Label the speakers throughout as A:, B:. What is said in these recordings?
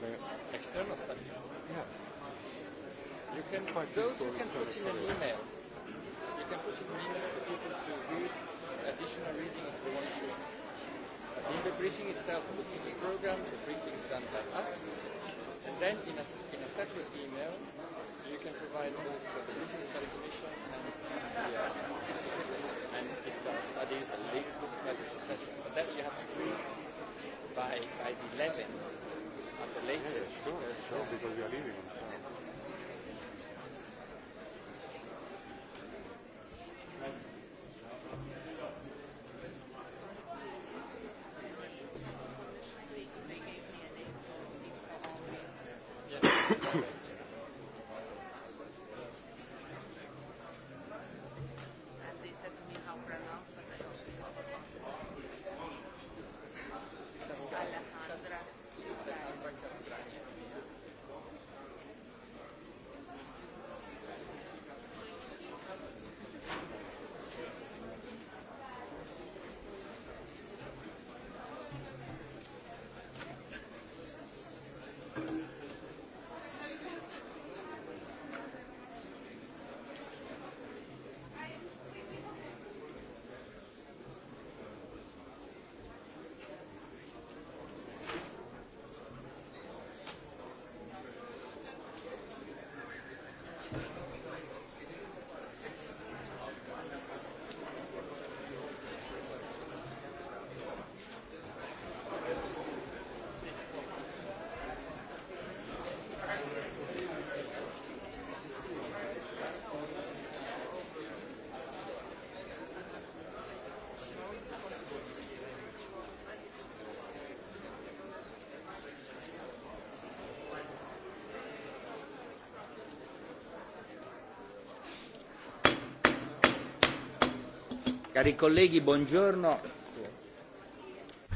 A: the
B: external studies. Yeah.
A: You can those you can put in an email.
B: You can put in an email for people to read additional reading if they want to. In the briefing itself, the program, the briefing is done by us.
C: And then in a, in a separate email, you can provide also the briefing study
A: commission and and if there studies, the legal studies,
D: etc. But that you have to do by, by the 11th latest.
A: Sure, sure, because we are leaving.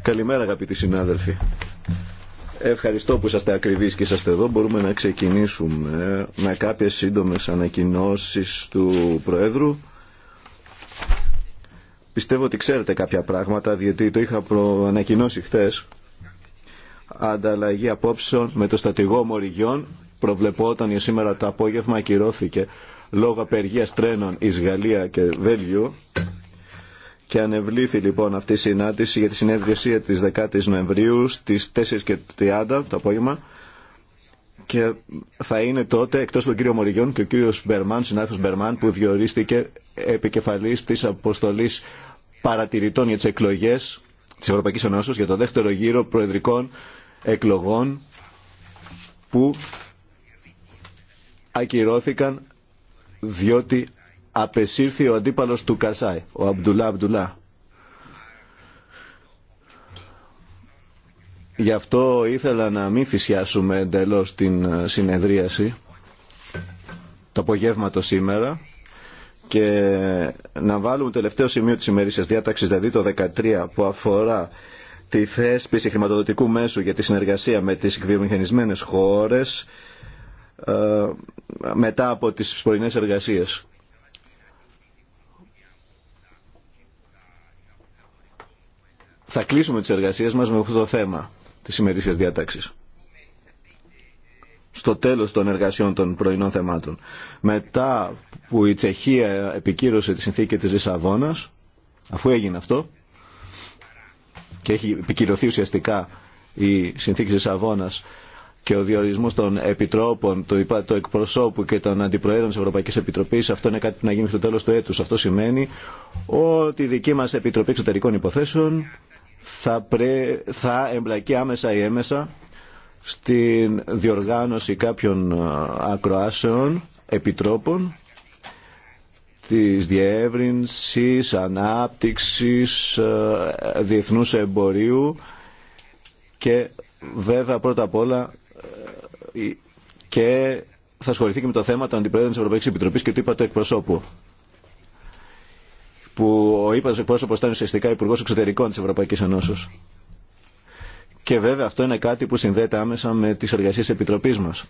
E: Καλημέρα αγαπητοί συνάδελφοι. Ευχαριστώ που είσαστε ακριβείς και είσαστε εδώ. Μπορούμε να ξεκινήσουμε με κάποιες σύντομες ανακοινώσεις του Προέδρου. Πιστεύω ότι ξέρετε κάποια πράγματα, διότι το είχα προανακοινώσει χθες. Ανταλλαγή απόψεων με το στατηγό Μοριγιών προβλεπόταν για σήμερα το απόγευμα ακυρώθηκε λόγω απεργίας τρένων εις Γαλλία και Βέλγιο και ανεβλήθη λοιπόν αυτή η συνάντηση για τη συνέδριαση της 10ης Νοεμβρίου στις 4.30 το απόγευμα και θα είναι τότε εκτός του κύριο Μοριγιών και ο κύριος Μπερμάν, συνάδελφος Μπερμάν που διορίστηκε επικεφαλής της αποστολής παρατηρητών για τις εκλογές της Ευρωπαϊκής Ενώσεως για το δεύτερο γύρο προεδρικών εκλογών που ακυρώθηκαν διότι απεσύρθη ο αντίπαλος του Καρσάη, ο Αμπτουλά Αμπτουλά. Γι' αυτό ήθελα να μην θυσιάσουμε εντελώς την ε, συνεδρίαση το το σήμερα και να βάλουμε το τελευταίο σημείο της ημερήσιας διάταξης, δηλαδή το 13 που αφορά τη θέσπιση χρηματοδοτικού μέσου για τη συνεργασία με τις εκβιομηχανισμένες χώρες ε, μετά από τις πρωινές εργασίες. θα κλείσουμε τις εργασίες μας με αυτό το θέμα της ημερήσιας διάταξης. Στο τέλος των εργασιών των πρωινών θεμάτων. Μετά που η Τσεχία επικύρωσε τη συνθήκη της Λισαβόνας, αφού έγινε αυτό και έχει επικυρωθεί ουσιαστικά η συνθήκη της Λισαβόνας και ο διορισμός των επιτρόπων, του το εκπροσώπου και των αντιπροέδρων της Ευρωπαϊκής Επιτροπής, αυτό είναι κάτι που να γίνει στο τέλος του έτους. Αυτό σημαίνει ότι η δική μας Επιτροπή Εξωτερικών Υποθέσεων θα, πρέ, θα εμπλακεί άμεσα ή έμεσα στην διοργάνωση κάποιων ε, ακροάσεων, επιτρόπων, της διεύρυνσης, ανάπτυξης, ε, διεθνούς εμπορίου και βέβαια πρώτα απ' όλα ε, και θα ασχοληθεί και με το θέμα των αντιπρόεδρων της Ευρωπαϊκής Επιτροπής και του είπα το εκπροσώπου που ο ύπατος εκπρόσωπος ήταν ουσιαστικά υπουργό Εξωτερικών της Ευρωπαϊκής Ενώσεως. Και βέβαια αυτό είναι κάτι που συνδέεται άμεσα με τις εργασίες Επιτροπής μας.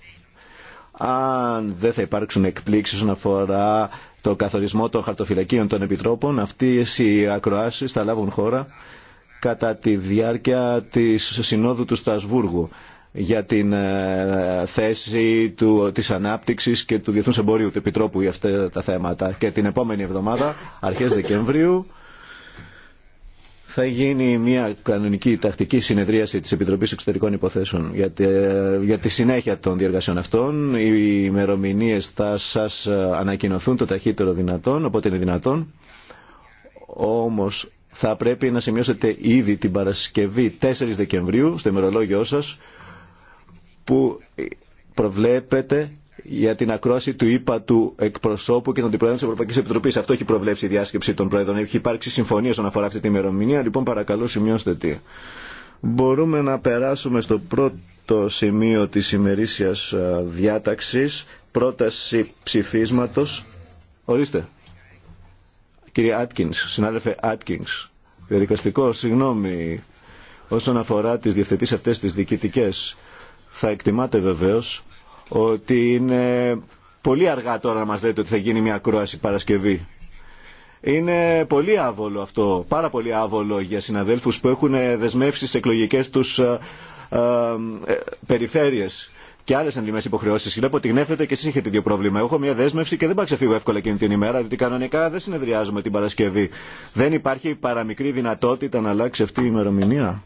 E: Αν δεν θα υπάρξουν εκπλήξεις όσον αφορά το καθορισμό των χαρτοφυλακίων των Επιτρόπων, αυτές οι ακροάσεις θα λάβουν χώρα κατά τη διάρκεια της Συνόδου του Στρασβούργου για την ε, θέση του, της ανάπτυξης και του Διεθνούς Εμπορίου του Επιτρόπου για αυτά τα θέματα. Και την επόμενη εβδομάδα, αρχές Δεκεμβρίου, θα γίνει μια κανονική τακτική συνεδρίαση της Επιτροπής Εξωτερικών Υποθέσεων για τη, ε, για τη συνέχεια των διεργασιών αυτών. Οι ημερομηνίε θα σας ανακοινωθούν το ταχύτερο δυνατόν, οπότε είναι δυνατόν. Όμως θα πρέπει να σημειώσετε ήδη την Παρασκευή 4 Δεκεμβρίου στο ημερολόγιο σας που προβλέπεται για την ακρόαση του ΙΠΑ του εκπροσώπου και των αντιπρόεδρων τη Ευρωπαϊκή Επιτροπή. Αυτό έχει προβλέψει η διάσκεψη των πρόεδρων. Έχει υπάρξει συμφωνία όσον αφορά αυτή τη ημερομηνία. Λοιπόν, παρακαλώ, σημειώστε τι. Μπορούμε να περάσουμε στο πρώτο σημείο τη ημερήσια διάταξη πρόταση ψηφίσματο. Ορίστε. Κύριε Άτκινς, συνάδελφε Άτκινς, διαδικαστικό, συγγνώμη, όσον αφορά τι διευθετήσει αυτέ τι διοικητικέ. Θα εκτιμάτε βεβαίω ότι είναι πολύ αργά τώρα να μας λέτε ότι θα γίνει μια κρόαση Παρασκευή. Είναι πολύ άβολο αυτό, πάρα πολύ άβολο για συναδέλφους που έχουν δεσμεύσει στι εκλογικές τους ε, ε περιφέρειες και άλλε αντιμέ υποχρεώσει. Βλέπω ότι γνέφεται και εσεί έχετε δύο πρόβλημα. έχω μια δέσμευση και δεν πάω ξεφύγω εύκολα εκείνη την ημέρα, διότι κανονικά δεν συνεδριάζουμε την Παρασκευή. Δεν υπάρχει παραμικρή δυνατότητα να αλλάξει αυτή η ημερομηνία.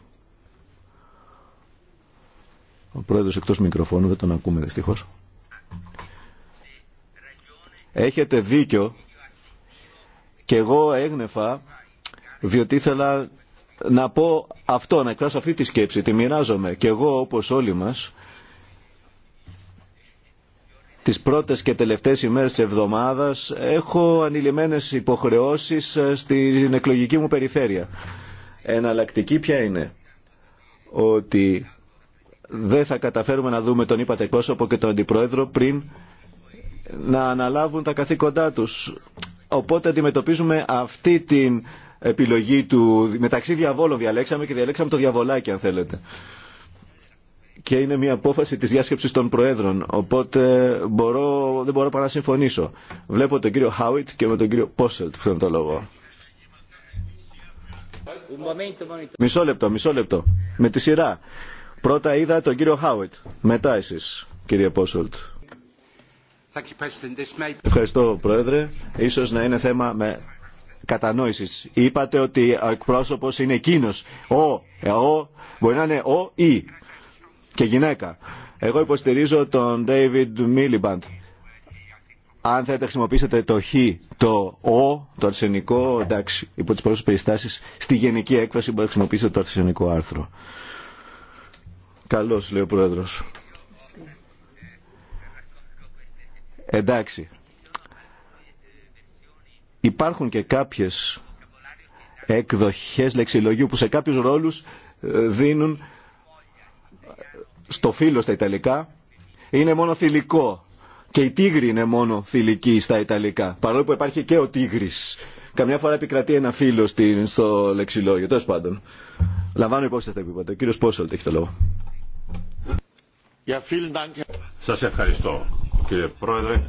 E: Ο πρόεδρος εκτός μικροφώνου, δεν τον ακούμε δυστυχώς. Έχετε δίκιο και εγώ έγνεφα διότι ήθελα να πω αυτό, να εκφράσω αυτή τη σκέψη, τη μοιράζομαι και εγώ όπως όλοι μας τις πρώτες και τελευταίες ημέρες της εβδομάδας έχω ανηλυμένες υποχρεώσεις ε, στην εκλογική μου περιφέρεια. Εναλλακτική ποια είναι ότι δεν θα καταφέρουμε να δούμε τον είπατε πρόσωπο και τον αντιπρόεδρο πριν να αναλάβουν τα καθήκοντά τους. Οπότε αντιμετωπίζουμε αυτή την επιλογή του μεταξύ διαβόλων διαλέξαμε και διαλέξαμε το διαβολάκι αν θέλετε. Και είναι μια απόφαση της διάσκεψης των Προέδρων, οπότε μπορώ, δεν μπορώ παρά να συμφωνήσω. Βλέπω τον κύριο Χάουιτ και με τον κύριο Πόσελτ που θέλω το λόγο. Μισό λεπτό, μισό λεπτό. Με τη σειρά. Πρώτα είδα τον κύριο Χάουιτ, μετά εσείς, κύριε Πόσολτ. Ευχαριστώ, Πρόεδρε. Ίσως να είναι θέμα με κατανόησης. Είπατε ότι ο εκπρόσωπο είναι είναι μπορεί να είναι Ο, ε, ο, μπορεί να είναι ο ή και γυναίκα. Εγώ υποστηρίζω τον David Miliband. Αν θέλετε να χρησιμοποιήσετε το χ, το ο, το αρσενικό, εντάξει, υπό τι πρώτε περιστάσει στη γενική έκφραση μπορείτε να χρησιμοποιήσετε το αρσενικό άρθρο. Καλώς, λέει ο Πρόεδρος. Εντάξει. Υπάρχουν και κάποιες εκδοχές λεξιλογίου που σε κάποιους ρόλους ε, δίνουν στο φίλο στα Ιταλικά. Είναι μόνο θηλυκό. Και η τίγρη είναι μόνο θηλυκή στα Ιταλικά. Παρόλο που υπάρχει και ο τίγρης. Καμιά φορά επικρατεί ένα φύλλο στο λεξιλόγιο. Τέλο πάντων. Λαμβάνω υπόψη αυτά που είπατε. Ο κύριο Πόσολτ έχει το λόγο.
F: Σας ευχαριστώ κύριε Πρόεδρε.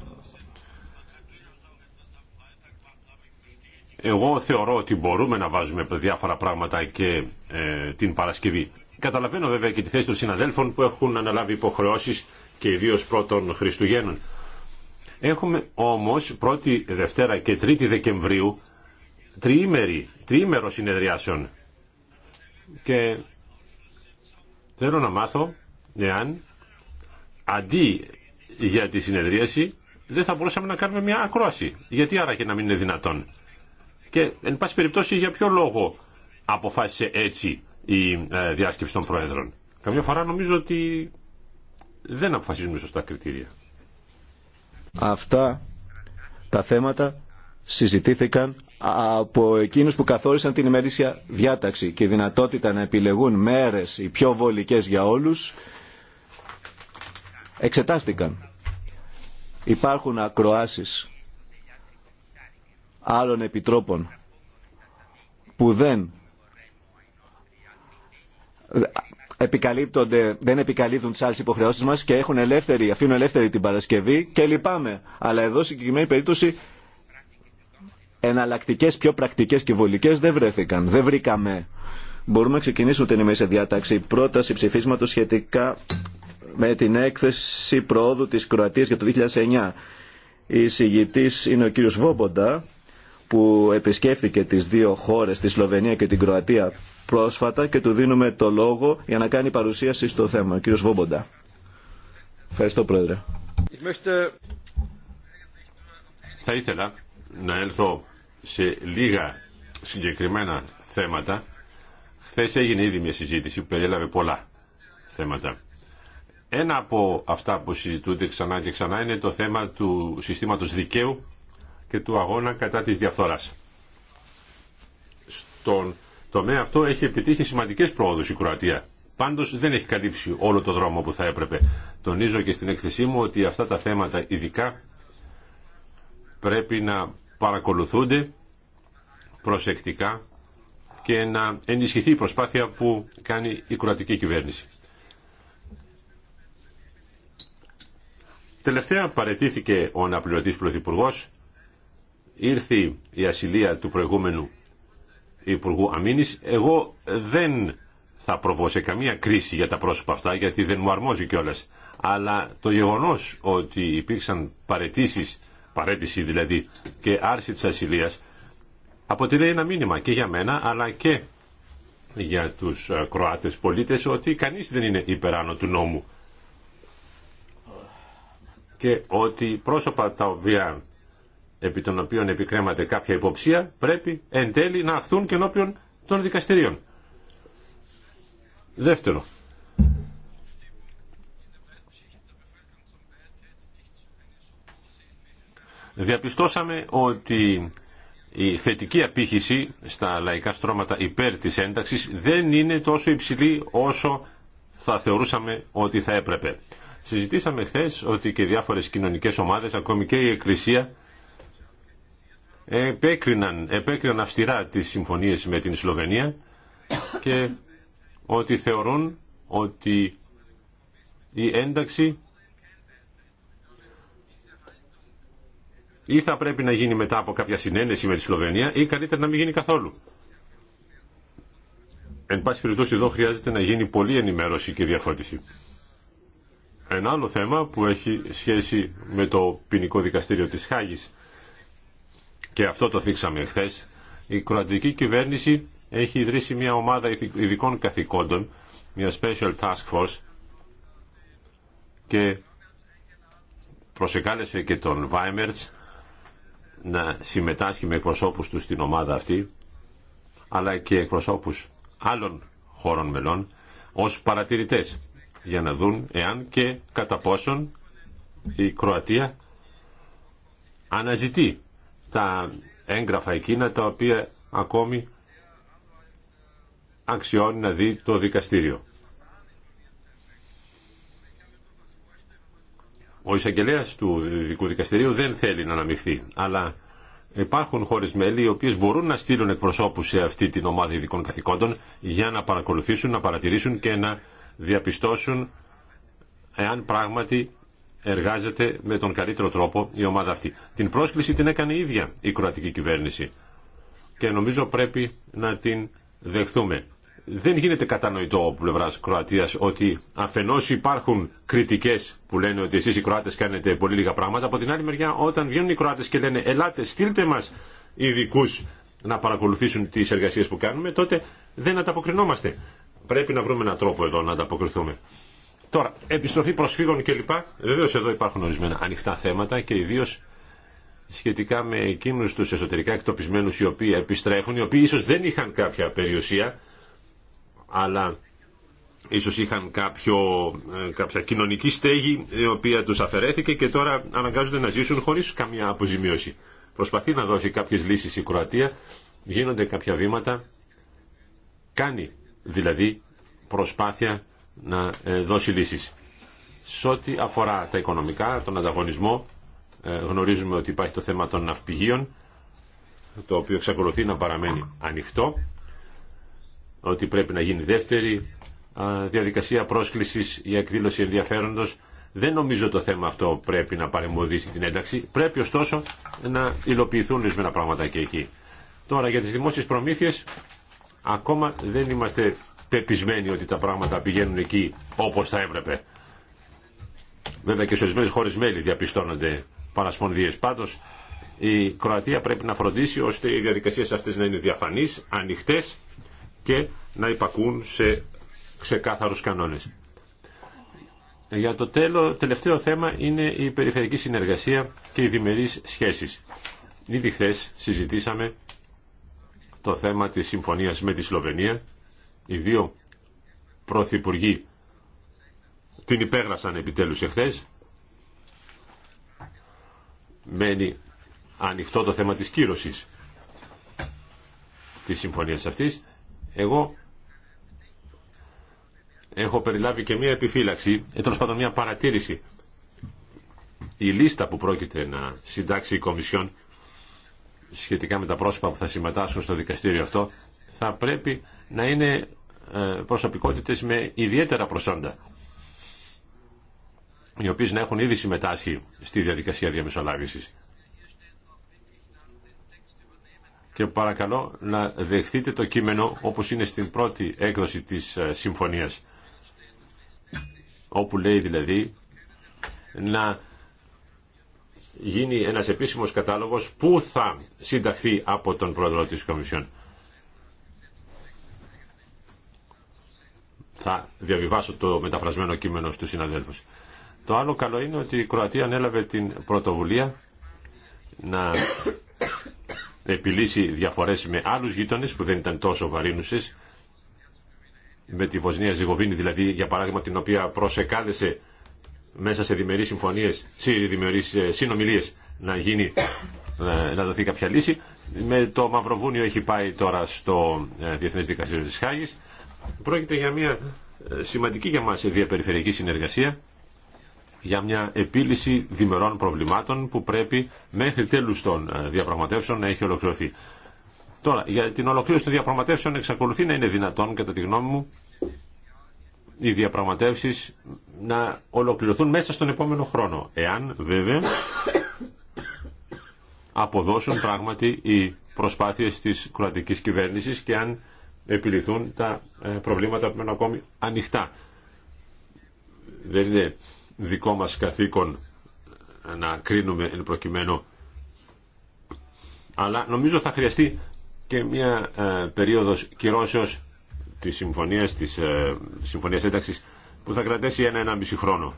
F: Εγώ θεωρώ ότι μπορούμε να βάζουμε διάφορα πράγματα και ε, την Παρασκευή. Καταλαβαίνω βέβαια και τη θέση των συναδέλφων που έχουν αναλάβει υποχρεώσεις και ιδίω πρώτων Χριστουγέννων. Έχουμε πρώτη Δευτέρα και τρίτη Δεκεμβρίου τριήμερη, τριήμερο συνεδριάσεων. Και θέλω να μάθω εάν αντί για τη συνεδρίαση δεν θα μπορούσαμε να κάνουμε μια ακρόαση. Γιατί και να μην είναι δυνατόν. Και εν πάση περιπτώσει για ποιο λόγο αποφάσισε έτσι η ε, διάσκεψη των Προέδρων. Καμιά φορά νομίζω ότι δεν αποφασίζουμε σωστά κριτήρια.
E: Αυτά τα θέματα συζητήθηκαν από εκείνους που καθόρισαν την ημερήσια διάταξη και δυνατότητα να επιλεγούν μέρες οι πιο βολικές για όλους εξετάστηκαν. Υπάρχουν ακροάσεις άλλων επιτρόπων που δεν επικαλύπτονται, δεν επικαλύπτουν τι άλλε υποχρεώσει μα και έχουν ελεύθερη, αφήνουν ελεύθερη την Παρασκευή και λυπάμαι. Αλλά εδώ, σε συγκεκριμένη περίπτωση, εναλλακτικέ, πιο πρακτικέ και βολικέ δεν βρέθηκαν. Δεν βρήκαμε. Μπορούμε να ξεκινήσουμε την σε διάταξη. Πρόταση ψηφίσματο σχετικά με την έκθεση προόδου της Κροατίας για το 2009. Η συγητής είναι ο κύριος Βόμποντα που επισκέφθηκε τις δύο χώρες, τη Σλοβενία και την Κροατία πρόσφατα και του δίνουμε το λόγο για να κάνει παρουσίαση στο θέμα. Ο κύριος Βόμποντα. Ευχαριστώ Πρόεδρε.
F: Θα ήθελα να έλθω σε λίγα συγκεκριμένα θέματα. Χθε έγινε ήδη μια συζήτηση που περιέλαβε πολλά θέματα. Ένα από αυτά που συζητούνται ξανά και ξανά είναι το θέμα του συστήματος δικαίου και του αγώνα κατά της διαφθοράς. Στον τομέα αυτό έχει επιτύχει σημαντικές πρόοδους η Κροατία. Πάντως δεν έχει καλύψει όλο το δρόμο που θα έπρεπε. Τονίζω και στην έκθεσή μου ότι αυτά τα θέματα ειδικά πρέπει να παρακολουθούνται προσεκτικά και να ενισχυθεί η προσπάθεια που κάνει η κροατική κυβέρνηση. Τελευταία παρετήθηκε ο αναπληρωτής πρωθυπουργός, ήρθε η ασυλία του προηγούμενου Υπουργού Αμήνης. Εγώ δεν θα προβώ σε καμία κρίση για τα πρόσωπα αυτά, γιατί δεν μου αρμόζει κιόλα. Αλλά το γεγονός ότι υπήρξαν παρετήσει, παρέτηση δηλαδή, και άρση τη ασυλίας, αποτελεί ένα μήνυμα και για μένα, αλλά και για του ε, Κροάτες πολίτες, ότι κανεί δεν είναι υπεράνω του νόμου και ότι πρόσωπα τα οποία επί των οποίων επικρέμαται κάποια υποψία πρέπει εν τέλει να αχθούν και ενώπιον των δικαστηρίων. Δεύτερο. Διαπιστώσαμε ότι η θετική απήχηση στα λαϊκά στρώματα υπέρ της ένταξης δεν είναι τόσο υψηλή όσο θα θεωρούσαμε ότι θα έπρεπε. Συζητήσαμε χθε ότι και διάφορες κοινωνικές ομάδες, ακόμη και η Εκκλησία, επέκριναν, επέκριναν αυστηρά τις συμφωνίες με την Σλοβενία και ότι θεωρούν ότι η ένταξη ή θα πρέπει να γίνει μετά από κάποια συνένεση με τη Σλοβενία ή καλύτερα να μην γίνει καθόλου. Εν πάση περιπτώσει εδώ χρειάζεται να γίνει πολλή ενημέρωση και διαφώτιση. Ένα άλλο θέμα που έχει σχέση με το ποινικό δικαστήριο της Χάγης και αυτό το θίξαμε χθε. η κροατική κυβέρνηση έχει ιδρύσει μια ομάδα ειδικών καθηκόντων, μια special task force και προσεκάλεσε και τον Βάιμερτς να συμμετάσχει με εκπροσώπους του στην ομάδα αυτή αλλά και εκπροσώπους άλλων χωρών μελών ως παρατηρητές για να δουν εάν και κατά πόσον η Κροατία αναζητεί τα έγγραφα εκείνα τα οποία ακόμη αξιώνει να δει το δικαστήριο. Ο εισαγγελέα του Ειδικού Δικαστηρίου δεν θέλει να αναμειχθεί, αλλά υπάρχουν χώρε μέλη οι οποίε μπορούν να στείλουν εκπροσώπου σε αυτή την ομάδα ειδικών καθηκόντων για να παρακολουθήσουν, να παρατηρήσουν και να διαπιστώσουν εάν πράγματι εργάζεται με τον καλύτερο τρόπο η ομάδα αυτή. Την πρόσκληση την έκανε η ίδια η κροατική κυβέρνηση και νομίζω πρέπει να την δεχθούμε. Δεν γίνεται κατανοητό από πλευρά Κροατία ότι αφενό υπάρχουν κριτικέ που λένε ότι εσεί οι Κροάτε κάνετε πολύ λίγα πράγματα. Από την άλλη μεριά, όταν βγαίνουν οι Κροάτε και λένε Ελάτε, στείλτε μα ειδικού να παρακολουθήσουν τι εργασίε που κάνουμε, τότε δεν ανταποκρινόμαστε. Πρέπει να βρούμε έναν τρόπο εδώ να ανταποκριθούμε. Τώρα, επιστροφή προσφύγων κλπ. Βεβαίω εδώ υπάρχουν ορισμένα ανοιχτά θέματα και ιδίω σχετικά με εκείνου του εσωτερικά εκτοπισμένου οι οποίοι επιστρέφουν, οι οποίοι ίσω δεν είχαν κάποια περιουσία, αλλά ίσως είχαν κάποιο, ε, κάποια κοινωνική στέγη η οποία τους αφαιρέθηκε και τώρα αναγκάζονται να ζήσουν χωρίς καμία αποζημίωση. Προσπαθεί να δώσει κάποιες λύσεις η Κροατία, γίνονται κάποια βήματα, κάνει δηλαδή προσπάθεια να ε, δώσει λύσεις. Σε ό,τι αφορά τα οικονομικά, τον ανταγωνισμό, ε, γνωρίζουμε ότι υπάρχει το θέμα των ναυπηγείων, το οποίο εξακολουθεί να παραμένει ανοιχτό, ότι πρέπει να γίνει δεύτερη διαδικασία πρόσκλησης για εκδήλωση ενδιαφέροντος. Δεν νομίζω το θέμα αυτό πρέπει να παρεμποδίσει την ένταξη. Πρέπει ωστόσο να υλοποιηθούν ορισμένα πράγματα και εκεί. Τώρα για τις δημόσιες προμήθειε. Ακόμα δεν είμαστε πεπισμένοι ότι τα πράγματα πηγαίνουν εκεί όπως θα έπρεπε. Βέβαια και σε ορισμένε χώρε μέλη διαπιστώνονται παρασπονδίε. Πάντω η Κροατία πρέπει να φροντίσει ώστε οι διαδικασίε αυτέ να είναι διαφανεί, ανοιχτέ και να υπακούν σε ξεκάθαρου κανόνε. Για το τέλο, τελευταίο θέμα είναι η περιφερειακή συνεργασία και οι διμερείς σχέσει. Ήδη χθε συζητήσαμε το θέμα της συμφωνίας με τη Σλοβενία. Οι δύο πρωθυπουργοί την υπέγρασαν επιτέλους εχθές. Μένει ανοιχτό το θέμα της κύρωσης της συμφωνίας αυτής. Εγώ έχω περιλάβει και μία επιφύλαξη, ε, τέλο πάντων μία παρατήρηση. Η λίστα που πρόκειται να συντάξει η Κομισιόν σχετικά με τα πρόσωπα που θα συμμετάσχουν στο δικαστήριο αυτό θα πρέπει να είναι ε, προσωπικότητες με ιδιαίτερα προσόντα οι οποίες να έχουν ήδη συμμετάσχει στη διαδικασία διαμεσολάβησης. Και παρακαλώ να δεχτείτε το κείμενο όπως είναι στην πρώτη έκδοση της ε, συμφωνίας όπου λέει δηλαδή να γίνει ένας επίσημος κατάλογος που θα συνταχθεί από τον πρόεδρο της Κομισιόν. Θα διαβιβάσω το μεταφρασμένο κείμενο στους συναδέλφους. Το άλλο καλό είναι ότι η Κροατία ανέλαβε την πρωτοβουλία να επιλύσει διαφορές με άλλους γείτονες που δεν ήταν τόσο βαρύνουσες, με τη Βοσνία Ζιγοβίνη δηλαδή, για παράδειγμα, την οποία προσεκάλεσε μέσα σε διμερείς συμφωνίες, διμερεί ε, συνομιλίες να, γίνει, ε, να δοθεί κάποια λύση. Με το Μαυροβούνιο έχει πάει τώρα στο ε, Διεθνές Δικαστήριο τη Χάγης. Πρόκειται για μια σημαντική για μας διαπεριφερειακή συνεργασία για μια επίλυση διμερών προβλημάτων που πρέπει μέχρι τέλους των διαπραγματεύσεων να έχει ολοκληρωθεί. Τώρα, για την ολοκλήρωση των διαπραγματεύσεων εξακολουθεί να είναι δυνατόν, κατά τη γνώμη μου, οι διαπραγματεύσει να ολοκληρωθούν μέσα στον επόμενο χρόνο. Εάν βέβαια αποδώσουν πράγματι οι προσπάθειες της κρατικής κυβέρνησης και αν επιληθούν τα ε, προβλήματα που μένουν ακόμη ανοιχτά. Δεν είναι δικό μας καθήκον ε, να κρίνουμε εν προκειμένου αλλά νομίζω θα χρειαστεί και μια ε, περίοδος κυρώσεως Τη συμφωνίας, της, ε, συμφωνίας ένταξης που θα κρατήσει ένα-ένα μισή χρόνο.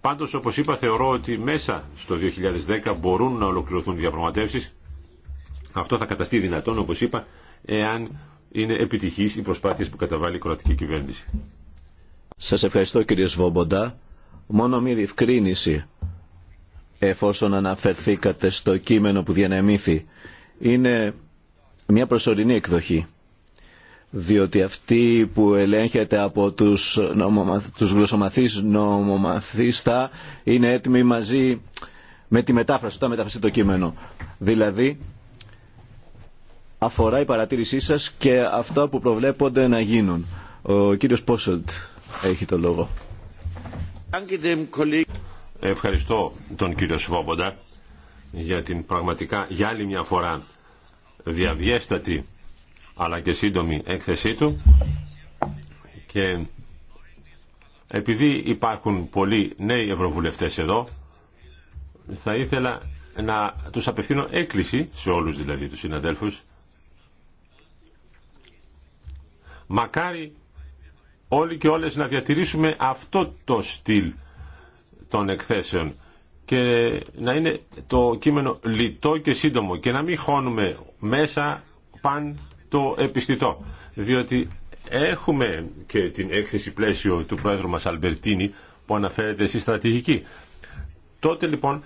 F: Πάντως, όπως είπα, θεωρώ ότι μέσα στο 2010 μπορούν να ολοκληρωθούν οι διαπραγματεύσεις. Αυτό θα καταστεί δυνατόν, όπως είπα, εάν είναι επιτυχής οι προσπάθειες που καταβάλει η κρατική κυβέρνηση.
E: Σας ευχαριστώ κύριε Σβόμποντα. Μόνο μία διευκρίνηση εφόσον αναφερθήκατε στο κείμενο που διανεμήθη. Είναι μια προσωρινή εκδοχή διότι αυτή που ελέγχεται από τους, νομομαθ, τους γλωσσομαθείς νομομαθίστα είναι έτοιμοι μαζί με τη μετάφραση, όταν μεταφραστεί το κείμενο. Δηλαδή, αφορά η παρατήρησή σας και αυτό που προβλέπονται να γίνουν. Ο κύριος Πόσελτ έχει το λόγο.
F: Ευχαριστώ τον κύριο Σβόμποντα για την πραγματικά για άλλη μια φορά διαβιέστατη αλλά και σύντομη έκθεσή του και επειδή υπάρχουν πολλοί νέοι ευρωβουλευτές εδώ θα ήθελα να τους απευθύνω έκκληση σε όλους δηλαδή τους συναδέλφους μακάρι όλοι και όλες να διατηρήσουμε αυτό το στυλ των εκθέσεων και να είναι το κείμενο λιτό και σύντομο και να μην χώνουμε μέσα παν το επιστητό. Διότι έχουμε και την έκθεση πλαίσιο του πρόεδρου μας Αλμπερτίνη που αναφέρεται στη στρατηγική. Τότε λοιπόν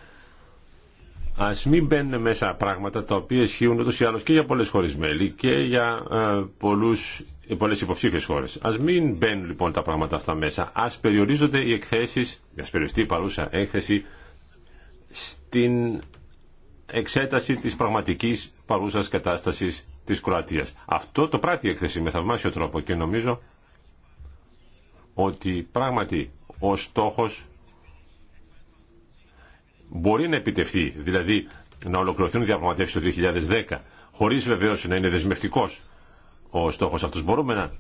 F: α μην μπαίνουν μέσα πράγματα τα οποία ισχύουν ούτως ή άλλως και για πολλές χώρες μέλη και για ε, πολλούς, πολλές υποψήφιες χώρες. μην μπαίνουν λοιπόν τα πράγματα αυτά μέσα. Α περιορίζονται οι εκθέσει, η περιοριστεί παρούσα έκθεση στην εξέταση τη πραγματική παρούσα κατάσταση της Κροατίας. Αυτό το πράττει η έκθεση με θαυμάσιο τρόπο και νομίζω ότι πράγματι ο στόχος μπορεί να επιτευχθεί, δηλαδή να ολοκληρωθούν οι διαπραγματεύσει το 2010, χωρίς βεβαίω να είναι δεσμευτικός ο στόχος αυτό Μπορούμε να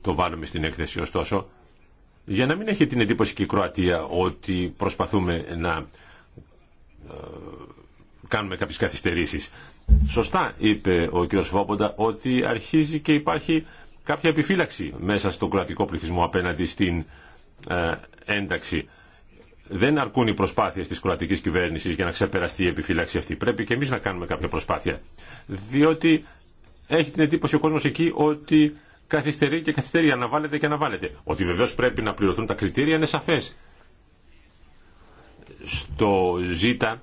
F: το βάλουμε στην έκθεση ωστόσο, για να μην έχει την εντύπωση και η Κροατία ότι προσπαθούμε να ε, κάνουμε κάποιες καθυστερήσεις. Σωστά είπε ο κ. Φόποντα ότι αρχίζει και υπάρχει κάποια επιφύλαξη μέσα στον κρατικό πληθυσμό απέναντι στην ε, ένταξη. Δεν αρκούν οι προσπάθειες της κρατικής κυβέρνησης για να ξεπεραστεί η επιφύλαξη αυτή. Πρέπει και εμείς να κάνουμε κάποια προσπάθεια. Διότι έχει την εντύπωση ο κόσμος εκεί ότι καθυστερεί και καθυστερεί, αναβάλλεται και αναβάλλεται. Ότι βεβαίως πρέπει να πληρωθούν τα κριτήρια είναι σαφές. Στο ΖΙΤΑ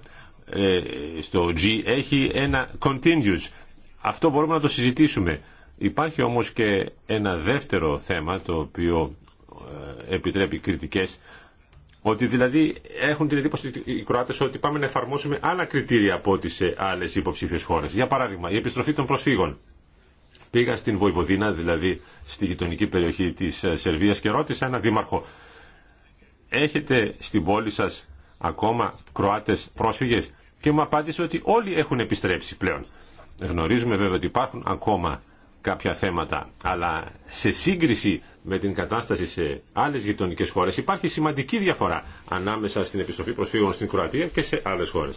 F: ε, στο G έχει ένα continuous. Αυτό μπορούμε να το συζητήσουμε. Υπάρχει όμως και ένα δεύτερο θέμα το οποίο ε, επιτρέπει κριτικές ότι δηλαδή έχουν την εντύπωση οι Κροάτες ότι πάμε να εφαρμόσουμε άλλα κριτήρια από ό,τι σε άλλες υποψήφιες χώρες. Για παράδειγμα, η επιστροφή των προσφύγων. Πήγα στην Βοηβοδίνα, δηλαδή στη γειτονική περιοχή της ε, Σερβίας και ρώτησα έναν δήμαρχο «Έχετε στην πόλη σας ακόμα Κροάτες πρόσφυγες» και μου απάντησε ότι όλοι έχουν επιστρέψει πλέον. Γνωρίζουμε βέβαια ότι υπάρχουν ακόμα κάποια θέματα, αλλά σε σύγκριση με την κατάσταση σε άλλε γειτονικέ χώρε υπάρχει σημαντική διαφορά ανάμεσα στην επιστροφή προσφύγων στην Κροατία και σε άλλε χώρε.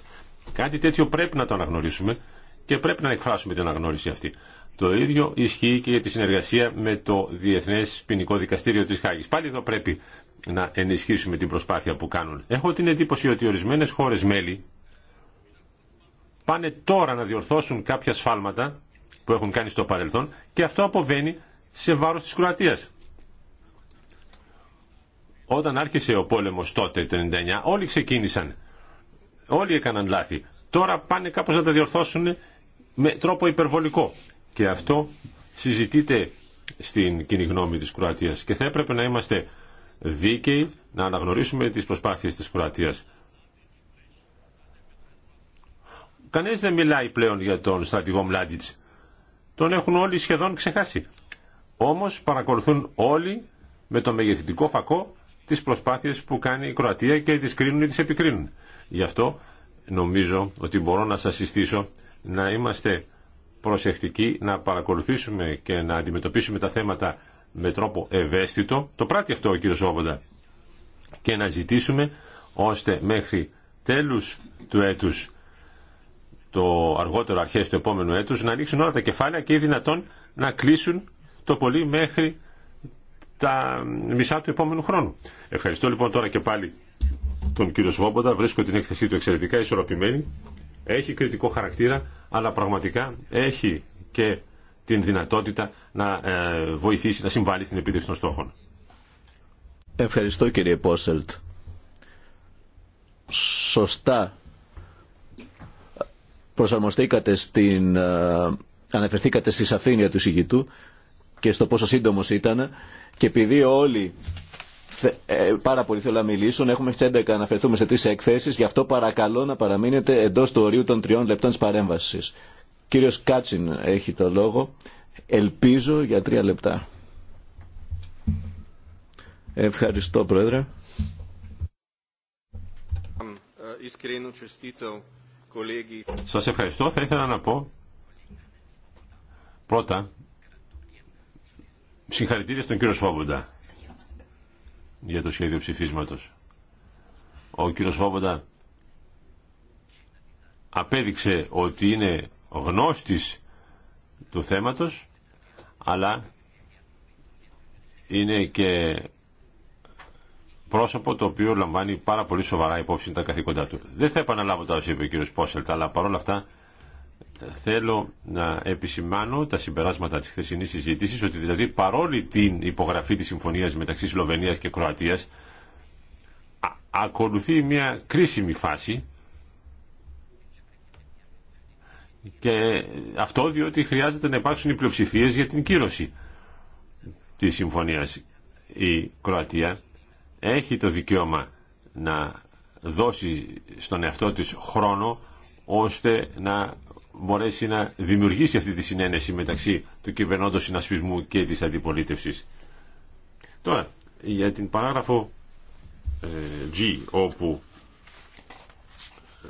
F: Κάτι τέτοιο πρέπει να το αναγνωρίσουμε και πρέπει να εκφράσουμε την αναγνώριση αυτή. Το ίδιο ισχύει και για τη συνεργασία με το Διεθνέ Ποινικό Δικαστήριο τη Χάγη. Πάλι εδώ πρέπει να ενισχύσουμε την προσπάθεια που κάνουν. Έχω την εντύπωση ότι ορισμένε χώρε μέλη πάνε τώρα να διορθώσουν κάποια σφάλματα που έχουν κάνει στο παρελθόν και αυτό αποβαίνει σε βάρος της Κροατίας. Όταν άρχισε ο πόλεμος τότε το 99 όλοι ξεκίνησαν, όλοι έκαναν λάθη. Τώρα πάνε κάπως να τα διορθώσουν με τρόπο υπερβολικό. Και αυτό συζητείται στην κοινή γνώμη της Κροατίας και θα έπρεπε να είμαστε δίκαιοι να αναγνωρίσουμε τις προσπάθειες της Κροατίας. Κανείς δεν μιλάει πλέον για τον στρατηγό Μλάντιτς. Τον έχουν όλοι σχεδόν ξεχάσει. Όμως παρακολουθούν όλοι με το μεγεθυντικό φακό τις προσπάθειες που κάνει η Κροατία και τις κρίνουν ή τις επικρίνουν. Γι' αυτό νομίζω ότι μπορώ να σας συστήσω να είμαστε προσεκτικοί, να παρακολουθήσουμε και να αντιμετωπίσουμε τα θέματα με τρόπο ευαίσθητο. Το πράττει αυτό ο κύριος Όποντα. Και να ζητήσουμε ώστε μέχρι τέλους του έτους το αργότερο αρχέ του επόμενου έτου να ανοίξουν όλα τα κεφάλαια και οι δυνατόν να κλείσουν το πολύ μέχρι τα μισά του επόμενου χρόνου. Ευχαριστώ λοιπόν τώρα και πάλι τον κύριο Σβόμποντα. Βρίσκω την έκθεσή του εξαιρετικά ισορροπημένη. Έχει κριτικό χαρακτήρα, αλλά πραγματικά έχει και την δυνατότητα να ε, βοηθήσει, να συμβάλλει στην επίτευξη των στόχων. Ευχαριστώ κύριε Πόσελτ. Σωστά
E: προσαρμοστήκατε στην, ε, αναφερθήκατε στη σαφήνεια του συγητού και στο πόσο σύντομο ήταν και επειδή όλοι ε, πάρα πολύ θέλω να μιλήσουν. Έχουμε 11 αναφερθούμε σε τρεις εκθέσει. γι' αυτό παρακαλώ να παραμείνετε εντός του ορίου των τριών λεπτών τη παρέμβασης. Κύριος Κάτσιν έχει το λόγο. Ελπίζω για τρία λεπτά. Ευχαριστώ, Πρόεδρε. Ε, σας
F: ευχαριστώ. Θα ήθελα να πω πρώτα συγχαρητήρια στον κύριο Σφόμποντα για το σχέδιο ψηφίσματος. Ο κύριος Σφόμποντα απέδειξε ότι είναι γνώστης του θέματος αλλά είναι και πρόσωπο το οποίο λαμβάνει πάρα πολύ σοβαρά υπόψη τα καθήκοντά του. Δεν θα επαναλάβω τα όσα είπε ο κύριος Πόσελτ, αλλά παρόλα αυτά θέλω να επισημάνω τα συμπεράσματα της χθεσινή συζήτηση, ότι δηλαδή παρόλη την υπογραφή τη συμφωνία μεταξύ Σλοβενία και Κροατία ακολουθεί μια κρίσιμη φάση και αυτό διότι χρειάζεται να υπάρξουν οι πλειοψηφίες για την κύρωση της συμφωνίας. Η Κροατία έχει το δικαίωμα να δώσει στον εαυτό της χρόνο ώστε να μπορέσει να δημιουργήσει αυτή τη συνένεση μεταξύ του κυβερνώντος συνασπισμού και της αντιπολίτευσης. Τώρα, για την παράγραφο ε, G, όπου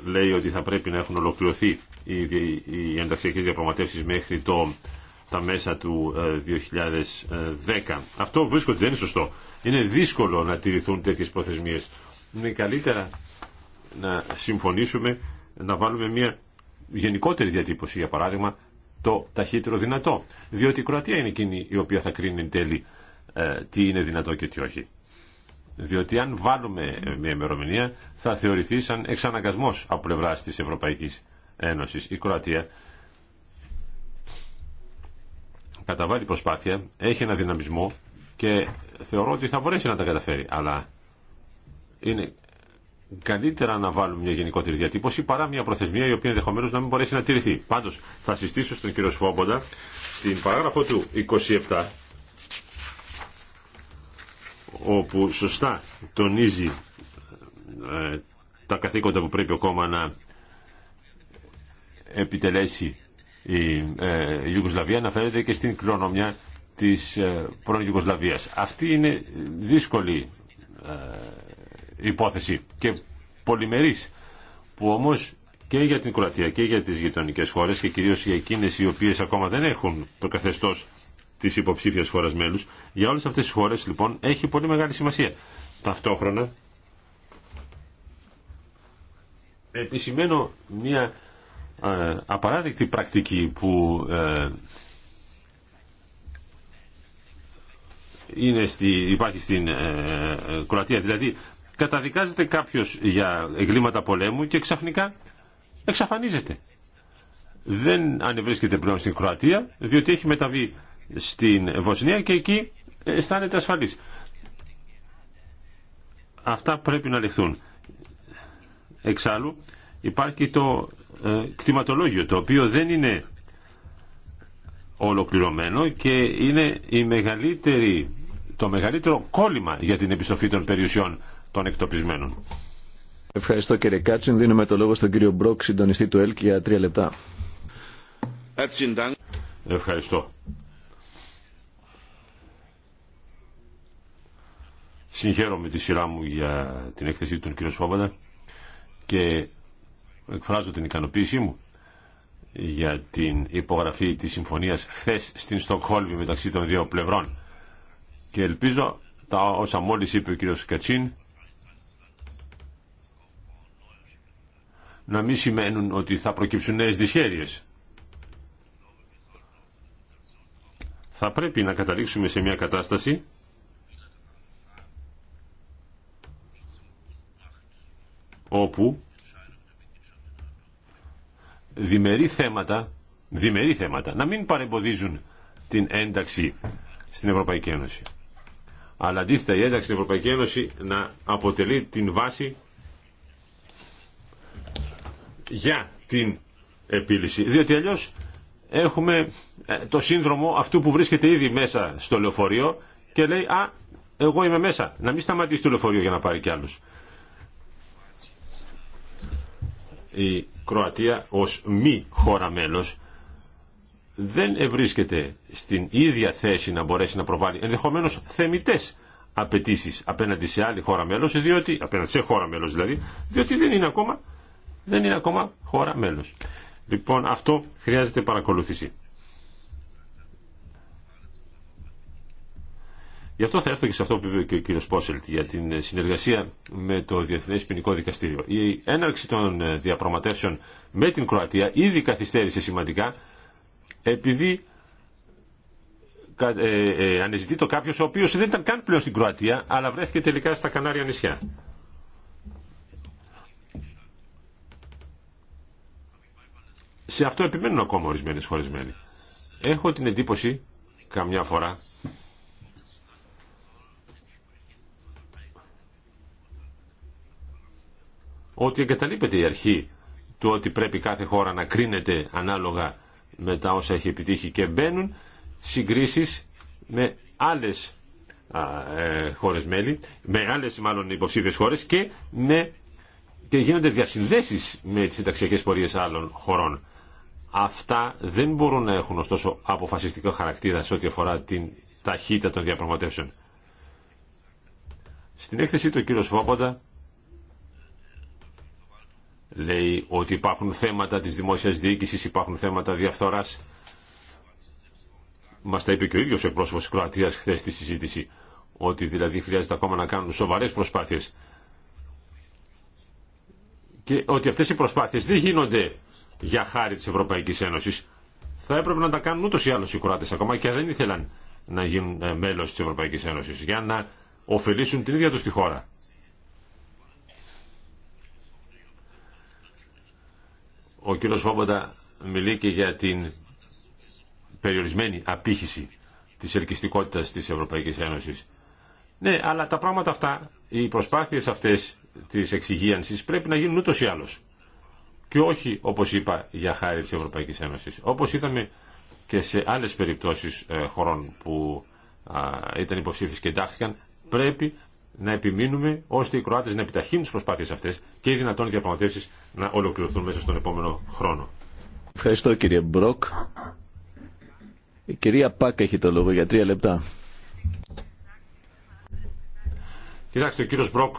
F: λέει ότι θα πρέπει να έχουν ολοκληρωθεί οι ενταξιακές διαπραγματεύσεις μέχρι το, τα μέσα του 2010. Ε, ε, Αυτό βρίσκω δεν είναι σωστό. Είναι δύσκολο να τηρηθούν τέτοιες προθεσμίες. Είναι καλύτερα να συμφωνήσουμε να βάλουμε μια γενικότερη διατύπωση, για παράδειγμα, το ταχύτερο δυνατό. Διότι η Κροατία είναι εκείνη η οποία θα κρίνει εν τέλει ε, τι είναι δυνατό και τι όχι. Διότι αν βάλουμε ε, μια ημερομηνία θα θεωρηθεί σαν εξαναγκασμός από πλευρά τη Ευρωπαϊκή Ένωση. Η Κροατία καταβάλει προσπάθεια, έχει ένα δυναμισμό και θεωρώ ότι θα μπορέσει να τα καταφέρει. Αλλά είναι καλύτερα να βάλουμε μια γενικότερη διατύπωση παρά μια προθεσμία η οποία ενδεχομένω να μην μπορέσει να τηρηθεί. Πάντω, θα συστήσω στον κύριο Σφόμποντα στην παράγραφο του 27 όπου σωστά τονίζει ε, τα καθήκοντα που πρέπει ακόμα να επιτελέσει η ε, Ιουγκοσλαβία αναφέρεται και στην κληρονομιά της ε, πρώην Αυτή είναι δύσκολη ε, υπόθεση και πολυμερής που όμως και για την Κροατία και για τις γειτονικές χώρες και κυρίως για εκείνες οι οποίες ακόμα δεν έχουν το καθεστώς της υποψήφιας χώρας μέλους. Για όλες αυτές τις χώρες λοιπόν έχει πολύ μεγάλη σημασία. Ταυτόχρονα επισημαίνω μια ε, απαράδεκτη πρακτική που είναι στη, υπάρχει στην ε, ε Κροατία. Δηλαδή καταδικάζεται κάποιο για εγκλήματα πολέμου και ξαφνικά εξαφανίζεται. Δεν ανεβρίσκεται πλέον στην Κροατία διότι έχει μεταβεί στην Βοσνία και εκεί ε, αισθάνεται ασφαλής. Αυτά πρέπει να λεχθούν. Εξάλλου υπάρχει το ε, κτηματολόγιο το οποίο δεν είναι ολοκληρωμένο και είναι η μεγαλύτερη, το μεγαλύτερο κόλλημα για την επιστροφή των περιουσιών των εκτοπισμένων.
E: Ευχαριστώ κύριε Κάτσιν. Δίνουμε το λόγο στον κύριο Μπρόκ, συντονιστή του ΕΛΚ, για τρία λεπτά.
F: Ευχαριστώ. Συγχαίρω με τη σειρά μου για την έκθεση του κ. Σφόμπαντα και εκφράζω την ικανοποίησή μου για την υπογραφή της συμφωνίας χθες στην Στοκχόλμη μεταξύ των δύο πλευρών. Και ελπίζω τα όσα μόλις είπε ο κύριος Κατσίν να μην σημαίνουν ότι θα προκύψουν νέες δυσχέρειες. Θα πρέπει να καταλήξουμε σε μια κατάσταση όπου διμερεί θέματα, διμερή θέματα να μην παρεμποδίζουν την ένταξη στην Ευρωπαϊκή Ένωση. Αλλά αντίθετα η ένταξη στην Ευρωπαϊκή Ένωση να αποτελεί την βάση για την επίλυση. Διότι αλλιώ έχουμε ε, το σύνδρομο αυτού που βρίσκεται ήδη μέσα στο λεωφορείο και λέει «Α, εγώ είμαι μέσα, να μην σταματήσει το λεωφορείο για να πάρει κι άλλους». η Κροατία ως μη χώρα μέλος δεν ευρίσκεται στην ίδια θέση να μπορέσει να προβάλλει ενδεχομένως θεμητές απαιτήσει απέναντι σε άλλη χώρα μέλος, διότι, απέναντι σε χώρα μέλος δηλαδή, διότι δεν είναι ακόμα, δεν είναι ακόμα χώρα μέλος. Λοιπόν, αυτό χρειάζεται παρακολούθηση. Γι' αυτό θα έρθω και σε αυτό που είπε και ο κύριο Πόσελτ για την συνεργασία με το Διεθνέ Ποινικό Δικαστήριο. Η έναρξη των ε, διαπραγματεύσεων με την Κροατία ήδη καθυστέρησε σημαντικά επειδή ε, ε, ανεζητεί το κάποιο ο οποίο δεν ήταν καν πλέον στην Κροατία αλλά βρέθηκε τελικά στα Κανάρια νησιά. Σε αυτό επιμένουν ακόμα ορισμένε χωρισμένοι. Έχω την εντύπωση καμιά φορά ότι εγκαταλείπεται η αρχή του ότι πρέπει κάθε χώρα να κρίνεται ανάλογα με τα όσα έχει επιτύχει και μπαίνουν συγκρίσεις με άλλες ε, χώρες μέλη, με άλλες μάλλον υποψήφιες χώρες και, και γίνονται διασυνδέσεις με τις συνταξιακές πορείες άλλων χωρών. Αυτά δεν μπορούν να έχουν ωστόσο αποφασιστικό χαρακτήρα σε ό,τι αφορά την ταχύτητα των διαπραγματεύσεων. Στην έκθεση του κύριο Σφόποντα, λέει ότι υπάρχουν θέματα της δημόσιας διοίκησης, υπάρχουν θέματα διαφθοράς. Μας τα είπε και ο ίδιος ο εκπρόσωπος της Κροατίας χθες στη συζήτηση, ότι δηλαδή χρειάζεται ακόμα να κάνουν σοβαρές προσπάθειες. Και ότι αυτές οι προσπάθειες δεν γίνονται για χάρη της Ευρωπαϊκής Ένωσης. Θα έπρεπε να τα κάνουν ούτως ή άλλως οι Κροάτες, ακόμα και δεν ήθελαν να γίνουν ε, μέλος της Ευρωπαϊκής Ένωσης, για να ωφελήσουν την ίδια τους τη χώρα. Ο κύριος Βόμποντα μιλεί και για την περιορισμένη απήχηση της ελκυστικότητας της Ευρωπαϊκής Ένωσης. Ναι, αλλά τα πράγματα αυτά, οι προσπάθειες αυτές της εξυγίανσης πρέπει να γίνουν ούτως ή άλλως. Και όχι, όπως είπα, για χάρη της Ευρωπαϊκής Ένωσης. Όπως είδαμε και σε άλλες περιπτώσεις ε, χωρών που ήταν υποψήφιες και εντάχθηκαν, πρέπει να επιμείνουμε ώστε οι Κροάτε να επιταχύνουν τι προσπάθειε αυτέ και οι δυνατόν διαπραγματεύσει να ολοκληρωθούν μέσα στον επόμενο χρόνο.
E: Ευχαριστώ κύριε Μπροκ. Η κυρία Πάκ έχει το λόγο για τρία λεπτά.
F: Κοιτάξτε, ο κύριος Μπροκ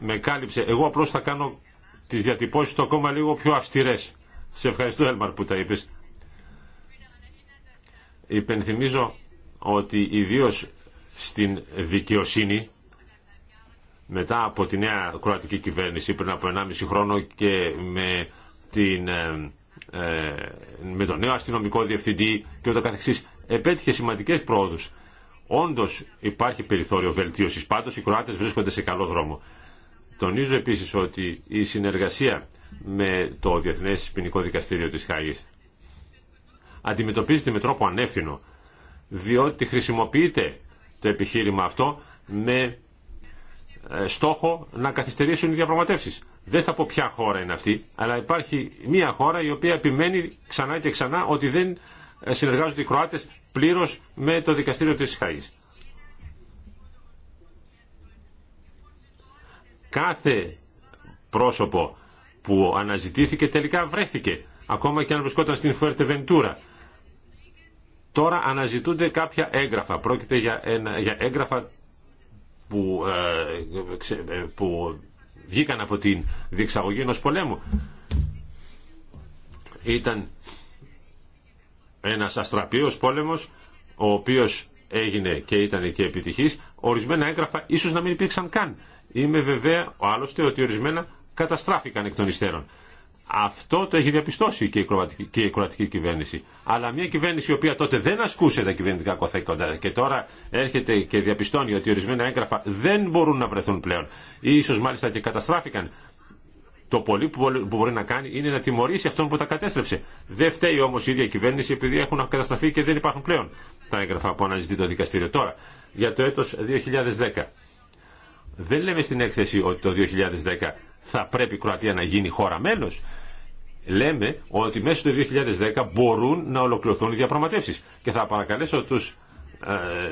F: με κάλυψε. Εγώ απλώ θα κάνω τις διατυπώσεις του ακόμα λίγο πιο αυστηρές. Σε ευχαριστώ, Έλμαρ, που τα είπε. Υπενθυμίζω ότι ιδίω στην δικαιοσύνη μετά από τη νέα κροατική κυβέρνηση πριν από 1,5 χρόνο και με, την, ε, ε, με τον νέο αστυνομικό διευθυντή και ούτω καθεξής επέτυχε σημαντικές πρόοδους. Όντως υπάρχει περιθώριο βελτίωσης, πάντως οι Κροάτες βρίσκονται σε καλό δρόμο. Τονίζω επίσης ότι η συνεργασία με το Διεθνές Ποινικό Δικαστήριο της Χάγης αντιμετωπίζεται με τρόπο ανεύθυνο, διότι χρησιμοποιείται το επιχείρημα αυτό με ε, στόχο να καθυστερήσουν οι διαπραγματεύσει. Δεν θα πω ποια χώρα είναι αυτή, αλλά υπάρχει μια χώρα η οποία επιμένει ξανά και ξανά ότι δεν ε, συνεργάζονται οι Κροάτες πλήρως με το δικαστήριο της Χαγή. Κάθε πρόσωπο που αναζητήθηκε τελικά βρέθηκε, ακόμα και αν βρισκόταν στην Βεντούρα. Τώρα αναζητούνται κάποια έγγραφα. Πρόκειται για, ένα, για έγγραφα που, ε, ε, που βγήκαν από την διεξαγωγή ενός πολέμου. Ήταν ένας αστραπίος πόλεμος, ο οποίος έγινε και ήταν και επιτυχής. Ορισμένα έγγραφα ίσως να μην υπήρξαν καν. Είμαι βέβαια, άλλωστε, ότι ορισμένα καταστράφηκαν εκ των υστέρων. Αυτό το έχει διαπιστώσει και η, κροατική, και η κροατική κυβέρνηση. Αλλά μια κυβέρνηση η οποία τότε δεν ασκούσε τα κυβερνητικά κοθέκοντα και τώρα έρχεται και διαπιστώνει ότι ορισμένα έγγραφα δεν μπορούν να βρεθούν πλέον. Ή ίσω μάλιστα και καταστράφηκαν. Το πολύ που μπορεί να κάνει είναι να τιμωρήσει αυτόν που τα κατέστρεψε. Δεν φταίει όμω η ίδια κυβέρνηση επειδή έχουν καταστραφεί και δεν υπάρχουν πλέον τα έγγραφα που αναζητεί το δικαστήριο. Τώρα, για το έτο 2010. Δεν λέμε στην έκθεση ότι το 2010 θα πρέπει η Κροατία να γίνει χώρα μέλος. Λέμε ότι μέσα στο 2010 μπορούν να ολοκληρωθούν οι διαπραγματεύσεις. Και θα παρακαλέσω τους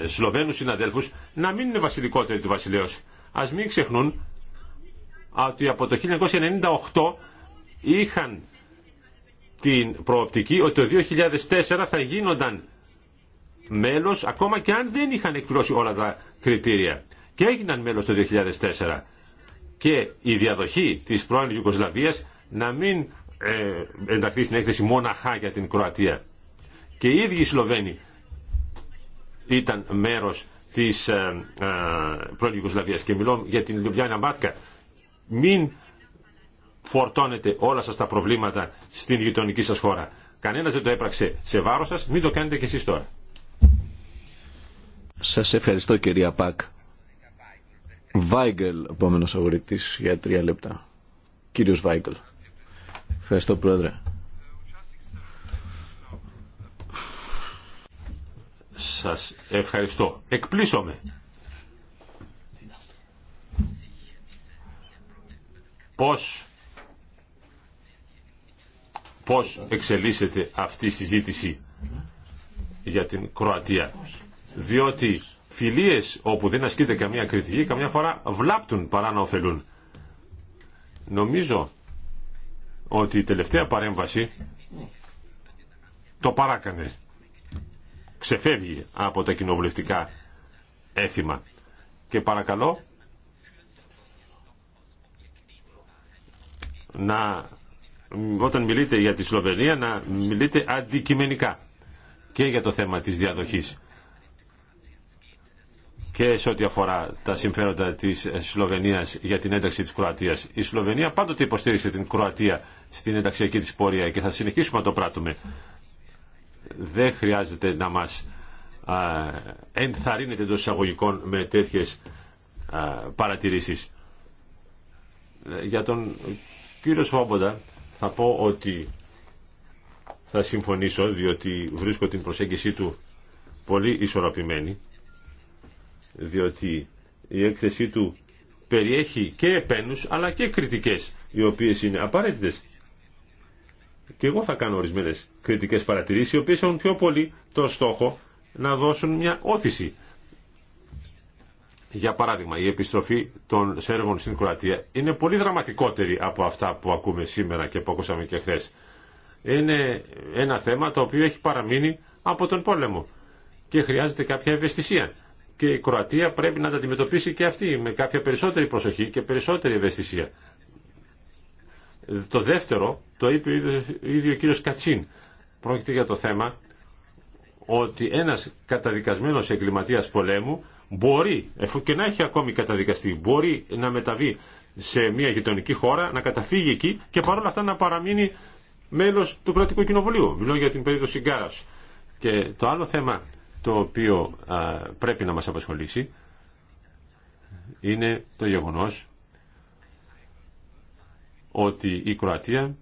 F: ε, Σλοβαίνους να μην είναι βασιλικότεροι του βασιλέως. Ας μην ξεχνούν ότι από το 1998 είχαν την προοπτική ότι το 2004 θα γίνονταν μέλος ακόμα και αν δεν είχαν εκπληρώσει όλα τα κριτήρια. Και έγιναν μέλος το 2004 και η διαδοχή της πρώην Ιουγκοσλαβία να μην ε, ενταχθεί στην έκθεση μόναχα για την Κροατία. Και οι ίδιοι οι Σλοβαίνοι ήταν μέρος της ε, ε, πρώην Ιουγκοσλαβία. και μιλώ για την Λιουμπιάννα Μπάτκα. Μην φορτώνετε όλα σας τα προβλήματα στην γειτονική σας χώρα. Κανένας δεν το έπραξε σε βάρος σας, μην το κάνετε κι εσείς τώρα.
E: Σας ευχαριστώ κυρία Πακ. Βάιγκελ, επόμενο αγορητή για τρία λεπτά. Κύριο Βάιγκελ. Ευχαριστώ, Πρόεδρε.
F: Σας ευχαριστώ. Εκπλήσωμαι. Πώς, πώς εξελίσσεται αυτή η συζήτηση για την Κροατία. Διότι Φιλίες όπου δεν ασκείται καμία κριτική, καμιά φορά βλάπτουν παρά να ωφελούν. Νομίζω ότι η τελευταία παρέμβαση το παράκανε. Ξεφεύγει από τα κοινοβουλευτικά έθιμα. Και παρακαλώ να όταν μιλείτε για τη Σλοβενία να μιλείτε αντικειμενικά και για το θέμα της διαδοχής και σε ό,τι αφορά τα συμφέροντα της Σλοβενίας για την ένταξη της Κροατίας. Η Σλοβενία πάντοτε υποστήριξε την Κροατία στην ενταξιακή της πορεία και θα συνεχίσουμε να το πράττουμε. Δεν χρειάζεται να μας ενθαρρύνεται εντό εισαγωγικών με τέτοιε παρατηρήσει. παρατηρήσεις. Για τον κύριο Σφόμποντα θα πω ότι θα συμφωνήσω διότι βρίσκω την προσέγγιση του πολύ ισορροπημένη διότι η έκθεσή του περιέχει και επένους αλλά και κριτικές οι οποίες είναι απαραίτητες. Και εγώ θα κάνω ορισμένες κριτικές παρατηρήσεις οι οποίες έχουν πιο πολύ τον στόχο να δώσουν μια όθηση. Για παράδειγμα, η επιστροφή των Σέρβων στην Κροατία είναι πολύ δραματικότερη από αυτά που ακούμε σήμερα και που ακούσαμε και χθε. Είναι ένα θέμα το οποίο έχει παραμείνει από τον πόλεμο και χρειάζεται κάποια ευαισθησία και η Κροατία πρέπει να τα αντιμετωπίσει και αυτή με κάποια περισσότερη προσοχή και περισσότερη ευαισθησία. Το δεύτερο, το είπε ο ίδιο ο κύριος Κατσίν, πρόκειται για το θέμα ότι ένας καταδικασμένος εγκληματίας πολέμου μπορεί, εφού και να έχει ακόμη καταδικαστεί, μπορεί να μεταβεί σε μια γειτονική χώρα, να καταφύγει εκεί και παρόλα αυτά να παραμείνει μέλος του κρατικού κοινοβουλίου. Μιλώ για την περίπτωση Γκάρας. Και το άλλο θέμα το οποίο πρέπει να μας απασχολήσει είναι το γεγονός ότι η Κροατία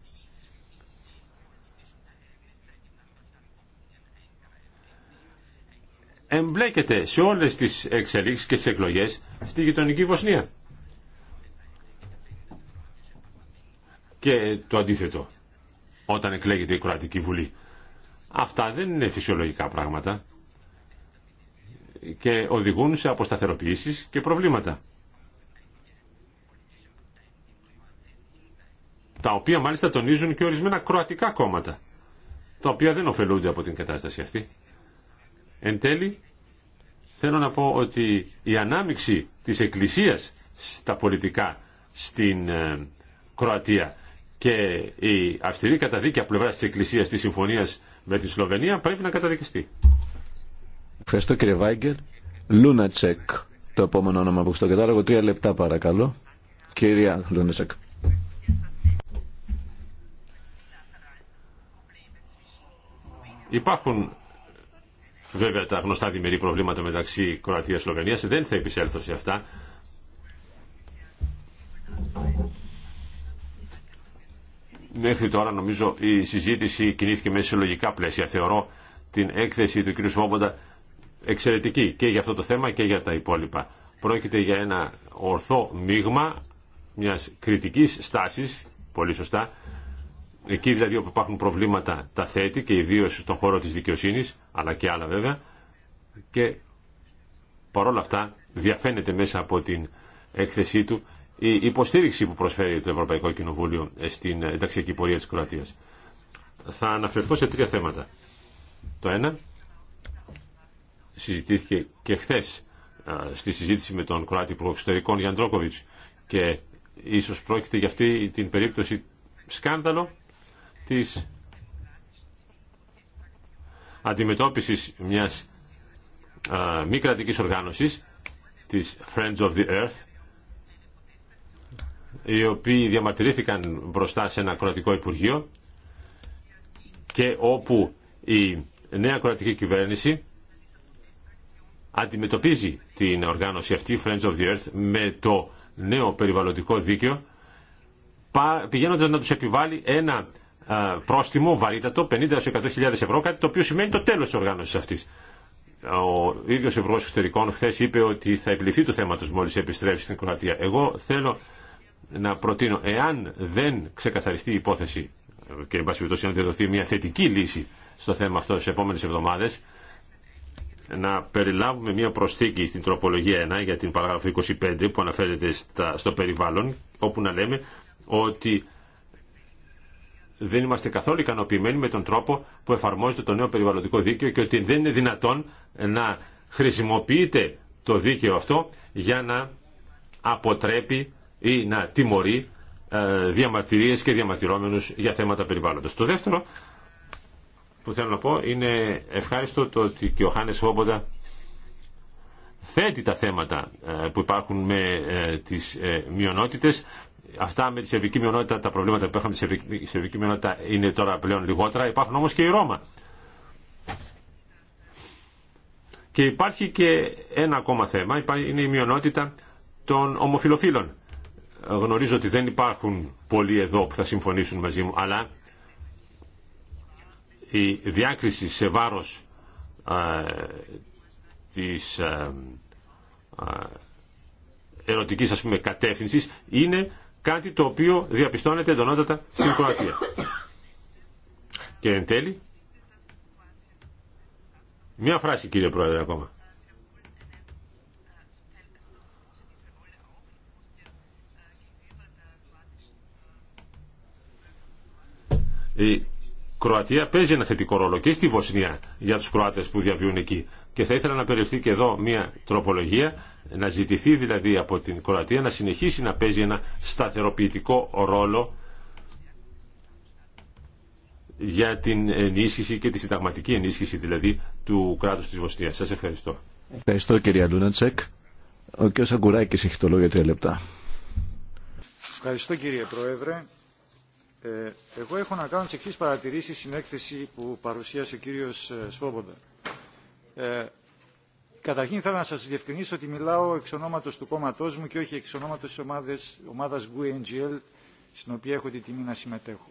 F: εμπλέκεται σε όλες τις εξελίξεις και τις εκλογές στη γειτονική Βοσνία. Και το αντίθετο, όταν εκλέγεται η Κροατική Βουλή. Αυτά δεν είναι φυσιολογικά πράγματα και οδηγούν σε αποσταθεροποιήσεις και προβλήματα. Τα οποία μάλιστα τονίζουν και ορισμένα κροατικά κόμματα, τα οποία δεν ωφελούνται από την κατάσταση αυτή. Εν τέλει, θέλω να πω ότι η ανάμιξη της Εκκλησίας στα πολιτικά στην ε, Κροατία και η αυστηρή καταδίκη από πλευρά της Εκκλησίας της συμφωνίας με τη Σλοβενία πρέπει να καταδικαστεί.
E: Ευχαριστώ κύριε Βάγκερ. Λούνατσεκ, το επόμενο όνομα που στο κατάλογο. Τρία λεπτά παρακαλώ. Κυρία Λούνατσεκ.
F: Υπάρχουν βέβαια τα γνωστά διμερεί προβλήματα μεταξύ Κροατία και Σλοβενίας. Δεν θα επισέλθω σε αυτά. Μέχρι τώρα νομίζω η συζήτηση κινήθηκε με συλλογικά πλαίσια. Θεωρώ την έκθεση του κ. Σόμποντα εξαιρετική και για αυτό το θέμα και για τα υπόλοιπα. Πρόκειται για ένα ορθό μείγμα μιας κριτικής στάσης, πολύ σωστά, εκεί δηλαδή όπου υπάρχουν προβλήματα τα θέτει και ιδίω στον χώρο της δικαιοσύνης, αλλά και άλλα βέβαια, και παρόλα αυτά διαφαίνεται μέσα από την έκθεσή του η υποστήριξη που προσφέρει το Ευρωπαϊκό Κοινοβούλιο στην ενταξιακή πορεία της Κροατίας. Θα αναφερθώ σε τρία θέματα. Το ένα συζητήθηκε και χθε στη συζήτηση με τον Κροάτη Υπουργό Εξωτερικών και ίσω πρόκειται για αυτή την περίπτωση σκάνδαλο της αντιμετώπιση μιας μη κρατική οργάνωση, της Friends of the Earth οι οποίοι διαμαρτυρήθηκαν μπροστά σε ένα κρατικό υπουργείο και όπου η νέα κρατική κυβέρνηση αντιμετωπίζει την οργάνωση αυτή, Friends of the Earth, με το νέο περιβαλλοντικό δίκαιο, πηγαίνοντα να του επιβάλλει ένα πρόστιμο βαρύτατο 50-100.000 ευρώ, κάτι το οποίο σημαίνει το τέλο τη οργάνωση αυτή. Ο ίδιο Υπουργό Εξωτερικών χθε είπε ότι θα επιληθεί το θέμα του μόλι επιστρέψει στην Κροατία. Εγώ θέλω να προτείνω, εάν δεν ξεκαθαριστεί η υπόθεση και εν πάση περιπτώσει αν δεν μια θετική λύση στο θέμα αυτό στι επόμενε εβδομάδε, να περιλάβουμε μια προσθήκη στην τροπολογία 1 για την παράγραφο 25 που αναφέρεται στο περιβάλλον όπου να λέμε ότι δεν είμαστε καθόλου ικανοποιημένοι με τον τρόπο που εφαρμόζεται το νέο περιβαλλοντικό δίκαιο και ότι δεν είναι δυνατόν να χρησιμοποιείται το δίκαιο αυτό για να αποτρέπει ή να τιμωρεί ε, διαμαρτυρίες και διαμαρτυρόμενους για θέματα περιβάλλοντος. Το δεύτερο που θέλω να πω είναι ευχάριστο το ότι και ο Χάνες Φόμποντα θέτει τα θέματα ε, που υπάρχουν με ε, τις ε, μειονότητες. Αυτά με τη σερβική μειονότητα, τα προβλήματα που είχαμε με τη σερβική μειονότητα είναι τώρα πλέον λιγότερα. Υπάρχουν όμως και οι Ρώμα. Και υπάρχει και ένα ακόμα θέμα, είναι η μειονότητα των ομοφιλοφίλων. Γνωρίζω ότι δεν υπάρχουν πολλοί εδώ που θα συμφωνήσουν μαζί μου, αλλά η διάκριση σε βάρος ε, της ε, ε, ερωτικής ας πούμε είναι κάτι το οποίο διαπιστώνεται εντονότατα στην Κροατία. Και εν τέλει, μία φράση κύριε Πρόεδρε ακόμα. Η Κροατία παίζει ένα θετικό ρόλο και στη Βοσνία για τους Κροάτες που διαβιούν εκεί. Και θα ήθελα να περιεχθεί και εδώ μια τροπολογία, να ζητηθεί δηλαδή από την Κροατία να συνεχίσει να παίζει ένα σταθεροποιητικό ρόλο για την ενίσχυση και τη συνταγματική ενίσχυση δηλαδή του κράτους της Βοσνίας. Σας ευχαριστώ.
E: Ευχαριστώ κυρία Λούνατσεκ. Ο κ. Σαγκουράκης έχει το λόγο για τρία λεπτά.
G: Ευχαριστώ κύριε Πρόεδρε. Ε, εγώ έχω να κάνω τι εξή παρατηρήσει στην έκθεση που παρουσίασε ο κύριο ε, Σφόμποντα. Ε, καταρχήν θέλω να σα διευκρινίσω ότι μιλάω εξ ονόματο του κόμματό μου και όχι εξ ονόματο τη ομάδα GUE-NGL, στην οποία έχω την τιμή να συμμετέχω.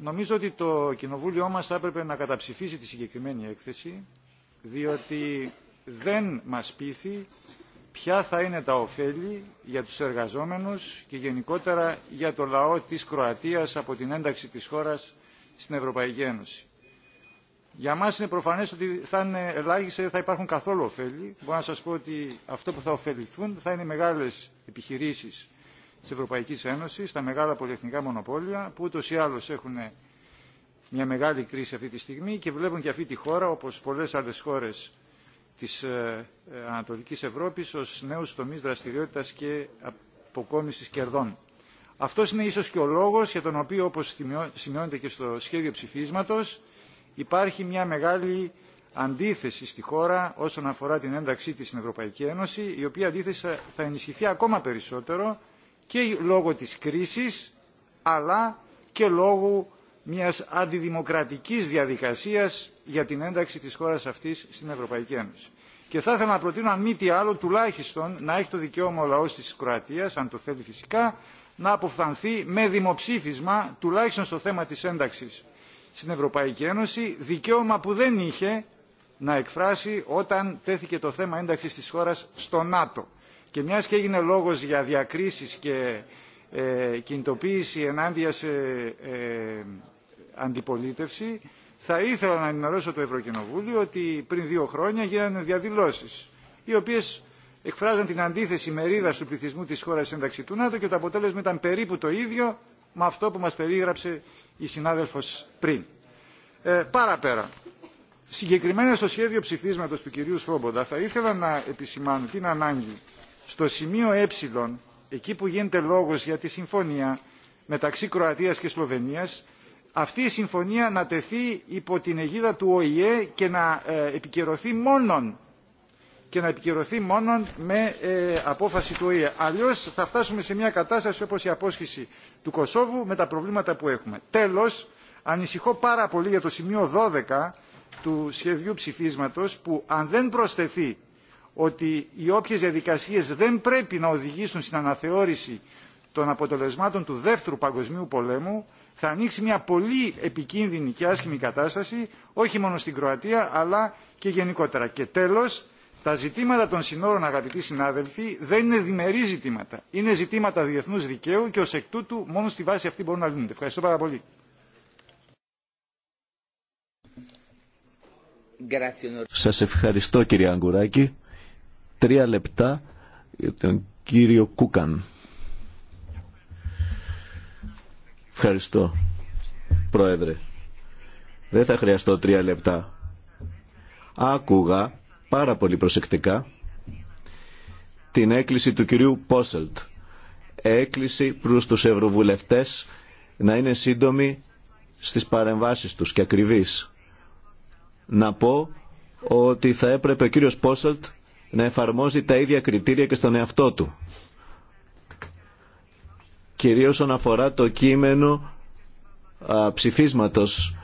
G: νομίζω ότι το κοινοβούλιο μα θα έπρεπε να καταψηφίσει τη συγκεκριμένη έκθεση, διότι δεν μα πείθει ποια θα είναι τα ωφέλη για τους εργαζόμενους και γενικότερα για το λαό της Κροατίας από την ένταξη της χώρας στην Ευρωπαϊκή Ένωση. Για μας είναι προφανές ότι θα είναι ελάχιστα, ή θα υπάρχουν καθόλου ωφέλη. Μπορώ να σας πω ότι αυτό που θα ωφεληθούν θα είναι οι μεγάλες επιχειρήσεις της Ευρωπαϊκής Ένωσης, τα μεγάλα πολυεθνικά μονοπόλια, που ούτως ή άλλως έχουν μια μεγάλη κρίση αυτή τη στιγμή και βλέπουν και αυτή τη χώρα, όπως πολλές άλλες χώρες της ε, ε, Ανατολικής Ευρώπης ως νέους τομείς δραστηριότητας και αποκόμισης κερδών. Αυτός είναι ίσως και ο λόγος για τον οποίο, όπως σημειώνεται και στο σχέδιο ψηφίσματος, υπάρχει μια μεγάλη αντίθεση στη χώρα όσον αφορά την ένταξή της στην Ευρωπαϊκή Ένωση, η οποία αντίθεση θα ενισχυθεί ακόμα περισσότερο και λόγω της κρίσης, αλλά και λόγω μιας αντιδημοκρατικής διαδικασίας για την ένταξη της χώρας αυτής στην Ευρωπαϊκή Ένωση. Και θα ήθελα να προτείνω, αν μη τι άλλο, τουλάχιστον να έχει το δικαίωμα ο λαός της Κροατίας, αν το θέλει φυσικά, να αποφθανθεί με δημοψήφισμα, τουλάχιστον στο θέμα της ένταξης στην Ευρωπαϊκή Ένωση, δικαίωμα που δεν είχε να εκφράσει όταν τέθηκε το θέμα ένταξης της χώρας στο ΝΑΤΟ. Και μιας και έγινε λόγος για διακρίσεις και ε, κινητοποίηση ενάντια σε ε, ε, αντιπολίτευση, θα ήθελα να ενημερώσω το Ευρωκοινοβούλιο ότι πριν δύο χρόνια γίνανε διαδηλώσει, οι οποίε εκφράζαν την αντίθεση μερίδα του πληθυσμού τη χώρα ένταξη του ΝΑΤΟ και το αποτέλεσμα ήταν περίπου το ίδιο με αυτό που μα περίγραψε η συνάδελφο πριν. Ε, παραπέρα. Συγκεκριμένα στο σχέδιο ψηφίσματο του κυρίου Σφόμποντα θα ήθελα να επισημάνω την ανάγκη στο σημείο ε, εκεί που γίνεται λόγο για τη συμφωνία μεταξύ Κροατία και Σλοβενία, αυτή η συμφωνία να τεθεί υπό την αιγίδα του ΟΗΕ και να ε, επικυρωθεί μόνον και να επικυρωθεί μόνον με ε, απόφαση του ΟΗΕ. Αλλιώς θα φτάσουμε σε μια κατάσταση όπως η απόσχηση του Κωσόβου με τα προβλήματα που έχουμε. Τέλος, ανησυχώ πάρα πολύ για το σημείο 12 του σχεδιού ψηφίσματος που αν δεν προσθεθεί ότι οι όποιες διαδικασίες δεν πρέπει να οδηγήσουν στην αναθεώρηση των αποτελεσμάτων του Δεύτερου Παγκοσμίου Πολέμου θα ανοίξει μια πολύ επικίνδυνη και άσχημη κατάσταση όχι μόνο στην Κροατία αλλά και γενικότερα. Και τέλος, τα ζητήματα των συνόρων αγαπητοί συνάδελφοι δεν είναι διμερεί ζητήματα. Είναι ζητήματα διεθνούς δικαίου και ως εκ τούτου μόνο στη βάση αυτή μπορούν να λύνονται. Ευχαριστώ πάρα πολύ.
E: Σας ευχαριστώ κύριε Αγκουράκη. Τρία λεπτά για τον κύριο Κούκαν. Ευχαριστώ, Πρόεδρε. Δεν θα χρειαστώ τρία λεπτά. Άκουγα πάρα πολύ προσεκτικά την έκκληση του κυρίου Πόσελτ. Έκκληση προς τους ευρωβουλευτές να είναι σύντομοι στις παρεμβάσεις τους και ακριβείς. Να πω ότι θα έπρεπε ο κύριος Πόσελτ να εφαρμόζει τα ίδια κριτήρια και στον εαυτό του κυρίως όσον αφορά το κείμενο ψηφίσματος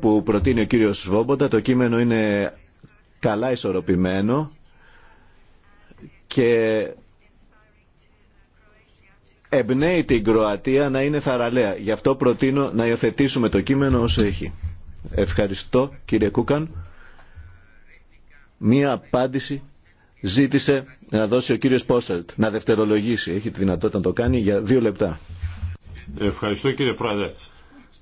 E: που προτείνει ο κύριος Βόμποντα. Το κείμενο είναι καλά ισορροπημένο και εμπνέει την Κροατία να είναι θαραλέα. Γι' αυτό προτείνω να υιοθετήσουμε το κείμενο όσο έχει. Ευχαριστώ κύριε Κούκαν. Μία απάντηση ζήτησε να δώσει ο κύριος Πόσελτ να δευτερολογήσει. Έχει τη δυνατότητα να το κάνει για δύο λεπτά.
F: Ευχαριστώ κύριε Πρόεδρε.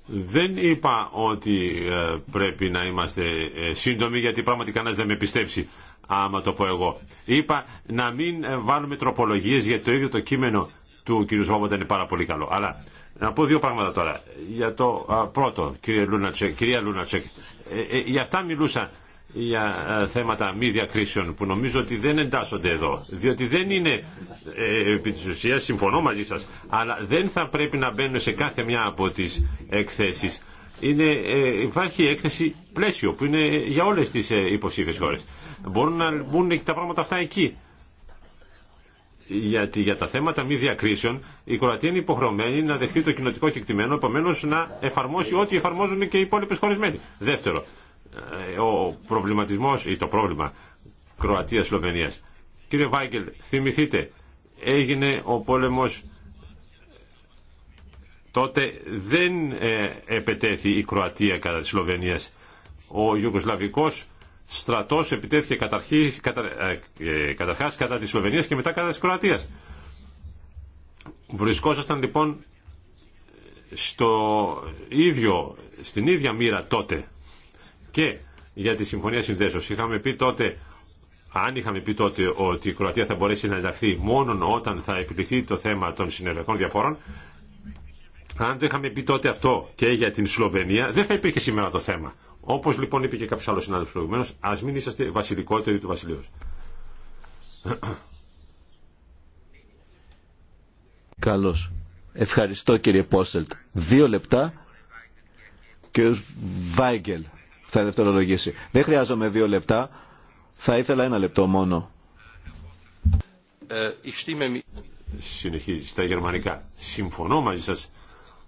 F: Δεν είπα ότι ε, πρέπει να είμαστε ε, σύντομοι γιατί πράγματι κανένας δεν με πιστέψει άμα το πω εγώ. Είπα να μην ε, βάλουμε τροπολογίες γιατί το ίδιο το κείμενο του Κυριού Σβόμποντα είναι πάρα πολύ καλό. Αλλά να πω δύο πράγματα τώρα. Για το πρώτο, κύριε Λούνατσεκ, κυρία Λούνατσεκ, ε, για αυτά μιλούσα για ε, θέματα μη διακρίσεων που νομίζω ότι δεν εντάσσονται εδώ διότι δεν είναι ε, επί της ουσίας, συμφωνώ μαζί σας αλλά δεν θα πρέπει να μπαίνουν σε κάθε μια από τις εκθέσεις είναι, ε, υπάρχει έκθεση πλαίσιο που είναι για όλες τις ε, υποψήφιες χώρες μπορούν να μπουν τα πράγματα αυτά εκεί γιατί για τα θέματα μη διακρίσεων η Κροατία είναι υποχρεωμένη να δεχτεί το κοινοτικό κεκτημένο, επομένω να εφαρμόσει ό,τι εφαρμόζουν και οι υπόλοιπε χωρισμένοι. Δεύτερο, ε, ο προβληματισμός ή το πρόβλημα Κροατίας-Σλοβενίας. Κύριε Βάγκελ, θυμηθείτε, έγινε ο πόλεμος τότε δεν ε, επετέθη η Κροατία κατά της Σλοβενίας. Ο Ιουγκοσλαβικός στρατός επιτέθηκε καταρχής, κατα, ε, ε, καταρχάς κατά της Σλοβενίας και μετά κατά της Κροατίας. Βρισκόσασταν λοιπόν στο ίδιο, στην ίδια μοίρα τότε και για τη Συμφωνία Συνδέσεως. Είχαμε πει τότε, αν είχαμε πει τότε ότι η Κροατία θα μπορέσει να ενταχθεί μόνο όταν θα επιληθεί το θέμα των συνεργατικών διαφόρων, αν το είχαμε πει τότε αυτό και για την Σλοβενία, δεν θα υπήρχε σήμερα το θέμα. Όπω λοιπόν είπε και κάποιο άλλο συνάδελφο προηγουμένω, α μην είσαστε βασιλικότεροι του βασιλείου.
E: Καλώ. Ευχαριστώ κύριε Πόσελτ. Δύο λεπτά. Κύριο Βάγκελ θα δευτερολογήσει. Δεν χρειάζομαι δύο λεπτά, θα ήθελα ένα λεπτό μόνο.
F: Συνεχίζει στα γερμανικά. Συμφωνώ μαζί σας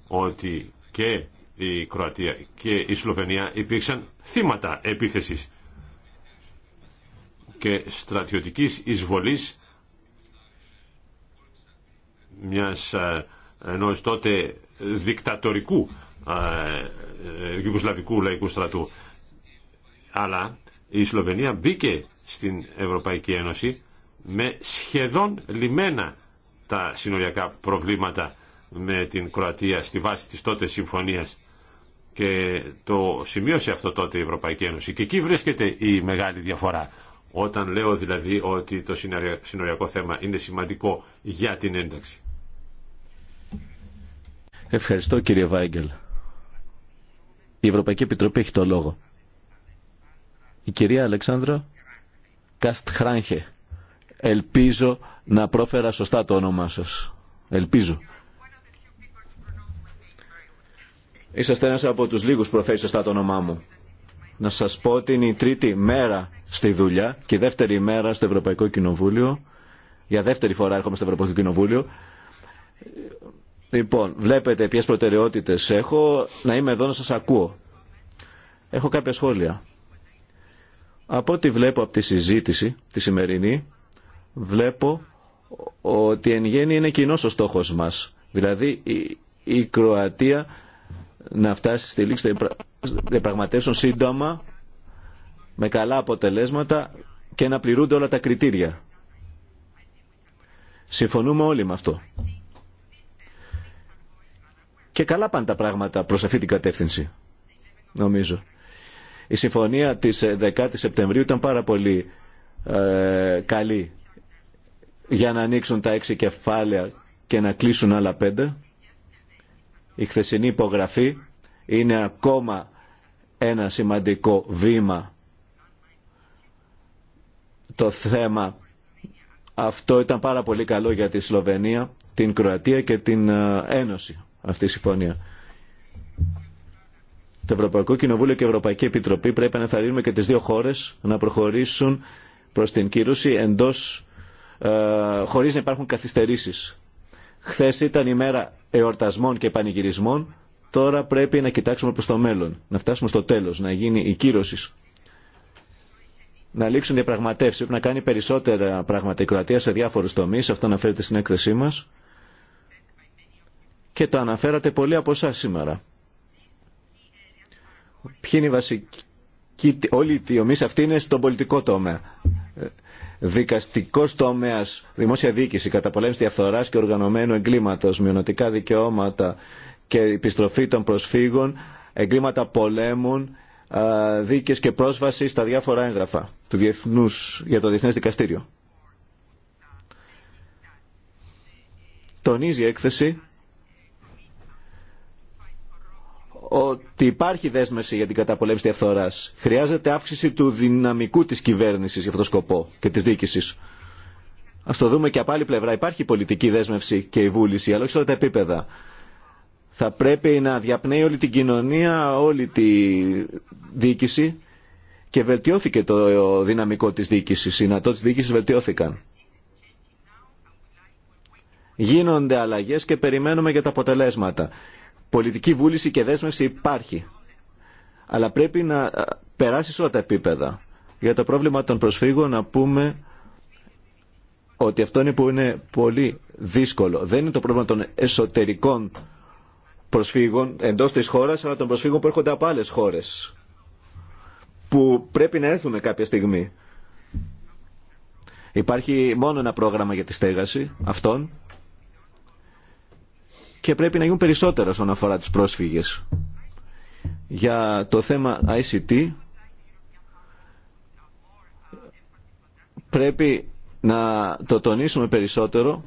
F: ότι και η Κροατία και η Σλοβενία υπήρξαν θύματα επίθεσης και στρατιωτικής εισβολής μιας ε, ενός τότε δικτατορικού ε, ε λαϊκού στρατού αλλά η Σλοβενία μπήκε στην Ευρωπαϊκή Ένωση με σχεδόν λιμένα τα συνοριακά προβλήματα με την Κροατία στη βάση της τότε συμφωνίας και το σημείωσε αυτό τότε η Ευρωπαϊκή Ένωση και εκεί βρίσκεται η μεγάλη διαφορά όταν λέω δηλαδή ότι το συνοριακό θέμα είναι σημαντικό για την ένταξη.
E: Ευχαριστώ κύριε Βάγκελ. Η Ευρωπαϊκή Επιτροπή έχει το λόγο. Η κυρία Αλεξάνδρα Καστχράνχε. Ελπίζω να πρόφερα σωστά το όνομά σας. Ελπίζω. Είσαστε ένας από τους λίγους που προφέρει σωστά το όνομά μου. Να σας πω ότι είναι η τρίτη μέρα στη δουλειά και η δεύτερη μέρα στο Ευρωπαϊκό Κοινοβούλιο. Για δεύτερη φορά έρχομαι στο Ευρωπαϊκό Κοινοβούλιο. Λοιπόν, βλέπετε ποιες προτεραιότητες έχω να είμαι εδώ να σας ακούω. Έχω κάποια σχόλια. Από ό,τι βλέπω από τη συζήτηση τη σημερινή, βλέπω ότι εν γέννη είναι κοινό ο στόχος μας. Δηλαδή η, Κροατία να φτάσει στη λήξη των διαπραγματεύσεων σύντομα με καλά αποτελέσματα και να πληρούνται όλα τα κριτήρια. Συμφωνούμε όλοι με αυτό. Και καλά πάνε τα πράγματα προς αυτή την κατεύθυνση, νομίζω. Η συμφωνία της 10 ε, η Σεπτεμβρίου ήταν πάρα πολύ ε, καλή για να ανοίξουν τα έξι κεφάλαια και να κλείσουν άλλα πέντε. Η χθεσινή υπογραφή είναι ακόμα ένα σημαντικό βήμα. Το θέμα αυτό ήταν πάρα πολύ καλό για τη Σλοβενία, την Κροατία και την ε, Ένωση αυτή η συμφωνία. Το Ευρωπαϊκό Κοινοβούλιο και η Ευρωπαϊκή Επιτροπή πρέπει να ενθαρρύνουμε και τι δύο χώρε να προχωρήσουν προ την κύρωση ε, χωρίς να υπάρχουν καθυστερήσεις. Χθε ήταν η μέρα εορτασμών και πανηγυρισμών, τώρα πρέπει να κοιτάξουμε προ το μέλλον, να φτάσουμε στο τέλο, να γίνει η κύρωση. Να λήξουν διαπραγματεύσει, πρέπει να κάνει περισσότερα πράγματα η Κροατία σε διάφορου τομεί, αυτό αναφέρεται στην έκθεσή μα. και το αναφέρατε πολλοί από εσά σήμερα. Ποιοι είναι οι βασικοί, όλοι οι τομεί αυτοί είναι στον πολιτικό τομέα. Ε, Δικαστικό τομέα, δημόσια διοίκηση, καταπολέμηση διαφθορά και οργανωμένου εγκλήματο, μειωνοτικά δικαιώματα και επιστροφή των προσφύγων, εγκλήματα πολέμων, δίκες και πρόσβαση στα διάφορα έγγραφα του διεθνούς, για το Διεθνές Δικαστήριο. Τονίζει η έκθεση ότι υπάρχει δέσμευση για την καταπολέμηση της Χρειάζεται αύξηση του δυναμικού της κυβέρνησης για αυτόν τον σκοπό και της διοίκησης. Ας το δούμε και από άλλη πλευρά. Υπάρχει πολιτική δέσμευση και η βούληση, αλλά όχι σε όλα τα επίπεδα. Θα πρέπει να διαπνέει όλη την κοινωνία, όλη τη διοίκηση και βελτιώθηκε το δυναμικό της διοίκησης. Οι δυνατότητες της διοίκησης βελτιώθηκαν. Γίνονται αλλαγές και περιμένουμε για τα αποτελέσματα. Πολιτική βούληση και δέσμευση υπάρχει. Αλλά πρέπει να ε, περάσει όλα τα επίπεδα. Για το πρόβλημα των προσφύγων να πούμε ότι αυτό είναι που είναι πολύ δύσκολο. Δεν είναι το πρόβλημα των εσωτερικών προσφύγων εντός της χώρας, αλλά των προσφύγων που έρχονται από άλλες χώρες, που πρέπει να έρθουν κάποια στιγμή. Υπάρχει μόνο ένα πρόγραμμα για τη στέγαση αυτών και πρέπει να γίνουν περισσότερα όσον αφορά τις πρόσφυγες. Για το θέμα ICT πρέπει να το τονίσουμε περισσότερο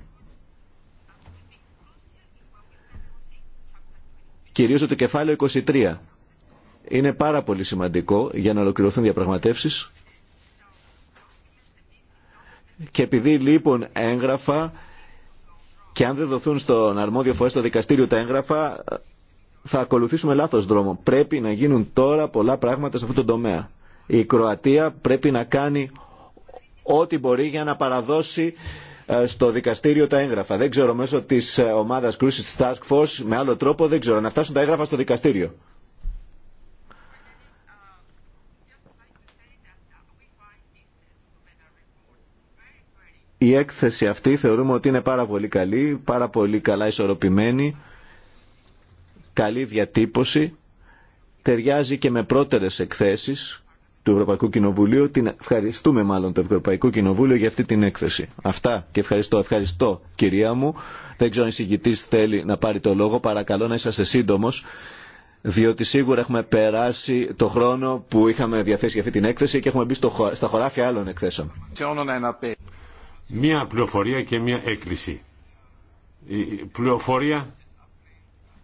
E: κυρίως το κεφάλαιο 23. Είναι πάρα πολύ σημαντικό για να ολοκληρωθούν διαπραγματεύσεις και επειδή λείπουν έγγραφα και αν δεν δοθούν στον αρμόδιο φορέα στο δικαστήριο τα έγγραφα, θα ακολουθήσουμε λάθο δρόμο. Πρέπει να γίνουν τώρα πολλά πράγματα σε αυτό τον τομέα. Η Κροατία πρέπει να κάνει ό,τι μπορεί για να παραδώσει ε, στο δικαστήριο τα έγγραφα. Δεν ξέρω μέσω τη ομάδα Cruises Task Force με άλλο τρόπο δεν ξέρω να φτάσουν τα έγγραφα στο δικαστήριο. Η έκθεση αυτή θεωρούμε ότι είναι πάρα πολύ καλή, πάρα πολύ καλά ισορροπημένη, καλή διατύπωση, ταιριάζει και με πρώτερες εκθέσεις του Ευρωπαϊκού Κοινοβουλίου. Την ευχαριστούμε μάλλον το Ευρωπαϊκό Κοινοβούλιο για αυτή την έκθεση. Αυτά και ευχαριστώ. Ευχαριστώ κυρία μου. Δεν ξέρω αν η θέλει να πάρει το λόγο. Παρακαλώ να είσαστε σύντομο. Διότι σίγουρα έχουμε περάσει το χρόνο που είχαμε διαθέσει για αυτή την έκθεση και έχουμε μπει στο, στα χωράφια άλλων εκθέσεων.
F: Μία πληροφορία και μία έκκληση. Η πληροφορία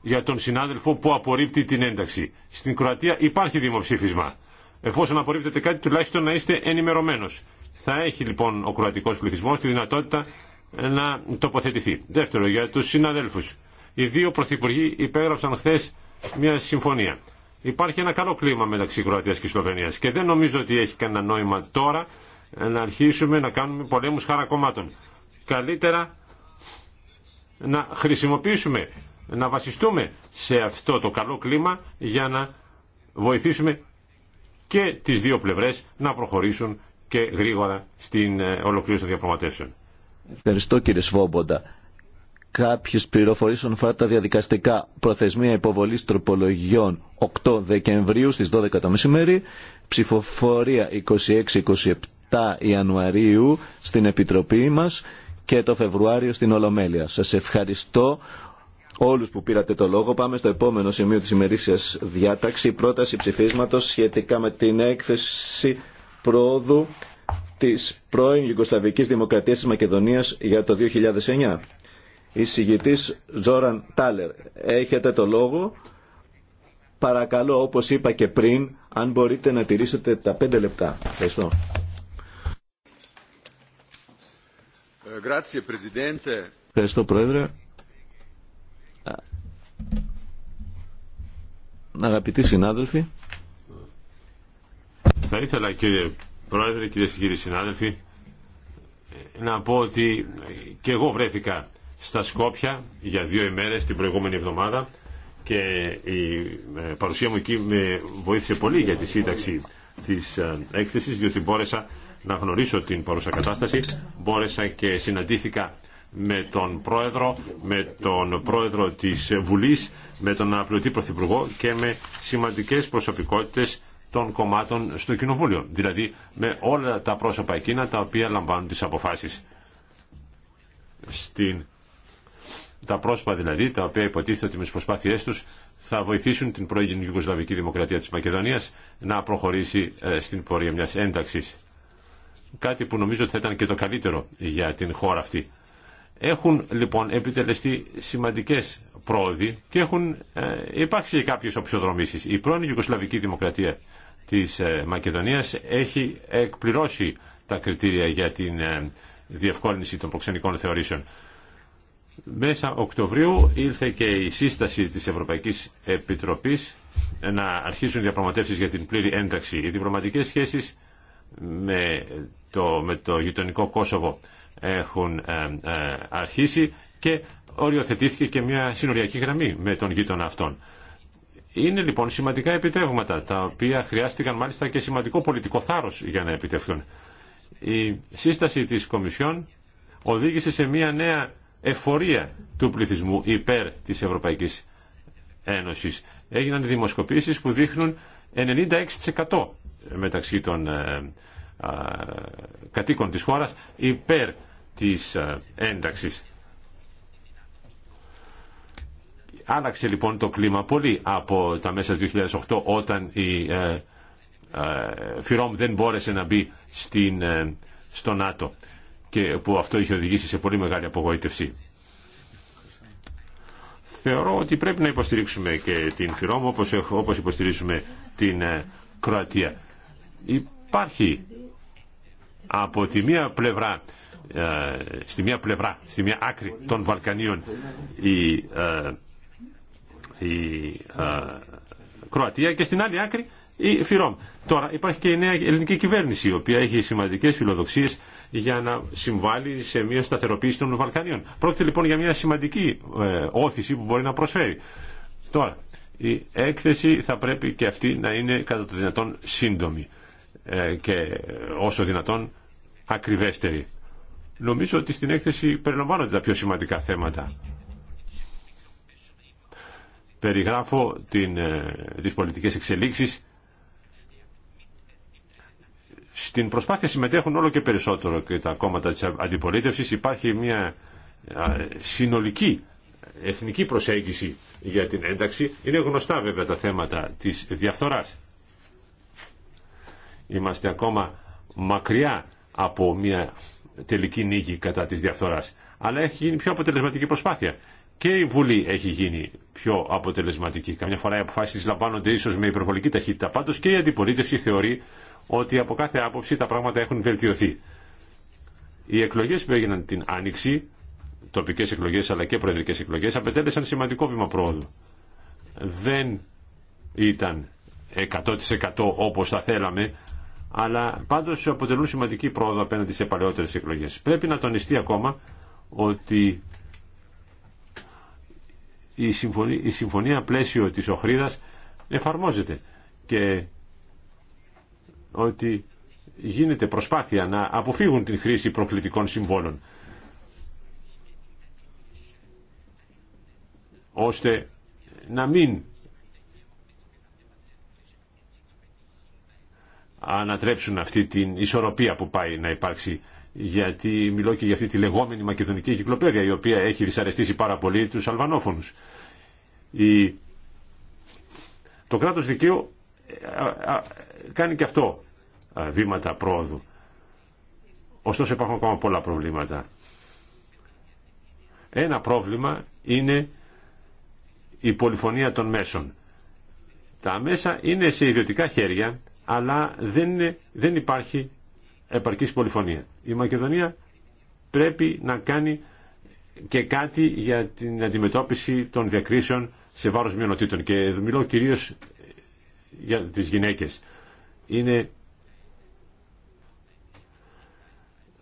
F: για τον συνάδελφο που απορρίπτει την ένταξη. Στην Κροατία υπάρχει δημοψήφισμα. Εφόσον απορρίπτεται κάτι, τουλάχιστον να είστε ενημερωμένο. Θα έχει λοιπόν ο κροατικό πληθυσμό τη δυνατότητα να τοποθετηθεί. Δεύτερο, για του συναδέλφου. Οι δύο πρωθυπουργοί υπέγραψαν χθε μια συμφωνία. Υπάρχει ένα καλό κλίμα μεταξύ Κροατία και Σλοβενία και δεν νομίζω ότι έχει κανένα νόημα τώρα να αρχίσουμε να κάνουμε πολέμους χαρακομμάτων. Καλύτερα να χρησιμοποιήσουμε, να βασιστούμε σε αυτό το καλό κλίμα για να βοηθήσουμε και τις δύο πλευρές να προχωρήσουν και γρήγορα στην ε, ολοκλήρωση των διαπραγματεύσεων.
E: Ευχαριστώ κύριε Σβόμποντα. Κάποιες πληροφορίε όσον αφορά τα διαδικαστικά προθεσμία υποβολής τροπολογιών 8 Δεκεμβρίου στις 12 το μεσημέρι, ψηφοφορία 26-27 Ιανουαρίου στην Επιτροπή μας και το Φεβρουάριο στην Ολομέλεια. Σας ευχαριστώ όλους που πήρατε το λόγο. Πάμε στο επόμενο σημείο της ημερήσιας διάταξη. Πρόταση ψηφίσματος σχετικά με την έκθεση πρόοδου της πρώην Ιουγκοσλαβικής Δημοκρατίας της Μακεδονίας για το 2009. Η Ζόραν Ζόραν Τάλερ, έχετε το λόγο. Παρακαλώ, όπως είπα και πριν, αν μπορείτε να τηρήσετε τα πέντε λεπτά. Ευχαριστώ. Ευχαριστώ, Πρόεδρε. Αγαπητοί συνάδελφοι.
F: Θα ήθελα, κύριε Πρόεδρε, κύριε και κύριοι συνάδελφοι, να πω ότι και εγώ βρέθηκα στα Σκόπια για δύο ημέρες την προηγούμενη εβδομάδα και η ε, παρουσία μου εκεί με βοήθησε πολύ για τη σύνταξη της ε, έκθεσης διότι μπόρεσα να γνωρίσω την παρούσα κατάσταση. Μπόρεσα και συναντήθηκα με τον πρόεδρο, με τον πρόεδρο της Βουλής, με τον αναπληρωτή πρωθυπουργό και με σημαντικές προσωπικότητες των κομμάτων στο Κοινοβούλιο. Δηλαδή με όλα τα πρόσωπα εκείνα τα οποία λαμβάνουν τις αποφάσεις. Στην... Τα πρόσωπα δηλαδή τα οποία υποτίθεται ότι με τις προσπάθειές τους θα βοηθήσουν την πρώην Ιουγκοσλαβική Δημοκρατία της Μακεδονίας να προχωρήσει ε, στην πορεία μιας ένταξης κάτι που νομίζω ότι θα ήταν και το καλύτερο για την χώρα αυτή. Έχουν λοιπόν επιτελεστεί σημαντικές πρόοδοι και έχουν ε, υπάρξει και κάποιες οψιοδρομήσεις. Η πρώην Ιουγκοσλαβική Δημοκρατία της ε, Μακεδονίας έχει εκπληρώσει τα κριτήρια για την ε, διευκόλυνση των προξενικών θεωρήσεων. Μέσα Οκτωβρίου ήρθε και η σύσταση της Ευρωπαϊκής Επιτροπής να αρχίσουν διαπραγματεύσεις για την πλήρη ένταξη. Οι διπλωματικές σχέσεις με το, με το γειτονικό Κόσοβο έχουν ε, ε, αρχίσει και οριοθετήθηκε και μια συνοριακή γραμμή με τον γείτονα αυτόν. Είναι λοιπόν σημαντικά επιτεύγματα, τα οποία χρειάστηκαν μάλιστα και σημαντικό πολιτικό θάρρος για να επιτευχθούν. Η σύσταση της Κομισιόν οδήγησε σε μια νέα εφορία του πληθυσμού υπέρ της Ευρωπαϊκής Ένωσης. Έγιναν δημοσκοπήσεις που δείχνουν 96% μεταξύ των ε, κατοίκων της χώρας υπέρ της ένταξης. Άλλαξε λοιπόν το κλίμα πολύ από τα μέσα του 2008 όταν η ε, ε, Φιρόμ δεν μπόρεσε να μπει στην, ε, στο ΝΑΤΟ και που αυτό είχε οδηγήσει σε πολύ μεγάλη απογοήτευση. Θεωρώ ότι πρέπει να υποστηρίξουμε και την Φιρόμ όπως, όπως υποστηρίζουμε την Κροατία. Υπάρχει από τη μία πλευρά ε, στη μία πλευρά, στη μία άκρη των Βαλκανίων η, ε, η ε, Κροατία και στην άλλη άκρη η Φιρόμ. Τώρα υπάρχει και η νέα ελληνική κυβέρνηση η οποία έχει σημαντικές φιλοδοξίες για να συμβάλλει σε μια σταθεροποίηση των Βαλκανίων. Πρόκειται λοιπόν για μια σημαντική όθηση που μπορεί να προσφέρει. Τώρα, η έκθεση θα πρέπει και αυτή να είναι κατά το δυνατόν σύντομη και όσο δυνατόν ακριβέστερη. Νομίζω ότι στην έκθεση περιλαμβάνονται τα πιο σημαντικά θέματα. Περιγράφω την, ε, τις πολιτικές εξελίξεις. Στην προσπάθεια συμμετέχουν όλο και περισσότερο και τα κόμματα της αντιπολίτευσης. Υπάρχει μια συνολική εθνική προσέγγιση για την ένταξη. Είναι γνωστά βέβαια τα θέματα της διαφθοράς. Είμαστε ακόμα μακριά από μια τελική νίκη κατά της διαφθοράς. Αλλά έχει γίνει πιο αποτελεσματική προσπάθεια. Και η Βουλή έχει γίνει πιο αποτελεσματική. Καμιά φορά οι αποφάσει λαμβάνονται ίσω με υπερβολική ταχύτητα. Πάντω και η αντιπολίτευση θεωρεί ότι από κάθε άποψη τα πράγματα έχουν βελτιωθεί. Οι εκλογέ που έγιναν την Άνοιξη, τοπικέ εκλογέ αλλά και προεδρικέ εκλογέ, απαιτέλεσαν σημαντικό βήμα πρόοδου. Δεν ήταν 100% όπως θα θέλαμε αλλά πάντως αποτελούν σημαντική πρόοδο απέναντι σε παλαιότερες εκλογέ. Πρέπει να τονιστεί ακόμα ότι η συμφωνία, η συμφωνία πλαίσιο της Οχρίδας εφαρμόζεται και ότι γίνεται προσπάθεια να αποφύγουν την χρήση προκλητικών συμβόλων ώστε να μην ανατρέψουν αυτή την ισορροπία που πάει να υπάρξει γιατί μιλώ και για αυτή τη λεγόμενη μακεδονική κυκλοπαίδεια η οποία έχει δυσαρεστήσει πάρα πολύ τους αλβανόφωνους. Το κράτος δικαίου ε, κάνει και αυτό βήματα πρόοδου. Ωστόσο υπάρχουν ακόμα πολλά προβλήματα. Ένα πρόβλημα είναι η πολυφωνία των μέσων. Τα μέσα είναι σε ιδιωτικά χέρια αλλά δεν, δεν υπάρχει επαρκής πολυφωνία. Η Μακεδονία πρέπει να κάνει και κάτι για την αντιμετώπιση των διακρίσεων σε βάρος μειονοτήτων και μιλώ κυρίως για τις γυναίκες. Είναι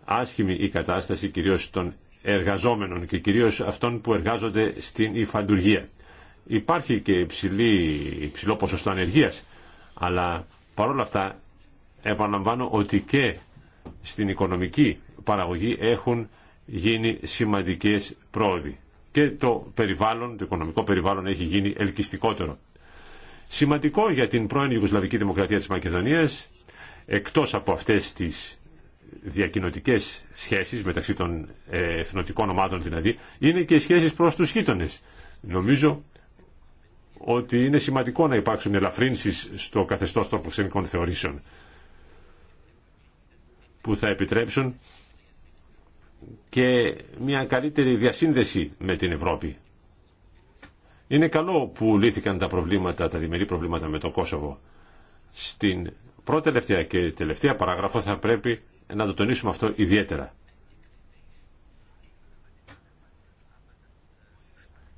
F: άσχημη η κατάσταση κυρίως των εργαζόμενων και κυρίως αυτών που εργάζονται στην υφαντουργία. Υπάρχει και υψηλή, υψηλό ποσοστό ανεργίας, αλλά Παρ' όλα αυτά, επαναλαμβάνω ότι και στην οικονομική παραγωγή έχουν γίνει σημαντικές πρόοδοι. Και το περιβάλλον, το οικονομικό περιβάλλον έχει γίνει ελκυστικότερο. Σημαντικό για την πρώην Ιουγκοσλαβική Δημοκρατία της Μακεδονίας, εκτός από αυτές τις διακοινωτικές σχέσεις μεταξύ των ε, εθνοτικών ομάδων δηλαδή, είναι και οι σχέσεις προς τους γείτονες. Νομίζω ότι είναι σημαντικό να υπάρξουν ελαφρύνσεις στο καθεστώς των προξενικών θεωρήσεων που θα επιτρέψουν και μια καλύτερη διασύνδεση με την Ευρώπη. Είναι καλό που λύθηκαν τα προβλήματα, τα διμερή προβλήματα με το Κόσοβο. Στην πρώτη τελευταία και τελευταία παράγραφο θα πρέπει να το τονίσουμε αυτό ιδιαίτερα.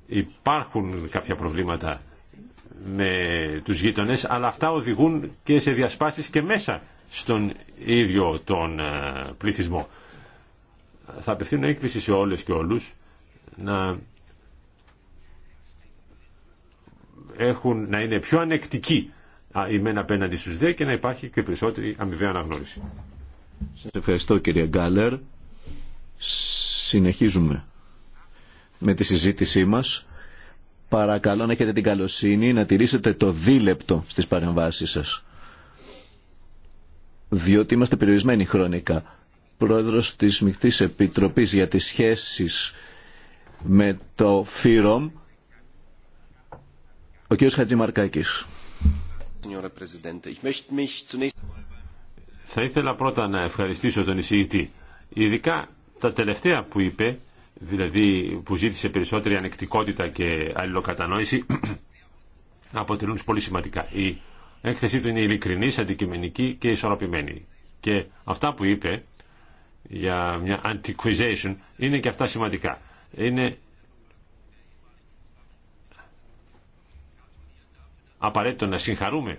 F: Υπάρχουν κάποια προβλήματα με τους γείτονες, αλλά αυτά οδηγούν και σε διασπάσεις και μέσα στον ίδιο τον ε, πληθυσμό. Θα απευθύνω έκκληση σε όλες και όλους να έχουν, να είναι πιο ανεκτικοί ημένα απέναντι στους δε και να υπάρχει και περισσότερη αμοιβαία αναγνώριση.
E: Σας ευχαριστώ κύριε Γκάλερ. Συνεχίζουμε με τη συζήτησή μας. Παρακαλώ να έχετε την καλοσύνη να τηρήσετε το δίλεπτο στις παρεμβάσεις σας. Διότι είμαστε περιορισμένοι χρονικά. Πρόεδρος της Μικτής Επιτροπής για τις σχέσεις με το ΦΥΡΟΜ, ο κ. Χατζημαρκάκης.
F: Θα ήθελα πρώτα να ευχαριστήσω τον εισηγητή. Ειδικά τα τελευταία που είπε δηλαδή που ζήτησε περισσότερη ανεκτικότητα και αλληλοκατανόηση, αποτελούν πολύ σημαντικά. Η έκθεσή του είναι ειλικρινή, αντικειμενική και ισορροπημένη. Και αυτά που είπε για μια antiquization είναι και αυτά σημαντικά. Είναι απαραίτητο να συγχαρούμε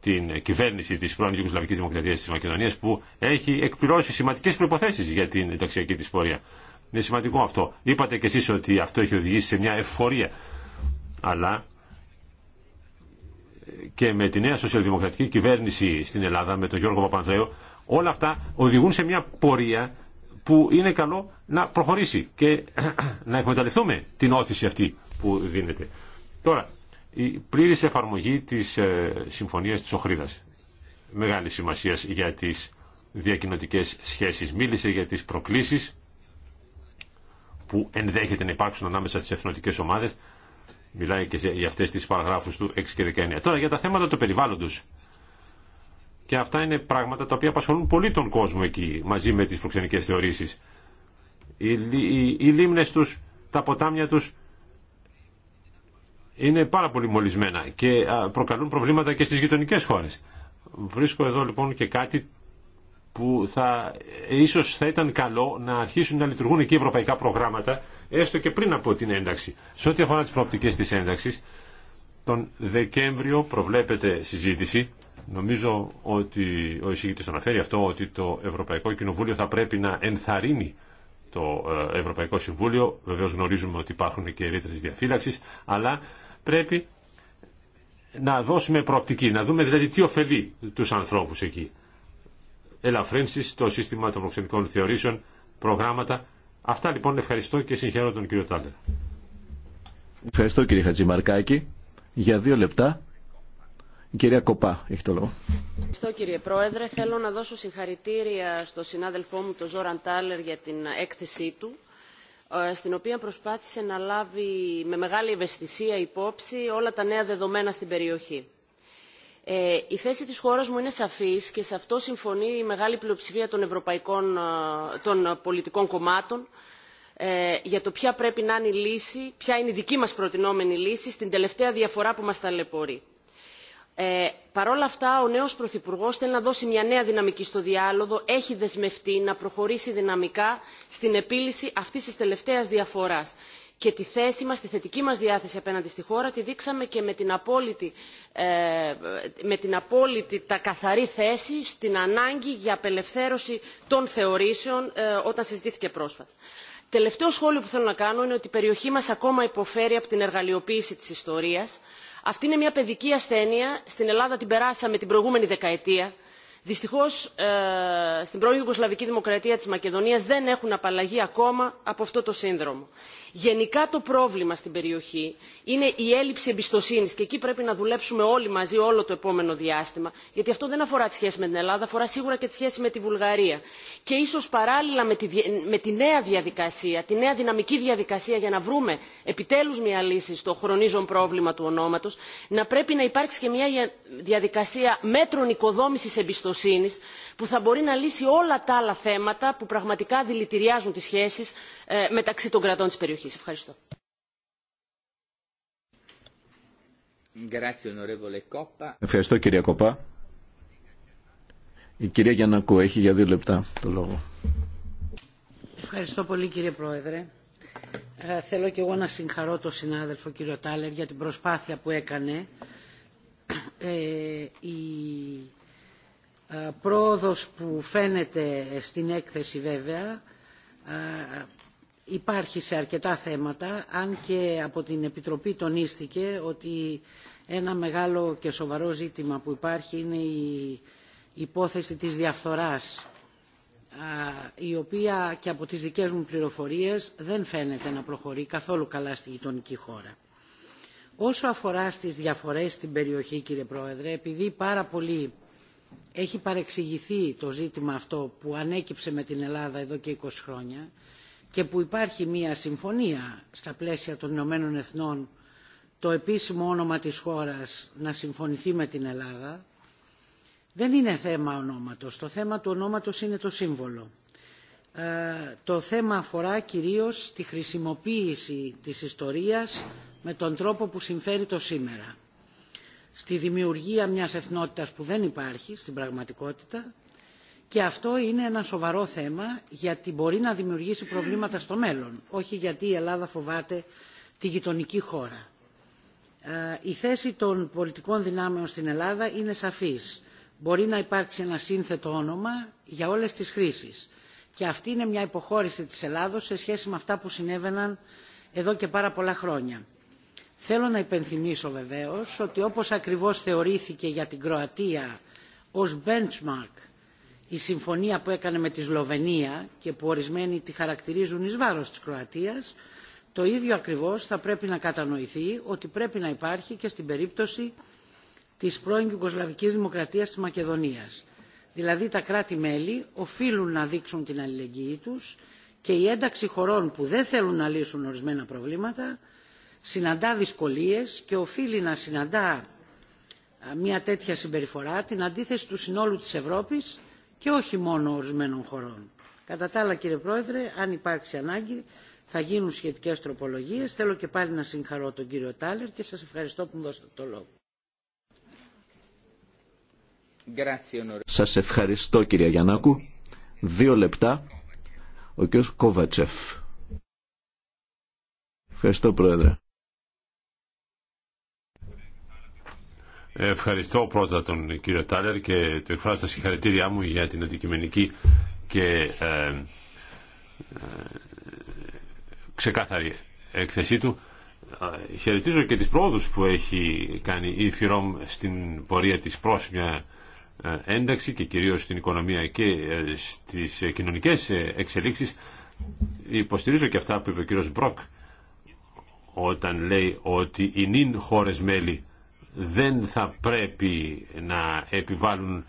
F: την κυβέρνηση της πρώην Ιουγκοσλαβικής Δημοκρατίας της Μακεδονίας που έχει εκπληρώσει σημαντικές προϋποθέσεις για την ενταξιακή της πορεία. Είναι σημαντικό αυτό. Είπατε κι εσείς ότι αυτό έχει οδηγήσει σε μια ευφορία. Αλλά και με τη νέα σοσιαλδημοκρατική κυβέρνηση στην Ελλάδα, με τον Γιώργο Παπανδρέου, όλα αυτά οδηγούν σε μια πορεία που είναι καλό να προχωρήσει και να εκμεταλλευτούμε την όθηση αυτή που δίνεται. Τώρα, η πλήρης εφαρμογή της ε, Συμφωνίας της Οχρίδας. Μεγάλη σημασία για τις διακοινωτικές σχέσεις. Μίλησε για τις προκλήσεις που ενδέχεται να υπάρξουν ανάμεσα στι εθνοτικέ ομάδε, Μιλάει και για αυτέ τι παραγράφου του 6 και 19. Τώρα για τα θέματα του περιβάλλοντος. Και αυτά είναι πράγματα τα οποία απασχολούν πολύ τον κόσμο εκεί μαζί με τι προξενικέ θεωρήσει. Οι, οι, οι λίμνες τους, τα ποτάμια του, είναι πάρα πολύ μολυσμένα και προκαλούν προβλήματα και στι γειτονικέ χώρε. Βρίσκω εδώ λοιπόν και κάτι που θα, ίσως θα ήταν καλό να αρχίσουν να λειτουργούν εκεί ευρωπαϊκά προγράμματα, έστω και πριν από την ένταξη. Σε ό,τι αφορά τις προοπτικές της ένταξης, τον Δεκέμβριο προβλέπεται συζήτηση. Νομίζω ότι ο εισηγητής αναφέρει αυτό, ότι το Ευρωπαϊκό Κοινοβούλιο θα πρέπει να ενθαρρύνει το ε, Ευρωπαϊκό Συμβούλιο. Βεβαίως γνωρίζουμε ότι υπάρχουν και ρήτρες διαφύλαξης, αλλά πρέπει να δώσουμε προοπτική, να δούμε δηλαδή τι ωφελεί τους ανθρώπους εκεί ελαφρύνσεις στο σύστημα των προξενικών θεωρήσεων, προγράμματα. Αυτά λοιπόν ευχαριστώ και συγχαίρω τον κύριο Τάλερ.
E: Ευχαριστώ κύριε Χατζημαρκάκη. Για δύο λεπτά η κυρία Κοπά έχει το λόγο.
H: Ευχαριστώ κύριε Πρόεδρε. Θέλω να δώσω συγχαρητήρια στο συνάδελφό μου τον Ζόραν Τάλερ για την έκθεσή του ε, στην οποία προσπάθησε να λάβει με μεγάλη ευαισθησία υπόψη όλα τα νέα δεδομένα στην περιοχή ε, η θέση της χώρας μου είναι σαφής και σε αυτό συμφωνεί η μεγάλη πλειοψηφία των, ευρωπαϊκών, ε, των πολιτικών κομμάτων ε, για το ποια πρέπει να είναι η λύση, ποια είναι η δική μας προτινόμενη λύση στην τελευταία διαφορά που μας ταλαιπωρεί. Παρόλα Παρ' όλα αυτά, ο νέος Πρωθυπουργό θέλει να δώσει μια νέα δυναμική στο διάλογο, έχει δεσμευτεί να προχωρήσει δυναμικά στην επίλυση αυτής της τελευταίας διαφοράς και τη θέση μας, τη θετική μας διάθεση απέναντι στη χώρα τη δείξαμε και με την απόλυτη, ε, με την απόλυτη τα καθαρή θέση στην ανάγκη για απελευθέρωση των θεωρήσεων ε, όταν συζητήθηκε πρόσφατα. Τελευταίο σχόλιο που θέλω να κάνω είναι ότι η περιοχή μας ακόμα υποφέρει από την εργαλειοποίηση της ιστορίας. Αυτή είναι μια παιδική ασθένεια. Στην Ελλάδα την περάσαμε την προηγούμενη δεκαετία. Δυστυχώ ε, στην πρώην Ιουγκοσλαβική Δημοκρατία τη Μακεδονία δεν έχουν απαλλαγεί ακόμα από αυτό το σύνδρομο γενικά το πρόβλημα στην περιοχή είναι η έλλειψη εμπιστοσύνη και εκεί πρέπει να δουλέψουμε όλοι μαζί όλο το επόμενο διάστημα γιατί αυτό δεν αφορά τη σχέση με την ελλάδα αφορά σίγουρα και τη σχέση με τη βουλγαρία και ίσω παράλληλα με τη, νέα διαδικασία τη νέα δυναμική διαδικασία για να βρούμε επιτέλου μια λύση στο χρονίζον πρόβλημα του ονόματο να πρέπει να υπάρξει και μια διαδικασία μέτρων οικοδόμηση εμπιστοσύνη που θα μπορεί να λύσει όλα τα άλλα θέματα που πραγματικά δηλητηριάζουν τι σχέσει ε, μεταξύ των κρατών τη περιοχή. Ευχαριστώ.
E: Ευχαριστώ κυρία Κοπά. Η κυρία Γιαννακού έχει για δύο λεπτά το λόγο.
I: Ευχαριστώ πολύ κύριε Πρόεδρε. Ε, θέλω και εγώ να συγχαρώ τον συνάδελφο κύριο Τάλερ για την προσπάθεια που έκανε. Ε, η ε, πρόοδος που φαίνεται στην έκθεση βέβαια ε, υπάρχει σε αρκετά θέματα, αν και από την Επιτροπή τονίστηκε ότι ένα μεγάλο και σοβαρό ζήτημα που υπάρχει είναι η υπόθεση της διαφθοράς, η οποία και από τις δικές μου πληροφορίες δεν φαίνεται να προχωρεί καθόλου καλά στη γειτονική χώρα. Όσο αφορά στις διαφορές στην περιοχή, κύριε Πρόεδρε, επειδή πάρα πολύ έχει παρεξηγηθεί το ζήτημα αυτό που ανέκυψε με την Ελλάδα εδώ και 20 χρόνια, και που υπάρχει μια συμφωνία στα πλαίσια των Ηνωμένων Εθνών το επίσημο όνομα της χώρας να συμφωνηθεί με την Ελλάδα, δεν είναι θέμα ονόματος. Το θέμα του ονόματος είναι το σύμβολο. Ε, το θέμα αφορά κυρίως τη χρησιμοποίηση της ιστορίας με τον τρόπο που συμφέρει το σήμερα. Στη δημιουργία μιας εθνότητας που δεν υπάρχει στην πραγματικότητα, και αυτό είναι ένα σοβαρό θέμα γιατί μπορεί να δημιουργήσει προβλήματα στο μέλλον όχι γιατί η ελλάδα φοβάται τη γειτονική χώρα. Ε, η θέση των πολιτικών δυνάμεων στην ελλάδα είναι σαφής μπορεί να υπάρξει ένα σύνθετο όνομα για όλες τις χρήσεις και αυτή είναι μια υποχώρηση της ελλάδος σε σχέση με αυτά που συνέβαιναν εδώ και πάρα πολλά χρόνια. θέλω να υπενθυμίσω βεβαίως ότι όπως ακριβώς θεωρήθηκε για την κροατία ως benchmark η συμφωνία που έκανε με τη Σλοβενία και που ορισμένοι τη χαρακτηρίζουν εις βάρος της Κροατίας, το ίδιο ακριβώς θα πρέπει να κατανοηθεί ότι πρέπει να υπάρχει και στην περίπτωση της πρώην Ιουγκοσλαβικής Δημοκρατίας της Μακεδονίας. Δηλαδή τα κράτη-μέλη οφείλουν να δείξουν την αλληλεγγύη τους και η ένταξη χωρών που δεν θέλουν να λύσουν ορισμένα προβλήματα συναντά δυσκολίες και οφείλει να συναντά μια τέτοια συμπεριφορά την αντίθεση του συνόλου της Ευρώπης και όχι μόνο ορισμένων χωρών. Κατά τα άλλα κύριε Πρόεδρε, αν υπάρξει ανάγκη θα γίνουν σχετικές τροπολογίε, Θέλω και πάλι να συγχαρώ τον κύριο Τάλερ
B: και σας ευχαριστώ που μου δώσατε το λόγο.
E: Σας ευχαριστώ κύριε Γιαννάκου. Δύο λεπτά. Ο κύριος Κόβατσεφ. Ευχαριστώ πρόεδρε.
F: Ευχαριστώ πρώτα τον κύριο Τάλερ και του εκφράζω τα συγχαρητήριά μου για την αντικειμενική και ε, ε ξεκάθαρη έκθεσή του. Ε, χαιρετίζω και τις πρόοδους που έχει κάνει η ΦΥΡΟΜ στην πορεία της προς μια ε, ένταξη και κυρίως στην οικονομία και στις κοινωνικές εξελίξεις. Υποστηρίζω και αυτά που είπε ο κύριος Μπροκ όταν λέει ότι οι νυν χώρες μέλη δεν θα πρέπει να επιβάλλουν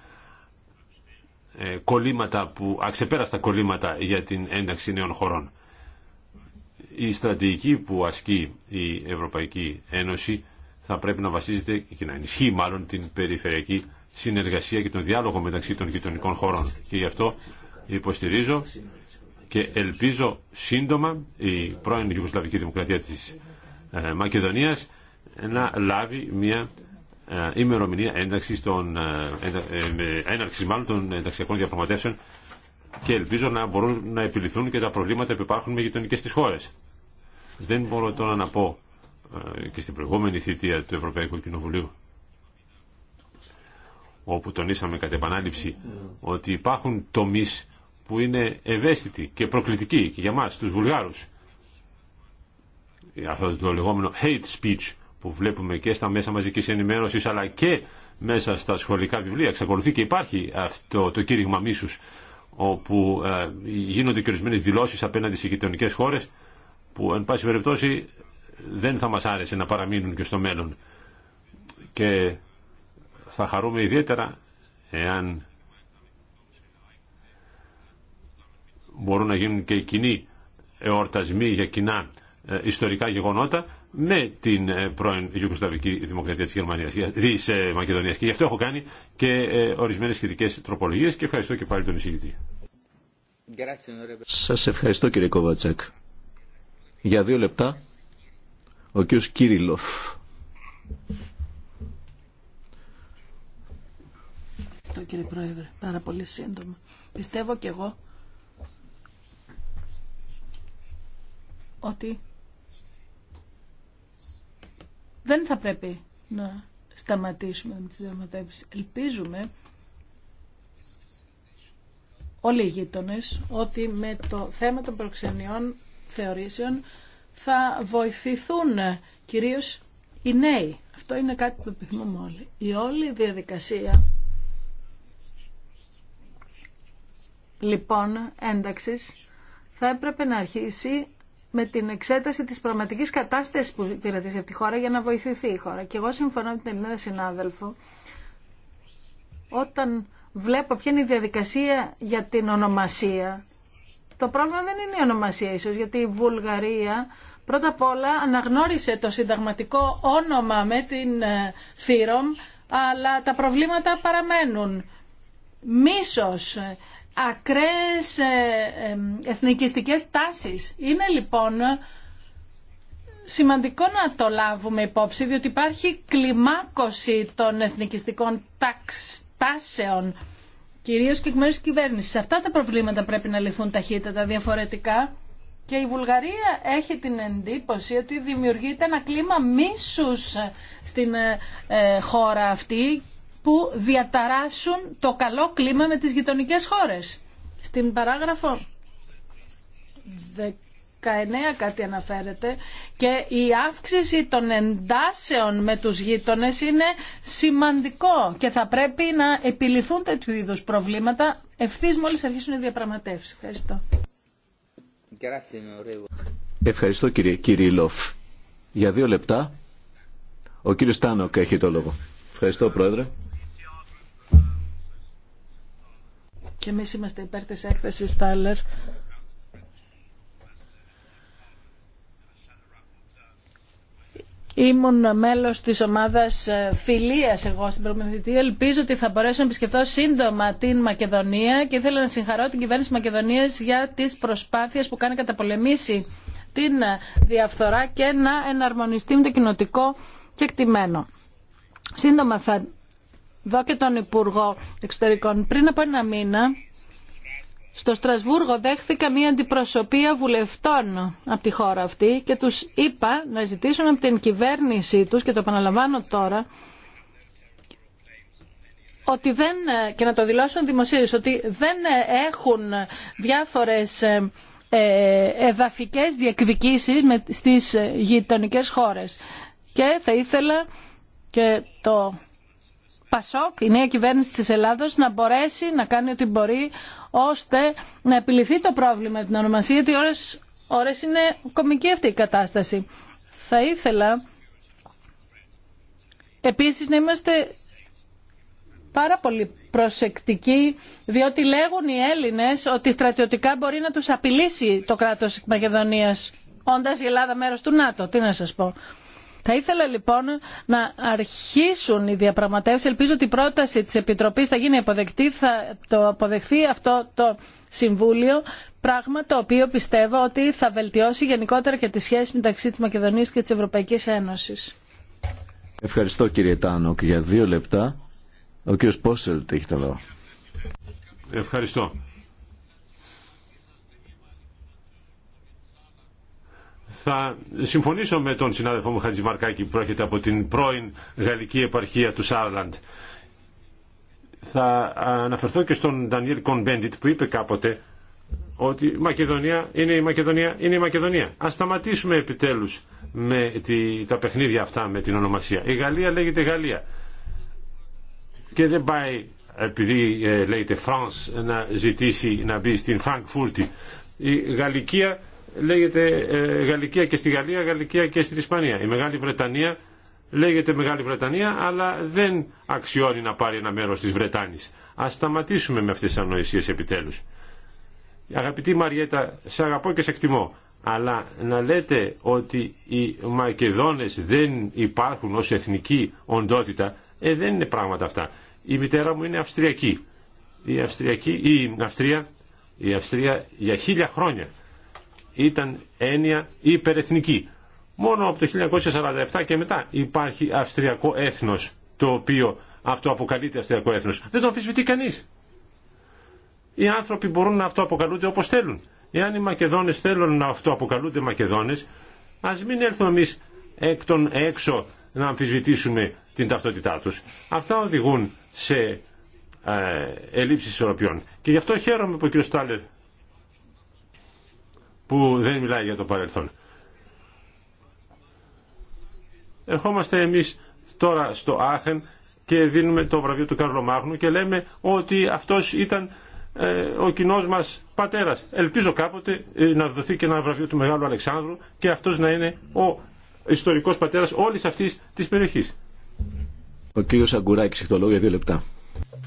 F: ε, κολλήματα που, αξεπέραστα κολλήματα για την ένταξη νέων χωρών. Η στρατηγική που ασκεί η Ευρωπαϊκή Ένωση θα πρέπει να βασίζεται και να ενισχύει μάλλον την περιφερειακή συνεργασία και τον διάλογο μεταξύ των γειτονικών χωρών. Και γι' αυτό υποστηρίζω και ελπίζω σύντομα η πρώην Ιουγκοσλαβική Δημοκρατία της ε, Μακεδονίας να λάβει μια ε, ημερομηνία ένταξη των, ε, ε, μάλλον των ενταξιακών διαπραγματεύσεων και ελπίζω να μπορούν να επιληθούν και τα προβλήματα που υπάρχουν με γειτονικέ της χώρες. Δεν μπορώ τώρα να πω και στην προηγούμενη θητεία του Ευρωπαϊκού Κοινοβουλίου όπου τονίσαμε κατά επανάληψη ότι υπάρχουν τομείς που είναι ευαίσθητοι και προκλητικοί και για μας, τους Βουλγάρους αυτό το λεγόμενο hate speech που βλέπουμε και στα μέσα μαζικής ενημέρωσης αλλά και μέσα στα σχολικά βιβλία. Εξακολουθεί και υπάρχει αυτό το κήρυγμα μίσους όπου ε, γίνονται και ορισμένε δηλώσεις απέναντι σε γειτονικέ χώρες που εν πάση περιπτώσει δεν θα μας άρεσε να παραμείνουν και στο μέλλον. Και θα χαρούμε ιδιαίτερα εάν μπορούν να γίνουν και κοινοί εορτασμοί για κοινά ε, ιστορικά γεγονότα με την ε, πρώην Ιουγκοσλαβική Δημοκρατία της, Γερμανίας, της ε, Μακεδονίας και γι' αυτό έχω κάνει και ε, ορισμένες σχετικές τροπολογίες και ευχαριστώ και πάλι τον εισηγητή.
E: Σας ευχαριστώ κύριε Κοβατσάκ. Για δύο λεπτά ο κύριος Κύριλοφ.
J: Ευχαριστώ κύριε Πρόεδρε. Πάρα πολύ σύντομα. Πιστεύω και εγώ ότι δεν θα πρέπει να σταματήσουμε με τις Ελπίζουμε όλοι οι γείτονε ότι με το θέμα των προξενιών θεωρήσεων θα βοηθηθούν κυρίως οι νέοι. Αυτό είναι κάτι που επιθυμούμε όλοι. Η όλη διαδικασία λοιπόν ένταξης θα έπρεπε να αρχίσει με την εξέταση της πραγματικής κατάστασης που σε αυτή τη χώρα για να βοηθηθεί η χώρα. Και εγώ συμφωνώ με την Ελληνίδα συνάδελφο, όταν βλέπω ποια είναι η διαδικασία για την ονομασία, το πρόβλημα δεν είναι η ονομασία ίσως, γιατί η Βουλγαρία πρώτα απ' όλα αναγνώρισε το συνταγματικό όνομα με την Φύρομ, ε, αλλά τα προβλήματα παραμένουν. Μίσος, ακραίες ε, εθνικιστικές τάσεις. Είναι λοιπόν σημαντικό να το λάβουμε υπόψη, διότι υπάρχει κλιμάκωση των εθνικιστικών τάσεων, κυρίως και εκ μέρους κυβέρνησης. Αυτά τα προβλήματα πρέπει να λυθούν ταχύτατα διαφορετικά. Και η Βουλγαρία έχει την εντύπωση ότι δημιουργείται ένα κλίμα μίσους στην ε, ε, χώρα αυτή που διαταράσουν το καλό κλίμα με τις γειτονικές χώρες. Στην παράγραφο 19 κάτι αναφέρεται και η αύξηση των εντάσεων με τους γείτονες είναι σημαντικό και θα πρέπει να επιληθούν τέτοιου είδους προβλήματα ευθύς μόλις αρχίσουν οι διαπραγματεύσεις. Ευχαριστώ.
E: Ευχαριστώ κύριε Κυρίλοφ. Για δύο λεπτά ο κύριος Τάνοκ έχει το λόγο. Ευχαριστώ πρόεδρε.
J: Και εμείς είμαστε υπέρ της έκθεσης Τάλερ. Ήμουν μέλος της ομάδας ε, φιλίας εγώ στην προηγούμενη Ελπίζω ότι θα μπορέσω να επισκεφθώ σύντομα την Μακεδονία και ήθελα να συγχαρώ την κυβέρνηση Μακεδονίας για τις προσπάθειες που κάνει καταπολεμήσει την ε, διαφθορά και να εναρμονιστεί με το κοινοτικό κεκτημένο. Σύντομα θα δω και τον Υπουργό Εξωτερικών. Πριν από ένα μήνα, στο Στρασβούργο δέχθηκα μία αντιπροσωπεία βουλευτών από τη χώρα αυτή και τους είπα να ζητήσουν από την κυβέρνησή τους, και το επαναλαμβάνω τώρα, ότι δεν, και να το δηλώσουν δημοσίως, ότι δεν έχουν διάφορες ε, ε, εδαφικές διεκδικήσεις στις γειτονικές χώρες. Και θα ήθελα και το ΠΑΣΟΚ, η νέα κυβέρνηση της Ελλάδος, να μπορέσει να κάνει ό,τι μπορεί ώστε να επιληθεί το πρόβλημα την ονομασία, γιατί ώρες, ώρες είναι κομική αυτή η κατάσταση. Θα ήθελα επίσης να είμαστε πάρα πολύ προσεκτικοί, διότι λέγουν οι Έλληνες ότι στρατιωτικά μπορεί να τους απειλήσει το κράτος Μακεδονίας, όντας η Ελλάδα μέρος του ΝΑΤΟ. Τι να σας πω. Θα ήθελα λοιπόν να αρχίσουν οι διαπραγματεύσεις. Ελπίζω ότι η πρόταση της Επιτροπής θα γίνει αποδεκτή, θα το αποδεχθεί αυτό το Συμβούλιο, πράγμα το οποίο πιστεύω ότι θα βελτιώσει γενικότερα και τη σχέση μεταξύ της Μακεδονίας και της Ευρωπαϊκής Ένωσης.
E: Ευχαριστώ κύριε Τάνο και για δύο λεπτά. Ο κύριος Πόσελτ έχει το λόγο.
F: Ευχαριστώ. θα συμφωνήσω με τον συνάδελφό μου Χατζημαρκάκη που πρόκειται από την πρώην γαλλική επαρχία του Σάρλαντ. Θα αναφερθώ και στον Ντανιέλ Κονμπέντιτ που είπε κάποτε ότι η Μακεδονία είναι η Μακεδονία είναι η Μακεδονία. Ας σταματήσουμε επιτέλους με τη, τα παιχνίδια αυτά με την ονομασία. Η Γαλλία λέγεται Γαλλία. Και δεν πάει επειδή ε, λέγεται France να ζητήσει να μπει στην Φραγκφούρτη. Η Γαλλικία λέγεται ε, Γαλλικία και στη Γαλλία, Γαλλικία και στην Ισπανία. Η Μεγάλη Βρετανία λέγεται Μεγάλη Βρετανία, αλλά δεν αξιώνει να πάρει ένα μέρος της Βρετάνης. Ας σταματήσουμε με αυτές τις ανοησίες επιτέλους. Αγαπητή Μαριέτα, σε αγαπώ και σε εκτιμώ, αλλά να λέτε ότι οι Μακεδόνες δεν υπάρχουν ως εθνική οντότητα, ε, δεν είναι πράγματα αυτά. Η μητέρα μου είναι Αυστριακή. Η, Αυστριακή, η Αυστρία, η Αυστρία για χίλια χρόνια ήταν έννοια υπερεθνική. Μόνο από το 1947 και μετά υπάρχει αυστριακό έθνος το οποίο αυτό αυστριακό έθνος. Δεν το αμφισβητεί κανείς. Οι άνθρωποι μπορούν να αυτοαποκαλούνται όπως θέλουν. Εάν οι Μακεδόνες θέλουν να αυτοαποκαλούνται Μακεδόνες, ας μην έρθουμε εμείς εκ των έξω να αμφισβητήσουμε την ταυτότητά τους. Αυτά οδηγούν σε ε, ελλείψεις ισορροπιών. Και γι' αυτό χαίρομαι που ο κ. Στάλερ που δεν μιλάει για το παρελθόν. Ερχόμαστε εμείς τώρα στο Άχεν και δίνουμε το βραβείο του Καρλομάγνου και λέμε ότι αυτός ήταν ε, ο κοινό μας πατέρας. Ελπίζω κάποτε ε, να δοθεί και ένα βραβείο του Μεγάλου Αλεξάνδρου και αυτός να είναι ο ιστορικός πατέρας όλης αυτής της περιοχής.
E: Ο κύριος Αγκουράκης, εκτολόγια, δύο λεπτά.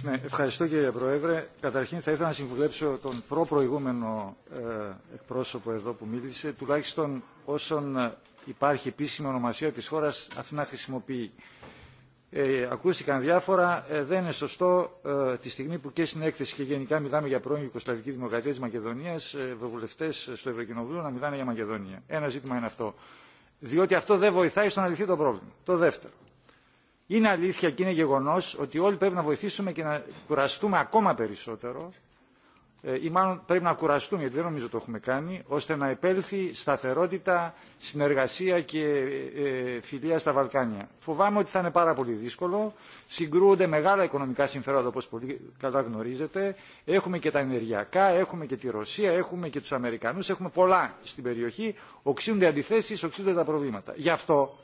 G: Ναι, ευχαριστώ κύριε Πρόεδρε. Καταρχήν θα ήθελα να συμβουλέψω τον προπροηγούμενο ε, εκπρόσωπο εδώ που μίλησε, τουλάχιστον όσον υπάρχει επίσημη ονομασία της χώρας αυτή να χρησιμοποιεί. Ε, ακούστηκαν διάφορα. Ε, δεν είναι σωστό ε, τη στιγμή που και στην έκθεση και γενικά μιλάμε για πρώην Ιουκοσλαβική Δημοκρατία τη Μακεδονία, ευρωβουλευτέ στο Ευρωκοινοβούλιο να μιλάνε για Μακεδονία. Ένα ζήτημα είναι αυτό. Διότι αυτό δεν βοηθάει στο να λυθεί το πρόβλημα. Το δεύτερο. Είναι αλήθεια και είναι γεγονός ότι όλοι πρέπει να βοηθήσουμε και να κουραστούμε ακόμα περισσότερο ε, ή μάλλον πρέπει να κουραστούμε, γιατί δεν νομίζω το έχουμε κάνει, ώστε να επέλθει σταθερότητα, συνεργασία και ε, ε, φιλία στα Βαλκάνια. Φοβάμαι ότι θα είναι πάρα πολύ δύσκολο. Συγκρούονται μεγάλα οικονομικά συμφέροντα, όπως πολύ καλά γνωρίζετε. Έχουμε και τα ενεργειακά, έχουμε και τη Ρωσία, έχουμε και τους Αμερικανούς, έχουμε πολλά στην περιοχή. Οξύνονται αντιθέσει, οξύνονται τα προβλήματα. Γι' αυτό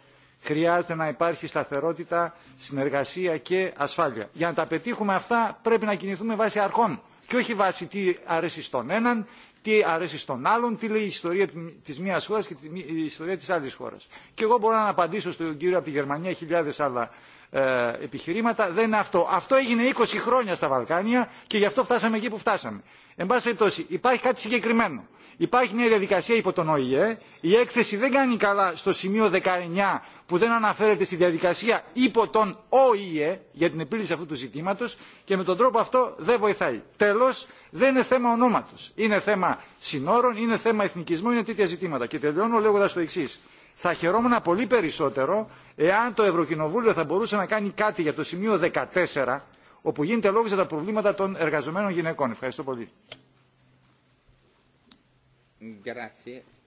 G: χρειάζεται να υπάρχει σταθερότητα, συνεργασία και ασφάλεια. Για να τα πετύχουμε αυτά πρέπει να κινηθούμε βάσει αρχών και όχι βάσει τι αρέσει στον έναν, τι αρέσει στον άλλον, τι λέει η ιστορία τη μία χώρα και η ιστορία τη άλλη χώρα. Και εγώ μπορώ να απαντήσω στον κύριο από τη Γερμανία χιλιάδε άλλα ε, επιχειρήματα. Δεν είναι αυτό. Αυτό έγινε 20 χρόνια στα Βαλκάνια και γι' αυτό φτάσαμε εκεί που φτάσαμε. Εν πάση περιπτώσει, υπάρχει κάτι συγκεκριμένο. Υπάρχει μια διαδικασία υπό τον ΟΗΕ. Η έκθεση δεν κάνει καλά στο σημείο 19 που δεν αναφέρεται στη διαδικασία υπό τον ΟΗΕ για την επίλυση αυτού του ζητήματο, και με τον τρόπο αυτό δεν βοηθάει. Τέλο, δεν είναι θέμα ονόματο. Είναι θέμα συνόρων, είναι θέμα εθνικισμού, είναι τέτοια ζητήματα. Και τελειώνω λέγοντα το εξή θα χαιρόμουν πολύ περισσότερο εάν το ευρωκοινοβούλιο θα μπορούσε να κάνει κάτι για το σημείο 14 όπου γίνεται λόγος για τα προβλήματα των εργαζομένων γυναικών. Ευχαριστώ πολύ.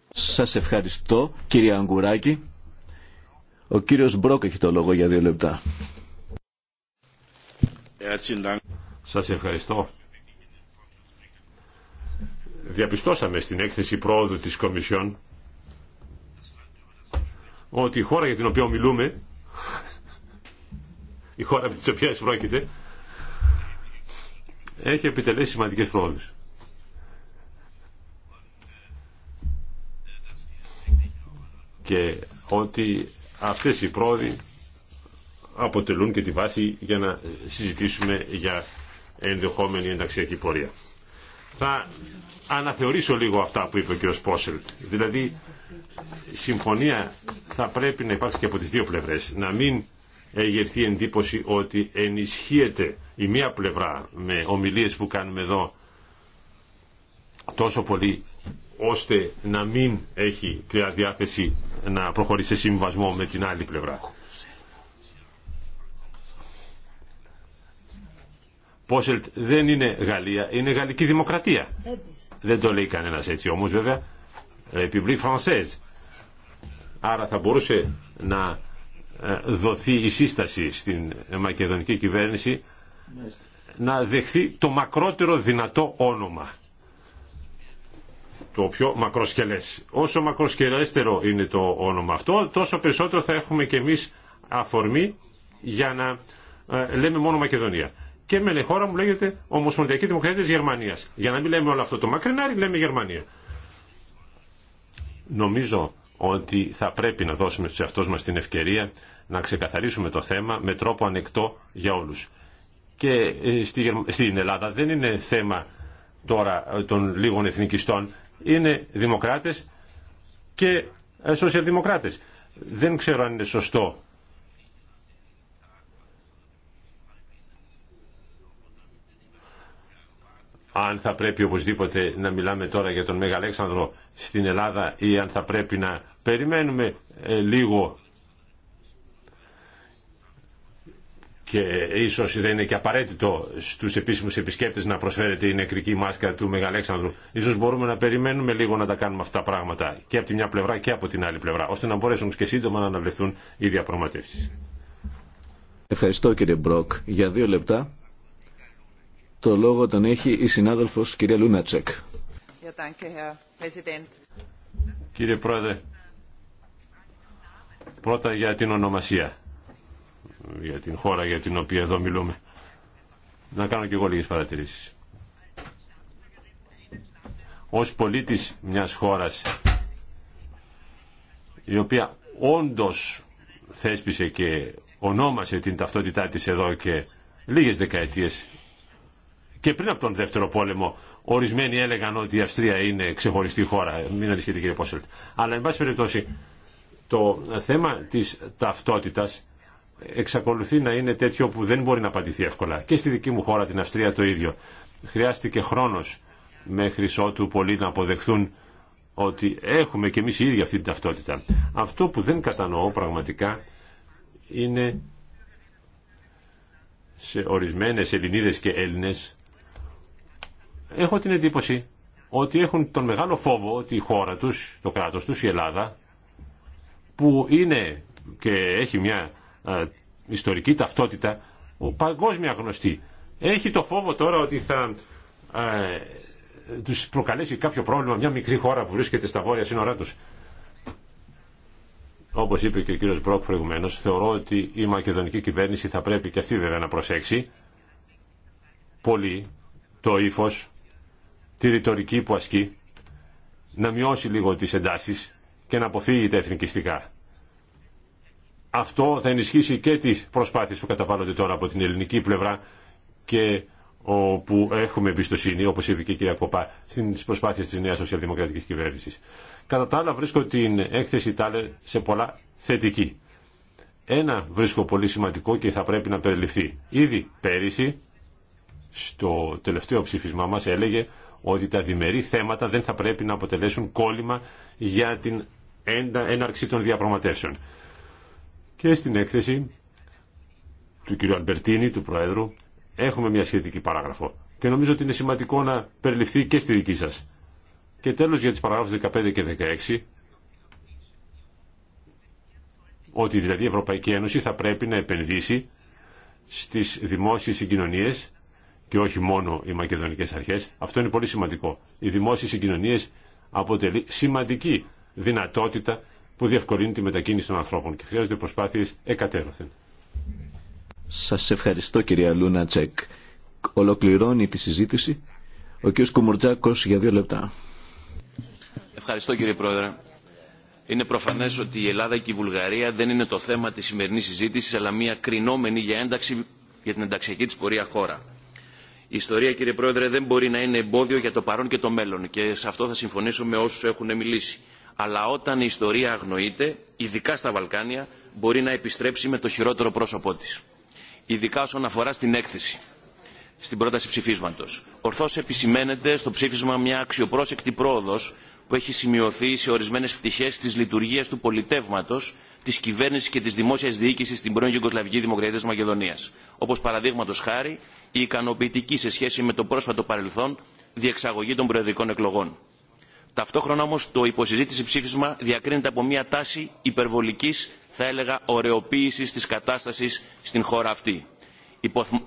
E: Σας ευχαριστώ κύριε Αγκουράκη. Ο κύριος Μπρόκ έχει το λόγο για δύο λεπτά.
F: Σας ευχαριστώ. Διαπιστώσαμε στην έκθεση πρόοδου της Κομισιόν ότι η χώρα για την οποία μιλούμε, η χώρα με τις οποίες πρόκειται, έχει επιτελέσει σημαντικές πρόοδους. Και ότι αυτές οι πρόοδοι αποτελούν και τη βάση για να συζητήσουμε για ενδεχόμενη ενταξιακή πορεία. Θα αναθεωρήσω λίγο αυτά που είπε ο κ. Πόσελτ. Δηλαδή, συμφωνία θα πρέπει να υπάρξει και από τις δύο πλευρές. Να μην εγερθεί εντύπωση ότι ενισχύεται η μία πλευρά με ομιλίες που κάνουμε εδώ τόσο πολύ ώστε να μην έχει πια διάθεση να προχωρήσει σε συμβασμό με την άλλη πλευρά. Πόσελτ δεν είναι Γαλλία, είναι Γαλλική Δημοκρατία. Δεν το λέει κανένας έτσι όμως βέβαια. Επιβλή Φρανσέζ. Άρα θα μπορούσε να ε, δοθεί η σύσταση στην μακεδονική κυβέρνηση να δεχθεί το μακρότερο δυνατό όνομα. Το πιο μακροσκελές. Όσο μακροσκελέστερο είναι το όνομα αυτό, τόσο περισσότερο θα έχουμε και εμείς αφορμή για να ε, λέμε μόνο Μακεδονία. Και με χώρα μου λέγεται Ομοσπονδιακή Δημοκρατία της Γερμανίας. Για να μην λέμε όλο αυτό το μακρινάρι, λέμε Γερμανία. Νομίζω ότι θα πρέπει να δώσουμε στους εαυτούς μας την ευκαιρία να ξεκαθαρίσουμε το θέμα με τρόπο ανεκτό για όλους. Και ε, στην Ελλάδα δεν είναι θέμα τώρα ε, των λίγων εθνικιστών, είναι δημοκράτες και ε, σοσιαλδημοκράτες. Δεν ξέρω αν είναι σωστό αν θα πρέπει οπωσδήποτε να μιλάμε τώρα για τον Μεγαλέξανδρο στην Ελλάδα ή αν θα πρέπει να περιμένουμε ε, λίγο και ε, ίσως δεν είναι και απαραίτητο στους επίσημους επισκέπτες να προσφέρεται η νεκρική μάσκα του Μεγαλέξανδρου. Ίσως μπορούμε να περιμένουμε λίγο να τα κάνουμε αυτά τα πράγματα και από τη μια πλευρά και από την άλλη πλευρά, ώστε να μπορέσουν και σύντομα να αναβληθούν οι διαπραγματεύσεις.
E: Ευχαριστώ κύριε Μπροκ. Για δύο λεπτά το λόγο τον έχει η συνάδελφος κυρία Λούνατσεκ.
F: Κύριε Πρόεδρε, πρώτα για την ονομασία, για την χώρα για την οποία εδώ μιλούμε. Να κάνω και εγώ λίγες παρατηρήσεις. Ως πολίτης μιας χώρας η οποία όντως θέσπισε και ονόμασε την ταυτότητά της εδώ και λίγες δεκαετίες και πριν από τον δεύτερο πόλεμο ορισμένοι έλεγαν ότι η Αυστρία είναι ξεχωριστή χώρα. Μην ανησυχείτε κύριε Πόσελτ. Αλλά εν πάση περιπτώσει το θέμα της ταυτότητας εξακολουθεί να είναι τέτοιο που δεν μπορεί να απαντηθεί εύκολα. Και στη δική μου χώρα την Αυστρία το ίδιο. Χρειάστηκε χρόνος μέχρι ότου πολλοί να αποδεχθούν ότι έχουμε και εμείς οι ίδιοι αυτή την ταυτότητα. Αυτό που δεν κατανοώ πραγματικά είναι σε ορισμένες Ελληνίδες και Έλληνες έχω την εντύπωση ότι έχουν τον μεγάλο φόβο ότι η χώρα τους, το κράτος τους, η Ελλάδα, που είναι και έχει μια ε, ιστορική ταυτότητα, παγκόσμια γνωστή, έχει το φόβο τώρα ότι θα του ε, τους προκαλέσει κάποιο πρόβλημα μια μικρή χώρα που βρίσκεται στα βόρεια σύνορά τους. Όπως είπε και ο κύριος Μπρόκ προηγουμένως, θεωρώ ότι η μακεδονική κυβέρνηση θα πρέπει και αυτή βέβαια να προσέξει πολύ το ύφος τη ρητορική που ασκεί, να μειώσει λίγο τις εντάσεις και να αποφύγει τα εθνικιστικά. Αυτό θα ενισχύσει και τις προσπάθειες που καταβάλλονται τώρα από την ελληνική πλευρά και όπου έχουμε εμπιστοσύνη, όπω είπε και η κυρία Κοπά, στι προσπάθειε τη νέα σοσιαλδημοκρατική κυβέρνηση. Κατά τα άλλα, βρίσκω την έκθεση Τάλερ σε πολλά θετική. Ένα βρίσκω πολύ σημαντικό και θα πρέπει να περιληφθεί. Ήδη πέρυσι, στο τελευταίο ψήφισμά μα, έλεγε ότι τα διμερεί θέματα δεν θα πρέπει να αποτελέσουν κόλλημα για την έναρξη των διαπραγματεύσεων. Και στην έκθεση του κ. Αλμπερτίνη, του Προέδρου, έχουμε μια σχετική παράγραφο. Και νομίζω ότι είναι σημαντικό να περιληφθεί και στη δική σας. Και τέλος για τις παραγράφους 15 και 16, ότι δηλαδή η Ευρωπαϊκή Ένωση θα πρέπει να επενδύσει στις δημόσιες συγκοινωνίες και όχι μόνο οι μακεδονικές αρχές. Αυτό είναι πολύ σημαντικό. Οι δημόσιες συγκοινωνίες αποτελεί σημαντική δυνατότητα που διευκολύνει τη μετακίνηση των ανθρώπων και χρειάζονται προσπάθειες εκατέρωθεν.
E: Σας ευχαριστώ κυρία Λούνα Τσεκ. Ολοκληρώνει τη
K: συζήτηση
E: ο κ. Κουμουρτζάκος για δύο λεπτά.
K: Ευχαριστώ κύριε Πρόεδρε. Είναι προφανές ότι η Ελλάδα και η Βουλγαρία δεν είναι το θέμα της σημερινή συζήτησης αλλά μια κρινόμενη για, ένταξη, για την ενταξιακή της πορεία χώρα η ιστορία κύριε πρόεδρε δεν μπορεί να είναι εμπόδιο για το παρόν και το μέλλον και σε αυτό θα συμφωνήσω με όσους έχουν μιλήσει αλλά όταν η ιστορία αγνοείται ειδικά στα βαλκάνια μπορεί να επιστρέψει με το χειρότερο πρόσωπό της ειδικά όσον αφορά στην έκθεση στην πρόταση ψηφίσματος. Ορθώς επισημαίνεται στο ψήφισμα μια αξιοπρόσεκτη πρόοδος που έχει σημειωθεί σε ορισμένες πτυχές της λειτουργίας του πολιτεύματος της κυβέρνησης και της δημόσιας διοίκησης στην πρώην γιουγκοσλαβική Δημοκρατία της Μακεδονίας, όπως παραδείγματο χάρη η ικανοποιητική σε σχέση με το πρόσφατο παρελθόν διεξαγωγή των προεδρικών εκλογών. Ταυτόχρονα όμως το υποσυζήτηση ψήφισμα διακρίνεται από μια τάση υπερβολικής, θα έλεγα, ωρεοποίησης της κατάστασης στην χώρα αυτή.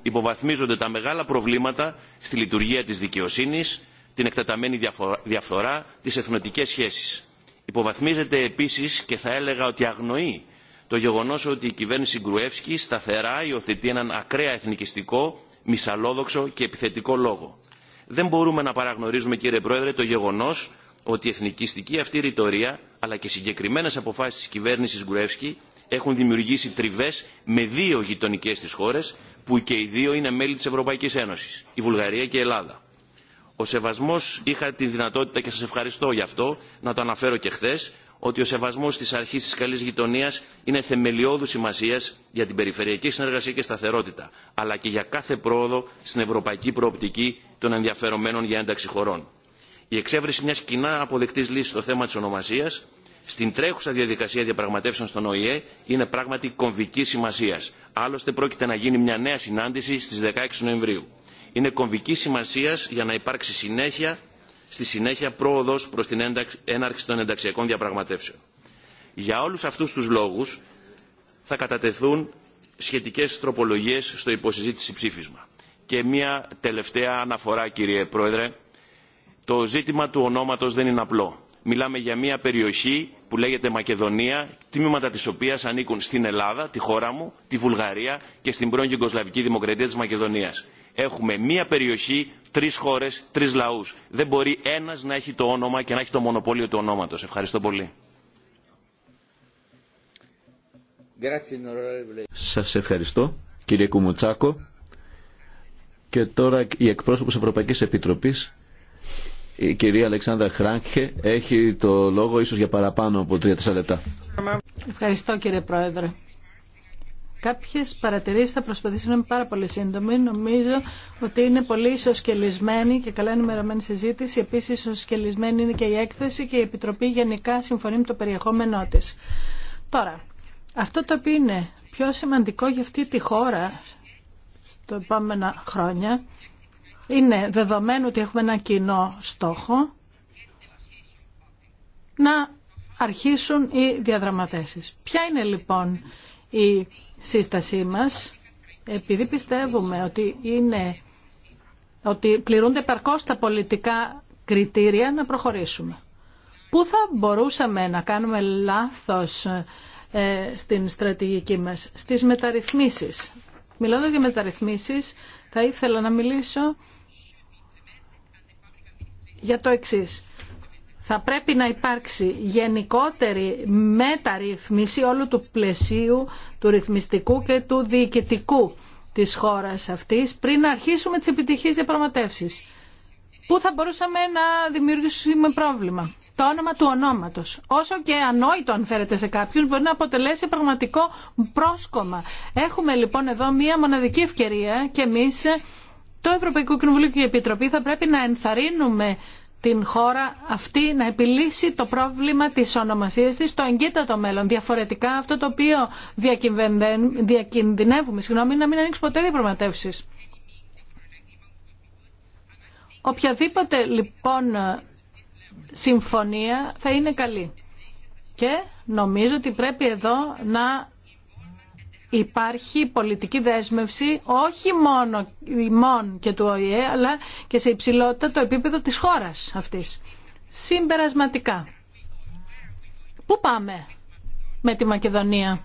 K: Υποβαθμίζονται τα μεγάλα προβλήματα στη λειτουργία της δικαιοσύνης, την εκτεταμένη διαφθορά, τις εθνοτικές σχέσεις. Υποβαθμίζεται επίσης και θα έλεγα ότι αγνοεί το γεγονός ότι η κυβέρνηση Γκρουεύσκη σταθερά υιοθετεί έναν ακραία εθνικιστικό, μυσαλόδοξο και επιθετικό λόγο. Δεν μπορούμε να παραγνωρίζουμε κύριε Πρόεδρε το γεγονός ότι η εθνικιστική αυτή ρητορία αλλά και συγκεκριμένες αποφάσεις της κυβέρνησης Γκρουεύσκη έχουν δημιουργήσει τριβές με δύο γειτονικές της χώρες που και οι δύο είναι μέλη της Ευρωπαϊκής Ένωσης, η Βουλγαρία και η Ελλάδα ο σεβασμό είχα τη δυνατότητα και σα ευχαριστώ γι' αυτό να το αναφέρω και χθε ότι ο σεβασμό τη αρχή τη Καλή γειτονία είναι θεμελιώδου σημασία για την περιφερειακή συνεργασία και σταθερότητα αλλά και για κάθε πρόοδο στην ευρωπαϊκή προοπτική των ενδιαφερομένων για ένταξη χωρών. Η εξέβριση μια κοινά αποδεκτή λύση στο θέμα τη ονομασία στην τρέχουσα διαδικασία διαπραγματεύσεων στον ΟΗΕ είναι πράγματι κομβική σημασία. Άλλωστε, πρόκειται να γίνει μια νέα συνάντηση στι 16 Νοεμβρίου είναι κομβική σημασία για να υπάρξει συνέχεια, στη συνέχεια πρόοδο προ την έναρξη των ενταξιακών διαπραγματεύσεων. Για όλου αυτού του λόγου θα κατατεθούν σχετικές τροπολογίες στο υποσυζήτηση ψήφισμα. Και μια τελευταία αναφορά, κύριε Πρόεδρε. Το ζήτημα του ονόματος δεν είναι απλό. Μιλάμε για μια περιοχή που λέγεται Μακεδονία, τμήματα της οποίας ανήκουν στην Ελλάδα, τη χώρα μου, τη Βουλγαρία και στην πρώην Γιουγκοσλαβική Δημοκρατία της Μακεδονίας έχουμε μία περιοχή, τρεις χώρες, τρεις λαούς. Δεν μπορεί ένας να έχει το όνομα και να έχει το μονοπόλιο του ονόματος. Ευχαριστώ πολύ.
E: Σας ευχαριστώ κύριε Κουμουτσάκο. Και τώρα η εκπρόσωπος Ευρωπαϊκής Επιτροπής, η κυρία Αλεξάνδρα Χράγχε, έχει το λόγο ίσως για παραπάνω από τρία-τέσσερα λεπτά.
J: Ευχαριστώ κύριε Πρόεδρε. Κάποιε παρατηρήσει θα προσπαθήσω να είμαι πάρα πολύ σύντομη. Νομίζω ότι είναι πολύ ισοσκελισμένη και καλά ενημερωμένη συζήτηση. Επίσης ισοσκελισμένη είναι και η έκθεση και η Επιτροπή γενικά συμφωνεί με το περιεχόμενό της. Τώρα, αυτό το οποίο είναι πιο σημαντικό για αυτή τη χώρα στο επόμενα χρόνια είναι δεδομένου ότι έχουμε ένα κοινό στόχο να αρχίσουν οι διαδραματέσεις. Ποια είναι λοιπόν η σύστασή μας, επειδή πιστεύουμε ότι, είναι, ότι πληρούνται επαρκώς τα πολιτικά κριτήρια να προχωρήσουμε. Πού θα μπορούσαμε να κάνουμε λάθος ε, στην στρατηγική μας, στις μεταρρυθμίσεις. Μιλώντας για μεταρρυθμίσεις, θα ήθελα να μιλήσω για το εξής θα πρέπει να υπάρξει γενικότερη μεταρρύθμιση όλου του πλαισίου του ρυθμιστικού και του διοικητικού της χώρας αυτής πριν να αρχίσουμε τις επιτυχείς διαπραγματεύσεις. Πού θα μπορούσαμε να δημιουργήσουμε πρόβλημα. Το όνομα του ονόματος. Όσο και ανόητο αν φέρεται σε κάποιον μπορεί να αποτελέσει πραγματικό πρόσκομα. Έχουμε λοιπόν εδώ μία μοναδική ευκαιρία και εμείς το Ευρωπαϊκό Κοινοβούλιο και η Επιτροπή θα πρέπει να ενθαρρύνουμε την χώρα αυτή να επιλύσει το πρόβλημα της ονομασίας της στο εγκύτατο μέλλον. Διαφορετικά αυτό το οποίο διακινδυνεύουμε, συγγνώμη, να μην ανοίξει ποτέ διαπραγματεύσεις. Οποιαδήποτε λοιπόν συμφωνία θα είναι καλή. Και νομίζω ότι πρέπει εδώ να υπάρχει πολιτική δέσμευση όχι μόνο ημών και του ΟΗΕ αλλά και σε υψηλότητα το επίπεδο της χώρας αυτής. Συμπερασματικά. Πού πάμε με τη Μακεδονία.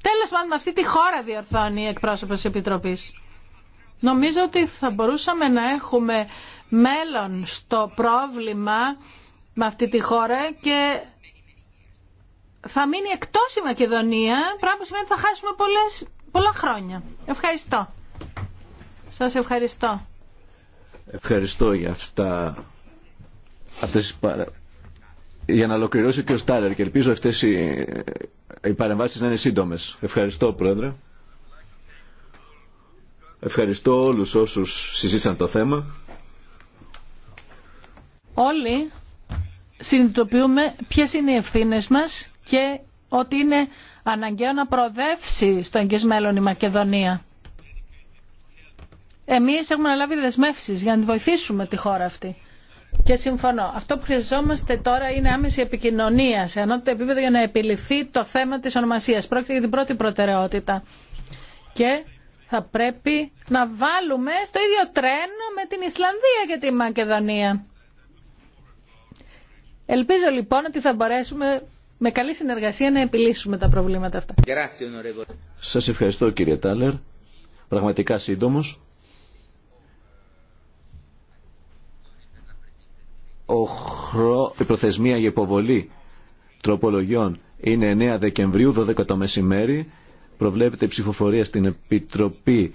J: Τέλος πάντων αυτή τη χώρα διορθώνει η εκπρόσωπος της Επιτροπής. Νομίζω ότι θα μπορούσαμε να έχουμε μέλλον στο πρόβλημα με αυτή τη χώρα και θα μείνει εκτό η Μακεδονία, πράγμα που σημαίνει ότι θα χάσουμε πολλά χρόνια. Ευχαριστώ. Σας ευχαριστώ.
E: Ευχαριστώ για αυτά, αυτές τις Για να ολοκληρώσει και ο στάλερ και ελπίζω αυτές οι, οι παρεμβάσεις να είναι σύντομε. Ευχαριστώ Πρόεδρε. Ευχαριστώ όλους όσους συζήτησαν το θέμα.
J: Όλοι συνειδητοποιούμε ποιες είναι οι ευθύνες μας και ότι είναι αναγκαίο να προοδεύσει στο εγγύς μέλλον η Μακεδονία. Εμείς έχουμε λάβει δεσμεύσεις για να βοηθήσουμε τη χώρα αυτή. Και συμφωνώ. Αυτό που χρειαζόμαστε τώρα είναι άμεση επικοινωνία σε ανώτατο επίπεδο για να επιληθεί το θέμα της ονομασίας. Πρόκειται για την πρώτη προτεραιότητα. Και θα πρέπει να βάλουμε στο ίδιο τρένο με την Ισλανδία και τη Μακεδονία. Ελπίζω λοιπόν ότι θα μπορέσουμε με καλή συνεργασία να επιλύσουμε τα προβλήματα αυτά.
B: Σας
E: ευχαριστώ κύριε Τάλερ. Πραγματικά σύντομο. Ο Η προθεσμία για υποβολή τροπολογιών είναι 9 Δεκεμβρίου, 12 το μεσημέρι. Προβλέπεται η ψηφοφορία στην Επιτροπή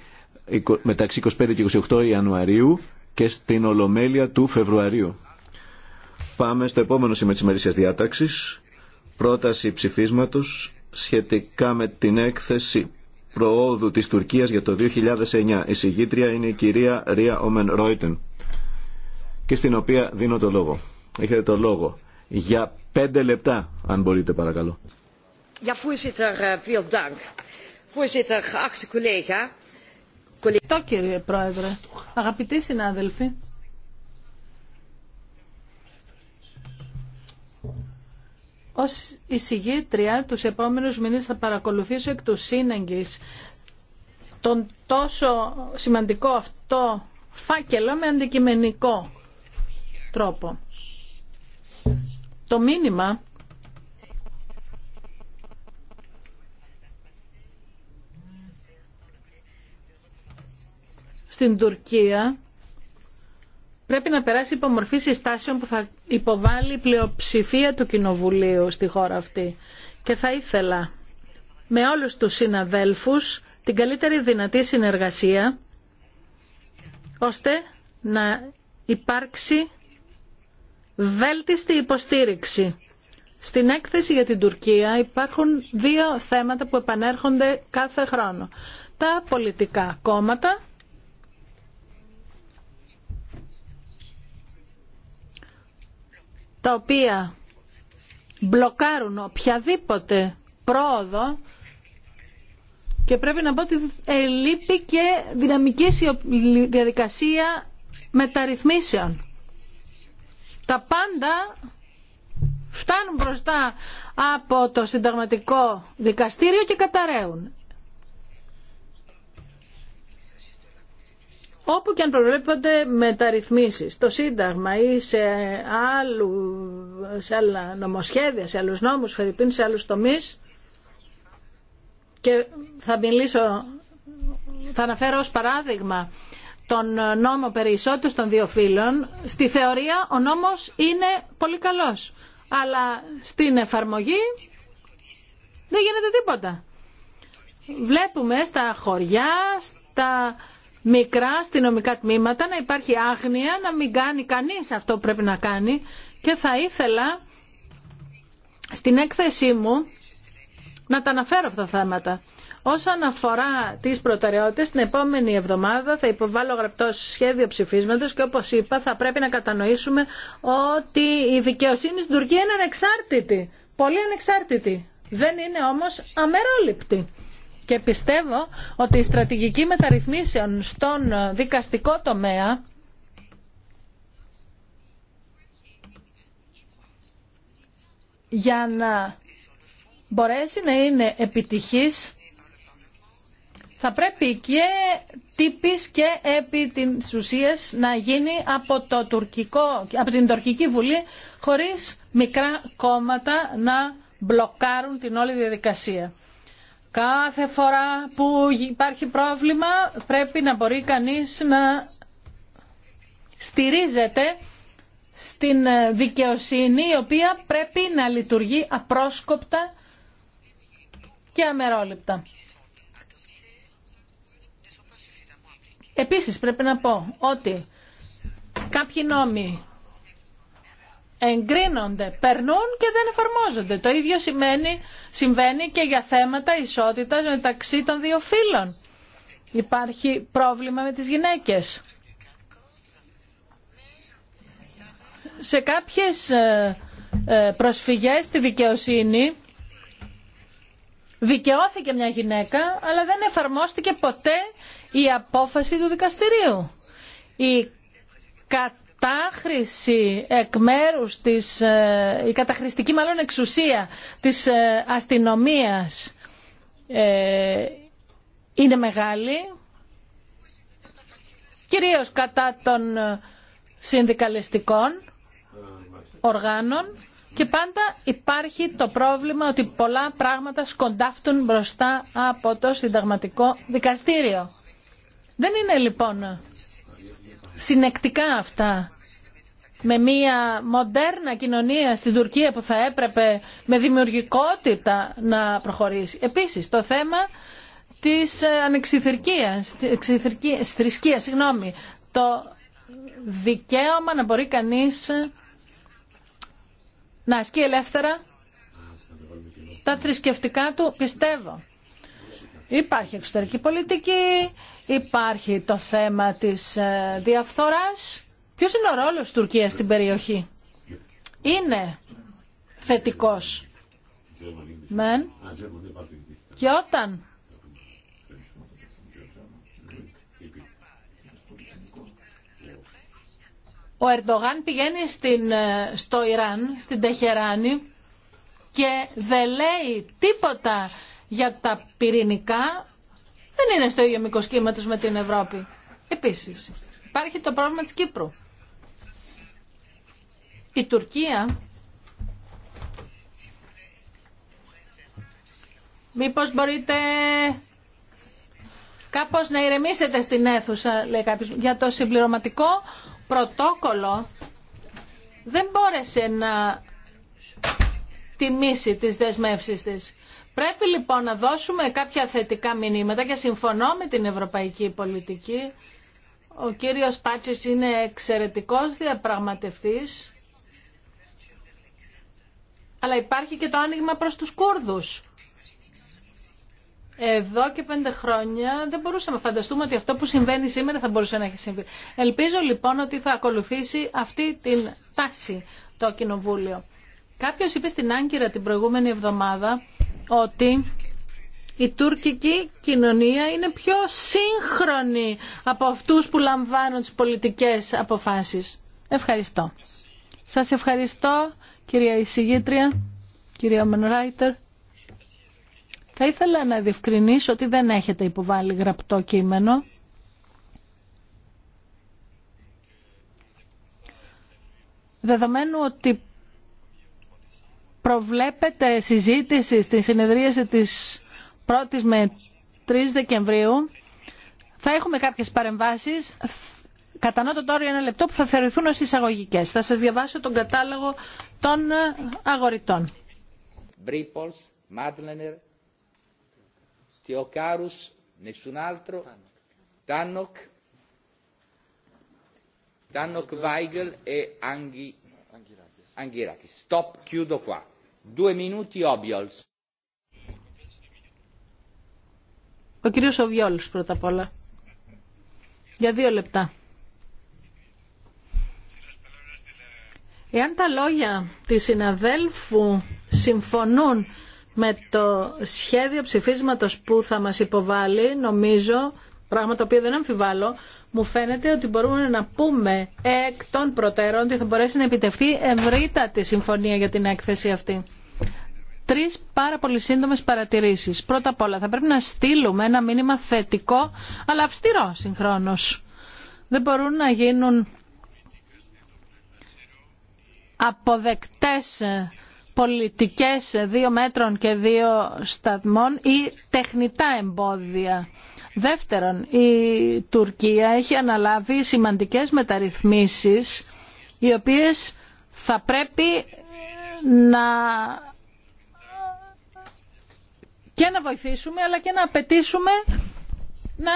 E: μεταξύ 25 και 28 Ιανουαρίου και στην Ολομέλεια του Φεβρουαρίου. Πάμε στο επόμενο σημείο της ημερήσιας διάταξης πρόταση ψηφίσματος σχετικά με την έκθεση προόδου της Τουρκίας για το 2009. Η συγγήτρια είναι η κυρία Ρία Όμεν Ρόιτεν και στην οποία δίνω το λόγο. Έχετε το λόγο για πέντε λεπτά, αν μπορείτε παρακαλώ.
I: Ja, voorzitter, eh, veel dank.
J: Voorzitter, Κύριε Πρόεδρε, αγαπητοί συνάδελφοι, Ως εισηγήτρια τους επόμενους μήνες θα παρακολουθήσω εκ του σύναγγης τον τόσο σημαντικό αυτό φάκελο με αντικειμενικό τρόπο. Το μήνυμα στην Τουρκία πρέπει να περάσει υπό μορφή συστάσεων που θα υποβάλει η πλειοψηφία του Κοινοβουλίου στη χώρα αυτή. Και θα ήθελα με όλους τους συναδέλφους την καλύτερη δυνατή συνεργασία ώστε να υπάρξει βέλτιστη υποστήριξη. Στην έκθεση για την Τουρκία υπάρχουν δύο θέματα που επανέρχονται κάθε χρόνο. Τα πολιτικά κόμματα τα οποία μπλοκάρουν οποιαδήποτε πρόοδο και πρέπει να πω ότι λείπει και δυναμική διαδικασία μεταρρυθμίσεων. Τα πάντα φτάνουν μπροστά από το συνταγματικό δικαστήριο και καταραίουν. όπου και αν προβλέπονται μεταρρυθμίσει στο Σύνταγμα ή σε, άλλου, σε άλλα νομοσχέδια, σε άλλους νόμους, φερειπίν σε άλλου τομεί. και θα μιλήσω, θα αναφέρω ω παράδειγμα τον νόμο περί ισότητας των δύο φύλων, στη θεωρία ο νόμος είναι πολύ καλός, αλλά στην εφαρμογή δεν γίνεται τίποτα. Βλέπουμε στα χωριά, στα μικρά αστυνομικά τμήματα, να υπάρχει άγνοια, να μην κάνει κανείς αυτό που πρέπει να κάνει και θα ήθελα στην έκθεσή μου να τα αναφέρω αυτά τα θέματα. Όσον αφορά τις προτεραιότητες, την επόμενη εβδομάδα θα υποβάλω γραπτό σχέδιο ψηφίσματος και όπως είπα θα πρέπει να κατανοήσουμε ότι η δικαιοσύνη στην Τουρκία είναι ανεξάρτητη, πολύ ανεξάρτητη. Δεν είναι όμως αμερόληπτη και πιστεύω ότι η στρατηγική μεταρρυθμίσεων στον δικαστικό τομέα για να μπορέσει να είναι επιτυχής θα πρέπει και τύπης και επί την ουσίας να γίνει από, το τουρκικό, από την τουρκική βουλή χωρίς μικρά κόμματα να μπλοκάρουν την όλη διαδικασία. Κάθε φορά που υπάρχει πρόβλημα πρέπει να μπορεί κανείς να στηρίζεται στην δικαιοσύνη η οποία πρέπει να λειτουργεί απρόσκοπτα και αμερόληπτα. Επίσης πρέπει να πω ότι κάποιοι νόμοι εγκρίνονται, περνούν και δεν εφαρμόζονται. Το ίδιο σημαίνει, συμβαίνει και για θέματα ισότητας μεταξύ των δύο φύλων. Υπάρχει πρόβλημα με τις γυναίκες. Σε κάποιες ε, ε, προσφυγές στη δικαιοσύνη δικαιώθηκε μια γυναίκα, αλλά δεν εφαρμόστηκε ποτέ η απόφαση του δικαστηρίου. Η εκ της, ε, η καταχρηστική εξουσία της ε, αστυνομίας ε, είναι μεγάλη, κυρίως κατά των συνδικαλιστικών οργάνων και πάντα υπάρχει το πρόβλημα ότι πολλά πράγματα σκοντάφτουν μπροστά από το συνταγματικό δικαστήριο. Δεν είναι λοιπόν συνεκτικά αυτά με μια μοντέρνα κοινωνία στην Τουρκία που θα έπρεπε με δημιουργικότητα να προχωρήσει. Επίσης το θέμα της ε, ανεξιθρικίας, της θρησκείας, συγγνώμη, το δικαίωμα να μπορεί κανείς ε, να ασκεί ελεύθερα τα θρησκευτικά του πιστεύω. Υπάρχει εξωτερική πολιτική, Υπάρχει το θέμα της ε, διαφθοράς. Ποιος είναι ο ρόλος της Τουρκίας στην περιοχή. Είναι θετικός. Μεν. Και όταν ο Ερντογάν πηγαίνει στην, ε, στο Ιράν, στην Τεχεράνη και δεν λέει τίποτα για τα πυρηνικά δεν είναι στο ίδιο μήκο κύματο με την Ευρώπη. Επίση, υπάρχει το πρόβλημα τη Κύπρου. Η Τουρκία Μήπως μπορείτε κάπως να ηρεμήσετε στην αίθουσα, λέει κάποιος, για το συμπληρωματικό πρωτόκολλο δεν μπόρεσε να τιμήσει τις δεσμεύσεις της. Πρέπει λοιπόν να δώσουμε κάποια θετικά μηνύματα και συμφωνώ με την ευρωπαϊκή πολιτική. Ο κύριος Πάτσης είναι εξαιρετικός διαπραγματευτής, αλλά υπάρχει και το άνοιγμα προς τους Κούρδους. Εδώ και πέντε χρόνια δεν μπορούσαμε να φανταστούμε ότι αυτό που συμβαίνει σήμερα θα μπορούσε να έχει συμβεί. Ελπίζω λοιπόν ότι θα ακολουθήσει αυτή την τάση το Κοινοβούλιο. Κάποιος είπε στην Άγκυρα την προηγούμενη εβδομάδα ότι η τουρκική κοινωνία είναι πιο σύγχρονη από αυτούς που λαμβάνουν τις πολιτικές αποφάσεις. Ευχαριστώ. Σας ευχαριστώ κυρία εισηγήτρια, κυρία Μενράιτερ. Θα ήθελα να διευκρινίσω ότι δεν έχετε υποβάλει γραπτό κείμενο. Δεδομένου ότι Προβλέπετε συζήτηση στη συνεδρίαση της 1ης με 3 Δεκεμβρίου. Θα έχουμε κάποιες παρεμβάσεις. το τώρα ένα λεπτό που θα θεωρηθούν ως εισαγωγικές. Θα σας διαβάσω τον κατάλογο των αγοριτών.
B: Μπρίπολς, Μάτλενερ, Τιοκάρους, Τάνοκ, Τάνοκ Βάιγελ Stop,
J: ο κύριος Οβιόλς πρώτα απ' όλα. Για δύο λεπτά. Εάν τα λόγια της συναδέλφου συμφωνούν με το σχέδιο ψηφίσματος που θα μας υποβάλει, νομίζω, πράγμα το οποίο δεν αμφιβάλλω, μου φαίνεται ότι μπορούμε να πούμε εκ των προτέρων ότι θα μπορέσει να επιτευχθεί ευρύτατη συμφωνία για την έκθεση αυτή. Τρει πάρα πολύ σύντομε παρατηρήσει. Πρώτα απ' όλα θα πρέπει να στείλουμε ένα μήνυμα θετικό αλλά αυστηρό συγχρόνω. Δεν μπορούν να γίνουν αποδεκτές πολιτικές δύο μέτρων και δύο σταθμών ή τεχνητά εμπόδια. Δεύτερον, η Τουρκία έχει αναλάβει σημαντικές μεταρρυθμίσεις οι οποίες θα πρέπει να και να βοηθήσουμε αλλά και να απαιτήσουμε να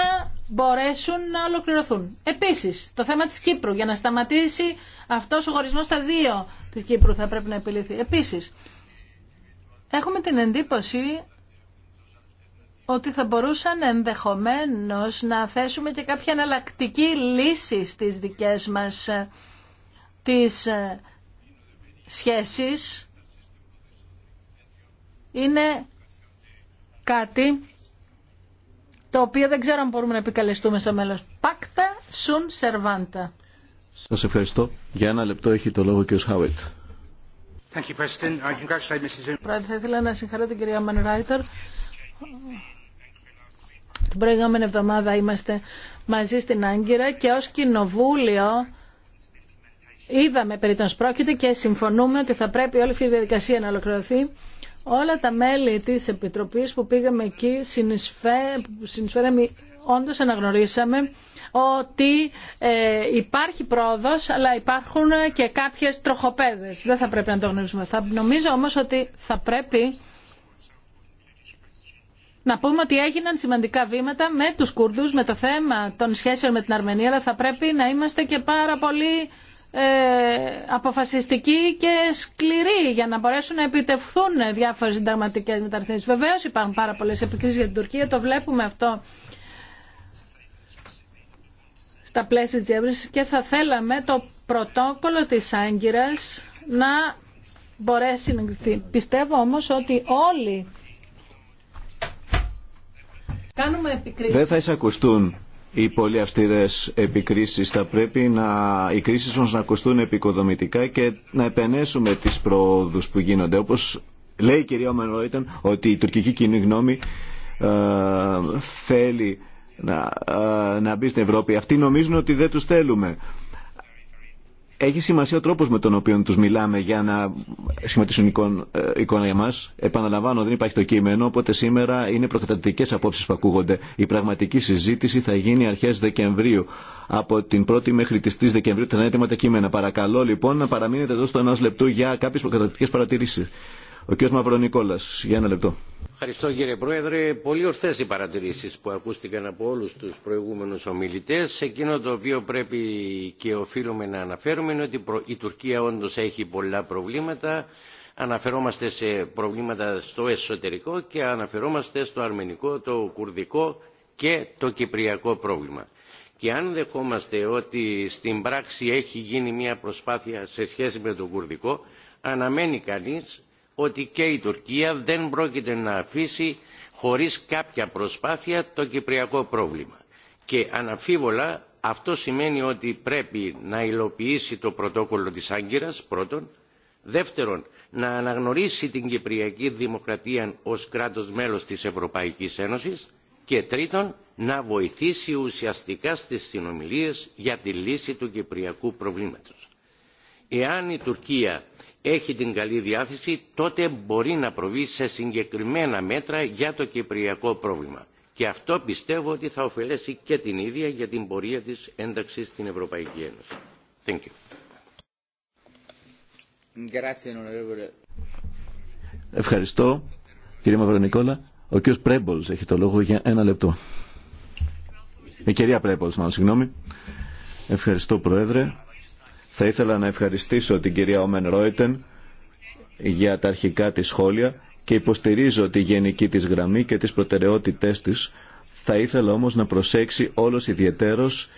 J: μπορέσουν να ολοκληρωθούν. Επίσης, το θέμα της Κύπρου, για να σταματήσει αυτός ο χωρισμός στα δύο της Κύπρου θα πρέπει να επιληθεί. Επίσης, έχουμε την εντύπωση ότι θα μπορούσαν ενδεχομένως να θέσουμε και κάποια εναλλακτική λύση στις δικές μας ε, τις ε, σχέσεις. Είναι κάτι το οποίο δεν ξέρω αν μπορούμε να επικαλεστούμε στο μέλλον. Πάκτα σουν σερβάντα.
E: Σας ευχαριστώ. Για ένα λεπτό έχει το λόγο και ο Χάουιτ.
J: Πρόεδρε, θα ήθελα να συγχαρώ την κυρία Μανουράιτορ. Την προηγούμενη εβδομάδα είμαστε μαζί στην Άγκυρα και ως κοινοβούλιο είδαμε περί των σπρόκειται και συμφωνούμε ότι θα πρέπει όλη αυτή η διαδικασία να ολοκληρωθεί όλα τα μέλη της Επιτροπής που πήγαμε εκεί συνεισφέραμε, όντως αναγνωρίσαμε ότι ε, υπάρχει πρόοδος αλλά υπάρχουν και κάποιες τροχοπέδες. Δεν θα πρέπει να το γνωρίζουμε. Θα, νομίζω όμως ότι θα πρέπει να πούμε ότι έγιναν σημαντικά βήματα με τους Κούρδους, με το θέμα των σχέσεων με την Αρμενία, αλλά θα πρέπει να είμαστε και πάρα πολύ ε, αποφασιστική και σκληρή για να μπορέσουν να επιτευχθούν διάφορες συνταγματικέ μεταρρυθμίσει. Βεβαίω υπάρχουν πάρα πολλέ επικρίσεις για την Τουρκία, το βλέπουμε αυτό στα πλαίσια της διεύρυνσης και θα θέλαμε το πρωτόκολλο της Άγκυρας να μπορέσει να εγκριθεί. Πιστεύω όμως ότι όλοι κάνουμε επικρίσεις.
E: Δεν θα εισακουστούν οι πολύ αυστηρέ επικρίσεις θα πρέπει να, οι κρίσει μας να ακουστούν επικοδομητικά και να επενέσουμε τις προόδου που γίνονται. Όπως λέει η κυρία Ομενρόιτεν ότι η τουρκική κοινή γνώμη ε, θέλει να, ε, να μπει στην Ευρώπη. Αυτοί νομίζουν ότι δεν τους θέλουμε έχει σημασία ο τρόπο με τον οποίο του μιλάμε για να σχηματίσουν ε, εικόνα για μας. Επαναλαμβάνω, δεν υπάρχει το κείμενο, οπότε σήμερα είναι προκατατικές απόψει που ακούγονται. Η πραγματική συζήτηση θα γίνει αρχέ Δεκεμβρίου. Από την 1η μέχρι τις 3 Δεκεμβρίου θα είναι έτοιμα τα κείμενα. Παρακαλώ λοιπόν να παραμείνετε εδώ στο ένα λεπτού για κάποιε προκατατικές παρατηρήσει. Ο κ. Μαυρονικόλα, για ένα λεπτό.
C: Ευχαριστώ κύριε Πρόεδρε. Πολύ ορθές οι παρατηρήσεις που ακούστηκαν από όλους τους προηγούμενους ομιλητές. Εκείνο το οποίο πρέπει και οφείλουμε να αναφέρουμε είναι ότι η Τουρκία όντως έχει πολλά προβλήματα. Αναφερόμαστε σε προβλήματα στο εσωτερικό και αναφερόμαστε στο αρμενικό, το κουρδικό και το κυπριακό πρόβλημα. Και αν δεχόμαστε ότι στην πράξη έχει γίνει μια προσπάθεια σε σχέση με το κουρδικό, αναμένει κανείς ότι και η Τουρκία δεν πρόκειται να αφήσει χωρίς κάποια προσπάθεια το κυπριακό πρόβλημα. Και αναμφίβολα αυτό σημαίνει ότι πρέπει να υλοποιήσει το πρωτόκολλο της Άγκυρας πρώτον, δεύτερον να αναγνωρίσει την Κυπριακή Δημοκρατία ως κράτος μέλος της Ευρωπαϊκής Ένωσης και τρίτον να βοηθήσει ουσιαστικά στις συνομιλίες για τη λύση του κυπριακού προβλήματος. Εάν η Τουρκία έχει την καλή διάθεση, τότε μπορεί να προβεί σε συγκεκριμένα μέτρα για το κυπριακό πρόβλημα. Και αυτό πιστεύω ότι θα ωφελέσει και την ίδια για την πορεία της ένταξης στην Ευρωπαϊκή Ένωση.
B: Thank you.
E: Ευχαριστώ, κύριε Μαυρονικόλα. Ο κύριος Πρέμπολς έχει το λόγο για ένα λεπτό. Η κυρία Πρέμπολς, μάλλον, συγγνώμη. Ευχαριστώ, Πρόεδρε. Θα ήθελα να ευχαριστήσω την κυρία Όμεν Ρόιτεν για τα αρχικά της σχόλια και υποστηρίζω τη γενική της γραμμή και τις προτεραιότητές της. Θα ήθελα όμως να προσέξει όλος ιδιαιτέρως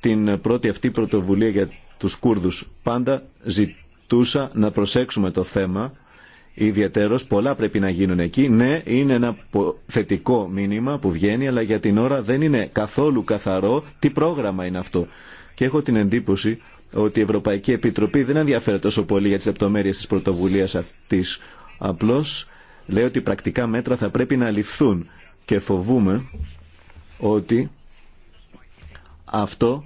E: την πρώτη αυτή πρωτοβουλία για τους Κούρδους. Πάντα ζητούσα να προσέξουμε το θέμα ιδιαίτερος. Πολλά πρέπει να γίνουν εκεί. Ναι, είναι ένα θετικό μήνυμα που βγαίνει, αλλά για την ώρα δεν είναι καθόλου καθαρό τι πρόγραμμα είναι αυτό. Και έχω την εντύπωση ότι η Ευρωπαϊκή Επιτροπή δεν ενδιαφέρεται τόσο πολύ για τι λεπτομέρειε τη πρωτοβουλία αυτή. Απλώς λέει ότι πρακτικά μέτρα θα πρέπει να ληφθούν και φοβούμε ότι αυτό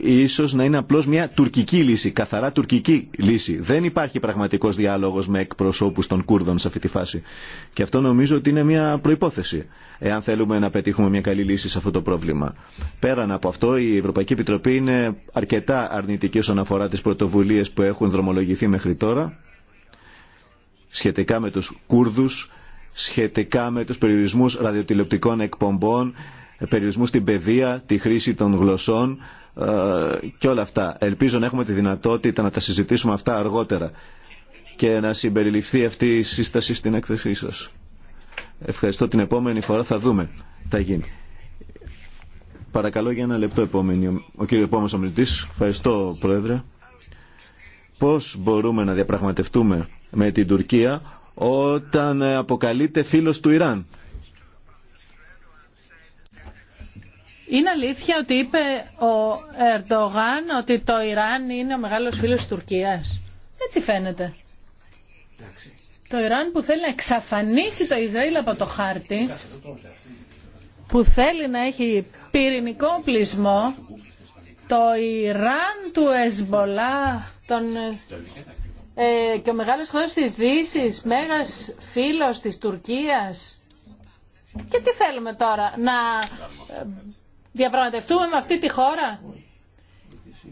E: ίσως να είναι απλώ μια τουρκική λύση, καθαρά τουρκική λύση. Δεν υπάρχει πραγματικό διάλογο με εκπροσώπου των Κούρδων σε αυτή τη φάση. Και αυτό νομίζω ότι είναι μια προπόθεση. εάν θέλουμε να πετύχουμε μια καλή λύση σε αυτό το πρόβλημα. Πέραν από αυτό, η Ευρωπαϊκή Επιτροπή είναι αρκετά αρνητική όσον αφορά τι πρωτοβουλίε που έχουν δρομολογηθεί μέχρι τώρα, σχετικά με τους Κούρδους, σχετικά με τους περιορισμούς ραδιοτηλεοπτικών εκπομπών, περιορισμού στην παιδεία, τη χρήση των γλωσσών, ε, και όλα αυτά. Ελπίζω να έχουμε τη δυνατότητα να τα συζητήσουμε αυτά αργότερα και να συμπεριληφθεί αυτή η σύσταση στην έκθεσή σας. Ευχαριστώ. Την επόμενη φορά θα δούμε θα γίνει. Παρακαλώ για ένα λεπτό επόμενη. Ο κύριο επόμενος Ευχαριστώ Πρόεδρε. Πώς μπορούμε να διαπραγματευτούμε με την Τουρκία όταν αποκαλείται φίλος του Ιράν.
J: Είναι αλήθεια ότι είπε ο Ερντογάν ότι το Ιράν είναι ο μεγάλος φίλος της Τουρκίας. Έτσι φαίνεται. Το Ιράν που θέλει να εξαφανίσει το Ισραήλ από το χάρτη, που θέλει να έχει πυρηνικό πλεισμό, το Ιράν του Εσμπολά, τον, ε, και ο μεγάλος χώρος της Δύσης, μέγας φίλος της Τουρκίας. Και τι θέλουμε τώρα, να ε, διαπραγματευτούμε με αυτή τη χώρα.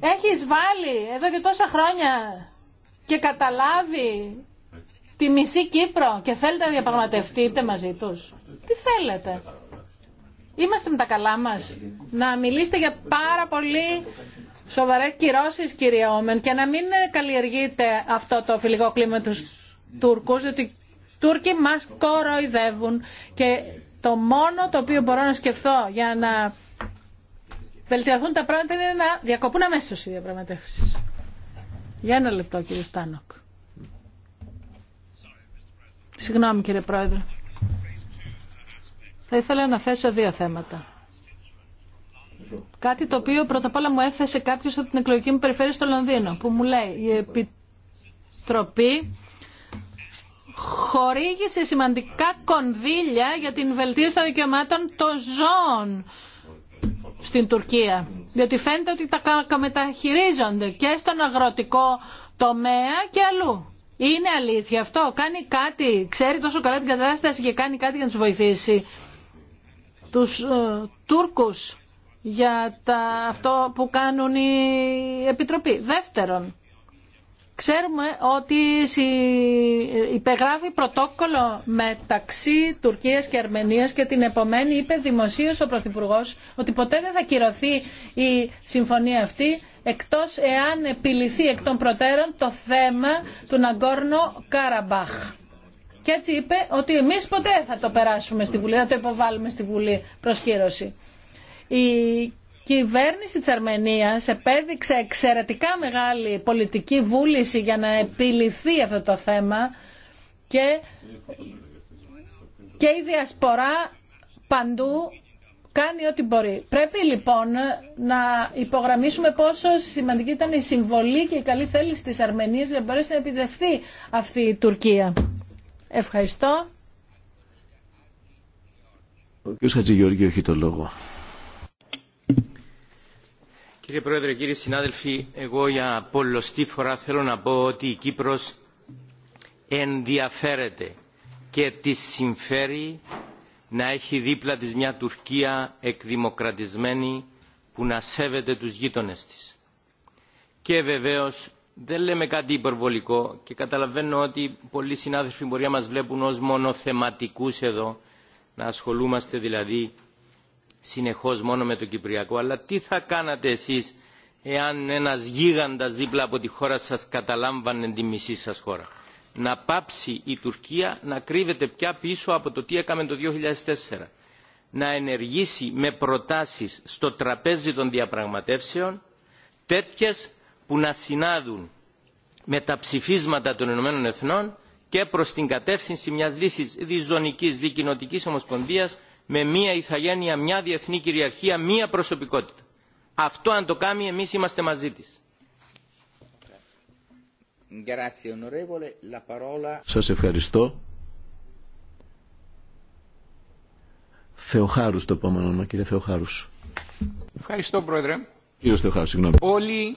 J: έχει βάλει εδώ και τόσα χρόνια και καταλάβει τη μισή Κύπρο και θέλετε να διαπραγματευτείτε μαζί τους. Τι θέλετε. Είμαστε με τα καλά μας. Να μιλήσετε για πάρα πολύ σοβαρέ κυρώσει κύριε και να μην καλλιεργείτε αυτό το φιλικό κλίμα τους Τούρκους διότι οι Τούρκοι μα κοροϊδεύουν και το μόνο το οποίο μπορώ να σκεφτώ για να βελτιωθούν τα πράγματα είναι να διακοπούν αμέσω οι διαπραγματεύσει. Για ένα λεπτό, κύριε Στάνοκ. Συγγνώμη, κύριε Πρόεδρε. Θα ήθελα να θέσω δύο θέματα. Κάτι το οποίο πρώτα απ' όλα μου έθεσε κάποιος από την εκλογική μου περιφέρεια στο Λονδίνο, που μου λέει η Επιτροπή χορήγησε σημαντικά κονδύλια για την βελτίωση των δικαιωμάτων των ζώων στην Τουρκία. Διότι φαίνεται ότι τα μεταχειρίζονται και στον αγροτικό τομέα και αλλού. Είναι αλήθεια αυτό. Κάνει κάτι, ξέρει τόσο καλά την κατάσταση και κάνει κάτι για να του βοηθήσει. του ε, Τούρκους για τα, αυτό που κάνουν οι επιτροποί. Δεύτερον, Ξέρουμε ότι υπεγράφει πρωτόκολλο μεταξύ Τουρκίας και Αρμενίας και την επομένη είπε δημοσίως ο Πρωθυπουργό ότι ποτέ δεν θα κυρωθεί η συμφωνία αυτή εκτός εάν επιληθεί εκ των προτέρων το θέμα του Ναγκόρνο Καραμπάχ. Και έτσι είπε ότι εμείς ποτέ θα το περάσουμε στη Βουλή, θα το υποβάλουμε στη Βουλή προσκύρωση κυβέρνηση της Αρμενίας επέδειξε εξαιρετικά μεγάλη πολιτική βούληση για να επιληθεί αυτό το θέμα και, και η διασπορά παντού κάνει ό,τι μπορεί. Πρέπει λοιπόν να υπογραμμίσουμε πόσο σημαντική ήταν η συμβολή και η καλή θέληση της Αρμενίας για να μπορέσει να επιδευτεί αυτή η Τουρκία. Ευχαριστώ.
E: Ο το λόγο.
D: Κύριε Πρόεδρε, κύριοι συνάδελφοι, εγώ για πολλωστή φορά θέλω να πω ότι η Κύπρος ενδιαφέρεται και τη συμφέρει να έχει δίπλα της μια Τουρκία εκδημοκρατισμένη που να σέβεται τους γείτονες της. Και βεβαίως δεν λέμε κάτι υπερβολικό και καταλαβαίνω ότι πολλοί συνάδελφοι μπορεί να μας βλέπουν ως μονοθεματικούς εδώ, να ασχολούμαστε δηλαδή συνεχώς μόνο με το Κυπριακό, αλλά τι θα κάνατε εσείς εάν ένας γίγαντας δίπλα από τη χώρα σας καταλάμβανε τη μισή σας χώρα. Να πάψει η Τουρκία να κρύβεται πια πίσω από το τι έκαμε το 2004. Να ενεργήσει με προτάσεις στο τραπέζι των διαπραγματεύσεων τέτοιες που να συνάδουν με τα ψηφίσματα των Ηνωμένων Εθνών και προς την κατεύθυνση μιας λύσης διζωνικής δικοινοτικής ομοσπονδίας με μία ηθαγένεια, μία διεθνή κυριαρχία, μία προσωπικότητα. Αυτό αν το κάνει εμείς είμαστε μαζί
B: της.
E: Σας ευχαριστώ. Θεοχάρους το επόμενο όνομα, κύριε Θεοχάρους.
B: Ευχαριστώ, Πρόεδρε.
E: Κύριος Θεοχάρους, συγγνώμη.
B: Όλοι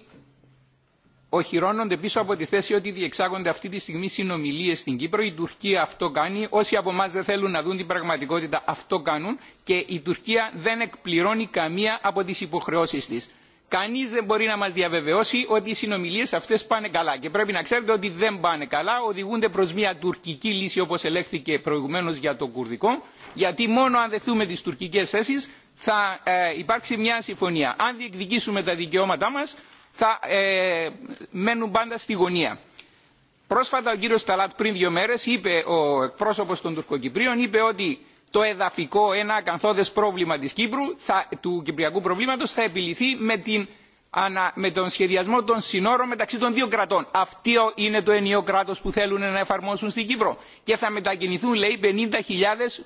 B: οχυρώνονται πίσω από τη θέση ότι διεξάγονται αυτή τη στιγμή συνομιλίε στην Κύπρο. Η Τουρκία αυτό κάνει. Όσοι από εμά δεν θέλουν να δουν την πραγματικότητα, αυτό κάνουν. Και η Τουρκία δεν εκπληρώνει καμία από τι υποχρεώσει τη. Κανεί δεν μπορεί να μα διαβεβαιώσει ότι οι συνομιλίε αυτέ πάνε καλά. Και πρέπει να ξέρετε ότι δεν πάνε καλά. Οδηγούνται προ μια τουρκική λύση, όπω ελέγχθηκε προηγουμένω για το κουρδικό. Γιατί μόνο αν δεχθούμε τι τουρκικέ θέσει θα ε, υπάρξει μια συμφωνία. Αν διεκδικήσουμε τα δικαιώματά μα, θα ε, μένουν πάντα στη γωνία. Πρόσφατα ο κύριος Σταλάτ πριν δύο μέρες είπε, ο εκπρόσωπος των Τουρκοκυπρίων είπε ότι το εδαφικό ένα ακαθόδες πρόβλημα της Κύπρου, θα, του κυπριακού προβλήματος θα επιληθεί με την με τον σχεδιασμό των συνόρων μεταξύ των δύο κρατών. Αυτό είναι το ενίο κράτο που θέλουν να εφαρμόσουν στην Κύπρο. Και θα μετακινηθούν, λέει, 50.000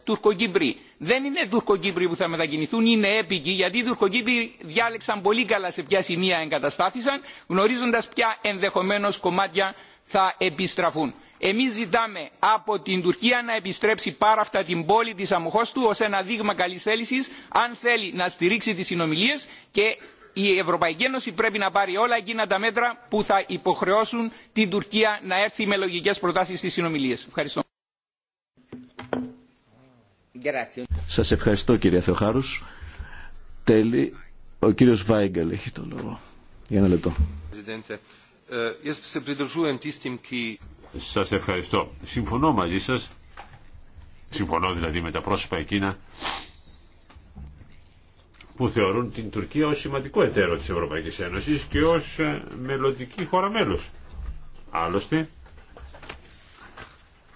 B: Τουρκοκύπροι. Δεν είναι Τουρκοκύπροι που θα μετακινηθούν, είναι έπικοι, γιατί οι Τουρκοκύπροι διάλεξαν πολύ καλά σε ποια σημεία εγκαταστάθησαν, γνωρίζοντας ποια ενδεχομένως κομμάτια θα επιστραφούν. Εμείς ζητάμε από την Τουρκία να επιστρέψει πάρα αυτά την πόλη τη Αμοχώστου του ως ένα δείγμα καλή θέληση αν θέλει να στηρίξει τι συνομιλίε και η ευρωπαϊκή ένωση πρέπει να πάρει όλα εκείνα τα μέτρα που θα υποχρεώσουν την τουρκία να έρθει με λογικές προτάσεις στις συνομιλίες. Ευχαριστώ.
E: Σας ευχαριστώ κύριε Θεοχάρου. Τέλει, ο κύριος Βάιγκελ έχει το λόγο. Για ένα λεπτό.
B: Eh,
F: σας ευχαριστώ. Συμφωνώ μαζί σας. Συμφωνώ δηλαδή με τα πρόσωπα εκείνα που θεωρούν την Τουρκία ως σημαντικό εταίρο της Ευρωπαϊκής Ένωσης και ως ε, μελλοντική χώρα μέλος. Άλλωστε,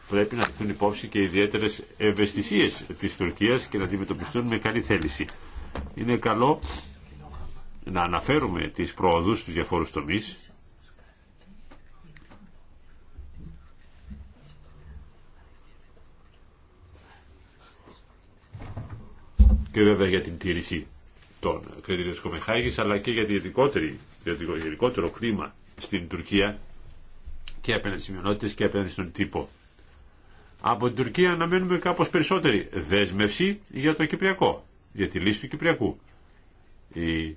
F: πρέπει να δουν υπόψη και ιδιαίτερε ευαισθησίε τη Τουρκία και να αντιμετωπιστούν με καλή θέληση. Είναι καλό να αναφέρουμε τι προοδού στου διαφόρου τομεί. και βέβαια για την τήρηση τον κ. της αλλά και για, για το γενικότερο κλίμα στην Τουρκία και απέναντι στις μειονότητε και απέναντι στον τύπο. Από την Τουρκία αναμένουμε κάπως περισσότερη δέσμευση για το Κυπριακό, για τη λύση του Κυπριακού. Η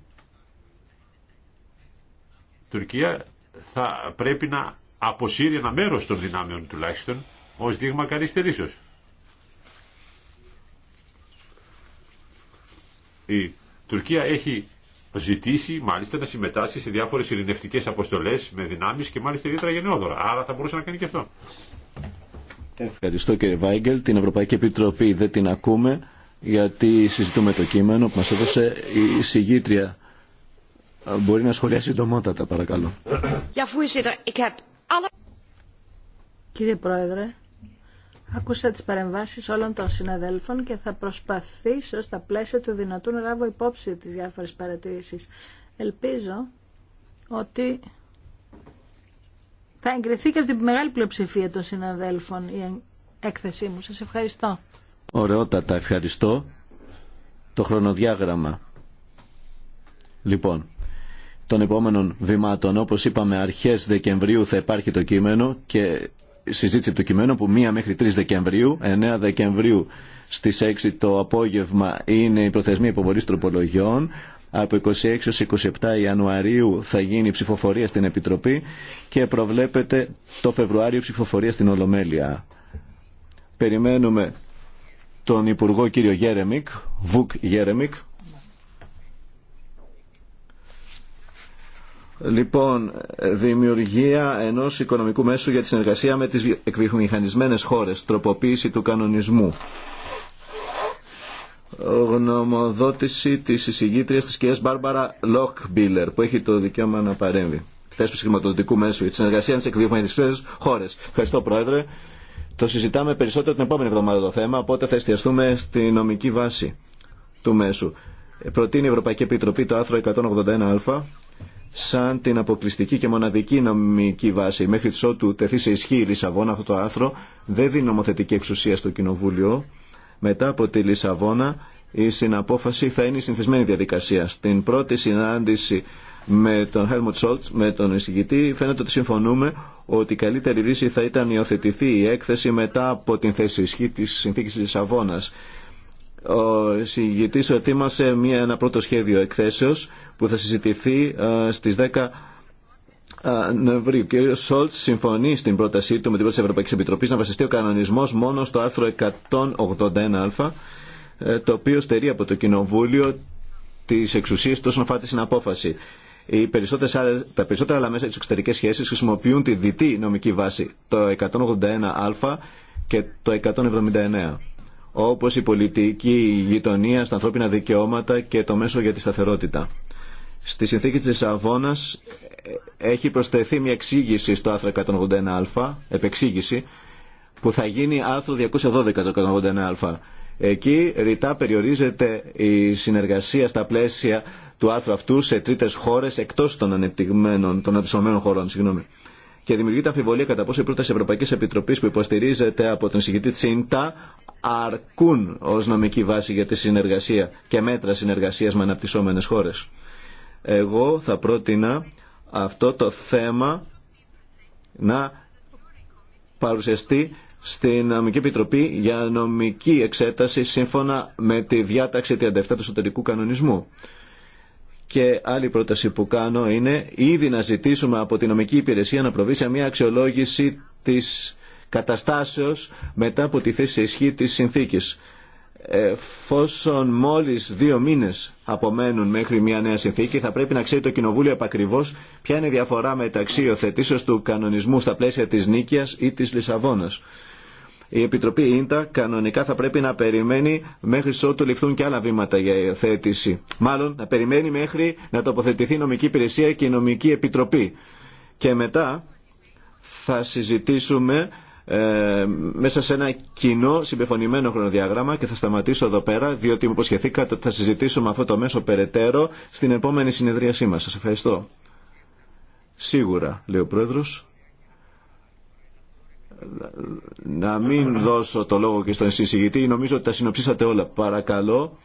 F: Τουρκία θα πρέπει να αποσύρει ένα μέρος των δυνάμεων τουλάχιστον ω δείγμα καλής Η Τουρκία έχει ζητήσει μάλιστα να συμμετάσχει σε διάφορε ειρηνευτικέ αποστολέ με δυνάμει και μάλιστα ιδιαίτερα γενναιόδωρα. Άρα θα μπορούσε να κάνει και αυτό.
E: Ευχαριστώ κύριε Βάγκελ. Την Ευρωπαϊκή Επιτροπή δεν την ακούμε γιατί συζητούμε το κείμενο που μας έδωσε η συγγήτρια. Μπορεί να σχολιάσει συντομότατα, παρακαλώ.
J: Κύριε Πρόεδρε, Ακούσα τις παρεμβάσεις όλων των συναδέλφων και θα προσπαθήσω στα πλαίσια του δυνατού να λάβω υπόψη τις διάφορες παρατηρήσεις. Ελπίζω ότι θα εγκριθεί και από την μεγάλη πλειοψηφία των συναδέλφων η έκθεσή μου. Σας ευχαριστώ.
E: Ωραιότατα, ευχαριστώ. Το χρονοδιάγραμμα. Λοιπόν, των επόμενων βημάτων, όπως είπαμε, αρχές Δεκεμβρίου θα υπάρχει το κείμενο και συζήτηση του κειμένου που 1 μέχρι 3 Δεκεμβρίου, 9 Δεκεμβρίου στις 6 το απόγευμα είναι η προθεσμία υποβολή τροπολογιών. Από 26 ως 27 Ιανουαρίου θα γίνει ψηφοφορία στην Επιτροπή και προβλέπεται το Φεβρουάριο ψηφοφορία στην Ολομέλεια. Περιμένουμε τον Υπουργό κύριο Γέρεμικ, Βουκ Γέρεμικ, Λοιπόν, δημιουργία ενός οικονομικού μέσου για τη συνεργασία με τις εκβιομηχανισμένες χώρες, τροποποίηση του κανονισμού. Γνωμοδότηση της εισηγήτριας της κυρίας Μπάρμπαρα Λόκμπίλερ, που έχει το δικαίωμα να παρέμβει. Θέσπιση χρηματοδοτικού μέσου για τη συνεργασία με τις εκβιομηχανισμένες χώρες. Ευχαριστώ, Πρόεδρε. Το συζητάμε περισσότερο την επόμενη εβδομάδα το θέμα, οπότε θα εστιαστούμε στη νομική βάση του μέσου. Προτείνει η Ευρωπαϊκή Επιτροπή το άρθρο 181α σαν την αποκλειστική και μοναδική νομική βάση. Μέχρι τη ότου τεθεί σε ισχύ η Λισαβόνα αυτό το άρθρο δεν δίνει νομοθετική εξουσία στο Κοινοβούλιο. Μετά από τη Λισαβόνα η συναπόφαση θα είναι η συνθισμένη διαδικασία. Στην πρώτη συνάντηση με τον Χέλμοντ Σόλτ, με τον εισηγητή, φαίνεται ότι συμφωνούμε ότι η καλύτερη λύση θα ήταν υιοθετηθεί η έκθεση μετά από την θέση ισχύ τη συνθήκη τη Λισαβόνα. Ο εισηγητή ετοίμασε μια, ένα πρώτο σχέδιο εκθέσεως που θα συζητηθεί ε, στις 10 ε, Νοεμβρίου. Ο κ. Σόλτ συμφωνεί στην πρότασή του με την πρόταση τη Ευρωπαϊκή Επιτροπή να βασιστεί ο κανονισμό μόνο στο άρθρο 181α, ε, το οποίο στερεί από το Κοινοβούλιο τι εξουσίε του όσον αφορά τη συναπόφαση. τα περισσότερα άλλα μέσα τη εξωτερική σχέση χρησιμοποιούν τη διτή νομική βάση, το 181α και το 179 όπω η πολιτική η γειτονία στα ανθρώπινα δικαιώματα και το μέσο για τη σταθερότητα. Στη συνθήκη της Λισαβόνα ε, έχει προσθεθεί μια εξήγηση στο άρθρο 181α, επεξήγηση, που θα γίνει άρθρο 212 το 181α. Εκεί ρητά περιορίζεται η συνεργασία στα πλαίσια του άρθρου αυτού σε τρίτες χώρες εκτός των ανεπτυγμένων, των ανεπτυγμένων χωρών. Συγγνώμη. Και δημιουργείται αμφιβολία κατά πόσο η πρόταση Ευρωπαϊκή Επιτροπή που υποστηρίζεται από τον συγκητή Τσίντα αρκούν ω νομική βάση για τη συνεργασία και μέτρα συνεργασία με αναπτυσσόμενε χώρε. Εγώ θα πρότεινα αυτό το θέμα να παρουσιαστεί στην Νομική Επιτροπή για νομική εξέταση σύμφωνα με τη διάταξη 37 του εσωτερικού κανονισμού. Και άλλη πρόταση που κάνω είναι ήδη να ζητήσουμε από την νομική υπηρεσία να προβεί σε μια αξιολόγηση της καταστάσεως μετά από τη θέση ισχύ της συνθήκης εφόσον μόλις δύο μήνες απομένουν μέχρι μια νέα συνθήκη θα πρέπει να ξέρει το Κοινοβούλιο επακριβώς ποια είναι η διαφορά μεταξύ υιοθετήσεως του κανονισμού στα πλαίσια της Νίκαιας ή της Λισαβόνας. Η Επιτροπή Ίντα κανονικά θα πρέπει να περιμένει μέχρι ότου ληφθούν και άλλα βήματα για υιοθέτηση. Μάλλον να περιμένει μέχρι να τοποθετηθεί η νομική βηματα για υιοθετηση μαλλον να περιμενει μεχρι να τοποθετηθει νομικη υπηρεσια και η νομική επιτροπή. Και μετά θα συζητήσουμε ε, μέσα σε ένα κοινό συμπεφωνημένο χρονοδιάγραμμα και θα σταματήσω εδώ πέρα διότι μου υποσχεθήκατε ότι θα συζητήσουμε αυτό το μέσο περαιτέρω στην επόμενη συνεδρίασή μας. Σας ευχαριστώ. Σίγουρα, λέει ο Πρόεδρος, να μην δώσω το λόγο και στον συζητητή. Νομίζω ότι τα συνοψίσατε όλα. Παρακαλώ,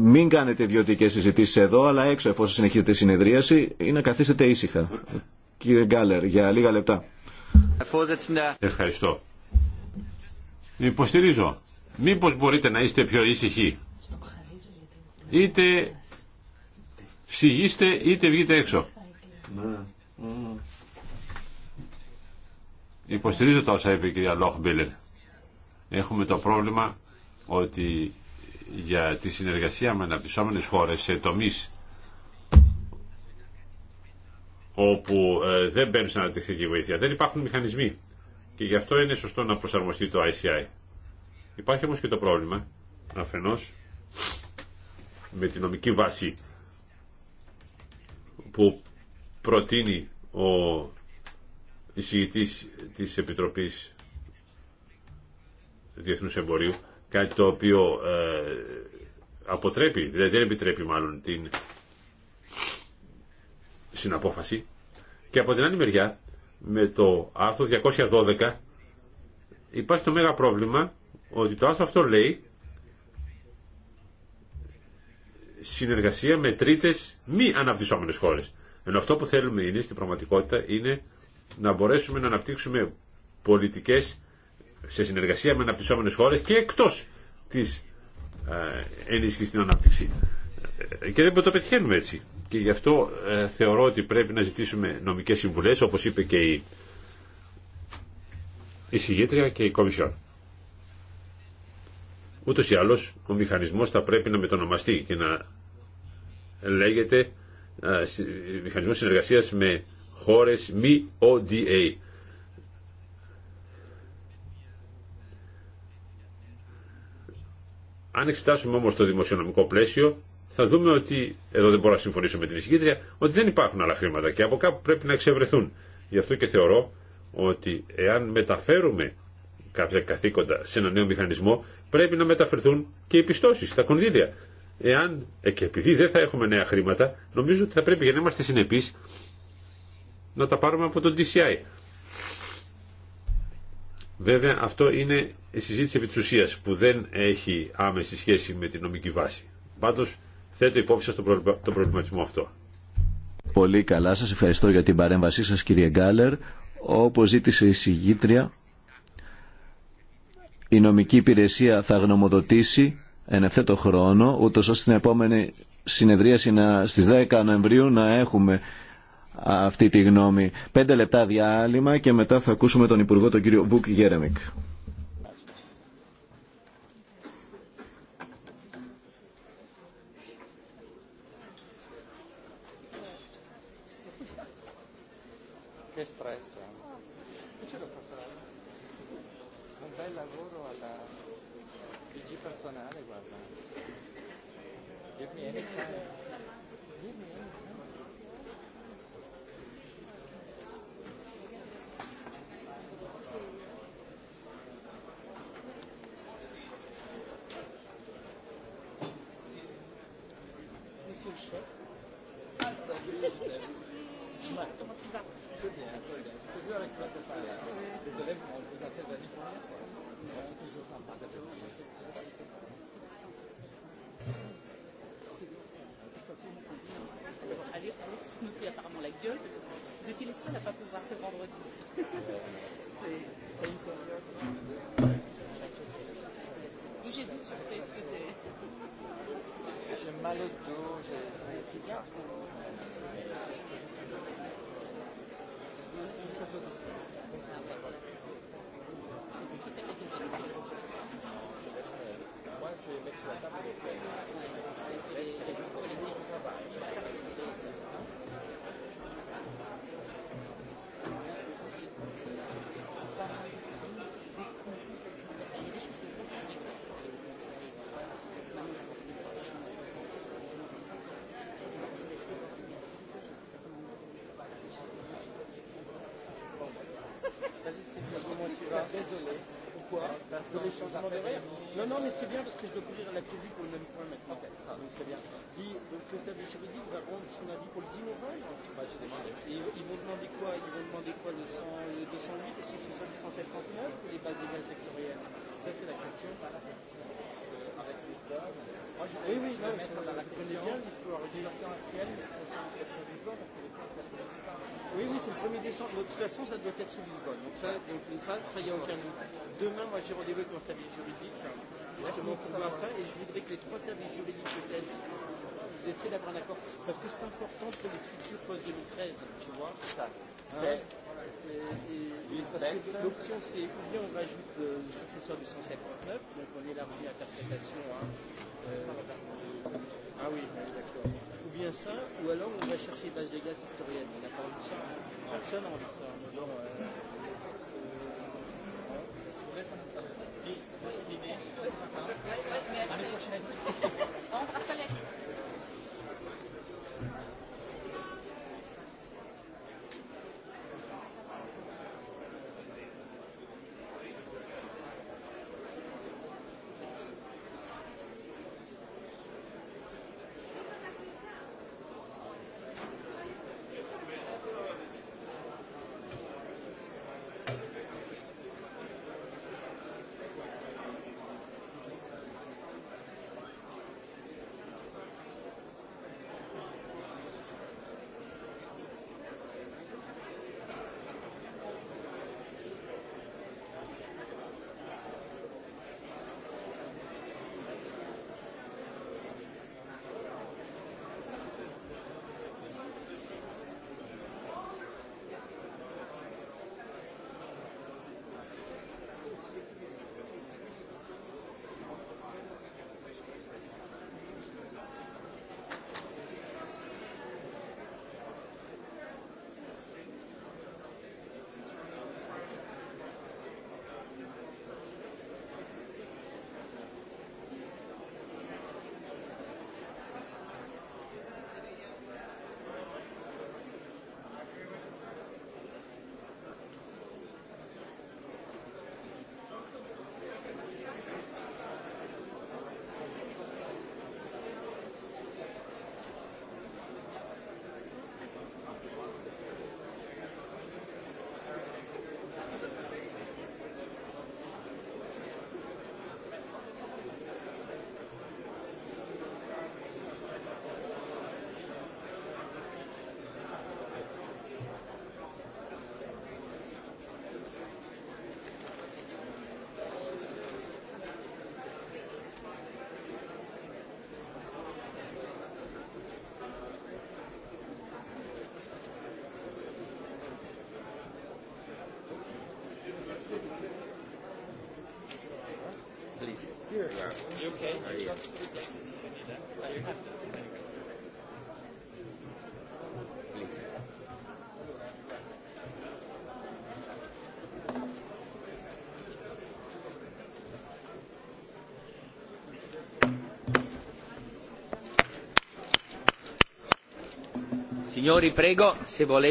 E: μην κάνετε ιδιωτικέ συζητήσει εδώ, αλλά έξω εφόσον συνεχίζετε η συνεδρίαση ή να καθίσετε ήσυχα. Κύριε Γκάλερ, για λίγα λεπτά.
F: Ευχαριστώ. Υποστηρίζω. Μήπως μπορείτε να είστε πιο ήσυχοι. Είτε ψυγείστε είτε βγείτε έξω. Υποστηρίζω τα όσα είπε η κυρία Λόχμπιλερ. Έχουμε το πρόβλημα ότι για τη συνεργασία με αναπτυσσόμενες χώρες σε τομείς όπου ε, δεν μπαίνουν σαν αναπτυξιακή βοήθεια. Δεν υπάρχουν μηχανισμοί. Και γι' αυτό είναι σωστό να προσαρμοστεί το ICI. Υπάρχει όμως και το πρόβλημα, αφενός, με τη νομική βάση που προτείνει ο εισηγητής της Επιτροπής Διεθνούς Εμπορίου, κάτι το οποίο ε, αποτρέπει, δηλαδή δεν επιτρέπει μάλλον την συναπόφαση και από την άλλη μεριά με το άρθρο 212 υπάρχει το μέγα πρόβλημα ότι το άρθρο αυτό λέει συνεργασία με τρίτες μη αναπτυσσόμενες χώρες. Ενώ αυτό που θέλουμε είναι, στην πραγματικότητα, είναι να μπορέσουμε να αναπτύξουμε πολιτικές σε συνεργασία με αναπτυσσόμενες χώρες και εκτός της ε, ενίσχυσης στην ανάπτυξη. Ε, ε, και δεν το πετυχαίνουμε έτσι και γι' αυτό ε, θεωρώ ότι πρέπει να ζητήσουμε νομικές συμβουλές όπως είπε και η εισηγήτρια και η Κομισιόν. Ούτως ή άλλως ο μηχανισμός θα πρέπει να μετονομαστεί και να λέγεται ε, μηχανισμός συνεργασίας με χώρες μη ODA. Αν εξετάσουμε όμως το δημοσιονομικό πλαίσιο, θα δούμε ότι, εδώ δεν μπορώ να συμφωνήσω με την εισηγήτρια, ότι δεν υπάρχουν άλλα χρήματα και από κάπου πρέπει να εξευρεθούν. Γι' αυτό και θεωρώ ότι εάν μεταφέρουμε κάποια καθήκοντα σε ένα νέο μηχανισμό, πρέπει να μεταφερθούν και οι πιστώσει, τα κονδύλια. Εάν ε, και επειδή δεν θα έχουμε νέα χρήματα, νομίζω ότι θα πρέπει για να είμαστε συνεπεί να τα πάρουμε από τον DCI. Βέβαια, αυτό είναι η συζήτηση επί της ουσίας, που δεν έχει άμεση σχέση με την νομική βάση. Πάντως, θέτω υπόψη σας τον προβληματισμό αυτό.
E: Πολύ καλά. Σας ευχαριστώ για την παρέμβασή σας κύριε Γκάλερ. Όπως ζήτησε η συγγήτρια, η νομική υπηρεσία θα γνωμοδοτήσει εν ευθέτω χρόνο, ούτως ώστε την επόμενη συνεδρίαση να, στις 10 Νοεμβρίου να έχουμε αυτή τη γνώμη. Πέντε λεπτά διάλειμμα και μετά θα ακούσουμε τον Υπουργό τον κύριο Βουκ Γέρεμικ.
A: service, c'est bien. Comment tu vas Désolé. Pourquoi Parce que les changements d'horaire. Non, non, mais c'est bien
D: parce que je dois couvrir la publique au même point maintenant. Donc c'est bien. Dis, donc le service juridique va rendre son avis pour le 10 novembre Bah, j'ai demandé. Et ils vont demander quoi Ils vont demander quoi le, 100, le 208, le 160, le 139 ou les bases légales sectorielles Ça, c'est la question. Avec Lisbonne. Oui, oui, non, je connais bien l'histoire. L'histoire actuelle, Oui, oui, c'est le 1er décembre. De toute façon, ça doit être sous Lisbonne. Donc ça, donc ça, ça y a aucun doute. Demain, moi, j'ai rendez-vous avec mon service juridique, justement pour voir ça, et je voudrais que les trois services juridiques de TELS, ils essaient d'avoir un accord, parce que c'est important pour les futurs post-2013, tu vois. Ça. Parce
A: que l'option,
D: c'est ou bien on rajoute le successeur du 159, donc on élargit l'interprétation. Hein, euh, ah oui, d'accord bien ça, ou alors on va chercher base de gaz sectorielle. On n'a pas envie de ça. Personne n'a envie de ça.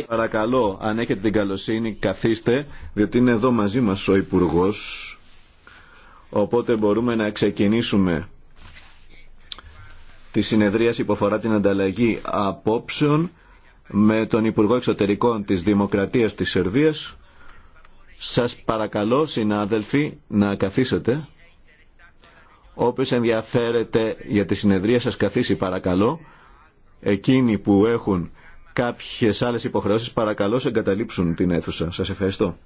E: Παρακαλώ, αν έχετε την καλοσύνη, καθίστε, διότι είναι εδώ μαζί μας ο Υπουργός. Οπότε μπορούμε να ξεκινήσουμε τη συνεδρίαση που την ανταλλαγή απόψεων με τον Υπουργό Εξωτερικών της Δημοκρατίας της Σερβίας. Σας παρακαλώ συνάδελφοι να καθίσετε. Όποιος ενδιαφέρεται για τη συνεδρία σας καθίσει παρακαλώ. Εκείνοι που έχουν κάποιες άλλες υποχρεώσεις παρακαλώ σε εγκαταλείψουν την αίθουσα. Σας ευχαριστώ.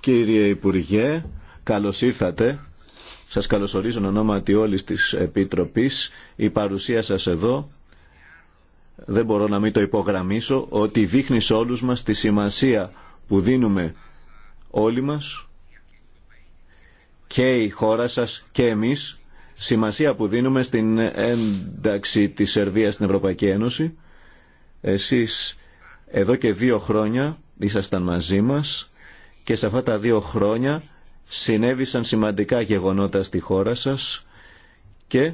E: Κύριε Υπουργέ, Καλώς ήρθατε. Σας καλωσορίζω ονόματι όλης της Επιτροπής. Η παρουσία σας εδώ δεν μπορώ να μην το υπογραμμίσω ότι δείχνει σε όλους μας τη σημασία που δίνουμε όλοι μας και η χώρα σας και εμείς σημασία που δίνουμε στην ένταξη της Σερβίας στην Ευρωπαϊκή Ένωση. Εσείς εδώ και δύο χρόνια ήσασταν μαζί μας και σε αυτά τα δύο χρόνια συνέβησαν σημαντικά γεγονότα στη χώρα σας και,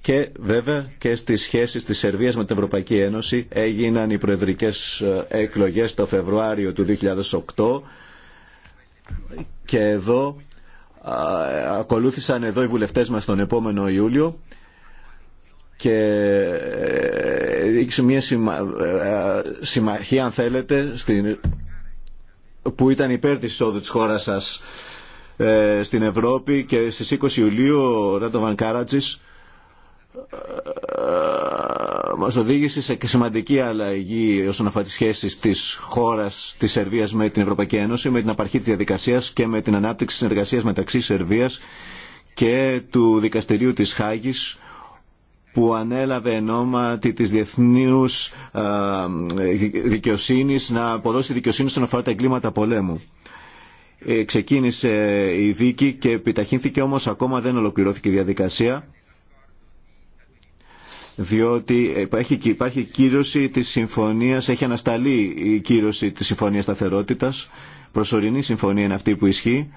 E: και βέβαια και στις σχέσεις της Σερβίας με την Ευρωπαϊκή Ένωση έγιναν οι προεδρικές εκλογές το Φεβρουάριο του 2008 και εδώ ακολούθησαν εδώ οι βουλευτές μας τον επόμενο Ιούλιο και ρίξει μια συμμαχία αν θέλετε στην που ήταν υπέρ της εισόδου της χώρας σας ε, στην Ευρώπη και στις 20 Ιουλίου ο Ράντοβαν Κάρατζης ε, μας οδήγησε σε σημαντική αλλαγή όσον αφορά τις σχέσεις της χώρας της Σερβίας με την Ευρωπαϊκή Ένωση, με την απαρχή της διαδικασίας και με την ανάπτυξη συνεργασίας μεταξύ Σερβίας και του Δικαστηρίου της Χάγης που ανέλαβε ενώματι της διεθνούς δικαιοσύνης να αποδώσει δικαιοσύνη στον αφορά τα εγκλήματα πολέμου. Ε, ξεκίνησε η δίκη και επιταχύνθηκε όμως ακόμα δεν ολοκληρώθηκε η διαδικασία διότι υπάρχει, υπάρχει κύρωση της συμφωνίας, έχει ανασταλεί η κύρωση της συμφωνίας σταθερότητας, προσωρινή συμφωνία είναι αυτή που ισχύει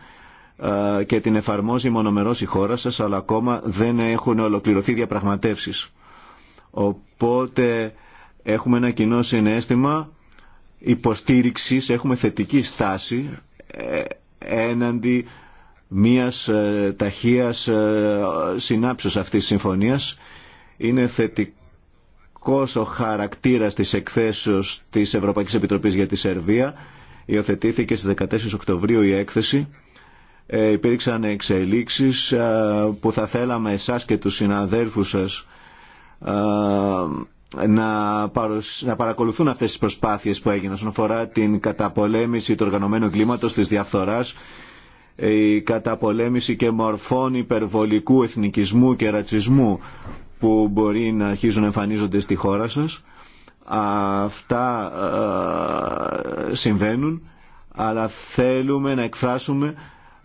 E: και την εφαρμόζει μονομερός η χώρα σας, αλλά ακόμα δεν έχουν ολοκληρωθεί διαπραγματεύσεις. Οπότε έχουμε ένα κοινό συνέστημα υποστήριξης, έχουμε θετική στάση ε, έναντι μίας ε, ταχείας ε, συνάψεως αυτής της συμφωνίας. Είναι θετικός ο χαρακτήρας της εκθέσεως της Ευρωπαϊκής Επιτροπής για τη Σερβία. Υιοθετήθηκε στις 14 Οκτωβρίου η έκθεση ε, υπήρξαν εξελίξεις ε, που θα θέλαμε εσάς και τους συναδέλφους σας ε, να, να παρακολουθούν αυτές τις προσπάθειες που έγιναν όσον αφορά την καταπολέμηση του οργανωμένου κλίματος, της διαφθοράς, ε, η καταπολέμηση και μορφών υπερβολικού εθνικισμού και ρατσισμού που μπορεί να αρχίζουν να εμφανίζονται στη χώρα σας. Αυτά συμβαίνουν, αλλά θέλουμε να εκφράσουμε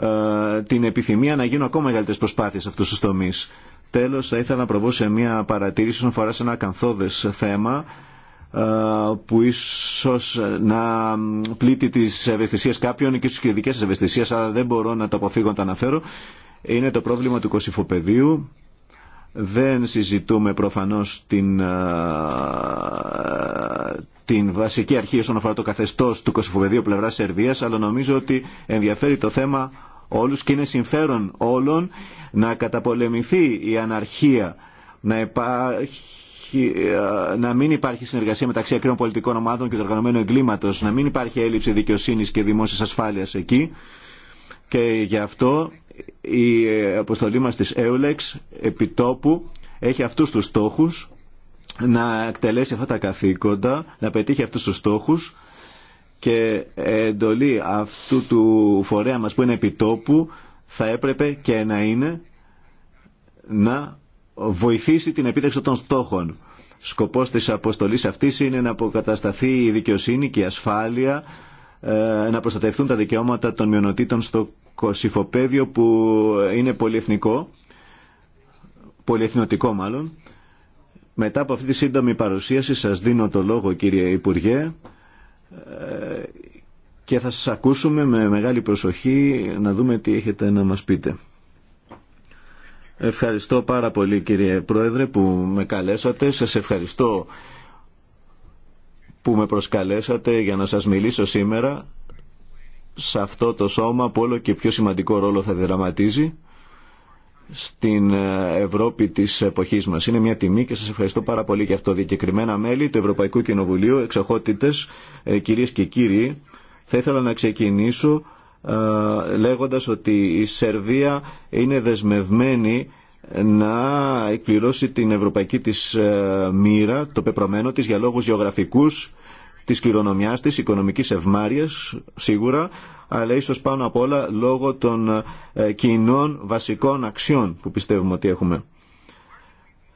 E: ε, την επιθυμία να γίνουν ακόμα μεγαλύτερε προσπάθειε σε αυτού του τομεί. Τέλο, θα ήθελα να προβώ σε μια παρατήρηση όσον αφορά σε ένα ακαθόδε θέμα ε, που ίσω να πλήττει τι ευαισθησίε κάποιων και τι δικέ ευαισθησίε, αλλά δεν μπορώ να το αποφύγω να το αναφέρω. Είναι το πρόβλημα του κοσυφοπεδίου. Δεν συζητούμε προφανώς την, ε, την βασική αρχή όσον αφορά το καθεστώς του κοσυφοπεδίου πλευράς Σερβίας, αλλά νομίζω ότι ενδιαφέρει το θέμα όλους και είναι συμφέρον όλων να καταπολεμηθεί η αναρχία, να, ε, να μην υπάρχει συνεργασία μεταξύ ακραίων πολιτικών ομάδων και του οργανωμένου εγκλήματος, να μην υπάρχει έλλειψη δικαιοσύνης και δημόσιας ασφάλειας εκεί. Και γι' αυτό η ε, αποστολή μας της EULEX επιτόπου έχει αυτούς τους στόχους να εκτελέσει αυτά τα καθήκοντα, να πετύχει αυτούς τους στόχους και εντολή αυτού του φορέα μας που είναι επιτόπου θα έπρεπε και να είναι να βοηθήσει την επίτευξη των στόχων. Σκοπός της αποστολής αυτής είναι να αποκατασταθεί η δικαιοσύνη και η ασφάλεια, ε, να προστατευτούν τα δικαιώματα των μειονοτήτων στο κοσυφοπέδιο που είναι πολυεθνικό, πολυεθνωτικό μάλλον. Μετά από αυτή τη σύντομη παρουσίαση σας δίνω το λόγο κύριε Υπουργέ και θα σας ακούσουμε με μεγάλη προσοχή να δούμε τι έχετε να μας πείτε. Ευχαριστώ πάρα πολύ κύριε Πρόεδρε που με καλέσατε. Σας ευχαριστώ που με προσκαλέσατε για να σας μιλήσω σήμερα σε αυτό το σώμα που όλο και πιο σημαντικό ρόλο θα δραματίζει στην Ευρώπη της εποχής μας. Είναι μια τιμή και σας ευχαριστώ πάρα πολύ για αυτό. Διακεκριμένα μέλη του Ευρωπαϊκού Κοινοβουλίου, εξοχότητε, ε, κυρίε και κύριοι, θα ήθελα να ξεκινήσω ε, λέγοντας ότι η Σερβία είναι δεσμευμένη να εκπληρώσει την ευρωπαϊκή της ε, μοίρα, το πεπρωμένο της για λόγους γεωγραφικούς, της κληρονομιάς της, οικονομικής ευμάρειας σίγουρα, αλλά ίσως πάνω απ' όλα λόγω των ε, κοινών βασικών αξιών που πιστεύουμε ότι έχουμε.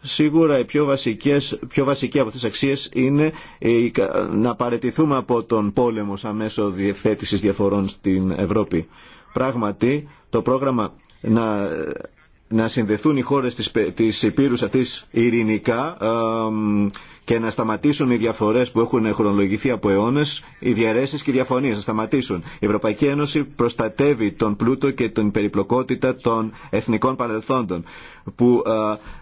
E: Σίγουρα οι πιο, βασικές, πιο βασικές από αυτές τις αξίες είναι να παρετηθούμε από τον πόλεμο σαν μέσο διευθέτησης διαφορών στην Ευρώπη. Πράγματι, το πρόγραμμα να, να συνδεθούν οι χώρες της, της Υπήρους αυτής ειρηνικά ε, και να σταματήσουν οι διαφορέ που έχουν χρονολογηθεί από αιώνε, οι διαρέσει και οι διαφωνίε να σταματήσουν. Η Ευρωπαϊκή Ένωση προστατεύει τον πλούτο και την περιπλοκότητα των εθνικών παρελθόντων που ε,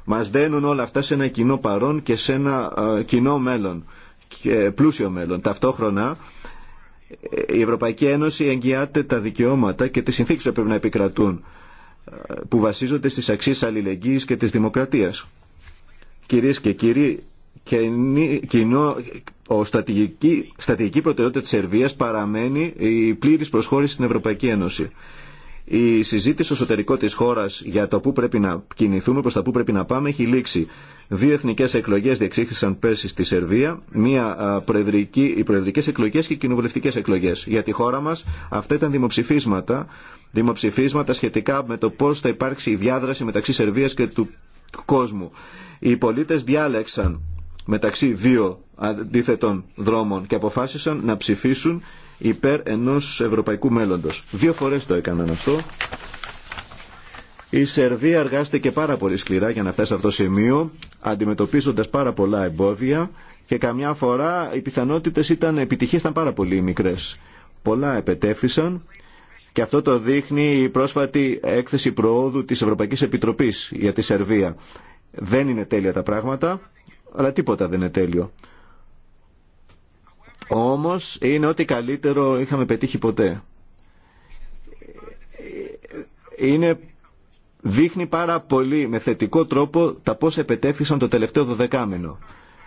E: μα δένουν όλα αυτά σε ένα κοινό παρόν και σε ένα ε, κοινό μέλλον και πλούσιο μέλλον. Ταυτόχρονα ε, η Ευρωπαϊκή Ένωση εγγυάται τα δικαιώματα και τις συνθήκες που πρέπει να επικρατούν που βασίζονται στις αξίε αλληλεγγύη και της δημοκρατίας. Κυρίες και κύριοι, και κοινό, ο στρατηγική, στρατηγική προτεραιότητα της Σερβίας παραμένει η πλήρης προσχώρηση στην Ευρωπαϊκή Ένωση. Η συζήτηση στο εσωτερικό της χώρας για το πού πρέπει να κινηθούμε, προς τα πού πρέπει να πάμε, έχει λήξει. Δύο εθνικές εκλογές διεξήχθησαν πέρσι στη Σερβία, μία προεδρική, οι προεδρικές εκλογές και οι κοινοβουλευτικές εκλογές. Για τη χώρα μας αυτά ήταν δημοψηφίσματα, δημοψηφίσματα σχετικά με το πώς θα υπάρξει η διάδραση μεταξύ Σερβίας και του κόσμου. Οι πολίτες διάλεξαν μεταξύ δύο αντίθετων δρόμων και αποφάσισαν να ψηφίσουν υπέρ ενός ευρωπαϊκού μέλλοντος. Δύο φορές το έκαναν αυτό. Η Σερβία εργάστηκε πάρα πολύ σκληρά για να φτάσει σε αυτό το σημείο, αντιμετωπίζοντας πάρα πολλά εμπόδια και καμιά φορά οι πιθανότητες ήταν επιτυχίες, ήταν πάρα πολύ μικρές. Πολλά επετέφθησαν και αυτό το δείχνει η πρόσφατη έκθεση προόδου της Ευρωπαϊκής Επιτροπής για τη Σερβία. Δεν είναι τέλεια τα πράγματα, αλλά τίποτα δεν είναι τέλειο. Όμως είναι ό,τι καλύτερο είχαμε πετύχει ποτέ. Είναι, δείχνει πάρα πολύ με θετικό τρόπο τα πώς επετέφθησαν το τελευταίο δωδεκάμενο.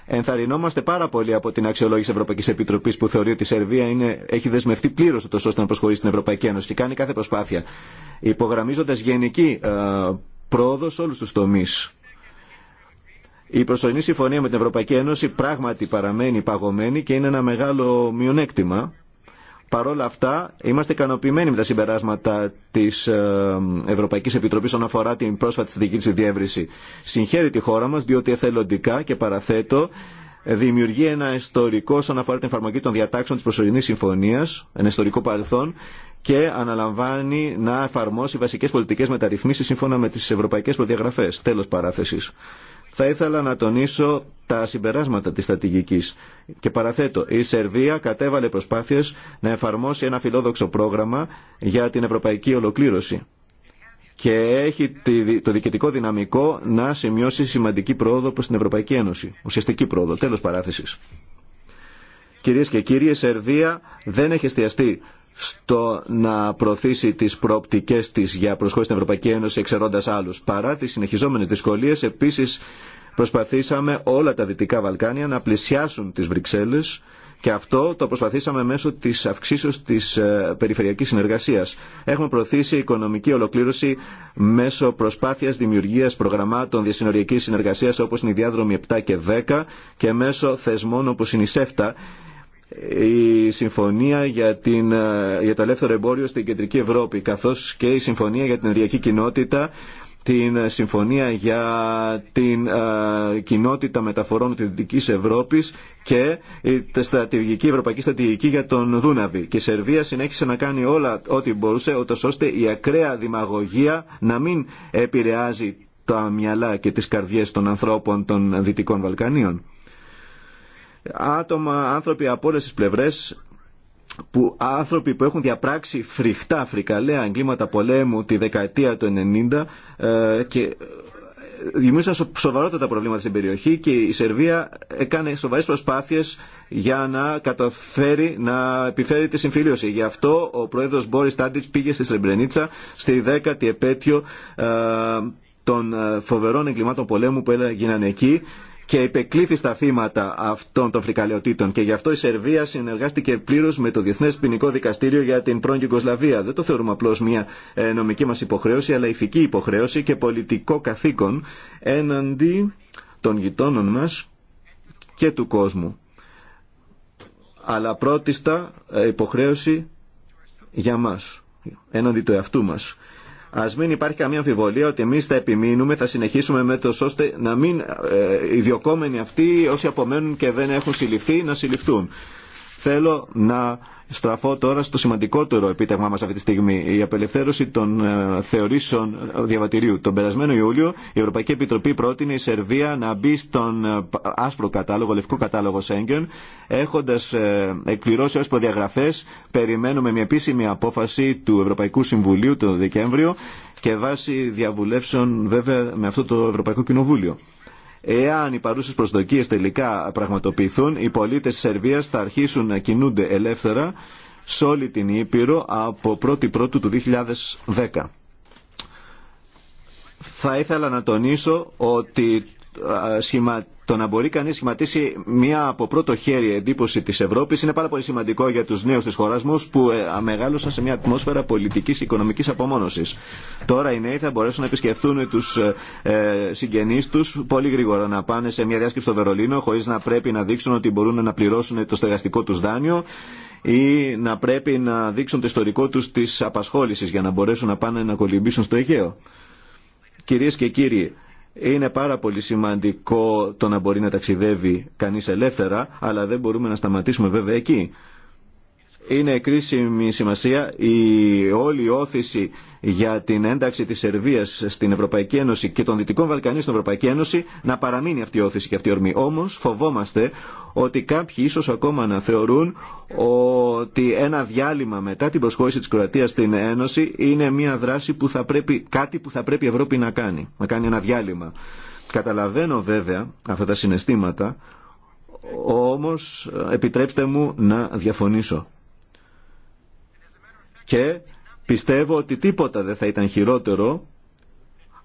E: Ενθαρρυνόμαστε πάρα πολύ από την αξιολόγηση Ευρωπαϊκή Επιτροπή που θεωρεί ότι η Σερβία είναι, έχει δεσμευτεί πλήρω ούτω ώστε να προσχωρήσει στην Ευρωπαϊκή Ένωση και κάνει κάθε προσπάθεια. Υπογραμμίζοντα γενική ε, πρόοδο σε όλου του τομεί η προσωρινή συμφωνία με την Ευρωπαϊκή Ένωση πράγματι παραμένει παγωμένη και είναι ένα μεγάλο μειονέκτημα. Παρ' όλα αυτά, είμαστε ικανοποιημένοι με τα συμπεράσματα τη ε, Ευρωπαϊκή Επιτροπή όσον αφορά την πρόσφατη δική τη διεύρυνση. Συγχαίρει τη χώρα μα, διότι εθελοντικά και παραθέτω δημιουργεί ένα ιστορικό όσον αφορά την εφαρμογή των διατάξεων τη προσωρινή συμφωνία, ένα ιστορικό παρελθόν, και αναλαμβάνει να εφαρμόσει βασικέ πολιτικέ μεταρρυθμίσει σύμφωνα με τι ευρωπαϊκέ προδιαγραφέ. Τέλο παράθεση. Θα ήθελα να τονίσω τα συμπεράσματα της στρατηγικής. Και παραθέτω, η Σερβία κατέβαλε προσπάθειες να εφαρμόσει ένα φιλόδοξο πρόγραμμα για την ευρωπαϊκή ολοκλήρωση και έχει το διοικητικό δυναμικό να σημειώσει σημαντική πρόοδο προς την Ευρωπαϊκή Ένωση, ουσιαστική πρόοδο, τέλος παράθεσης. Κυρίε και κύριοι, η Σερβία δεν έχει εστιαστεί στο να προωθήσει τις προοπτικέ της για προσχώρηση στην Ευρωπαϊκή Ένωση εξαιρώντα άλλους. Παρά τι συνεχιζόμενες δυσκολίε, επίσης προσπαθήσαμε όλα τα Δυτικά Βαλκάνια να πλησιάσουν τις Βρυξέλλες και αυτό το προσπαθήσαμε μέσω τη αυξήσεω τη ε, περιφερειακή συνεργασία. Έχουμε προωθήσει οικονομική ολοκλήρωση μέσω προσπάθεια δημιουργία προγραμμάτων διασυνοριακή συνεργασία όπω είναι οι διάδρομοι 7 και 10 και μέσω θεσμών όπω είναι η ΣΕΦΤΑ, η Συμφωνία για, την, ε, για το Ελεύθερο Εμπόριο στην Κεντρική Ευρώπη καθώς και η Συμφωνία για την Ενεργειακή Κοινότητα την συμφωνία για την ε, κοινότητα μεταφορών της Δυτικής Ευρώπης και η στρατηγική, ευρωπαϊκή στρατηγική για τον Δούναβη. Και η Σερβία συνέχισε να κάνει όλα ό,τι μπορούσε, ούτως ώστε η ακραία δημαγωγία να μην επηρεάζει τα μυαλά και τις καρδιές των ανθρώπων των Δυτικών Βαλκανίων. Άτομα, άνθρωποι από όλες τις πλευρές που άνθρωποι που έχουν διαπράξει φρικτά, φρικαλαία εγκλήματα πολέμου τη δεκαετία του 90 ε, και ε, δημιούργησαν σοβαρότατα προβλήματα στην περιοχή και η Σερβία έκανε σοβαρές προσπάθειες για να καταφέρει να επιφέρει τη συμφιλίωση. Γι' αυτό ο πρόεδρος Μπόρις Τάντιτς πήγε στη Σρεμπρενίτσα στη δέκατη επέτειο ε, των ε, φοβερών εγκλημάτων πολέμου που έγιναν εκεί και υπεκλήθη στα θύματα αυτών των φρικαλαιοτήτων και γι' αυτό η Σερβία συνεργάστηκε πλήρω με το Διεθνέ Ποινικό Δικαστήριο για την πρώην Γιουγκοσλαβία. Δεν το θεωρούμε απλώ μια ε, νομική μα υποχρέωση, αλλά ηθική υποχρέωση και πολιτικό καθήκον έναντι των γειτόνων μα και του κόσμου. Αλλά πρώτιστα ε, υποχρέωση για μας, έναντι του εαυτού μας. Α μην υπάρχει καμία αμφιβολία ότι εμεί θα επιμείνουμε, θα συνεχίσουμε με το ώστε να μην ε, οι διοκόμενοι αυτοί, όσοι απομένουν και δεν έχουν συλληφθεί, να συλληφθούν. Θέλω να Στραφώ τώρα στο σημαντικότερο επίτευγμα μα αυτή τη στιγμή, η απελευθέρωση των ε, θεωρήσεων διαβατηρίου. Τον περασμένο Ιούλιο, η Ευρωπαϊκή Επιτροπή πρότεινε η Σερβία να μπει στον ε, άσπρο κατάλογο, λευκό κατάλογο Σέγγεν, έχοντα ε, εκπληρώσει ω προδιαγραφέ. Περιμένουμε μια επίσημη απόφαση του Ευρωπαϊκού Συμβουλίου το Δεκέμβριο και βάσει διαβουλεύσεων βέβαια με αυτό το Ευρωπαϊκό Κοινοβούλιο. Εάν οι παρούσε προσδοκίε τελικά πραγματοποιηθούν, οι πολίτε τη Σερβία θα αρχίσουν να κινούνται ελεύθερα σε όλη την Ήπειρο από 1η Πρώτου του 2010. Θα ήθελα να τονίσω ότι σχηματίζει το να μπορεί κανεί σχηματίσει μια από πρώτο χέρι εντύπωση τη Ευρώπη είναι πάρα πολύ σημαντικό για του νέου τη χώρα μα που ε, αμεγάλωσαν σε μια ατμόσφαιρα πολιτική και οικονομική απομόνωση. Τώρα οι νέοι θα μπορέσουν να επισκεφθούν του ε, ε, συγγενεί του πολύ γρήγορα, να πάνε σε μια διάσκεψη στο Βερολίνο χωρί να πρέπει να δείξουν ότι μπορούν να πληρώσουν το στεγαστικό του δάνειο ή να πρέπει να δείξουν το ιστορικό του τη απασχόληση για να μπορέσουν να πάνε να κολυμπήσουν στο Αιγαίο. Κυρίε και κύριοι, είναι πάρα πολύ σημαντικό το να μπορεί να ταξιδεύει κανείς ελεύθερα, αλλά δεν μπορούμε να σταματήσουμε βέβαια εκεί είναι κρίσιμη σημασία η όλη όθηση για την ένταξη της Σερβίας στην Ευρωπαϊκή Ένωση και των Δυτικών Βαλκανίων στην Ευρωπαϊκή Ένωση να παραμείνει αυτή η όθηση και αυτή η ορμή. Όμως φοβόμαστε ότι κάποιοι ίσως ακόμα να θεωρούν ότι ένα διάλειμμα μετά την προσχώρηση της Κροατίας στην Ένωση είναι μια δράση που θα πρέπει, κάτι που θα πρέπει η Ευρώπη να κάνει, να κάνει ένα διάλειμμα. Καταλαβαίνω βέβαια αυτά τα συναισθήματα, όμως επιτρέψτε μου να διαφωνήσω. Και πιστεύω ότι τίποτα δεν θα ήταν χειρότερο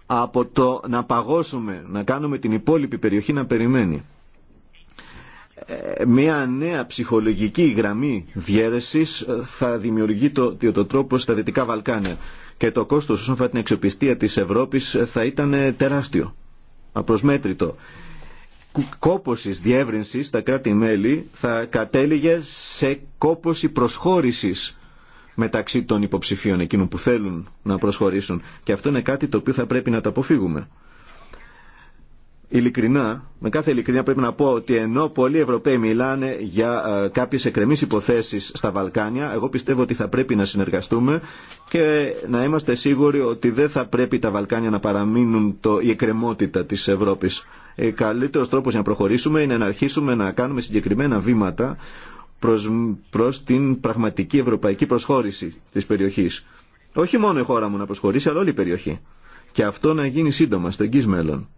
E: από το να παγώσουμε, να κάνουμε την υπόλοιπη περιοχή να περιμένει. Ε, μια νέα ψυχολογική γραμμή διέρεσης ε, θα δημιουργεί το, το τρόπο στα Δυτικά Βαλκάνια και το κόστος όσον αφορά την αξιοπιστία της Ευρώπης ε, θα ήταν τεράστιο, απροσμέτρητο. Κόπωσης διεύρυνσης στα κράτη-μέλη θα κατέληγε σε κόπωση προσχώρησης μεταξύ των υποψηφίων εκείνων που θέλουν να προσχωρήσουν και αυτό είναι κάτι το οποίο θα πρέπει να το αποφύγουμε. Ειλικρινά, με κάθε ειλικρινά πρέπει να πω ότι ενώ πολλοί Ευρωπαίοι μιλάνε για ε, κάποιες εκκρεμείς υποθέσεις στα Βαλκάνια, εγώ πιστεύω ότι θα πρέπει να συνεργαστούμε και να είμαστε σίγουροι ότι δεν θα πρέπει τα Βαλκάνια να παραμείνουν το, η εκκρεμότητα της Ευρώπης. Ο ε, καλύτερος τρόπος για να προχωρήσουμε είναι να αρχίσουμε να κάνουμε συγκεκριμένα βήματα προς, προς την πραγματική ευρωπαϊκή προσχώρηση της περιοχής. Όχι μόνο η χώρα μου να προσχωρήσει, αλλά όλη η περιοχή. Και αυτό να γίνει σύντομα, στο εγγύς μέλλον.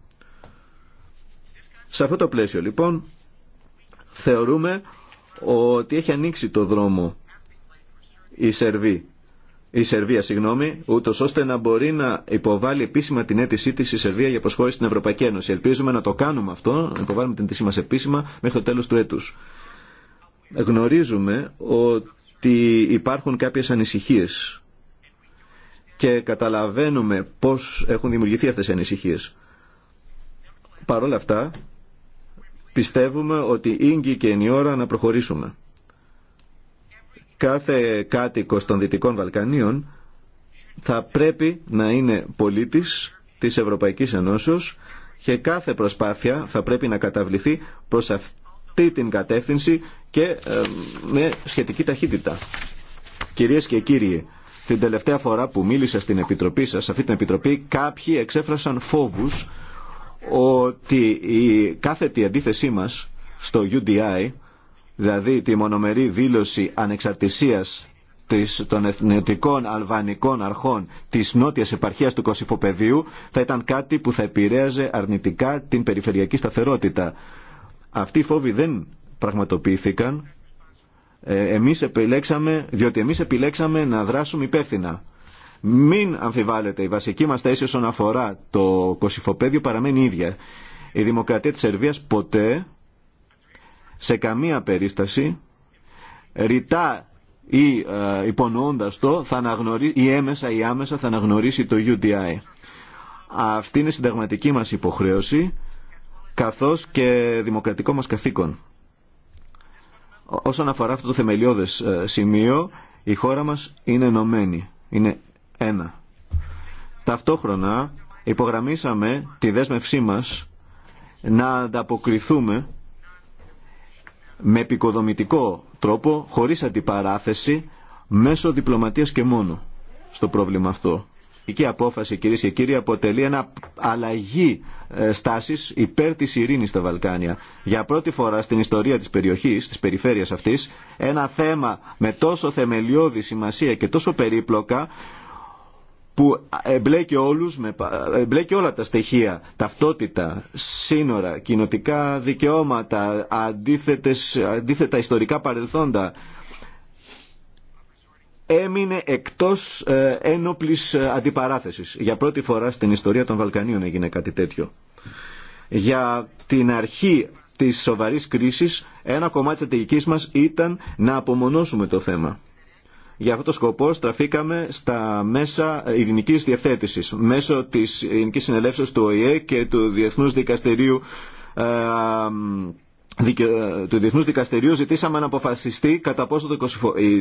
E: Σε αυτό το πλαίσιο, λοιπόν, θεωρούμε ότι έχει ανοίξει το δρόμο η Σερβή. Η Σερβία, συγγνώμη, ούτω ώστε να μπορεί να υποβάλει επίσημα την αίτησή τη η Σερβία για προσχώρηση στην Ευρωπαϊκή Ένωση. Ελπίζουμε να το κάνουμε αυτό, να υποβάλουμε την αίτησή μα επίσημα μέχρι το τέλο του έτου γνωρίζουμε ότι υπάρχουν κάποιες ανησυχίες και καταλαβαίνουμε πώς έχουν δημιουργηθεί αυτές οι ανησυχίες. Παρ' αυτά, πιστεύουμε ότι ίγκη και είναι η ώρα να προχωρήσουμε. Κάθε κάτοικος των Δυτικών Βαλκανίων θα πρέπει να είναι πολίτης της Ευρωπαϊκής Ενώσεως και κάθε προσπάθεια θα πρέπει να καταβληθεί προς αυτή την κατεύθυνση και ε, με σχετική ταχύτητα. Κυρίες και κύριοι, την τελευταία φορά που μίλησα στην Επιτροπή σας, σε αυτή την Επιτροπή, κάποιοι εξέφρασαν φόβους ότι η κάθετη αντίθεσή μας στο UDI, δηλαδή τη μονομερή δήλωση ανεξαρτησίας των εθνικών αλβανικών αρχών της νότιας επαρχίας του Κωσυφοπεδίου θα ήταν κάτι που θα επηρέαζε αρνητικά την περιφερειακή σταθερότητα. Αυτοί οι φόβοι δεν πραγματοποιήθηκαν. Ε, εμείς επιλέξαμε, διότι εμείς επιλέξαμε να δράσουμε υπεύθυνα. Μην αμφιβάλλετε, η βασική μας θέση όσον αφορά το κοσυφοπέδιο παραμένει ίδια. Η δημοκρατία της Σερβίας ποτέ, σε καμία περίσταση, ρητά ή ε, υπονοώντας το, θα ή έμεσα ή άμεσα θα αναγνωρίσει το UDI. Αυτή είναι η συνταγματική μας υποχρέωση καθώς και δημοκρατικό μας καθήκον. Όσον αφορά αυτό το θεμελιώδες ε, σημείο, η χώρα μας είναι ενωμένη, είναι ένα. Ταυτόχρονα υπογραμμίσαμε τη δέσμευσή μας να ανταποκριθούμε με επικοδομητικό τρόπο, χωρίς αντιπαράθεση, μέσω διπλωματίας και μόνο στο πρόβλημα αυτό. Η απόφαση κύριε και κύριοι αποτελεί ένα αλλαγή ε, στάσης υπέρ της ειρήνης στα Βαλκάνια. Για πρώτη φορά στην ιστορία της περιοχή, τη περιφέρεια αυτή, ένα θέμα με τόσο θεμελιώδη σημασία και τόσο περίπλοκα που εμπλέκει, όλους, εμπλέκει όλα τα στοιχεία, ταυτότητα, σύνορα, κοινοτικά δικαιώματα, αντίθετα ιστορικά παρελθόντα, έμεινε εκτός ε, ένοπλης ε, αντιπαράθεσης. Για πρώτη φορά στην ιστορία των Βαλκανίων έγινε κάτι τέτοιο. Για την αρχή της σοβαρής κρίσης, ένα κομμάτι της μας ήταν να απομονώσουμε το θέμα. Για αυτό το σκοπό στραφήκαμε στα μέσα ε, ειρηνικής διευθέτησης, μέσω της ειρηνικής συνελεύσεως του ΟΗΕ και του Διεθνούς Δικαστηρίου ε, του Διεθνού Δικαστηρίου ζητήσαμε να αποφασιστεί κατά πόσο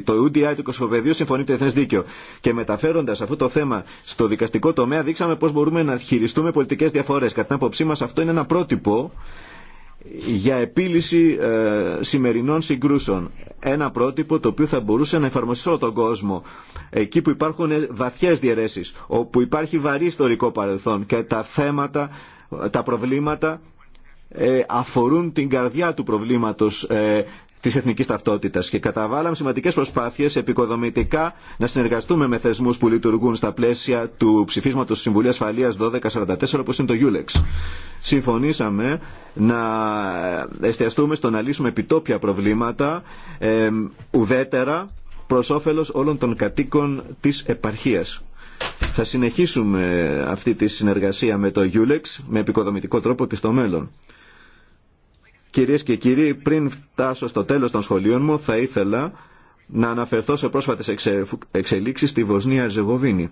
E: το, UDI του Κοσφοπεδίου συμφωνεί με το Διεθνέ Δίκαιο. Και μεταφέροντα αυτό το θέμα στο δικαστικό τομέα, δείξαμε πώ μπορούμε να χειριστούμε πολιτικέ διαφορέ. Κατά την άποψή μα, αυτό είναι ένα πρότυπο για επίλυση ε, σημερινών συγκρούσεων. Ένα πρότυπο το οποίο θα μπορούσε να εφαρμοστεί τον κόσμο. Εκεί που υπάρχουν ε, βαθιέ διαιρέσει, όπου υπάρχει βαρύ ιστορικό παρελθόν και τα θέματα, τα προβλήματα ε, αφορούν την καρδιά του προβλήματος ε, τη εθνική ταυτότητα και καταβάλαμε σημαντικέ προσπάθειε επικοδομητικά να συνεργαστούμε με θεσμού που λειτουργούν στα πλαίσια του ψηφίσματο του Συμβουλίου Ασφαλεία 1244, όπω είναι το Γιούλεξ. Συμφωνήσαμε να εστιαστούμε στο να λύσουμε επιτόπια προβλήματα ε, ουδέτερα προ όφελο όλων των κατοίκων τη επαρχία. Θα συνεχίσουμε αυτή τη συνεργασία με το Ulex με επικοδομητικό τρόπο και στο μέλλον. Κυρίες και κύριοι, πριν φτάσω στο τέλος των σχολείων μου, θα ήθελα να αναφερθώ σε πρόσφατες εξε... εξελίξεις στη Βοσνία Ζεγοβίνη.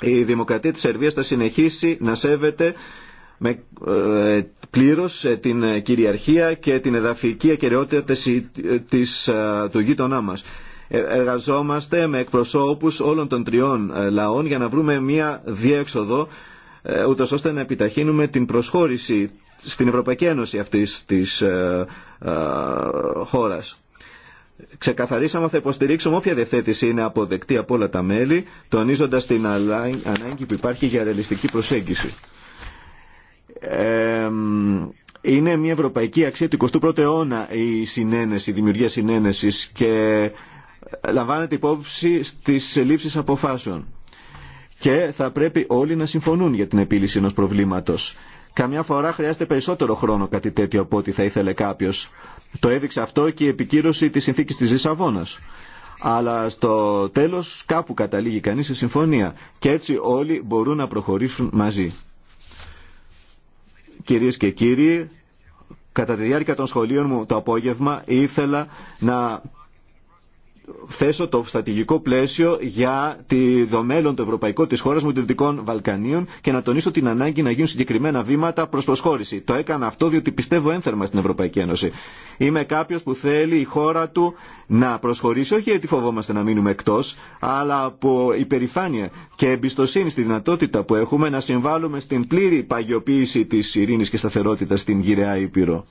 E: Η Δημοκρατία της Σερβίας θα συνεχίσει να σέβεται με ε, πλήρως ε, την ε, κυριαρχία και την εδαφική ακεραιότητα της, του γείτονά μας. Εργαζόμαστε με εκπροσώπους όλων των τριών λαών για να βρούμε μία διέξοδο ούτως ώστε να επιταχύνουμε την προσχώρηση στην Ευρωπαϊκή Ένωση αυτής της ε, ε, χώρας. Ξεκαθαρίσαμε θα υποστηρίξουμε όποια διευθέτηση είναι αποδεκτή από όλα τα μέλη, τονίζοντας την ανάγκη που υπάρχει για ρεαλιστική προσέγγιση. Ε, είναι μια ευρωπαϊκή αξία του 21ου αιώνα η συνένεση, η δημιουργία συνένεσης και ε, λαμβάνεται υπόψη στις λήψεις αποφάσεων. Και θα πρέπει όλοι να συμφωνούν για την επίλυση ενός προβλήματος. Καμιά φορά χρειάζεται περισσότερο χρόνο κάτι τέτοιο από ό,τι θα ήθελε κάποιο. Το έδειξε αυτό και η επικύρωση τη συνθήκη τη Λισαβόνα. Αλλά στο τέλο κάπου καταλήγει κανεί σε συμφωνία. Και έτσι όλοι μπορούν να προχωρήσουν μαζί. Κυρίε και κύριοι, κατά τη διάρκεια των σχολείων μου το απόγευμα ήθελα να θέσω το στρατηγικό πλαίσιο για τη μέλλον το ευρωπαϊκό της χώρας μου των Δυτικών Βαλκανίων και να τονίσω την ανάγκη να γίνουν συγκεκριμένα βήματα προς προσχώρηση. Το έκανα αυτό διότι πιστεύω ένθερμα στην Ευρωπαϊκή Ένωση. Είμαι κάποιο που θέλει η χώρα του να προσχωρήσει, όχι γιατί φοβόμαστε να μείνουμε εκτό, αλλά από υπερηφάνεια και εμπιστοσύνη στη δυνατότητα που έχουμε να συμβάλλουμε στην πλήρη παγιοποίηση τη Ειρηνή και σταθερότητα στην γυραιά Ήπειρο.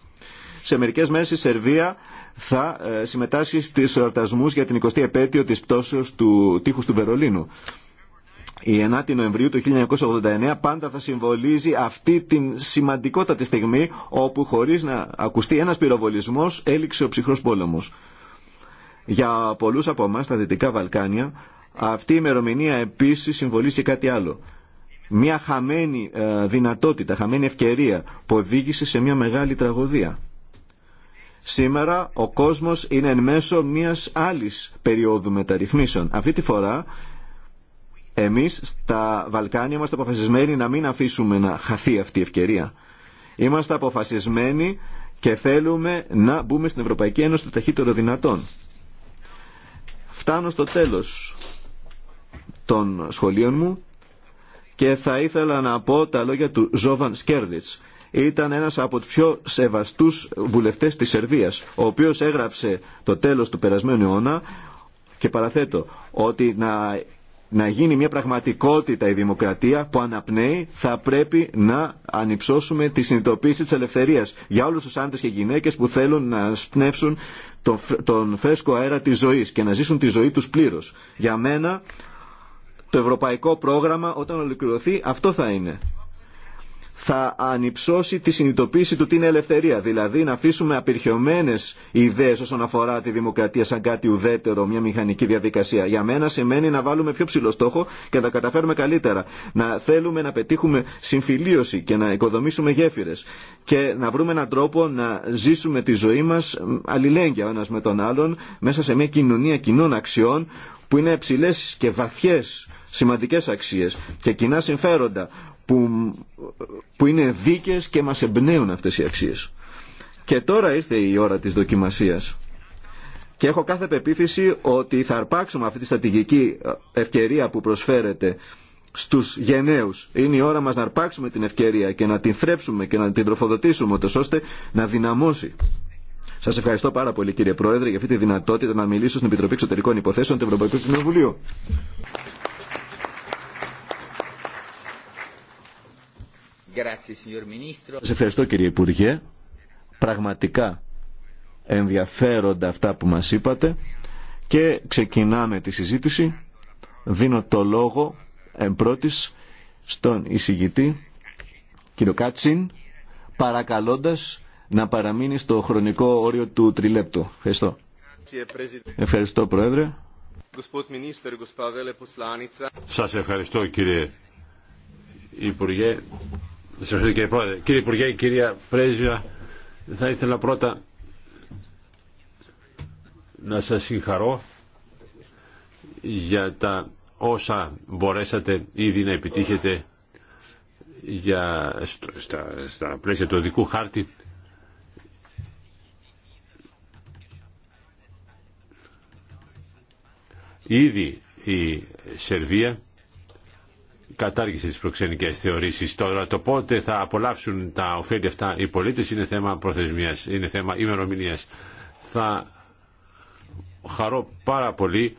E: Σε μερικέ μέρε η Σερβία θα ε, συμμετάσχει στι εορτασμού για την 20η επέτειο τη πτώσεω του τείχου του Βερολίνου. Η 9η Νοεμβρίου του 1989 πάντα θα συμβολίζει αυτή την σημαντικότατη στιγμή όπου χωρίς να ακουστεί ένας πυροβολισμός έληξε ο ψυχρός πόλεμος. Για πολλούς από εμά στα Δυτικά Βαλκάνια αυτή η ημερομηνία επίσης συμβολίζει κάτι άλλο. Μια χαμένη ε, δυνατότητα, χαμένη ευκαιρία που οδήγησε σε μια μεγάλη τραγωδία. Σήμερα ο κόσμος είναι εν μέσω μιας άλλης περίοδου μεταρρυθμίσεων. Αυτή τη φορά εμείς στα Βαλκάνια είμαστε αποφασισμένοι να μην αφήσουμε να χαθεί αυτή η ευκαιρία. Είμαστε αποφασισμένοι και θέλουμε να μπούμε στην Ευρωπαϊκή Ένωση το ταχύτερο δυνατόν. Φτάνω στο τέλος των σχολείων μου και θα ήθελα να πω τα λόγια του Ζόβαν Σκέρδιτς ήταν ένας από τους πιο σεβαστούς βουλευτές της Σερβίας, ο οποίος έγραψε το τέλος του περασμένου αιώνα και παραθέτω ότι να, να γίνει μια πραγματικότητα η δημοκρατία που αναπνέει θα πρέπει να ανυψώσουμε τη συνειδητοποίηση της ελευθερίας για όλους τους άντρες και γυναίκες που θέλουν να σπνεύσουν τον, τον φρέσκο αέρα της ζωής και να ζήσουν τη ζωή τους πλήρως. Για μένα το ευρωπαϊκό πρόγραμμα όταν ολοκληρωθεί αυτό θα είναι θα ανυψώσει τη συνειδητοποίηση του τι είναι ελευθερία. Δηλαδή να αφήσουμε απειρχαιωμένε ιδέε όσον αφορά τη δημοκρατία σαν κάτι ουδέτερο, μια μηχανική διαδικασία. Για μένα σημαίνει να βάλουμε πιο ψηλό στόχο και να τα καταφέρουμε καλύτερα. Να θέλουμε να πετύχουμε συμφιλίωση και να οικοδομήσουμε γέφυρε. Και να βρούμε έναν τρόπο να ζήσουμε τη ζωή μα αλληλέγγυα ο ένα με τον άλλον μέσα σε μια κοινωνία κοινών αξιών που είναι ψηλέ και βαθιέ σημαντικές αξίες και κοινά συμφέροντα που, που είναι δίκες και μας εμπνέουν αυτές οι αξίες. Και τώρα ήρθε η ώρα της δοκιμασίας. Και έχω κάθε πεποίθηση ότι θα αρπάξουμε αυτή τη στατηγική ευκαιρία που προσφέρεται στους γενναίους. Είναι η ώρα μας να αρπάξουμε την ευκαιρία και να την θρέψουμε και να την τροφοδοτήσουμε ώστε να δυναμώσει. Σας ευχαριστώ πάρα πολύ κύριε Πρόεδρε για αυτή τη δυνατότητα να μιλήσω στην Επιτροπή Εξωτερικών Υποθέσεων του Ευρωπαϊκού Κοινοβουλίου. Σας ευχαριστώ κύριε Υπουργέ. Πραγματικά ενδιαφέροντα αυτά που μας είπατε και ξεκινάμε τη συζήτηση. Δίνω το λόγο πρώτης στον εισηγητή κύριο Κάτσιν παρακαλώντας να παραμείνει στο χρονικό όριο
F: του τριλέπτου. Ευχαριστώ. Ευχαριστώ Πρόεδρε. Σας ευχαριστώ κύριε Υπουργέ κύριε Πρόεδρε. Κύριε Υπουργέ, κυρία πρέσβία, θα ήθελα πρώτα να σας συγχαρώ για τα όσα μπορέσατε ήδη να επιτύχετε για, στα, στα πλαίσια του οδικού χάρτη ήδη η Σερβία κατάργηση της προξενικής θεωρήσεις. Τώρα το πότε θα απολαύσουν τα ωφέλη αυτά οι πολίτες είναι θέμα προθεσμίας, είναι θέμα ημερομηνία. Θα χαρώ πάρα πολύ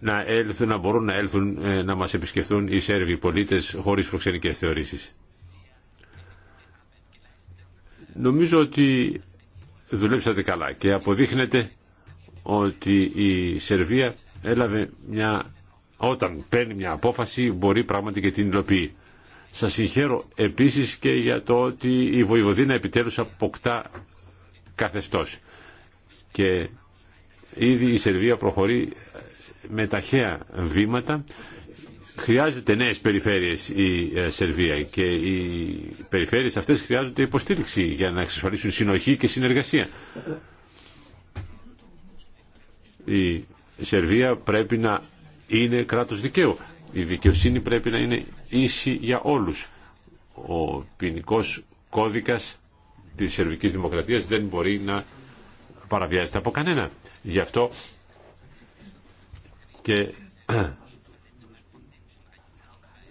F: να, έλθουν, να μπορούν να έλθουν ε, να μας επισκεφθούν οι Σέρβοι πολίτες χωρίς προξενικές θεωρήσεις. Νομίζω ότι δουλέψατε καλά και αποδείχνετε ότι η Σερβία έλαβε μια όταν παίρνει μια απόφαση μπορεί πράγματι και την υλοποιεί. Σας συγχαίρω επίσης και για το ότι η Βοηβοδίνα επιτέλου αποκτά καθεστώ. Και ήδη η Σερβία προχωρεί με ταχαία βήματα. Χρειάζεται νέες περιφέρειες η ε, Σερβία και οι περιφέρειες αυτές χρειάζονται υποστήριξη για να εξασφαλίσουν συνοχή και συνεργασία. Η Σερβία πρέπει να είναι κράτος δικαίου. Η δικαιοσύνη πρέπει να είναι ίση για όλους. Ο ποινικό κώδικας της Σερβικής Δημοκρατίας δεν μπορεί να παραβιάζεται από κανένα. Γι' αυτό και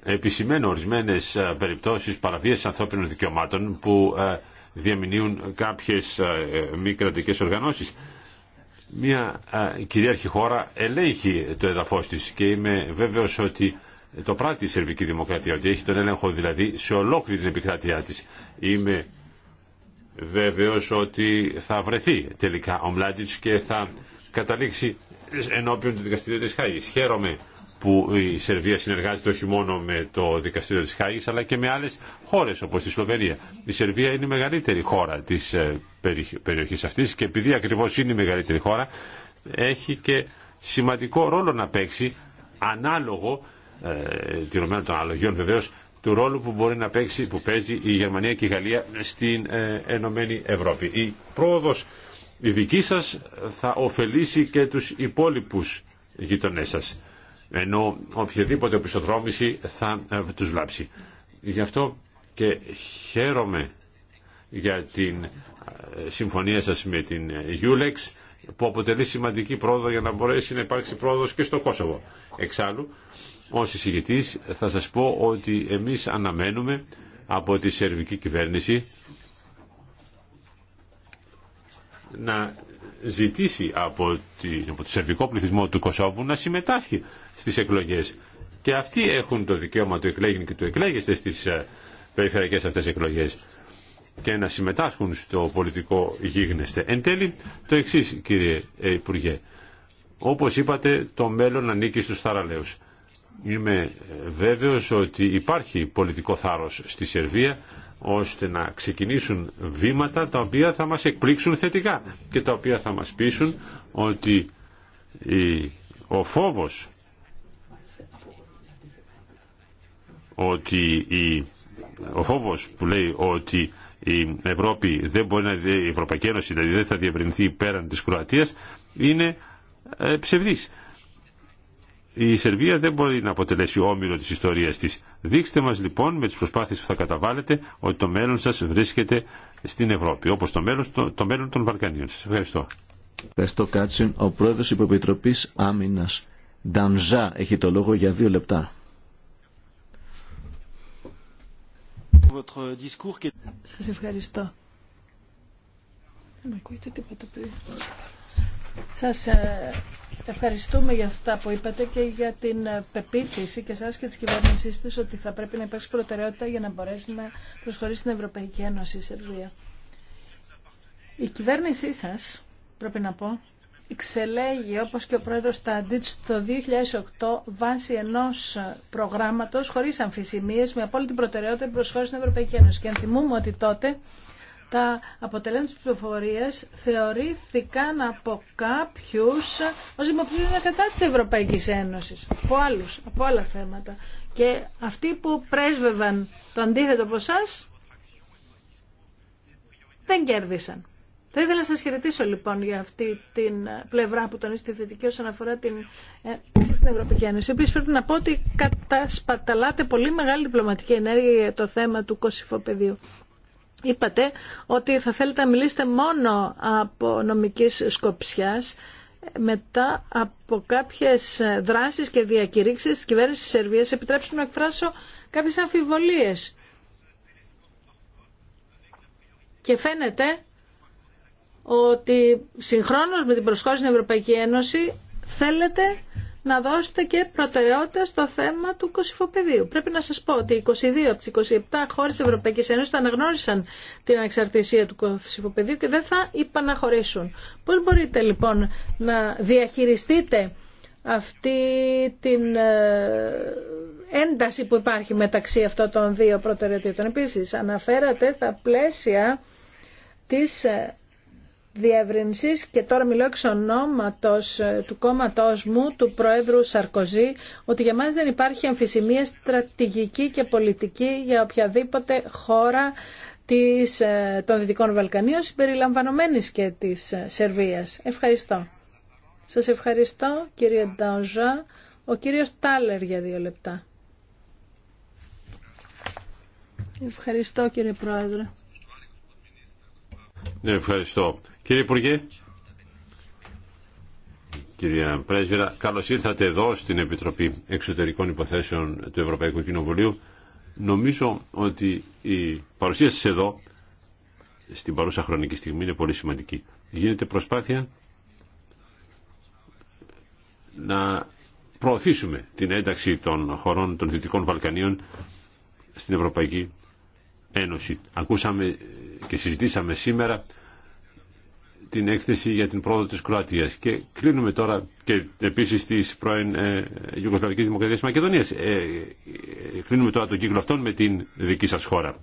F: επισημαίνω ορισμένες ε, περιπτώσεις παραβίασης ανθρώπινων δικαιωμάτων που ε, διαμηνύουν κάποιες ε, μη κρατικέ οργανώσεις μια κυρίαρχη χώρα ελέγχει το εδαφός της και είμαι βέβαιος ότι το πράττει η Σερβική Δημοκρατία, ότι έχει τον έλεγχο δηλαδή σε ολόκληρη την επικράτειά της. Είμαι βέβαιος ότι θα βρεθεί τελικά ο Μλάντιτς και θα καταλήξει ενώπιον του δικαστηρίου της Χάγης. Χαίρομαι που η Σερβία συνεργάζεται όχι μόνο με το Δικαστήριο της Χάγης αλλά και με άλλες χώρες όπως τη Σλοβενία. Η Σερβία είναι η μεγαλύτερη χώρα της ε, περιοχής αυτής και επειδή ακριβώς είναι η μεγαλύτερη χώρα έχει και σημαντικό ρόλο να παίξει ανάλογο, ε, τηρωμένο των αναλογιών βεβαίως, του ρόλου που μπορεί να παίξει, που παίζει η Γερμανία και η Γαλλία στην ε, Ενωμένη Ευρώπη. Η πρόοδος η δική σας θα ωφελήσει και τους υπόλοιπους γειτονές σας ενώ οποιαδήποτε οπισθοδρόμηση θα ε, τους βλάψει. Γι' αυτό και χαίρομαι για την ε, συμφωνία σας με την ε, Ιούλεξ που αποτελεί σημαντική πρόοδο για να μπορέσει να υπάρξει πρόοδος και στο Κόσοβο. Εξάλλου, ως εισηγητής θα σας πω ότι εμείς αναμένουμε από τη σερβική κυβέρνηση να ζητήσει από, το σερβικό πληθυσμό του Κωσόβου να συμμετάσχει στις εκλογές. Και αυτοί έχουν το δικαίωμα του εκλέγην και του εκλέγεστε στις ε, περιφερειακές αυτές εκλογές και να συμμετάσχουν στο πολιτικό γίγνεσθε. Εν τέλει, το εξή, κύριε ε, Υπουργέ. Όπως είπατε, το μέλλον ανήκει στους θαραλέους. Είμαι ε, βέβαιος ότι υπάρχει πολιτικό θάρρος στη Σερβία ώστε να ξεκινήσουν βήματα τα οποία θα μας εκπλήξουν θετικά και τα οποία θα μας πείσουν ότι ο φόβος ότι η, ο φόβος που λέει ότι η Ευρώπη δεν μπορεί να η Ευρωπαϊκή Ένωση δηλαδή δεν θα διευρυνθεί πέραν της Κροατίας είναι ε, ψευδής. Η Σερβία δεν μπορεί να αποτελέσει όμοιρο της ιστορίας της. Δείξτε μας λοιπόν με τις προσπάθειες που θα καταβάλλετε ότι το μέλλον σας βρίσκεται στην Ευρώπη, όπως το μέλλον, το, το μέλλον των Βαλκανίων. Σας ευχαριστώ.
E: Ευχαριστώ Κάτσιν. Ο πρόεδρος Υποπιτροπής Άμυνας Ντανζά έχει το λόγο για δύο λεπτά.
G: Σας
J: ευχαριστώ. Δεν ακούγεται τίποτα πριν. Σας ε, ευχαριστούμε για αυτά που είπατε και για την ε, πεποίθηση και σας και της κυβέρνησής της ότι θα πρέπει να υπάρξει προτεραιότητα για να μπορέσει να προσχωρήσει στην Ευρωπαϊκή Ένωση η Σερβία. Η κυβέρνησή σας, πρέπει να πω, εξελέγει όπως και ο πρόεδρος Τάντιτς το 2008 βάσει ενός προγράμματος χωρίς αμφισημίες με απόλυτη προτεραιότητα προσχώρηση στην Ευρωπαϊκή Ένωση. Και αν θυμούμε ότι τότε τα αποτελέσματα της ψηφοφορίας θεωρήθηκαν από κάποιους ως δημοψήφισμα κατά της Ευρωπαϊκής Ένωσης, από άλλους, από άλλα θέματα. Και αυτοί που πρέσβευαν το αντίθετο από εσά δεν κέρδισαν. Θα ήθελα να σας χαιρετήσω λοιπόν για αυτή την πλευρά που τονίζει θετική όσον αφορά την, ε, Ευρωπαϊκή Ένωση. Επίσης πρέπει να πω ότι κατασπαταλάτε πολύ μεγάλη διπλωματική ενέργεια για το θέμα του κοσυφοπεδίου. Είπατε ότι θα θέλετε να μιλήσετε μόνο από νομικής σκοπιάς μετά από κάποιες δράσεις και διακηρύξεις της κυβέρνησης της Σερβίας. Επιτρέψτε να εκφράσω κάποιες αμφιβολίες. Και φαίνεται ότι συγχρόνως με την προσχώρηση στην Ευρωπαϊκή Ένωση θέλετε να δώσετε και προτεραιότητα στο θέμα του κοσυφοπεδίου. Πρέπει να σας πω ότι 22 από τις 27 χώρες της Ευρωπαϊκής Ένωσης αναγνώρισαν την ανεξαρτησία του κοσυφοπεδίου και δεν θα υπαναχωρήσουν. Πώς μπορείτε λοιπόν να διαχειριστείτε αυτή την ε, ένταση που υπάρχει μεταξύ αυτών των δύο προτεραιοτήτων. Επίσης, αναφέρατε στα πλαίσια της ε, διεύρυνσης και τώρα μιλώ εξ ονόματος ε, του κόμματός μου, του Προέδρου Σαρκοζή, ότι για μας δεν υπάρχει αμφισημία στρατηγική και πολιτική για οποιαδήποτε χώρα της, ε, των Δυτικών Βαλκανίων, συμπεριλαμβανομένης και της ε, Σερβίας. Ευχαριστώ. Σας ευχαριστώ κύριε Νταουζά. Ο κύριος Τάλερ για δύο λεπτά. Ευχαριστώ κύριε Πρόεδρε.
F: Ναι, ευχαριστώ. Κύριε Υπουργέ, κυρία Πρέσβερα, καλώς ήρθατε εδώ στην Επιτροπή Εξωτερικών Υποθέσεων του Ευρωπαϊκού Κοινοβουλίου. Νομίζω ότι η παρουσία σας εδώ, στην παρούσα χρονική στιγμή, είναι πολύ σημαντική. Γίνεται προσπάθεια να προωθήσουμε την ένταξη των χωρών των Δυτικών Βαλκανίων στην Ευρωπαϊκή Ένωση. Ακούσαμε και συζητήσαμε σήμερα την έκθεση για την πρόοδο τη Κροατία. Και κλείνουμε τώρα και επίση τη πρώην ε, Ιουγκοσλαβικής Δημοκρατίας Μακεδονίας. Ε, ε, κλείνουμε τώρα τον κύκλο αυτόν με την δική σας χώρα.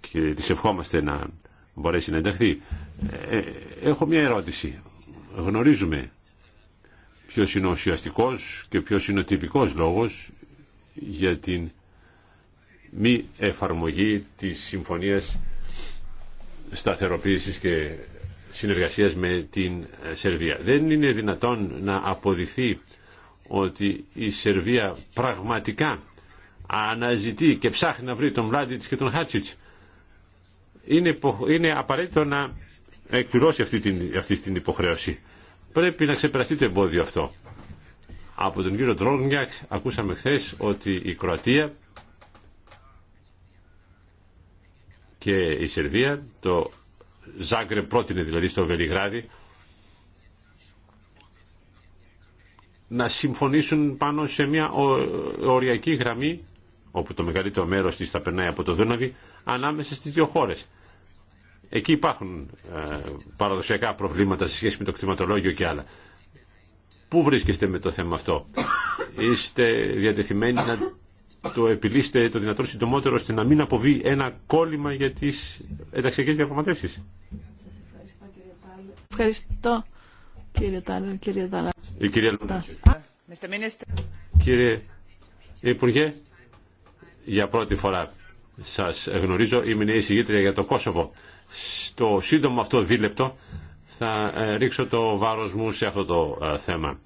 F: Και τη ευχόμαστε να μπορέσει να ενταχθεί. Ε, έχω μια ερώτηση. Γνωρίζουμε ποιο είναι ο ουσιαστικό και ποιο είναι ο τυπικός λόγος για την μη εφαρμογή της Συμφωνίας Σταθεροποίησης και συνεργασίας με την ε, Σερβία. Δεν είναι δυνατόν να αποδειχθεί ότι η Σερβία πραγματικά αναζητεί και ψάχνει να βρει τον Βλάντιτς και τον Χάτσιτς. Είναι, είναι απαραίτητο να εκπληρώσει αυτή την, αυτή την υποχρέωση. Πρέπει να ξεπεραστεί το εμπόδιο αυτό. Από τον κύριο Τρόγνιακ ακούσαμε χθε ότι η Κροατία και η Σερβία το Ζάγκρε πρότεινε δηλαδή στο Βελιγράδι να συμφωνήσουν πάνω σε μια οριακή γραμμή όπου το μεγαλύτερο μέρος της θα περνάει από το Δούναβι ανάμεσα στις δύο χώρες. Εκεί υπάρχουν ε, παραδοσιακά προβλήματα σε σχέση με το κτηματολόγιο και άλλα. Πού βρίσκεστε με το θέμα αυτό. Είστε διατεθειμένοι να το επιλύστε το δυνατόν συντομότερο ώστε να μην αποβεί ένα κόλλημα για τις ενταξιακές διαπραγματεύσεις.
J: Ευχαριστώ κύριε Ευχαριστώ κύριε Δανά.
F: Η κυρία Κύριε Υπουργέ, για πρώτη φορά σας γνωρίζω, είμαι νέη εισηγήτρια για το Κόσοβο. Στο σύντομο αυτό δίλεπτο θα ε, ρίξω το βάρος μου σε αυτό το ε, θέμα.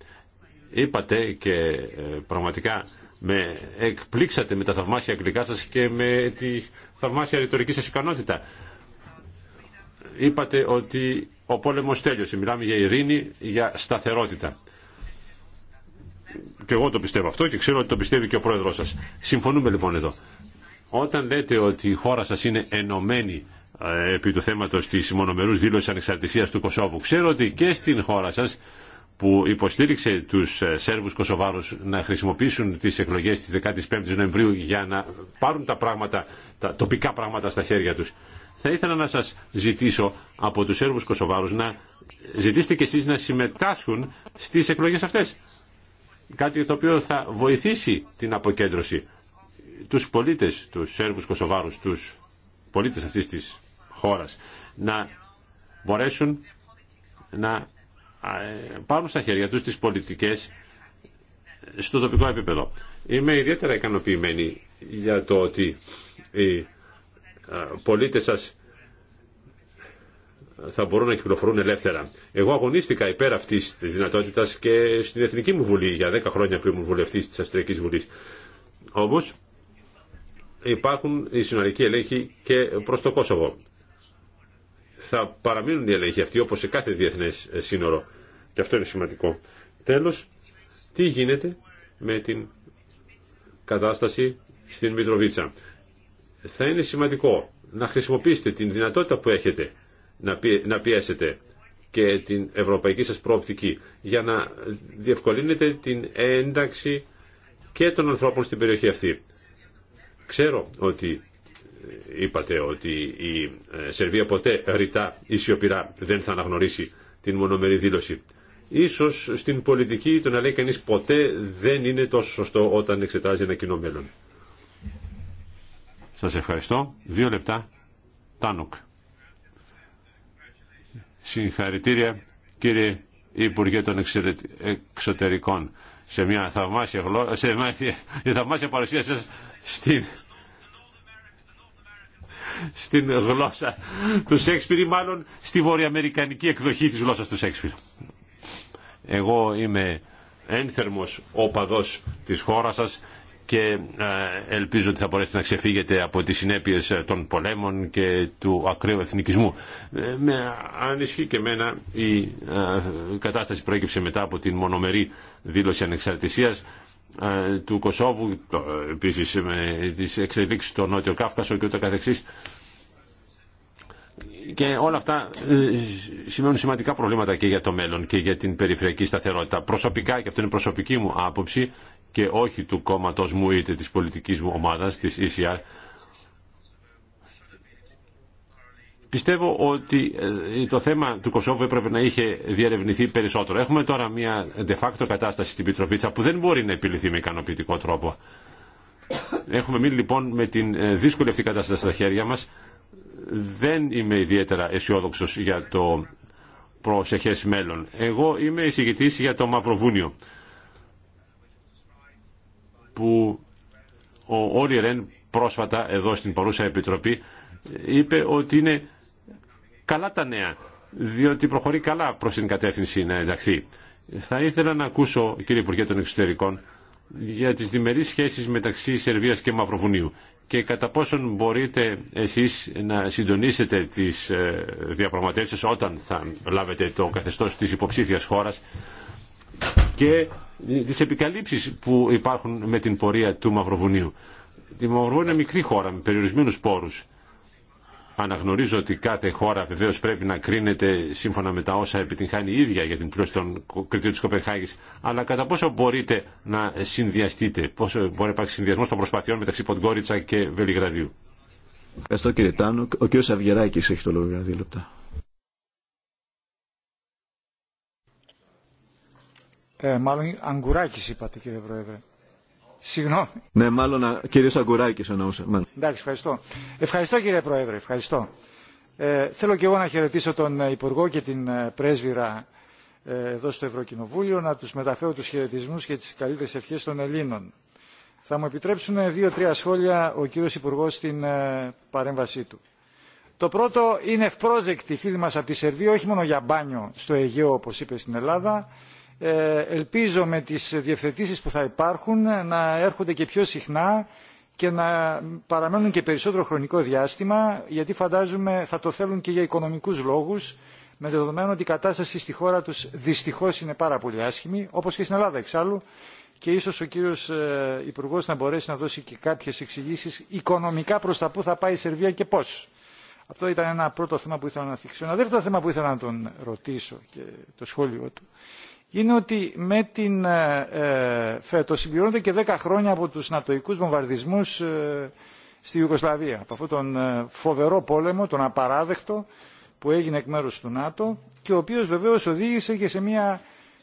F: Είπατε και ε, πραγματικά με εκπλήξατε με τα θαυμάσια αγγλικά σας και με τη θαυμάσια ρητορική σας ικανότητα. Είπατε ότι ο πόλεμος τέλειωσε. Μιλάμε για ειρήνη, για σταθερότητα. Και εγώ το πιστεύω αυτό και ξέρω ότι το πιστεύει και ο πρόεδρος σας. Συμφωνούμε λοιπόν εδώ. Όταν λέτε ότι η χώρα σας είναι ενωμένη ε, επί του θέματος της μονομερούς δήλωσης ανεξαρτησίας του Κωσόβου, ξέρω ότι και στην χώρα σας που υποστήριξε τους ε, Σέρβους κοσοβάρους να χρησιμοποιήσουν τις εκλογές της 15ης Νοεμβρίου για να πάρουν τα πράγματα, τα τοπικά πράγματα στα χέρια τους. Θα ήθελα να σας ζητήσω από τους Σέρβους κοσοβάρους να ζητήσετε κι εσείς να συμμετάσχουν στις εκλογές αυτές. Κάτι το οποίο θα βοηθήσει την αποκέντρωση τους πολίτες, τους Σέρβους Κωσοβάρους, τους πολίτες αυτής της χώρας να μπορέσουν να ε, πάρουν στα χέρια τους τις πολιτικές στο τοπικό επίπεδο. Είμαι ιδιαίτερα ικανοποιημένη για το ότι οι πολίτες σας θα μπορούν να κυκλοφορούν ελεύθερα. Εγώ αγωνίστηκα υπέρ αυτή τη δυνατότητα και στην Εθνική μου Βουλή για 10 χρόνια που ήμουν βουλευτή τη Αυστριακή Βουλή. Όμω υπάρχουν οι συνολικοί ελέγχοι και προ το Κόσοβο θα παραμείνουν οι ελέγχοι αυτοί όπως σε κάθε διεθνές ε, σύνορο. Και αυτό είναι σημαντικό. Τέλος, τι γίνεται με την κατάσταση στην Μητροβίτσα. Θα είναι σημαντικό να χρησιμοποιήσετε την δυνατότητα που έχετε να πιέσετε και την ευρωπαϊκή σας προοπτική για να διευκολύνετε την ένταξη και των ανθρώπων στην περιοχή αυτή. Ξέρω ότι είπατε ότι η ε, Σερβία ποτέ ρητά ή σιωπηρά δεν θα αναγνωρίσει την μονομερή δήλωση. Ίσως στην πολιτική το να λέει κανείς ποτέ δεν είναι τόσο σωστό όταν εξετάζει ένα κοινό μέλλον. Σας ευχαριστώ. Δύο λεπτά. Τάνοκ. Συγχαρητήρια κύριε Υπουργέ των Εξωτερικών σε μια θαυμάσια, γλω... σε μια θαυμάσια παρουσία σας στην στην γλώσσα του Σέξπιρ ή μάλλον στη βορειοαμερικανική εκδοχή της γλώσσας του Σέξπιρ. Εγώ είμαι ένθερμος οπαδός της χώρας σας και ε, ελπίζω ότι θα μπορέσετε να ξεφύγετε από τις συνέπειες ε, των πολέμων και του ακραίου εθνικισμού. Ε, με ανισχύει και μένα η κατάσταση προέκυψε μετά από την μονομερή δήλωση ανεξαρτησίας ε, του Κωσόβου, επίση με τις εξελίξεις στο Νότιο Κάφκασο και ούτω καθεξής. Και όλα αυτά ε, σημαίνουν σημαντικά προβλήματα και για το μέλλον και για την περιφερειακή σταθερότητα. Προσωπικά, και αυτό είναι προσωπική μου άποψη και όχι του κόμματος μου είτε της πολιτικής μου ομάδας, της ECR, Πιστεύω ότι ε, το θέμα του Κωσόβου έπρεπε να είχε διαρευνηθεί περισσότερο. Έχουμε τώρα μια de facto κατάσταση στην Πιτροπίτσα που δεν μπορεί να επιληθεί με ικανοποιητικό τρόπο. Έχουμε μείνει λοιπόν με την ε, δύσκολη αυτή κατάσταση στα χέρια μας. Δεν είμαι ιδιαίτερα αισιόδοξο για το προσεχές μέλλον. Εγώ είμαι εισηγητής για το Μαυροβούνιο που ο Όλι πρόσφατα εδώ στην παρούσα επιτροπή είπε ότι είναι Καλά τα νέα, διότι προχωρεί καλά προ την κατεύθυνση να ενταχθεί. Θα ήθελα να ακούσω, κύριε Υπουργέ των Εξωτερικών, για τι διμερείς σχέσει μεταξύ Σερβία και Μαυροβουνίου και κατά πόσον μπορείτε εσεί να συντονίσετε τις ε, διαπραγματεύσει όταν θα λάβετε το καθεστώ της υποψήφια χώρας και τις επικαλύψεις που υπάρχουν με την πορεία του Μαυροβουνίου. Η Μαυροβουνίου είναι μικρή χώρα με περιορισμένους πόρους Αναγνωρίζω ότι κάθε χώρα βεβαίω πρέπει να κρίνεται σύμφωνα με τα όσα επιτυγχάνει η ίδια για την πλήρωση των κριτήρων τη Κοπενχάγη. Αλλά κατά πόσο μπορείτε να συνδυαστείτε, πόσο μπορεί να υπάρξει συνδυασμό των προσπαθειών μεταξύ Ποντγκόριτσα και Βελιγραδίου.
E: Ευχαριστώ κύριε Τάνο. Ο έχει το λόγο για δύο λεπτά.
G: Ε, μάλλον Αγκουράκη είπατε κύριε Πρόεδρε.
E: Συγγνώμη. Ναι, μάλλον κύριο Αγκουράκη εννοούσε. Εντάξει,
G: ευχαριστώ. Ευχαριστώ κύριε Πρόεδρε, ευχαριστώ. Ε, θέλω και εγώ να χαιρετήσω τον ε, Υπουργό και την ε, πρέσβυρα ε, εδώ στο Ευρωκοινοβούλιο, να τους μεταφέρω τους χαιρετισμού και τις καλύτερε ευχές των Ελλήνων. Θα μου επιτρέψουν δύο-τρία σχόλια ο κύριος Υπουργό στην παρέμβασή του. Το πρώτο είναι ευπρόζεκτη φίλη μας από τη Σερβία, όχι μόνο για μπάνιο στο Αιγαίο όπως είπε στην Ελλάδα, ε, ελπίζω με τις διευθετήσεις που θα υπάρχουν να έρχονται και πιο συχνά και να παραμένουν και περισσότερο χρονικό διάστημα γιατί φαντάζομαι θα το θέλουν και για οικονομικούς λόγους με δεδομένο ότι η κατάσταση στη χώρα τους δυστυχώς είναι πάρα πολύ άσχημη όπως και στην Ελλάδα εξάλλου και ίσως ο κύριος ε, Υπουργό να μπορέσει να δώσει και κάποιες εξηγήσει οικονομικά προς τα που θα πάει η Σερβία και πώς. Αυτό ήταν ένα πρώτο θέμα που ήθελα να θίξω. Ένα δεύτερο θέμα που ήθελα να τον ρωτήσω και το σχόλιο του είναι ότι με την, ε, ε φέτος συμπληρώνονται και 10 χρόνια από τους νατοικούς βομβαρδισμούς ε, στη Ιουγκοσλαβία. Από αυτόν τον ε, φοβερό πόλεμο, τον απαράδεκτο που έγινε εκ μέρους του ΝΑΤΟ και ο οποίος βεβαίως οδήγησε και σε μια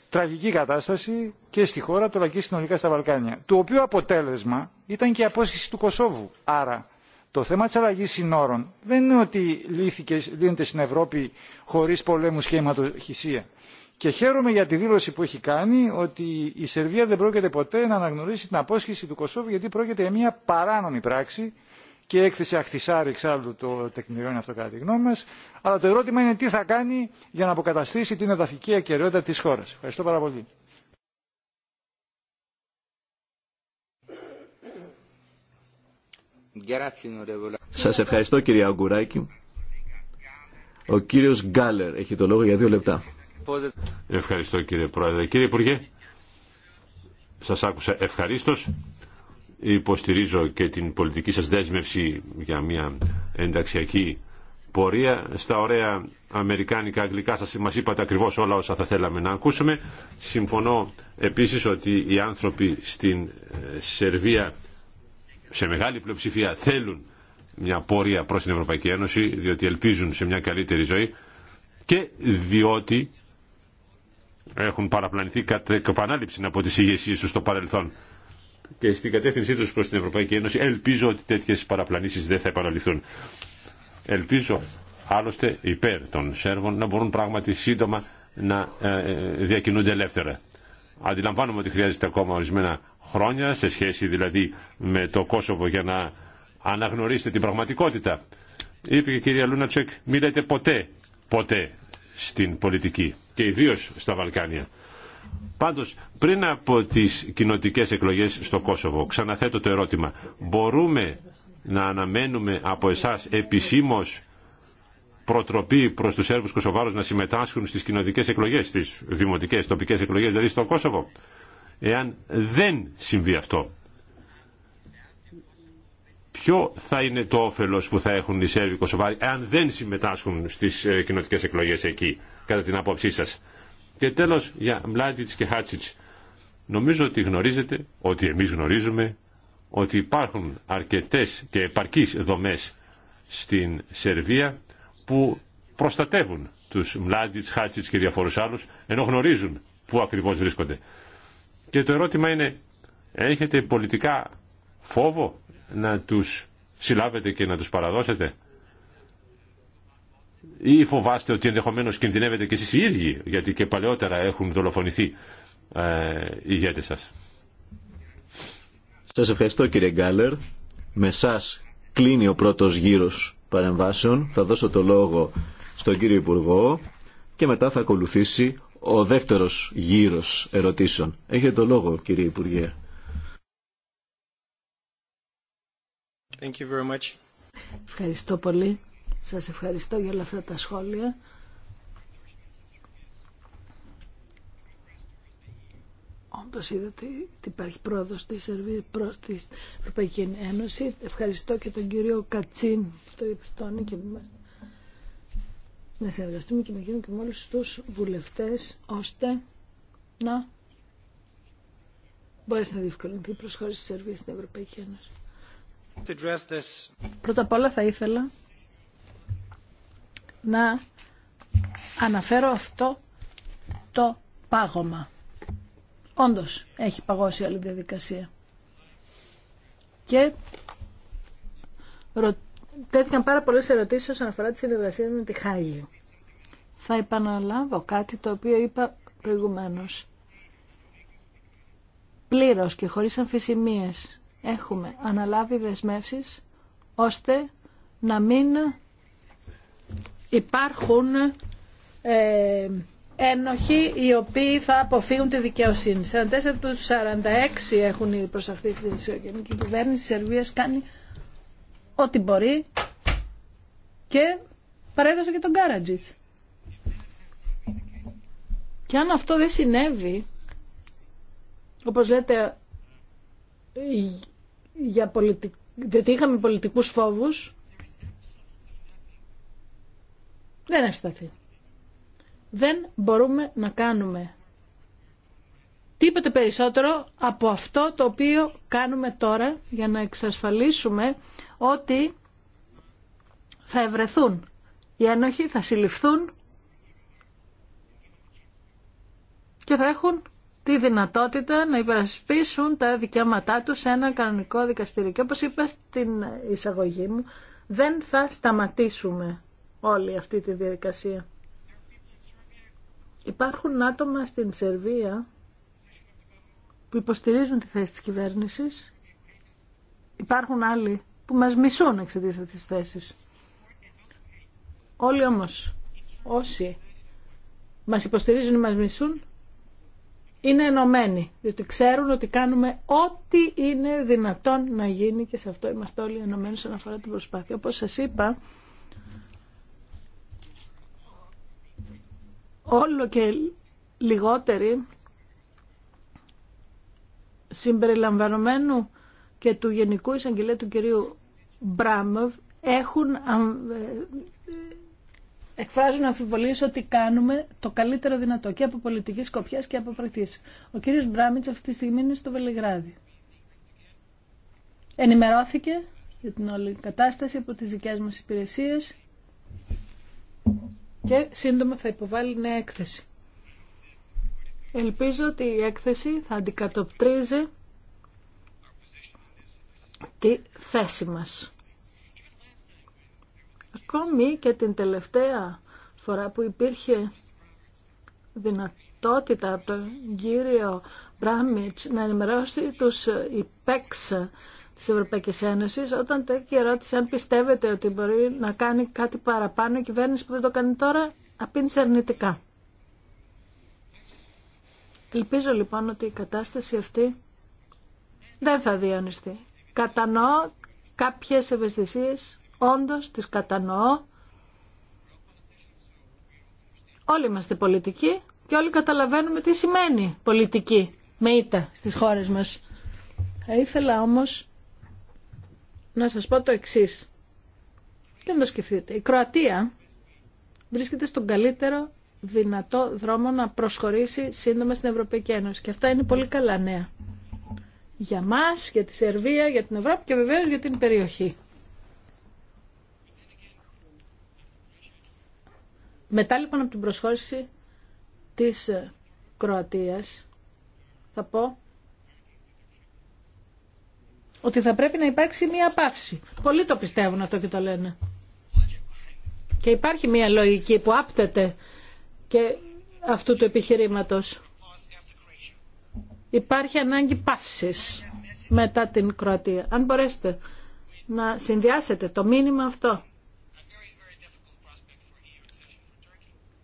G: τραγική κατάσταση και στη χώρα του αλλά συνολικά στα Βαλκάνια. Το οποίο αποτέλεσμα ήταν και η απόσχεση του Κωσόβου. Άρα το θέμα της αλλαγής συνόρων δεν είναι ότι λύνεται στην Ευρώπη χωρίς πολέμους και αιματοχυσία. Και χαίρομαι για τη δήλωση που έχει κάνει ότι η Σερβία δεν πρόκειται ποτέ να αναγνωρίσει την απόσχηση του Κωσόβου γιατί πρόκειται για μια παράνομη πράξη και έκθεση εξάλλου το τεκμηριώνει αυτό κατά τη γνώμη μα. Αλλά το ερώτημα είναι τι θα κάνει για να αποκαταστήσει την εδαφική ακεραιότητα τη χώρα. Ευχαριστώ πάρα πολύ.
B: Σας ευχαριστώ
E: κύριε Αγκουράκη. Ο κύριος Γκάλερ έχει το λόγο για δύο λεπτά.
F: Ευχαριστώ κύριε Πρόεδρε. Κύριε Υπουργέ, σας άκουσα ευχαρίστως. Υποστηρίζω και την πολιτική σας δέσμευση για μια ενταξιακή πορεία. Στα ωραία αμερικάνικα αγγλικά σας μας είπατε ακριβώς όλα όσα θα θέλαμε να ακούσουμε. Συμφωνώ επίσης ότι οι άνθρωποι στην ε, Σερβία σε μεγάλη πλειοψηφία θέλουν μια πορεία προς την Ευρωπαϊκή Ένωση διότι ελπίζουν σε μια καλύτερη ζωή και διότι έχουν παραπλανηθεί κατά επανάληψη από τι ηγεσίες του στο παρελθόν και στην κατεύθυνσή του προ την Ευρωπαϊκή Ένωση ελπίζω ότι τέτοιε παραπλανήσεις δεν θα επαναληφθούν. Ελπίζω άλλωστε υπέρ των Σέρβων να μπορούν πράγματι σύντομα να ε, ε, διακινούνται ελεύθερα. Αντιλαμβάνομαι ότι χρειάζεται ακόμα ορισμένα χρόνια σε σχέση δηλαδή με το Κόσοβο για να αναγνωρίσετε την πραγματικότητα. Είπε και η κυρία Λούνατσεκ, μην λέτε ποτέ, ποτέ στην πολιτική και ιδίω στα Βαλκάνια. Πάντως, πριν από τις κοινοτικές εκλογές στο Κόσοβο, ξαναθέτω το ερώτημα, μπορούμε να αναμένουμε από εσάς επισήμως προτροπή προς τους Σέρβους Κοσοβάρους να συμμετάσχουν στις κοινοτικές εκλογές, στις δημοτικές, τοπικές εκλογές, δηλαδή στο Κόσοβο, εάν δεν συμβεί αυτό ποιο θα είναι το όφελος που θα έχουν οι Σέρβοι Κωσοβάροι αν δεν συμμετάσχουν στις ε, κοινοτικέ εκλογές εκεί, κατά την άποψή σα. Και τέλος, για Μλάντιτς και Χάτσιτς. Νομίζω ότι γνωρίζετε, ότι εμείς γνωρίζουμε, ότι υπάρχουν αρκετές και επαρκείς δομέ στην Σερβία που προστατεύουν τους Μλάντιτς, Χάτσιτς και διαφορου άλλου ενώ γνωρίζουν πού ακριβώ βρίσκονται. Και το ερώτημα είναι, έχετε πολιτικά φόβο να τους συλλάβετε και να τους παραδώσετε ή φοβάστε ότι ενδεχομένως κινδυνεύετε και εσείς οι ίδιοι γιατί και παλαιότερα έχουν δολοφονηθεί ε, οι ηγέτες σας.
E: Σας ευχαριστώ κύριε Γκάλερ. Με σας κλείνει ο πρώτος γύρος παρεμβάσεων. Θα δώσω το λόγο στον κύριο Υπουργό και μετά θα ακολουθήσει ο δεύτερος γύρος ερωτήσεων. Έχετε το λόγο κύριε Υπουργέ.
J: Ευχαριστώ πολύ. Σας ευχαριστώ για όλα αυτά τα σχόλια. Όντως είδατε ότι υπάρχει πρόοδο στη Σερβία προς την Ευρωπαϊκή Ένωση. Ευχαριστώ και τον κύριο Κατσίν που το επιστώνει και είμαστε. Να συνεργαστούμε και να γίνουμε και με όλους τους βουλευτές ώστε να μπορέσει να διευκολυνθεί η προσχώρηση της Σερβίας στην Ευρωπαϊκή Ένωση. Πρώτα απ' όλα θα ήθελα να αναφέρω αυτό το πάγωμα. Όντως έχει παγώσει όλη η διαδικασία. Και τέθηκαν πάρα πολλές ερωτήσεις όσον αφορά τη συνεργασία με τη Χάγη. Θα επαναλάβω κάτι το οποίο είπα προηγουμένως. Πλήρως και χωρίς αμφισημίες έχουμε αναλάβει δεσμεύσεις ώστε να μην υπάρχουν ε, ένοχοι οι οποίοι θα αποφύγουν τη δικαιοσύνη. 44 από 46 έχουν προσαχθεί στη ισογενική κυβέρνηση. Η Σερβία κάνει ό,τι μπορεί και παρέδωσε και τον Κάρατζιτς. Και αν αυτό δεν συνέβη, όπως λέτε, για πολιτικ... είχαμε πολιτικούς φόβους, δεν έχει Δεν μπορούμε να κάνουμε τίποτε περισσότερο από αυτό το οποίο κάνουμε τώρα για να εξασφαλίσουμε ότι θα ευρεθούν οι ένοχοι, θα συλληφθούν και θα έχουν τη δυνατότητα να υπερασπίσουν τα δικαιώματά τους σε ένα κανονικό δικαστήριο. Και όπως είπα στην εισαγωγή μου, δεν θα σταματήσουμε όλη αυτή τη διαδικασία. Υπάρχουν άτομα στην Σερβία που υποστηρίζουν τη θέση της κυβέρνησης. Υπάρχουν άλλοι που μας μισούν εξαιτίας αυτής της θέσης. Όλοι όμως, όσοι μας υποστηρίζουν ή μας μισούν, είναι ενωμένοι, διότι ξέρουν ότι κάνουμε ό,τι είναι δυνατόν να γίνει και σε αυτό είμαστε όλοι ενωμένοι σε αφορά την προσπάθεια. Όπως σας είπα, όλο και λιγότεροι συμπεριλαμβανομένου και του Γενικού Εισαγγελέα του κυρίου Μπράμοβ έχουν ε, εκφράζουν αμφιβολίες ότι κάνουμε το καλύτερο δυνατό και από πολιτική σκοπιά και από πρακτική. Ο κύριος Μπράμιτς αυτή τη στιγμή είναι στο Βελιγράδι. Ενημερώθηκε για την όλη κατάσταση από τις δικές μας υπηρεσίες και σύντομα θα υποβάλει νέα έκθεση. Ελπίζω ότι η έκθεση θα αντικατοπτρίζει τη θέση μας. Ακόμη και την τελευταία φορά που υπήρχε δυνατότητα από τον κύριο Μπράμιτς να ενημερώσει τους υπέξ της Ευρωπαϊκής Ένωσης όταν τέτοια ερώτηση αν πιστεύετε ότι μπορεί να κάνει κάτι παραπάνω η κυβέρνηση που δεν το κάνει τώρα απήντησε αρνητικά. Ελπίζω λοιπόν ότι η κατάσταση αυτή δεν θα διανυστεί. Κατανοώ κάποιες ευαισθησίες Όντως τις κατανοώ. Όλοι είμαστε πολιτικοί και όλοι καταλαβαίνουμε τι σημαίνει πολιτική με ήττα στις χώρες μας. Θα ήθελα όμως να σας πω το εξής και να το σκεφτείτε. Η Κροατία βρίσκεται στον καλύτερο δυνατό δρόμο να προσχωρήσει σύντομα στην Ευρωπαϊκή Ένωση. Και αυτά είναι πολύ καλά νέα. Για μας, για τη Σερβία, για την Ευρώπη και βεβαίως για την περιοχή. Μετά λοιπόν από την προσχώρηση της Κροατίας θα πω ότι θα πρέπει να υπάρξει μία πάυση. Πολλοί το πιστεύουν αυτό και το λένε. Και υπάρχει μία λογική που άπτεται και αυτού του επιχειρήματος. Υπάρχει ανάγκη παύσης μετά την Κροατία. Αν μπορέσετε να συνδυάσετε το μήνυμα αυτό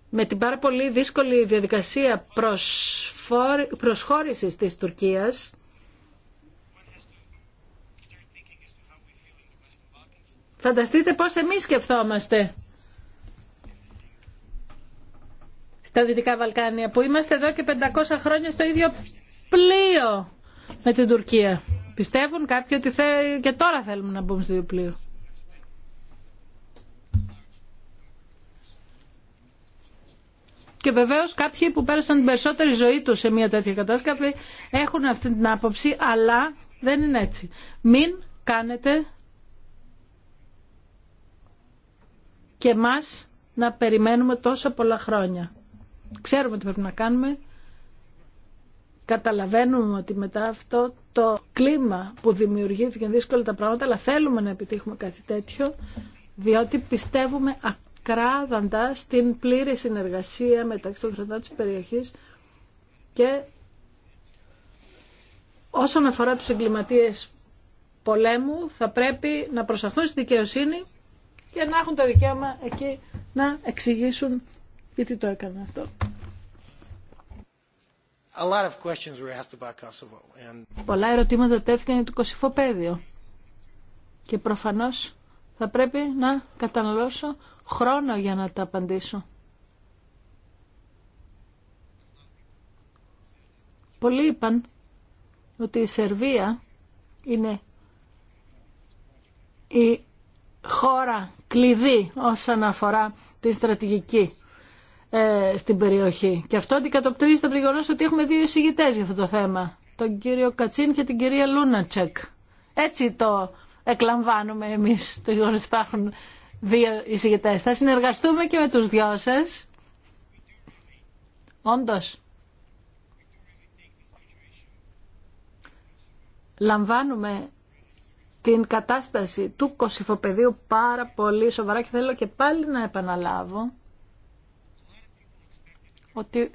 J: με την πάρα πολύ δύσκολη διαδικασία προσχώρησης της Τουρκίας Φανταστείτε πώς εμείς σκεφτόμαστε στα Δυτικά Βαλκάνια που είμαστε εδώ και 500 χρόνια στο ίδιο πλοίο με την Τουρκία. Πιστεύουν κάποιοι ότι και τώρα θέλουμε να μπούμε στο ίδιο πλοίο. Και βεβαίω κάποιοι που πέρασαν την περισσότερη ζωή του σε μια τέτοια κατάσταση έχουν αυτή την άποψη, αλλά δεν είναι έτσι. Μην κάνετε και εμά να περιμένουμε τόσα πολλά χρόνια. Ξέρουμε τι πρέπει να κάνουμε. Καταλαβαίνουμε ότι μετά αυτό το κλίμα που δημιουργήθηκε δύσκολα τα πράγματα, αλλά θέλουμε να επιτύχουμε κάτι τέτοιο, διότι πιστεύουμε ακόμα κράδαντα στην πλήρη συνεργασία μεταξύ των κρατών της περιοχής και όσον αφορά τους εγκληματίες πολέμου θα πρέπει να προσαχθούν στη δικαιοσύνη και να έχουν το δικαίωμα εκεί να εξηγήσουν γιατί το έκαναν αυτό. Πολλά ερωτήματα τέθηκαν για το Κωσυφοπαίδιο και προφανώς θα πρέπει να καταναλώσω χρόνο για να τα απαντήσω. Πολλοί είπαν ότι η Σερβία είναι η χώρα κλειδί όσον αφορά τη στρατηγική ε, στην περιοχή. Και αυτό αντικατοπτρίζεται από το γεγονό ότι έχουμε δύο εισηγητέ για αυτό το θέμα. Τον κύριο Κατσίν και την κυρία Λούνατσεκ. Έτσι το εκλαμβάνουμε εμείς το γεγονό ότι υπάρχουν δύο εισηγητές. Θα συνεργαστούμε και με τους δυο σας. Όντως. Λαμβάνουμε την κατάσταση του κοσυφοπεδίου πάρα πολύ σοβαρά και θέλω και πάλι να επαναλάβω ότι,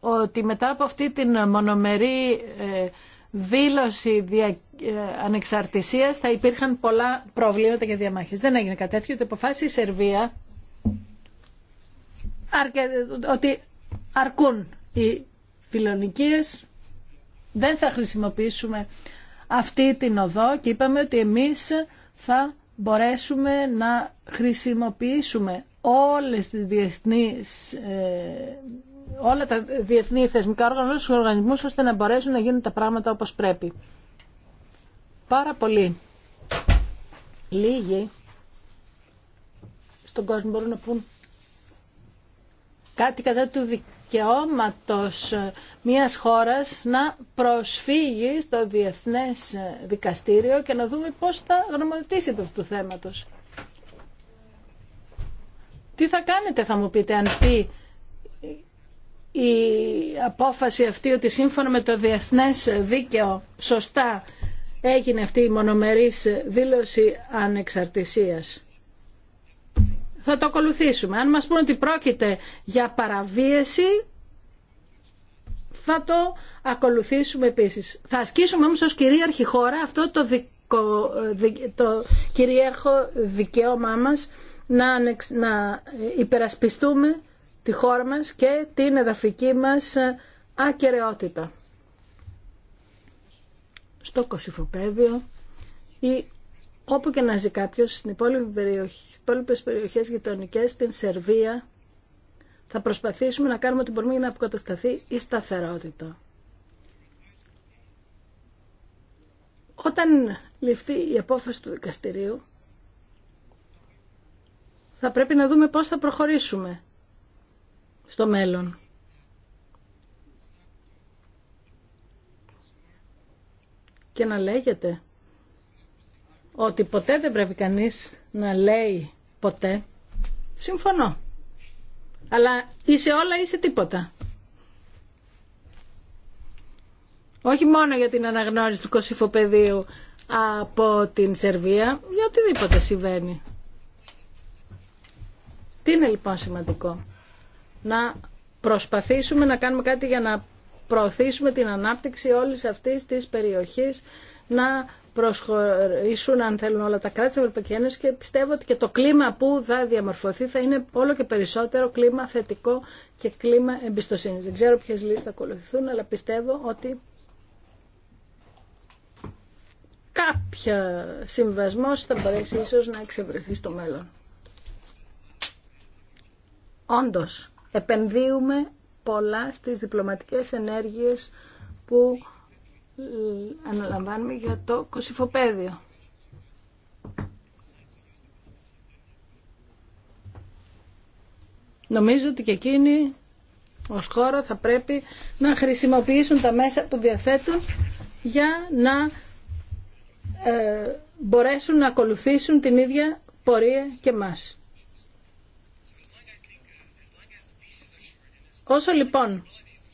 J: ότι μετά από αυτή την μονομερή ε, δήλωση δια... Ε, ανεξαρτησίας θα υπήρχαν πολλά προβλήματα και διαμάχες. Δεν έγινε κάτι τέτοιο, αποφάσισε η Σερβία ότι αρκούν οι φιλονικίες, δεν θα χρησιμοποιήσουμε αυτή την οδό και είπαμε ότι εμείς θα μπορέσουμε να χρησιμοποιήσουμε όλες τις διεθνείς ε, όλα τα διεθνή θεσμικά όργανα, όλους τους οργανισμούς, ώστε να μπορέσουν να γίνουν τα πράγματα όπως πρέπει. Πάρα πολύ λίγοι στον κόσμο μπορούν να πούν κάτι κατά του δικαιώματος μιας χώρας να προσφύγει στο Διεθνές Δικαστήριο και να δούμε πώς θα γνωμοδοτήσει το αυτού του θέματος. Τι θα κάνετε θα μου πείτε αν πει η απόφαση αυτή ότι σύμφωνα με το διεθνές δίκαιο σωστά έγινε αυτή η μονομερής δήλωση ανεξαρτησίας. Θα το ακολουθήσουμε. Αν μας πούνε ότι πρόκειται για παραβίαση, θα το ακολουθήσουμε επίσης. Θα ασκήσουμε όμως ως κυρίαρχη χώρα αυτό το, δικο, το κυρίαρχο δικαίωμά μας να, να υπερασπιστούμε τη χώρα μας και την εδαφική μας ακαιρεότητα. Στο Κωσυφοπέδιο ή όπου και να ζει κάποιος, στην υπόλοιπη περιοχή, υπόλοιπες περιοχές γειτονικές, στην Σερβία, θα προσπαθήσουμε να κάνουμε την μπορούμε να αποκατασταθεί η σταθερότητα. Όταν ληφθεί η απόφαση του δικαστηρίου, θα πρέπει να δούμε πώς θα προχωρήσουμε στο μέλλον. Και να λέγεται ότι ποτέ δεν πρέπει κανείς να λέει ποτέ συμφωνώ. Αλλά είσαι όλα είσαι τίποτα. Όχι μόνο για την αναγνώριση του κοσυφοπεδίου από την Σερβία, για οτιδήποτε συμβαίνει. Τι είναι λοιπόν σημαντικό να προσπαθήσουμε να κάνουμε κάτι για να προωθήσουμε την ανάπτυξη όλης αυτής της περιοχής, να προσχωρήσουν αν θέλουν όλα τα κράτη της Ευρωπαϊκής και πιστεύω ότι και το κλίμα που θα διαμορφωθεί θα είναι όλο και περισσότερο κλίμα θετικό και κλίμα εμπιστοσύνης. Δεν ξέρω ποιες λύσεις θα ακολουθηθούν, αλλά πιστεύω ότι κάποια συμβασμός θα μπορέσει ίσως να εξευρεθεί στο μέλλον. Όντως, επενδύουμε πολλά στις διπλωματικές ενέργειες που ε, αναλαμβάνουμε για το κοσυφοπαίδιο. Νομίζω ότι και εκείνοι ως χώρα θα πρέπει να χρησιμοποιήσουν τα μέσα που διαθέτουν για να ε, μπορέσουν να ακολουθήσουν την ίδια πορεία και μας. Όσο λοιπόν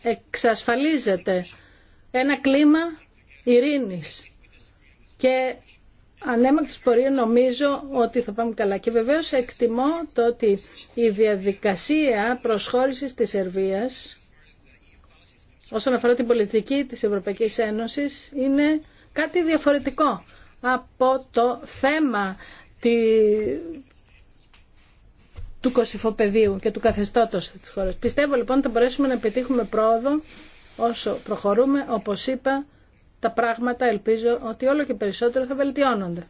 J: εξασφαλίζεται ένα κλίμα ειρήνης και ανέμακτος πορεία νομίζω ότι θα πάμε καλά. Και βεβαίως εκτιμώ το ότι η διαδικασία προσχώρησης της Σερβίας όσον αφορά την πολιτική της Ευρωπαϊκής Ένωσης είναι κάτι διαφορετικό από το θέμα του κοσυφοπεδίου και του καθεστώτος της χώρας. Πιστεύω λοιπόν ότι θα μπορέσουμε να πετύχουμε πρόοδο όσο προχωρούμε, όπως είπα, τα πράγματα ελπίζω ότι όλο και περισσότερο θα βελτιώνονται.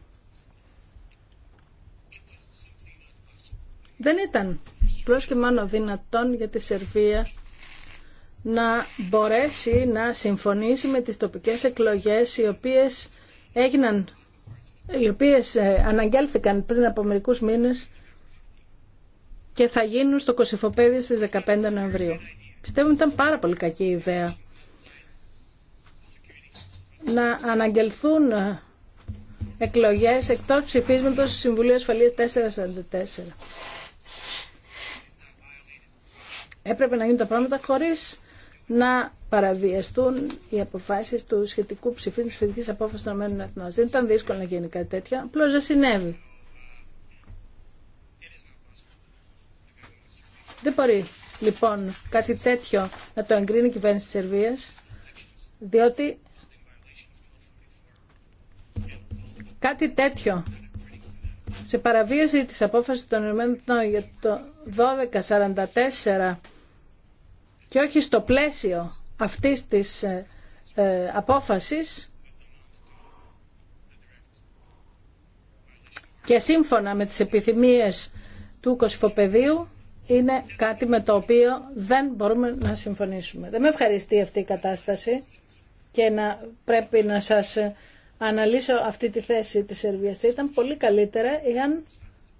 J: Δεν ήταν πλώς και μόνο δυνατόν για τη Σερβία να μπορέσει να συμφωνήσει με τις τοπικές εκλογές οι οποίες έγιναν οι οποίες ε, αναγγέλθηκαν πριν από μερικούς μήνες και θα γίνουν στο Κωσυφοπέδιο στις 15 Νοεμβρίου. Πιστεύω ότι ήταν πάρα πολύ κακή ιδέα να αναγγελθούν εκλογές εκτός ψηφίσματος του Συμβουλίου Ασφαλείας 444. Έπρεπε να γίνουν τα πράγματα χωρίς να παραβιαστούν οι αποφάσεις του σχετικού ψηφίσματος σχετικής απόφασης των Εθνών. Δεν ήταν δύσκολο να γίνει κάτι τέτοιο, απλώς δεν συνέβη. Δεν μπορεί λοιπόν κάτι τέτοιο να το εγκρίνει η κυβέρνηση της Σερβίας, διότι κάτι τέτοιο σε παραβίωση της απόφασης των ΗΠΑ για το 1244 και όχι στο πλαίσιο αυτής της ε, ε, απόφασης και σύμφωνα με τις επιθυμίες του κοσφοπεδίου είναι κάτι με το οποίο δεν μπορούμε να συμφωνήσουμε. Δεν με ευχαριστεί αυτή η κατάσταση και να πρέπει να σας αναλύσω αυτή τη θέση της Σερβίας. Θα ήταν πολύ καλύτερα εάν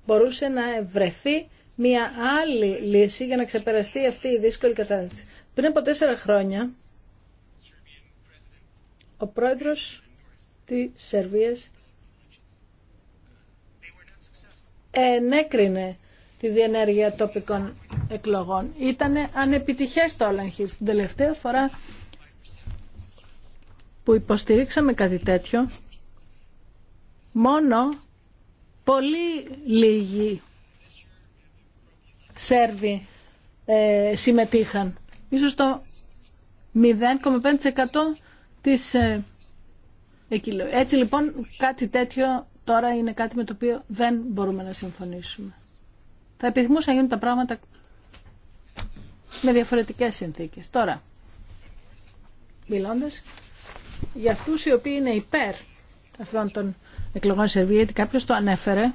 J: μπορούσε να βρεθεί μια άλλη λύση για να ξεπεραστεί αυτή η δύσκολη κατάσταση. Πριν από τέσσερα χρόνια, ο πρόεδρος της Σερβίας ενέκρινε τη διενέργεια τοπικών εκλογών. Ήταν ανεπιτυχές το Όλαγχη. Την τελευταία φορά που υποστηρίξαμε κάτι τέτοιο, μόνο πολύ λίγοι Σέρβοι ε, συμμετείχαν. Ίσως το 0,5% της ε, Έτσι λοιπόν κάτι τέτοιο τώρα είναι κάτι με το οποίο δεν μπορούμε να συμφωνήσουμε. Θα επιθυμούσα να γίνουν τα πράγματα με διαφορετικές συνθήκες. Τώρα, μιλώντας για αυτούς οι οποίοι είναι υπέρ αυτών των εκλογών Σερβία, γιατί κάποιος το ανέφερε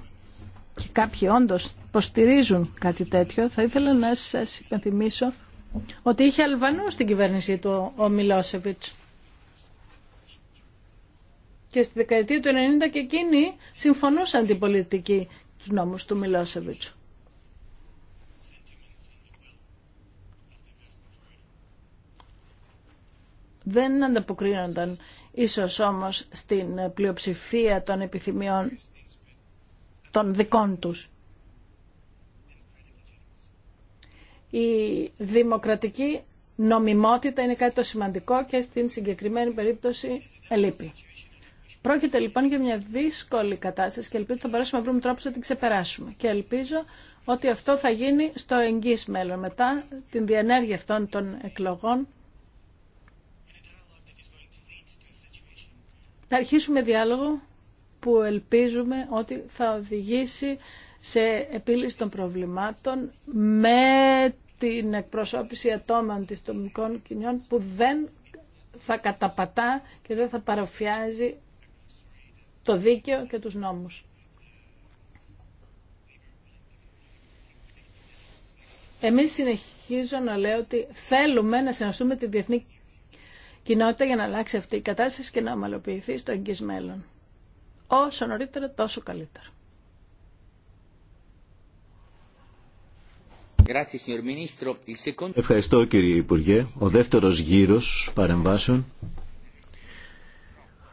J: και κάποιοι όντως υποστηρίζουν κάτι τέτοιο, θα ήθελα να σας υπενθυμίσω ότι είχε Αλβανού στην κυβέρνησή του ο Μιλόσεβιτς. Και στη δεκαετία του 90 και εκείνοι συμφωνούσαν την πολιτική του νόμου του Μιλόσεβιτς. δεν ανταποκρίνονταν ίσως όμως στην πλειοψηφία των επιθυμιών των δικών τους. Η δημοκρατική νομιμότητα είναι κάτι το σημαντικό και στην συγκεκριμένη περίπτωση ελείπει. Πρόκειται λοιπόν για μια δύσκολη κατάσταση και ελπίζω ότι θα μπορέσουμε να βρούμε τρόπους να την ξεπεράσουμε. Και ελπίζω ότι αυτό θα γίνει στο εγγύς μέλλον μετά την διενέργεια αυτών των εκλογών Θα αρχίσουμε διάλογο που ελπίζουμε ότι θα οδηγήσει σε επίλυση των προβλημάτων με την εκπροσώπηση ατόμων της τομικών κοινιών που δεν θα καταπατά και δεν θα παροφιάζει το δίκαιο και τους νόμους. Εμείς συνεχίζω να λέω ότι θέλουμε να συναντούμε τη διεθνή κοινότητα για να αλλάξει αυτή η κατάσταση και να ομαλοποιηθεί στο εγγύς μέλλον. Όσο νωρίτερα τόσο
B: καλύτερα.
E: Ευχαριστώ κύριε Υπουργέ. Ο δεύτερος γύρος παρεμβάσεων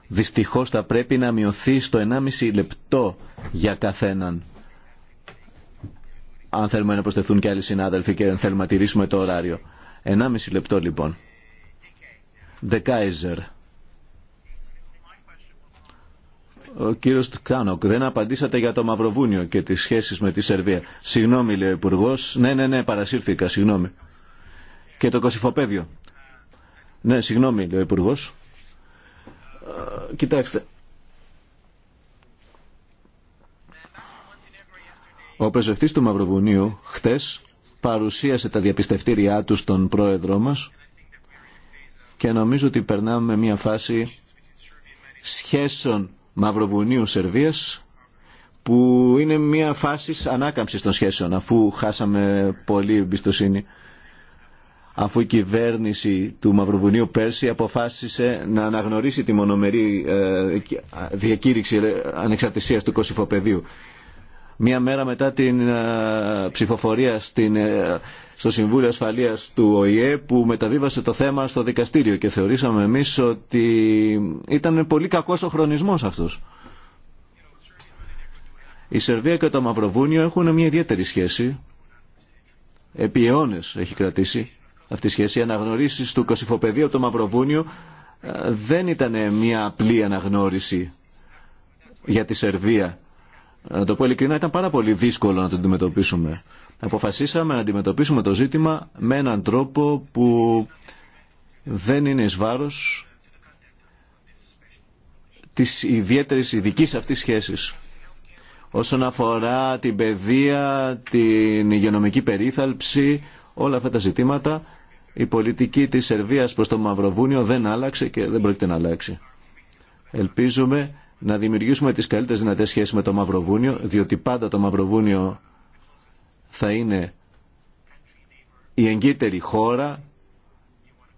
E: δυστυχώς θα πρέπει να μειωθεί στο 1,5 λεπτό για καθέναν. Αν θέλουμε να προσθεθούν και άλλοι συνάδελφοι και αν θέλουμε να τηρήσουμε το ωράριο. 1,5 λεπτό λοιπόν. Ο κύριος Τκάνοκ, δεν απαντήσατε για το Μαυροβούνιο και τις σχέσεις με τη Σερβία. Συγγνώμη, λέει ο υπουργό. Ναι, ναι, ναι, παρασύρθηκα, συγγνώμη. Και το Κωσυφοπέδιο. Ναι, συγγνώμη, λέει ο υπουργό. Ε, κοιτάξτε. Ο πρεσβευτής του Μαυροβουνίου χτες παρουσίασε τα διαπιστευτήριά του στον πρόεδρό μας και νομίζω ότι περνάμε μια φάση σχέσεων Μαυροβουνίου-Σερβίας που είναι μια φάση ανάκαμψης των σχέσεων αφού χάσαμε πολύ εμπιστοσύνη αφού η κυβέρνηση του Μαυροβουνίου πέρσι αποφάσισε να αναγνωρίσει τη μονομερή ε, διακήρυξη ε, ανεξαρτησίας του Κωσυφοπεδίου. Μία μέρα μετά την ε, ψηφοφορία στην στο Συμβούλιο Ασφαλείας του ΟΗΕ που μεταβίβασε το θέμα στο δικαστήριο και θεωρήσαμε εμεί ότι ήταν πολύ κακός ο χρονισμό αυτός. Η Σερβία και το Μαυροβούνιο έχουν μια ιδιαίτερη σχέση. Επί αιώνε έχει κρατήσει αυτή η σχέση. Οι αναγνωρίσεις του Κωσυφοπεδίου από το Μαυροβούνιο ε, δεν ήταν μια απλή αναγνώριση για τη Σερβία. Να το πω ειλικρινά, ήταν πάρα πολύ δύσκολο να το αντιμετωπίσουμε αποφασίσαμε να αντιμετωπίσουμε το ζήτημα με έναν τρόπο που δεν είναι εις βάρος της ιδιαίτερης ειδική αυτής σχέσης. Όσον αφορά την παιδεία, την υγειονομική περίθαλψη, όλα αυτά τα ζητήματα, η πολιτική της Σερβίας προς το Μαυροβούνιο δεν άλλαξε και δεν πρόκειται να αλλάξει. Ελπίζουμε να δημιουργήσουμε τις καλύτερες δυνατές σχέσεις με το Μαυροβούνιο, διότι πάντα το Μαυροβούνιο θα είναι η εγκύτερη χώρα,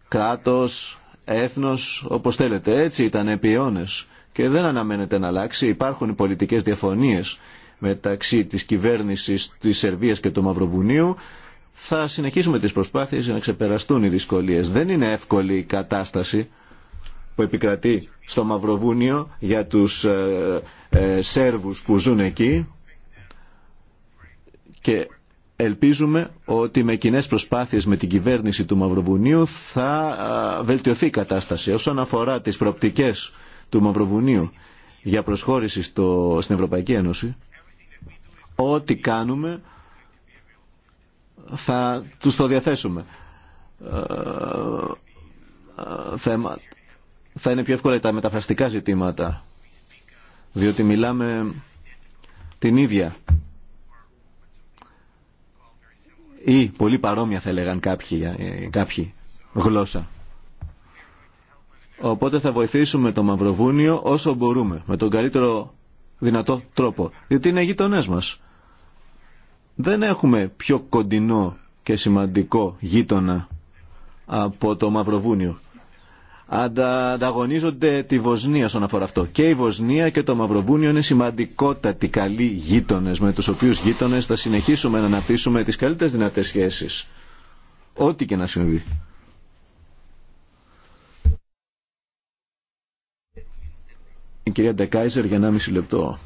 E: κράτος, έθνος, όπως θέλετε. Έτσι ήταν επί αιώνες. και δεν αναμένεται να αλλάξει. Υπάρχουν οι πολιτικές διαφωνίες μεταξύ της κυβέρνησης της Σερβίας και του Μαυροβουνίου. Θα συνεχίσουμε τις προσπάθειες για να ξεπεραστούν οι δυσκολίες. Δεν είναι εύκολη η κατάσταση που επικρατεί στο Μαυροβούνιο για τους ε, ε, Σέρβους που ζουν εκεί και Ελπίζουμε ότι με κοινέ προσπάθειες με την κυβέρνηση του Μαυροβουνίου θα βελτιωθεί η κατάσταση. Όσον αφορά τις προοπτικές του Μαυροβουνίου για προσχώρηση στο, στην Ευρωπαϊκή Ένωση, ό,τι κάνουμε θα τους το διαθέσουμε. Ε, ε, θα, θα είναι πιο εύκολα τα μεταφραστικά ζητήματα, διότι μιλάμε την ίδια ή πολύ παρόμοια θα έλεγαν ε, κάποιοι, γλώσσα. Οπότε θα βοηθήσουμε το Μαυροβούνιο όσο μπορούμε, με τον καλύτερο δυνατό τρόπο, διότι είναι γείτονέ μας. Δεν έχουμε πιο κοντινό και σημαντικό γείτονα από το Μαυροβούνιο ανταγωνίζονται τη Βοσνία στον αφορά αυτό. Και η Βοσνία και το Μαυροβούνιο είναι σημαντικότατοι καλοί γείτονε, με του οποίου γείτονε θα συνεχίσουμε να αναπτύσσουμε τι καλύτερε δυνατέ σχέσει. Ό,τι και να συμβεί. κυρία Ντεκάιζερ για 1,5 λεπτό.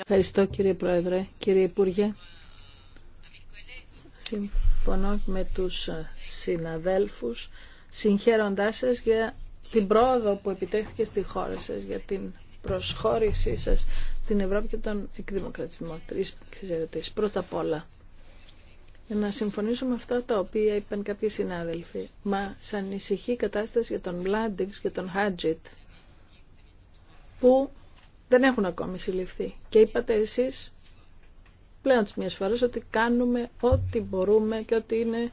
J: Ευχαριστώ κύριε Πρόεδρε, κύριε Υπουργέ. Συμφωνώ με τους συναδέλφους συγχαίροντάς σας για την πρόοδο που επιτέχθηκε στη χώρα σας, για την προσχώρησή σας στην Ευρώπη και τον εκδημοκρατισμό. Τρεις ερωτήσεις. Πρώτα απ' όλα, να συμφωνήσω με αυτά τα οποία είπαν κάποιοι συνάδελφοι. Μα σαν ανησυχεί η κατάσταση για τον Μπλάντιξ, και τον Χάτζιτ, που δεν έχουν ακόμη συλληφθεί. Και είπατε εσείς πλέον τις μιας φορές ότι κάνουμε ό,τι μπορούμε και ό,τι είναι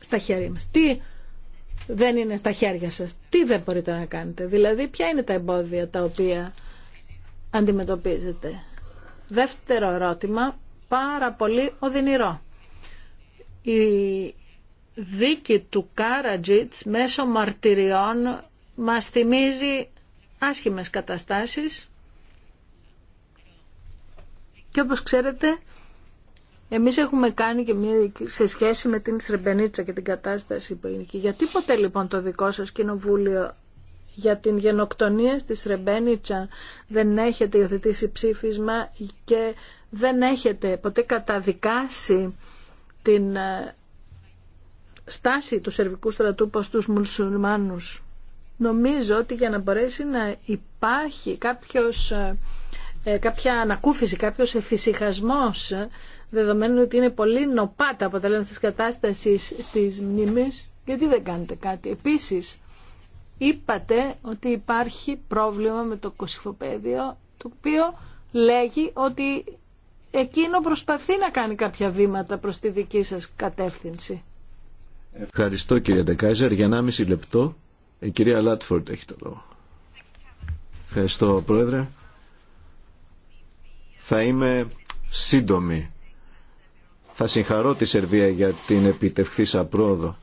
J: στα χέρια μας. Τι δεν είναι στα χέρια σας. Τι δεν μπορείτε να κάνετε. Δηλαδή ποια είναι τα εμπόδια τα οποία αντιμετωπίζετε. Δεύτερο ερώτημα, πάρα πολύ οδυνηρό. Η δίκη του Κάρατζιτς μέσω μαρτυριών μας θυμίζει άσχημες καταστάσεις και όπως ξέρετε εμείς έχουμε κάνει και μία σε σχέση με την Σρεμπενίτσα και την κατάσταση που είναι εκεί. Γιατί ποτέ λοιπόν το δικό σας κοινοβούλιο για την γενοκτονία στη Σρεμπένιτσα δεν έχετε υιοθετήσει ψήφισμα και δεν έχετε ποτέ καταδικάσει την ε, στάση του σερβικού στρατού προς τους μουσουλμάνους. Νομίζω ότι για να μπορέσει να υπάρχει κάποιος, ε, ε, κάποια ανακούφιση, κάποιος εφησυχασμός δεδομένου ότι είναι πολύ νοπά τα αποτελέσματα της κατάστασης στις μνήμες, γιατί δεν κάνετε κάτι. Επίσης, είπατε ότι υπάρχει πρόβλημα με το κοσυφοπαίδιο, το οποίο λέγει ότι εκείνο προσπαθεί να κάνει κάποια βήματα προς τη δική σας κατεύθυνση.
E: Ευχαριστώ κύριε Ντεκάιζερ. Για 1,5 λεπτό η κυρία Λάτφορντ έχει το λόγο. Ευχαριστώ πρόεδρε. Θα είμαι σύντομη. Θα συγχαρώ τη Σερβία για την επιτευχθήσα πρόοδο.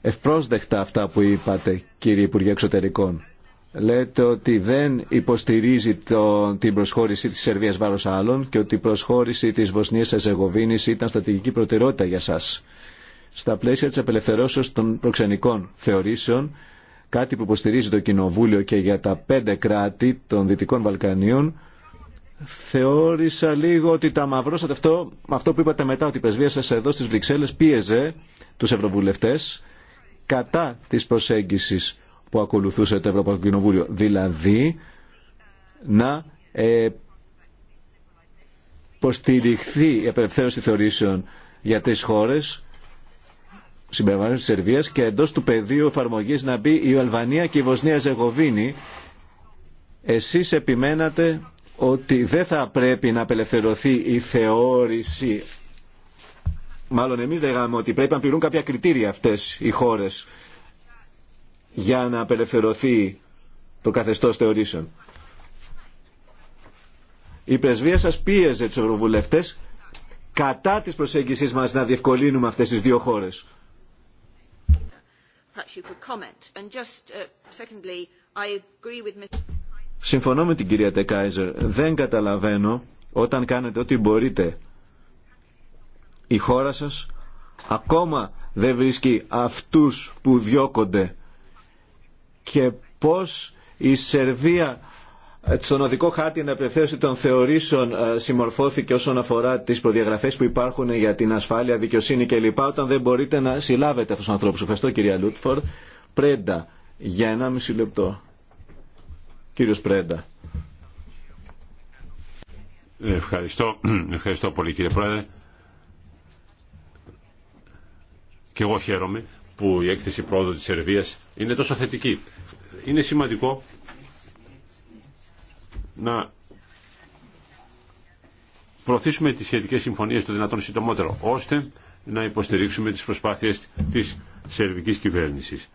E: Ευπρόσδεκτα αυτά που είπατε, κύριε Υπουργέ Εξωτερικών. Λέτε ότι δεν υποστηρίζει το, την προσχώρηση της Σερβίας βάρος άλλων και ότι η προσχώρηση της Βοσνίας Εζεγοβίνης ήταν στατηγική προτεραιότητα για σας. Στα πλαίσια της απελευθερώσεως των προξενικών θεωρήσεων, κάτι που υποστηρίζει το Κοινοβούλιο και για τα πέντε κράτη των Δυτικών Βαλκανίων, θεώρησα λίγο ότι τα μαυρώσατε αυτό, αυτό που είπατε μετά ότι η πρεσβεία σας εδώ στις Βρυξέλλες πίεζε τους ευρωβουλευτές κατά της προσέγγισης που ακολουθούσε το Ευρωπαϊκό Κοινοβούλιο. Δηλαδή να ε, υποστηριχθεί η απελευθέρωση θεωρήσεων για τις χώρες συμπεριλαμβανομένης τη Σερβίας και εντός του πεδίου εφαρμογή να μπει η Αλβανία και η Βοσνία Ζεγοβίνη. Εσείς επιμένατε ότι δεν θα πρέπει να απελευθερωθεί η θεώρηση μάλλον εμείς λέγαμε ότι πρέπει να πληρούν κάποια κριτήρια αυτές οι χώρες για να απελευθερωθεί το καθεστώς θεωρήσεων. Η πρεσβεία σας πίεζε τους ευρωβουλευτές κατά της προσέγγισης μας να διευκολύνουμε αυτές τις δύο χώρες. Συμφωνώ με την κυρία Τεκάιζερ. Δεν καταλαβαίνω όταν κάνετε ό,τι μπορείτε. Η χώρα σας ακόμα δεν βρίσκει αυτούς που διώκονται και πώς η Σερβία ε, στον οδικό χάρτη τον των θεωρήσεων ε, συμμορφώθηκε όσον αφορά τις προδιαγραφές που υπάρχουν για την ασφάλεια, δικαιοσύνη κλπ. όταν δεν μπορείτε να συλλάβετε αυτούς τους ανθρώπους. Ευχαριστώ κυρία Λούτφορ. Πρέντα για μισή λεπτό κύριος Πρέντα.
F: Ευχαριστώ, ευχαριστώ πολύ κύριε Πρόεδρε. Και εγώ χαίρομαι που η έκθεση πρόοδου της Σερβίας είναι τόσο θετική. Είναι σημαντικό να προωθήσουμε τις σχετικές συμφωνίες το δυνατόν συντομότερο, ώστε να υποστηρίξουμε τις προσπάθειες της σερβικής κυβέρνησης.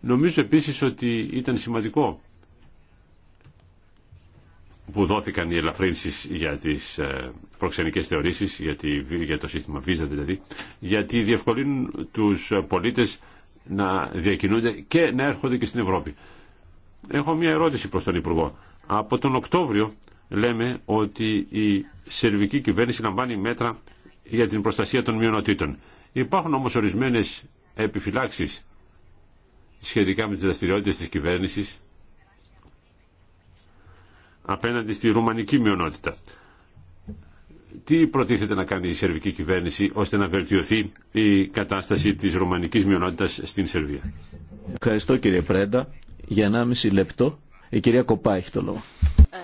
F: Νομίζω επίσης ότι ήταν σημαντικό που δόθηκαν οι ελαφρύνσεις για τις ε, προξενικές θεωρήσεις, για, το σύστημα Visa δηλαδή, γιατί διευκολύνουν τους πολίτες να διακινούνται και να έρχονται και στην Ευρώπη. Έχω μια ερώτηση προς τον Υπουργό. Από τον Οκτώβριο λέμε ότι η σερβική κυβέρνηση λαμβάνει μέτρα για την προστασία των μειονοτήτων. Υπάρχουν όμως ορισμένες επιφυλάξεις σχετικά με τις δραστηριότητες της κυβέρνησης απέναντι στη ρουμανική μειονότητα. Τι προτίθεται να κάνει η σερβική κυβέρνηση ώστε να βελτιωθεί η κατάσταση της ρουμανικής μειονότητας στην Σερβία.
E: Ευχαριστώ κύριε Πρέντα. Για 1,5 λεπτό η κυρία Κοπά έχει το λόγο. Ε,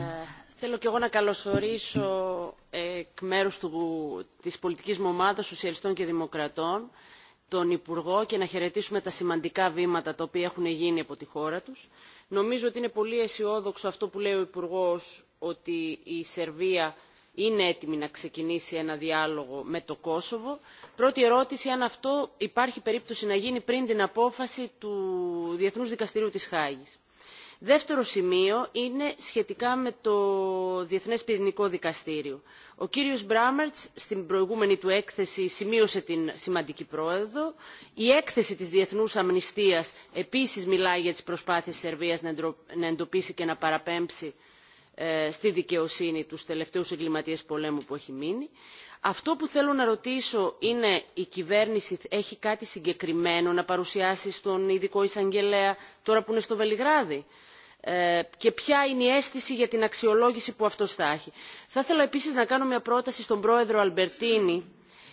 H: θέλω και εγώ να καλωσορίσω εκ μέρους του, της πολιτικής μου ομάδας Σοσιαλιστών και Δημοκρατών τον Υπουργό και να χαιρετήσουμε τα σημαντικά βήματα τα οποία έχουν γίνει από τη χώρα τους. Νομίζω ότι είναι πολύ αισιόδοξο αυτό που λέει ο Υπουργό ότι η Σερβία είναι έτοιμη να ξεκινήσει ένα διάλογο με το Κόσοβο. Πρώτη ερώτηση, αν αυτό υπάρχει περίπτωση να γίνει πριν την απόφαση του Διεθνούς Δικαστηρίου της Χάγης. Δεύτερο σημείο είναι σχετικά με το Διεθνές Ποινικό Δικαστήριο. Ο κύριος Μπράμερτς στην προηγούμενη του έκθεση σημείωσε την σημαντική πρόοδο. Η έκθεση της Διεθνούς Αμνηστίας επίσης μιλάει για τις προσπάθειες Σερβίας να εντοπίσει και να παραπέμψει ε, στη δικαιοσύνη τους τελευταίους εγκληματίες πολέμου που έχει μείνει. Αυτό που θέλω να ρωτήσω είναι η κυβέρνηση έχει κάτι συγκεκριμένο να παρουσιάσει στον ειδικό εισαγγελέα τώρα που είναι στο Βελιγράδι ε, και ποια είναι η αίσθηση για την αξιολόγηση που αυτός θα έχει. Θα ήθελα επίσης να κάνω μια πρόταση στον πρόεδρο Αλμπερτίνη.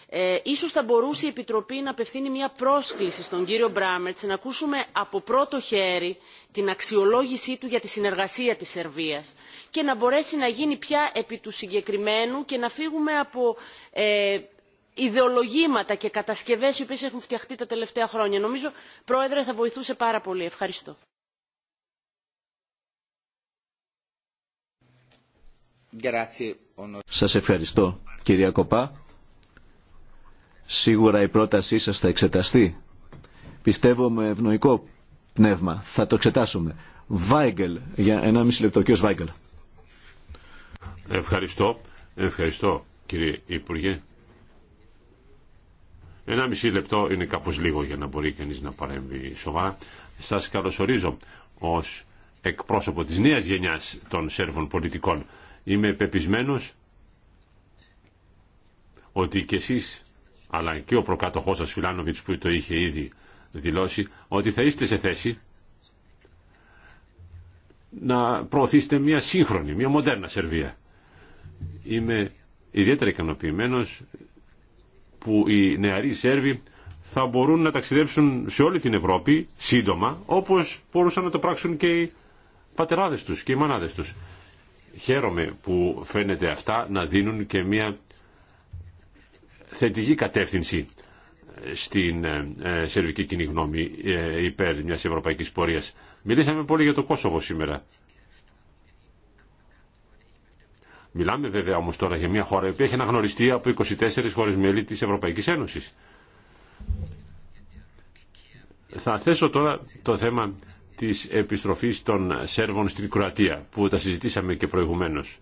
H: Ε, ίσως θα μπορούσε η Επιτροπή να απευθύνει μια πρόσκληση στον κύριο Μπράμερτς να ακούσουμε από πρώτο χέρι την αξιολόγησή του για τη συνεργασία της Σερβίας και να μπορέσει να γίνει πια επί του συγκεκριμένου και να φύγουμε από ε, ιδεολογήματα και κατασκευές οι οποίες έχουν φτιαχτεί τα τελευταία χρόνια. Νομίζω, Πρόεδρε, θα βοηθούσε πάρα πολύ. Ευχαριστώ.
E: Σας ευχαριστώ κυρία Κοπά. Σίγουρα η πρότασή σας θα εξεταστεί. Πιστεύω με ευνοϊκό πνεύμα. Θα το εξετάσουμε. Βάγκελ, για 1,5 λεπτό, κύριος Βάγκελ.
F: Ευχαριστώ. Ευχαριστώ κύριε Υπουργέ. 1,5 λεπτό είναι κάπως λίγο για να μπορεί κανείς να παρέμβει σοβαρά. Σας καλωσορίζω ως εκπρόσωπο της νέας γενιάς των Σέρβων πολιτικών. Είμαι πεπισμένος ότι και εσείς, αλλά και ο προκάτοχός σας Φιλάνοβιτς που το είχε ήδη δηλώσει, ότι θα είστε σε θέση να προωθήσετε μια σύγχρονη, μια μοντέρνα Σερβία. Είμαι ιδιαίτερα ικανοποιημένο που οι νεαροί Σέρβοι θα μπορούν να ταξιδέψουν σε όλη την Ευρώπη σύντομα, όπως μπορούσαν να το πράξουν και οι πατεράδες τους και οι μανάδες τους. Χαίρομαι που φαίνεται αυτά να δίνουν και μια θετική κατεύθυνση στην ε, ε, σερβική κοινή γνώμη ε, υπέρ μιας ευρωπαϊκής πορείας. Μιλήσαμε πολύ για το Κόσοβο σήμερα. Μιλάμε βέβαια όμως τώρα για μια χώρα η οποία έχει αναγνωριστεί από 24 χώρες μέλη της Ευρωπαϊκής Ένωσης. Θα θέσω τώρα το θέμα της επιστροφής των Σέρβων στην Κροατία που τα συζητήσαμε και προηγουμένως.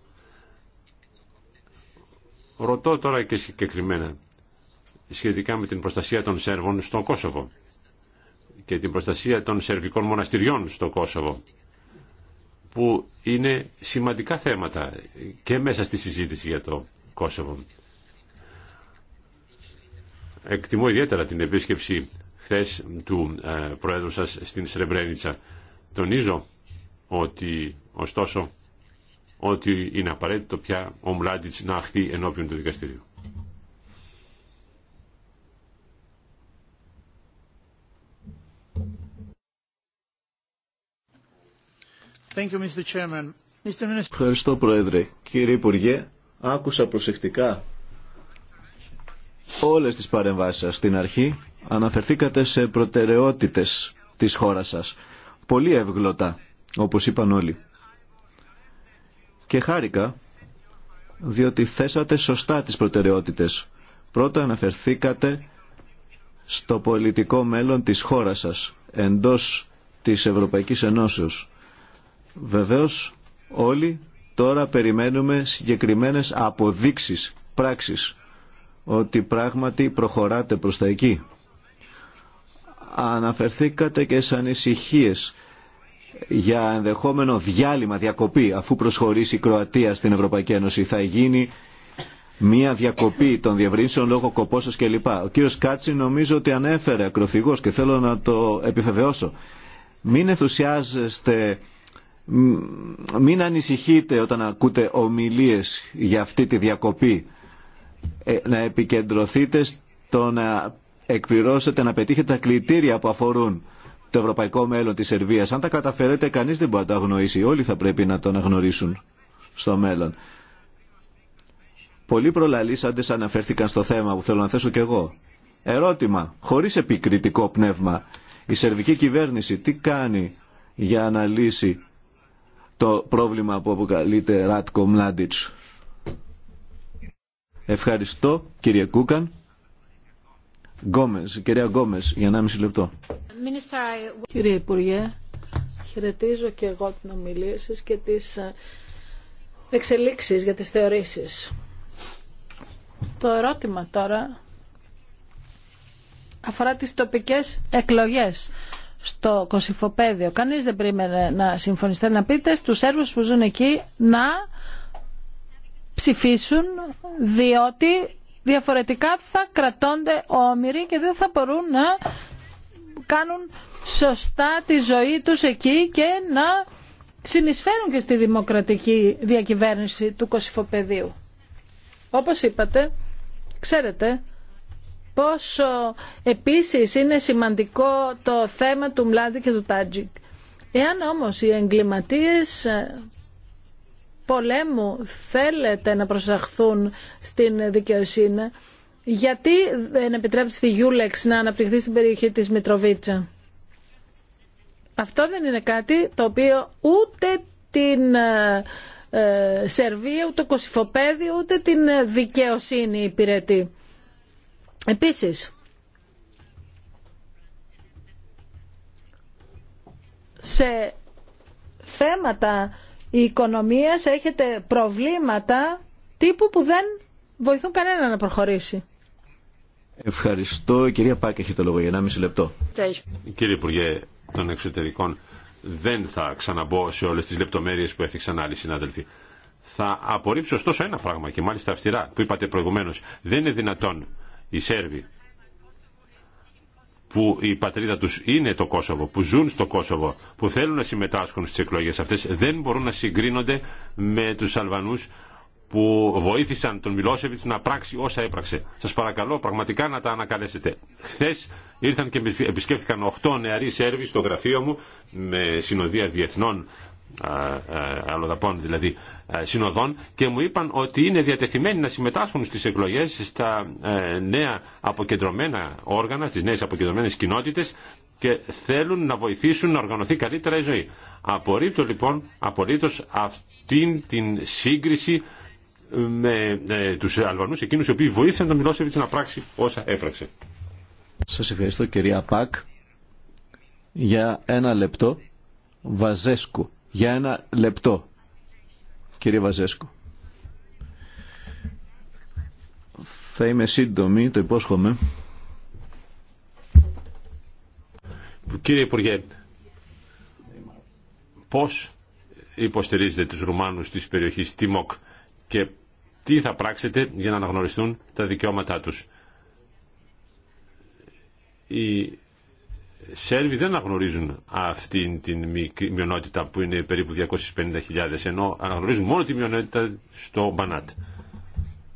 F: Ρωτώ τώρα και συγκεκριμένα σχετικά με την προστασία των Σέρβων στο Κόσοβο και την προστασία των σερβικών μοναστηριών στο Κόσοβο που είναι σημαντικά θέματα και μέσα στη συζήτηση για το Κόσοβο. Εκτιμώ ιδιαίτερα την επίσκεψη Χθε του ε, Προέδρου σας στην Σρεμπρένιτσα. Τονίζω ότι ωστόσο ότι είναι απαραίτητο πια ο Μλάντιτς να αχθεί ενώπιον του δικαστηρίου.
G: Thank you,
E: Mr. Ευχαριστώ Πρόεδρε. Κύριε Υπουργέ, άκουσα προσεκτικά όλες τις παρεμβάσεις σας στην αρχή Αναφερθήκατε σε προτεραιότητες της χώρας σας. Πολύ εύγλωτα, όπως είπαν όλοι. Και χάρηκα, διότι θέσατε σωστά τις προτεραιότητες. Πρώτα αναφερθήκατε στο πολιτικό μέλλον της χώρας σας, εντός της Ευρωπαϊκής Ενώσεως. Βεβαίως, όλοι τώρα περιμένουμε συγκεκριμένες αποδείξεις, πράξεις, ότι πράγματι προχωράτε προς τα εκεί αναφερθήκατε και σε ανησυχίες για ενδεχόμενο διάλειμμα, διακοπή, αφού προσχωρήσει η Κροατία στην Ευρωπαϊκή Ένωση. Θα γίνει μία διακοπή των διευρύνσεων λόγω κοπόσεως κλπ. Ο κύριος Κάτσι νομίζω ότι ανέφερε ακροθυγός και θέλω να το επιβεβαιώσω. Μην ενθουσιάζεστε, μην ανησυχείτε όταν ακούτε ομιλίες για αυτή τη διακοπή. Ε, να επικεντρωθείτε στο να εκπληρώσετε, να πετύχετε τα κριτήρια που αφορούν το ευρωπαϊκό μέλλον της Σερβίας. Αν τα καταφέρετε, κανείς δεν μπορεί να τα αγνοήσει. Όλοι θα πρέπει να το αναγνωρίσουν στο μέλλον. Πολλοί προλαλήσαντες αναφέρθηκαν στο θέμα που θέλω να θέσω κι εγώ. Ερώτημα, χωρίς επικριτικό πνεύμα, η σερβική κυβέρνηση τι κάνει για να λύσει το πρόβλημα που αποκαλείται Ράτκο Μλάντιτς. Ευχαριστώ κύριε Κούκαν κυρία Γκόμες, για 1,5 λεπτό.
J: Κύριε Υπουργέ, χαιρετίζω και εγώ την ομιλία σας και τις ε, εξελίξεις για τις θεωρήσεις. Το ερώτημα τώρα αφορά τις τοπικές εκλογές στο Κωσυφοπαίδιο. Κανείς δεν περίμενε να συμφωνήσετε να πείτε στους Σέρβους που ζουν εκεί να ψηφίσουν διότι Διαφορετικά θα κρατώνται όμοιροι και δεν θα μπορούν να κάνουν σωστά τη ζωή τους εκεί και να συνεισφέρουν και στη δημοκρατική διακυβέρνηση του Κωσυφοπεδίου. Όπως είπατε, ξέρετε πόσο επίσης είναι σημαντικό το θέμα του Μλάδη και του Τάτζικ. Εάν όμως οι εγκληματίες πολέμου θέλετε να προσαχθούν στην δικαιοσύνη, γιατί δεν επιτρέψει στη Γιούλεξ να αναπτυχθεί στην περιοχή της Μητροβίτσα. Αυτό δεν είναι κάτι το οποίο ούτε την ε, ε, Σερβία, ούτε το Κωσυφοπέδιο, ούτε την δικαιοσύνη υπηρετεί. Επίσης, σε θέματα η οικονομία έχετε προβλήματα τύπου που δεν βοηθούν κανένα να προχωρήσει.
F: Ευχαριστώ. Η κυρία Πάκη, έχει το λόγο για ένα μισή λεπτό. Κύριε Υπουργέ των Εξωτερικών, δεν θα ξαναμπώ σε όλες τις λεπτομέρειες που έφτιαξαν άλλοι συνάδελφοι. Θα απορρίψω ωστόσο ένα πράγμα και μάλιστα αυστηρά που είπατε προηγουμένως. Δεν είναι δυνατόν οι Σέρβοι που η πατρίδα τους είναι το Κόσοβο, που ζουν στο Κόσοβο, που θέλουν να συμμετάσχουν στις εκλογές αυτές, δεν μπορούν να συγκρίνονται με τους Αλβανούς που βοήθησαν τον Μιλόσεβιτς να πράξει όσα έπραξε. Σας παρακαλώ πραγματικά να τα ανακαλέσετε. Χθε ήρθαν και επισκέφθηκαν 8 νεαροί Σέρβοι στο γραφείο μου με συνοδεία διεθνών αλλοδαπών δηλαδή συνοδών και μου είπαν ότι είναι διατεθειμένοι να συμμετάσχουν στις εκλογές στα ε, νέα αποκεντρωμένα όργανα, στις νέες αποκεντρωμένες κοινότητες και θέλουν να βοηθήσουν να οργανωθεί καλύτερα η ζωή. Απορρίπτω λοιπόν απολύτως αυτήν την σύγκριση με ε, τους Αλβανούς εκείνους οι οποίοι βοήθησαν τον Μιλόσεβιτ να πράξει όσα έφραξε.
E: Σας ευχαριστώ κυρία Πακ για ένα λεπτό Βαζέσκου. Για ένα λεπτό, κύριε Βαζέσκο. Θα είμαι σύντομη, το υπόσχομαι.
F: Κύριε Υπουργέ, πώς υποστηρίζετε τους Ρουμάνους της περιοχής Τιμόκ και τι θα πράξετε για να αναγνωριστούν τα δικαιώματά τους. Σέρβοι δεν αναγνωρίζουν αυτήν την μειονότητα που είναι περίπου 250.000 ενώ αναγνωρίζουν μόνο τη μειονότητα στο Μπανάτ.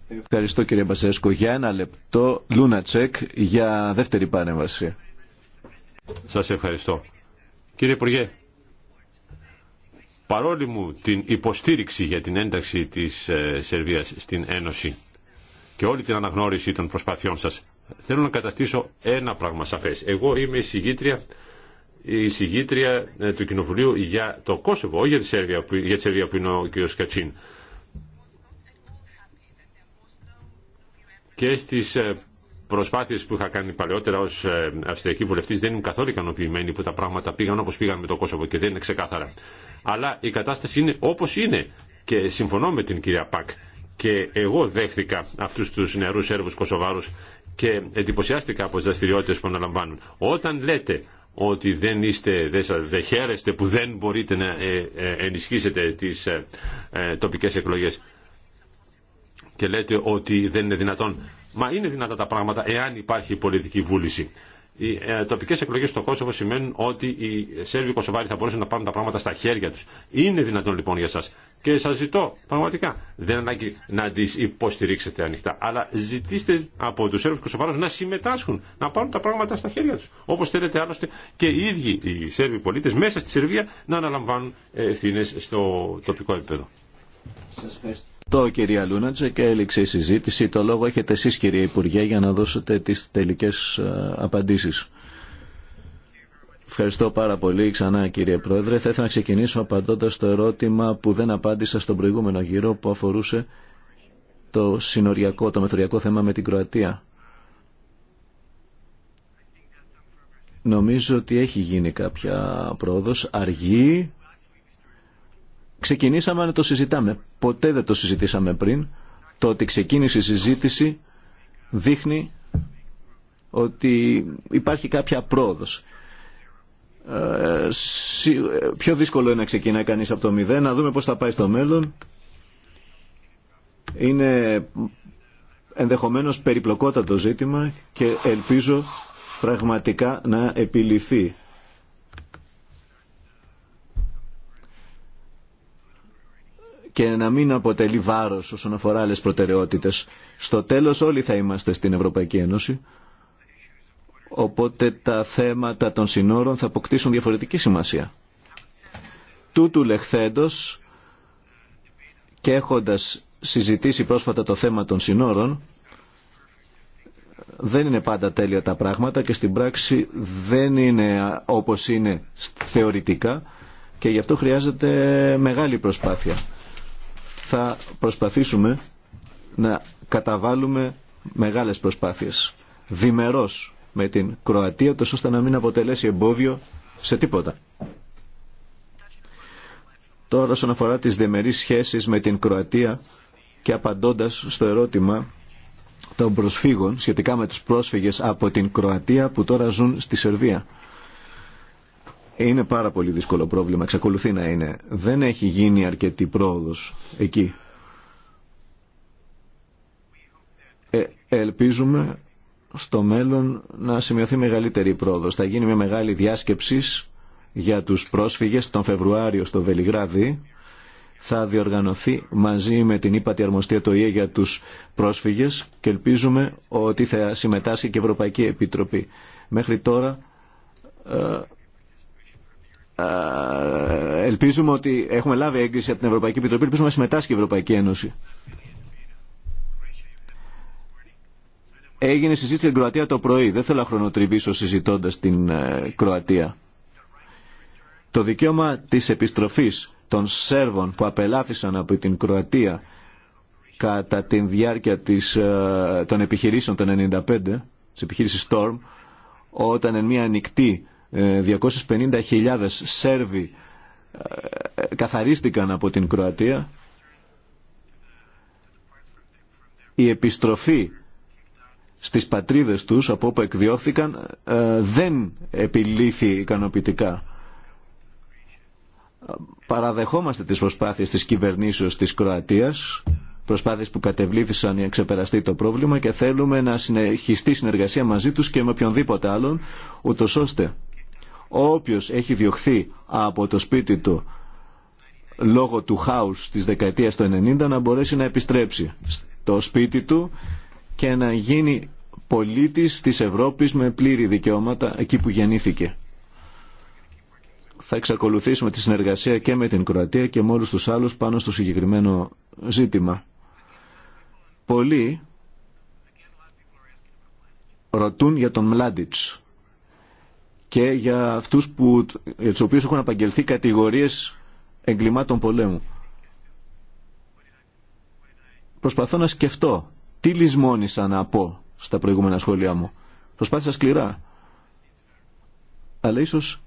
E: Ευχαριστώ κύριε Μπασέσκο. Για ένα λεπτό, Λούνα Τσεκ, για δεύτερη παρέμβαση.
F: Σας ευχαριστώ. Κύριε Υπουργέ, παρόλη μου την υποστήριξη για την ένταξη της ε, Σερβίας στην Ένωση και όλη την αναγνώριση των προσπαθειών σας, Θέλω να καταστήσω ένα πράγμα σαφές. Εγώ είμαι η συγγήτρια ε, του Κοινοβουλίου για το Κόσοβο, όχι για τη Σέρβια, για τη Σέρβια που είναι ο κ. Κατσίν. Και στις ε, προσπάθειε που είχα κάνει παλαιότερα ως ε, αυστριακή βουλευτή, δεν είμαι καθόλου ικανοποιημένη που τα πράγματα πήγαν όπω πήγαν με το Κόσοβο και δεν είναι ξεκάθαρα. Αλλά η κατάσταση είναι όπω είναι και συμφωνώ με την κυρία Πακ και εγώ δέχθηκα αυτού του νεαρού Σέρβου Κοσοβάρους και εντυπωσιάστηκα από τι δραστηριότητε που αναλαμβάνουν. Όταν λέτε ότι δεν, είστε, δεν χαίρεστε που δεν μπορείτε να ε, ε, ενισχύσετε τις ε, τοπικές εκλογές και λέτε ότι δεν είναι δυνατόν. Μα είναι δυνατά τα πράγματα εάν υπάρχει πολιτική βούληση. Οι ε, τοπικέ εκλογέ στο Κόσοβο σημαίνουν ότι οι Σέρβοι Κωσοβάροι θα μπορούσαν να πάρουν τα πράγματα στα χέρια του. Είναι δυνατόν λοιπόν για εσά. Και σα ζητώ πραγματικά, δεν ανάγκη να τι υποστηρίξετε ανοιχτά, αλλά ζητήστε από του Σέρβου Κοσοβάρου να συμμετάσχουν, να πάρουν τα πράγματα στα χέρια του. Όπω θέλετε άλλωστε και οι ίδιοι οι Σέρβοι πολίτε μέσα στη Σερβία να αναλαμβάνουν ευθύνε στο τοπικό επίπεδο.
E: ευχαριστώ. Το, κυρία Λούνατζε και έληξε η συζήτηση. Το λόγο έχετε εσεί κύριε Υπουργέ για να δώσετε τις τελικές ε, απαντήσεις. Ευχαριστώ πάρα πολύ ξανά κύριε Πρόεδρε. Θα ήθελα να ξεκινήσω απαντώντας το ερώτημα που δεν απάντησα στον προηγούμενο γύρο που αφορούσε το συνοριακό, το μεθοριακό θέμα με την Κροατία. Νομίζω ότι έχει γίνει κάποια πρόοδος. Αργή, ξεκινήσαμε να το συζητάμε. Ποτέ δεν το συζητήσαμε πριν. Το ότι ξεκίνησε η συζήτηση δείχνει ότι υπάρχει κάποια πρόοδος. Ε, ε, πιο δύσκολο είναι να ξεκινάει κανείς από το μηδέν, να δούμε πώς θα πάει στο μέλλον. Είναι ενδεχομένως περιπλοκότατο ζήτημα και ελπίζω πραγματικά να επιληθεί και να μην αποτελεί βάρο όσον αφορά άλλε προτεραιότητε, Στο τέλος όλοι θα είμαστε στην Ευρωπαϊκή Ένωση, οπότε τα θέματα των συνόρων θα αποκτήσουν διαφορετική σημασία. Τούτου λεχθέντος και έχοντας συζητήσει πρόσφατα το θέμα των συνόρων, δεν είναι πάντα τέλεια τα πράγματα και στην πράξη δεν είναι όπως είναι θεωρητικά και γι' αυτό χρειάζεται μεγάλη προσπάθεια θα προσπαθήσουμε να καταβάλουμε μεγάλες προσπάθειες διμερός με την Κροατία τόσο ώστε να μην αποτελέσει εμπόδιο σε τίποτα. Τώρα όσον αφορά τις διμερείς σχέσεις με την Κροατία και απαντώντας στο ερώτημα των προσφύγων σχετικά με τους πρόσφυγες από την Κροατία που τώρα ζουν στη Σερβία. Είναι πάρα πολύ δύσκολο πρόβλημα, εξακολουθεί να είναι. Δεν έχει γίνει αρκετή πρόοδος εκεί. Ε, ελπίζουμε στο μέλλον να σημειωθεί μεγαλύτερη πρόοδος. Θα γίνει μια μεγάλη διάσκεψη για τους πρόσφυγες τον Φεβρουάριο στο Βελιγράδι. Θα διοργανωθεί μαζί με την ύπατη αρμοστία το ΙΕ για τους πρόσφυγες και ελπίζουμε ότι θα συμμετάσχει και η Ευρωπαϊκή Επιτροπή. Μέχρι τώρα ε, ελπίζουμε ότι έχουμε λάβει έγκριση από την Ευρωπαϊκή Επιτροπή, ελπίζουμε να συμμετάσχει η Ευρωπαϊκή Ένωση. Έγινε συζήτηση στην Κροατία το πρωί. Δεν θέλω να χρονοτριβήσω συζητώντα την ε, Κροατία. Το δικαίωμα τη επιστροφή των Σέρβων που απελάθησαν από την Κροατία κατά τη διάρκεια της, ε, των επιχειρήσεων των 1995 τη επιχείρηση Storm, όταν εν μία ανοιχτή 250.000 Σέρβοι ε, καθαρίστηκαν από την Κροατία. Η επιστροφή στις πατρίδες τους από όπου εκδιώχθηκαν ε, δεν επιλύθη ικανοποιητικά. Παραδεχόμαστε τις προσπάθειες της κυβερνήσεως της Κροατίας, προσπάθειες που κατεβλήθησαν για να ξεπεραστεί το πρόβλημα και θέλουμε να συνεχιστεί συνεργασία μαζί τους και με οποιονδήποτε άλλον, ούτως ώστε Όποιος έχει διωχθεί από το σπίτι του λόγω του χάους της δεκαετίας του 90 να μπορέσει να επιστρέψει στο σπίτι του και να γίνει πολίτης της Ευρώπης με πλήρη δικαιώματα εκεί που γεννήθηκε. Θα εξακολουθήσουμε τη συνεργασία και με την Κροατία και με όλους τους άλλους πάνω στο συγκεκριμένο ζήτημα. Πολλοί ρωτούν για τον Μλάντιτς και για αυτούς που, για τους οποίους έχουν απαγγελθεί κατηγορίες εγκλημάτων πολέμου. Προσπαθώ να σκεφτώ τι λησμόνησα να πω στα προηγούμενα σχόλιά μου. Προσπάθησα σκληρά. Αλλά ίσως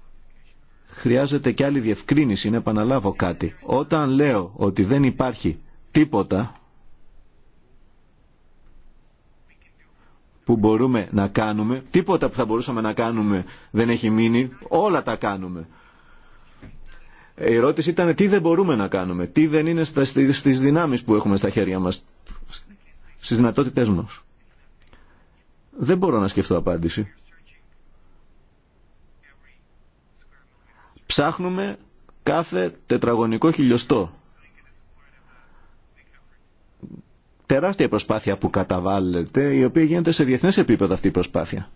E: χρειάζεται και άλλη διευκρίνηση να επαναλάβω κάτι. Όταν λέω ότι δεν υπάρχει τίποτα που μπορούμε να κάνουμε, τίποτα που θα μπορούσαμε να κάνουμε δεν έχει μείνει, όλα τα κάνουμε. Η ερώτηση ήταν τι δεν μπορούμε να κάνουμε, τι δεν είναι στα, στις δυνάμεις που έχουμε στα χέρια μας, στις δυνατότητές μας. Δεν μπορώ να σκεφτώ απάντηση. Ψάχνουμε κάθε τετραγωνικό χιλιοστό τεράστια προσπάθεια που καταβάλλεται, η οποία γίνεται σε διεθνές επίπεδο αυτή η προσπάθεια.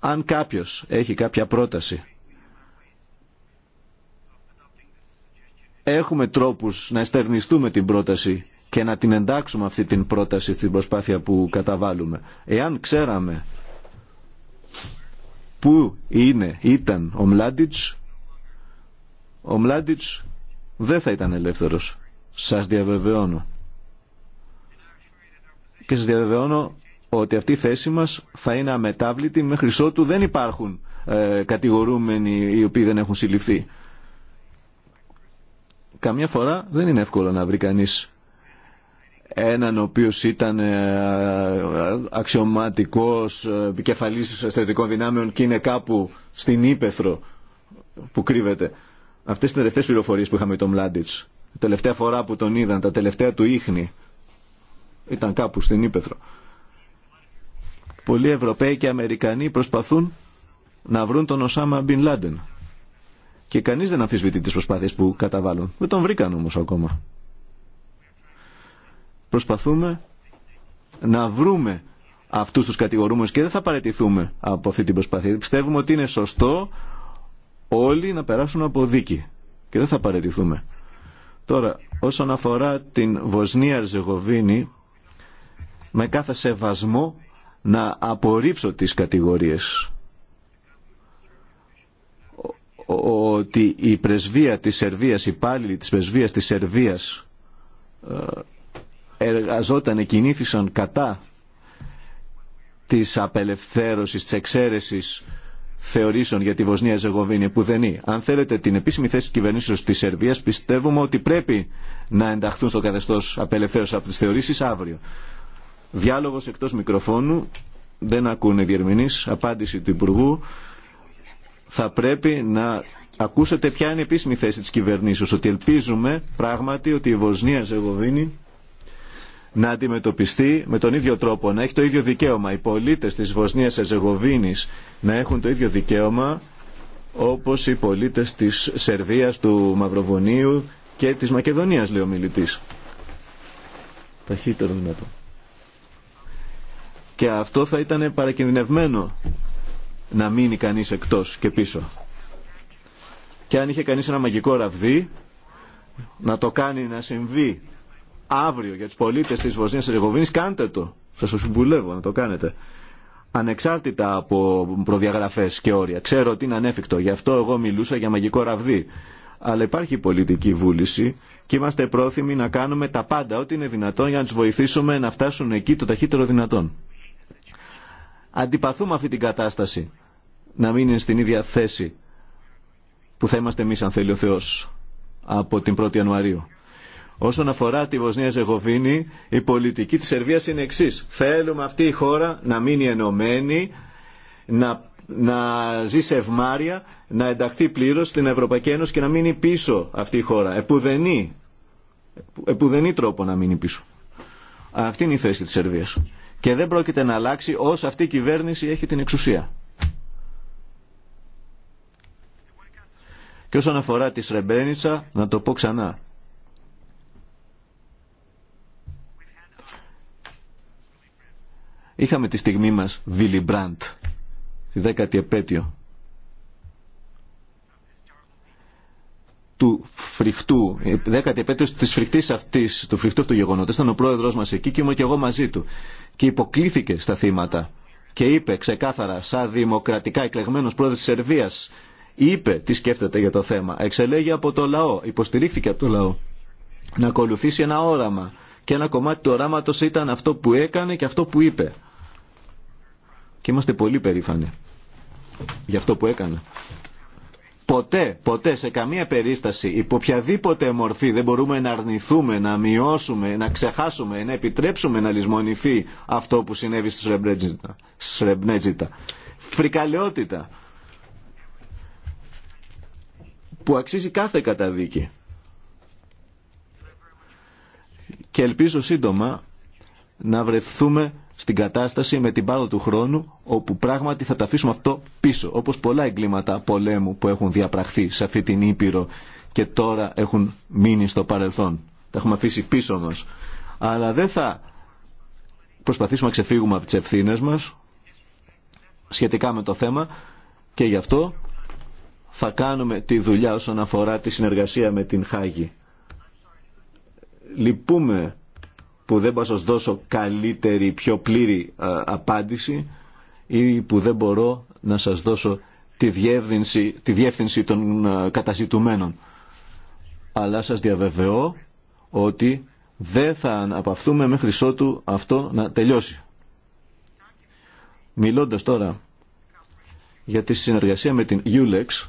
E: Αν κάποιος έχει κάποια πρόταση, έχουμε τρόπους να εστερνιστούμε την πρόταση και να την εντάξουμε αυτή την πρόταση στην προσπάθεια που καταβάλουμε. Εάν ξέραμε πού είναι, ήταν ο Μλάντιτς, ο Μλάντιτς δεν θα ήταν ελεύθερος. Σας διαβεβαιώνω και σας διαβεβαιώνω ότι αυτή η θέση μας θα είναι αμετάβλητη μέχρι ότου δεν υπάρχουν ε, κατηγορούμενοι οι οποίοι δεν έχουν συλληφθεί. Καμιά φορά δεν είναι εύκολο να βρει κανείς έναν ο οποίος ήταν ε, αξιωματικός ε, επικεφαλής στρατιωτικών δυνάμεων και είναι κάπου στην Ήπεθρο που κρύβεται. Αυτές είναι οι τελευταίες πληροφορίες που είχαμε τον Μλάντιτς. Τελευταία φορά που τον είδαν, τα τελευταία του ίχνη ήταν κάπου στην Ήπεθρο. Πολλοί Ευρωπαίοι και Αμερικανοί προσπαθούν να βρουν τον Οσάμα Μπιν Λάντεν. Και κανεί δεν αμφισβητεί τι προσπάθειες που καταβάλουν. Δεν τον βρήκαν όμω ακόμα. Προσπαθούμε να βρούμε αυτούς τους κατηγορούμενου και δεν θα παραιτηθούμε από αυτή την προσπάθεια. Πιστεύουμε ότι είναι σωστό όλοι να περάσουν από δίκη και δεν θα παραιτηθούμε. Τώρα, όσον αφορά την Βοσνία ριζεγοβινη με κάθε σεβασμό να απορρίψω τις κατηγορίες ότι η πρεσβεία της Σερβίας, η πάλι της πρεσβείας της Σερβίας ε, εργαζόταν, κινήθησαν κατά της απελευθέρωσης, της εξαίρεσης θεωρήσεων για τη Βοσνία Ζεγοβίνη που δεν είναι. Αν θέλετε την επίσημη θέση της κυβερνήσεως της Σερβίας πιστεύουμε ότι πρέπει να ενταχθούν στο καθεστώς απελευθέρωση από τις θεωρήσεις αύριο. Διάλογος εκτός μικροφώνου, δεν ακούνε διερμηνείς, απάντηση του Υπουργού. Θα πρέπει να ακούσετε ποια είναι η επίσημη θέση της κυβερνήσεως, ότι ελπίζουμε πράγματι ότι η Βοσνία Ζεγοβίνη να αντιμετωπιστεί με τον ίδιο τρόπο, να έχει το ίδιο δικαίωμα. Οι πολίτες της Βοσνίας Ζεγοβίνης να έχουν το ίδιο δικαίωμα όπως οι πολίτες της Σερβίας, του Μαυροβουνίου και της Μακεδονίας, λέει ο μιλητής. Ταχύτερο και αυτό θα ήταν παρακινδυνευμένο να μείνει κανείς εκτός και πίσω. Και αν είχε κανείς ένα μαγικό ραβδί, να το κάνει να συμβεί αύριο για τους πολίτες της Βοσνίας Ρεγοβίνης, κάντε το. Σας συμβουλεύω να το κάνετε. Ανεξάρτητα από προδιαγραφές και όρια. Ξέρω ότι είναι ανέφικτο. Γι' αυτό εγώ μιλούσα για μαγικό ραβδί. Αλλά υπάρχει πολιτική βούληση και είμαστε πρόθυμοι να κάνουμε τα πάντα ό,τι είναι δυνατόν για να τους βοηθήσουμε να φτάσουν εκεί το ταχύτερο δυνατόν αντιπαθούμε αυτή την κατάσταση να μην είναι στην ίδια θέση που θα είμαστε εμείς αν θέλει ο Θεός από την 1η Ιανουαρίου. Όσον αφορά τη Βοσνία Ζεγοβίνη, η πολιτική της Σερβίας είναι εξή. Θέλουμε αυτή η χώρα να μείνει ενωμένη, να, να ζει σε ευμάρεια, να ενταχθεί πλήρως στην Ευρωπαϊκή Ένωση και να μείνει πίσω αυτή η χώρα. Επουδενή, επουδενή τρόπο να μείνει πίσω. Αυτή είναι η θέση της Σερβίας και δεν πρόκειται να αλλάξει όσο αυτή η κυβέρνηση έχει την εξουσία. Και όσον αφορά τη Σρεμπένιτσα, να το πω ξανά. Είχαμε τη στιγμή μας Βίλι Μπραντ, τη δέκατη επέτειο του φρικτού, δέκατη επέτειο της φρικτής αυτής, του φρικτού αυτού γεγονότος. Ήταν ο πρόεδρος μας εκεί και ήμουν και εγώ μαζί του και υποκλήθηκε στα θύματα και είπε ξεκάθαρα σαν δημοκρατικά εκλεγμένος πρόεδρος της Σερβίας είπε τι σκέφτεται για το θέμα εξελέγει από το λαό, υποστηρίχθηκε από το λαό να ακολουθήσει ένα όραμα και ένα κομμάτι του οράματος ήταν αυτό που έκανε και αυτό που είπε και είμαστε πολύ περήφανοι για αυτό που έκανε Ποτέ, ποτέ, σε καμία περίσταση, υπό οποιαδήποτε μορφή δεν μπορούμε να αρνηθούμε, να μειώσουμε, να ξεχάσουμε, να επιτρέψουμε να λησμονηθεί αυτό που συνέβη στη Σρεμπνέτζιτα. Φρικαλαιότητα που αξίζει κάθε καταδίκη. Και ελπίζω σύντομα να βρεθούμε στην κατάσταση με την πάροδο του χρόνου όπου πράγματι θα τα αφήσουμε αυτό πίσω όπως πολλά εγκλήματα πολέμου που έχουν διαπραχθεί σε αυτή την Ήπειρο και τώρα έχουν μείνει στο παρελθόν. Τα έχουμε αφήσει πίσω μας. Αλλά δεν θα προσπαθήσουμε να ξεφύγουμε από τις ευθύνε μας σχετικά με το θέμα και γι' αυτό θα κάνουμε τη δουλειά όσον αφορά τη συνεργασία με την Χάγη. Λυπούμε που δεν μπορώ να σας δώσω καλύτερη, πιο πλήρη ε, απάντηση ή που δεν μπορώ να σας δώσω τη διεύθυνση, τη διεύθυνση των ε, καταζητουμένων. Αλλά σας διαβεβαιώ ότι δεν θα αναπαυθούμε μέχρι ότου αυτό να τελειώσει. Μιλώντας τώρα για τη συνεργασία με την ULEX,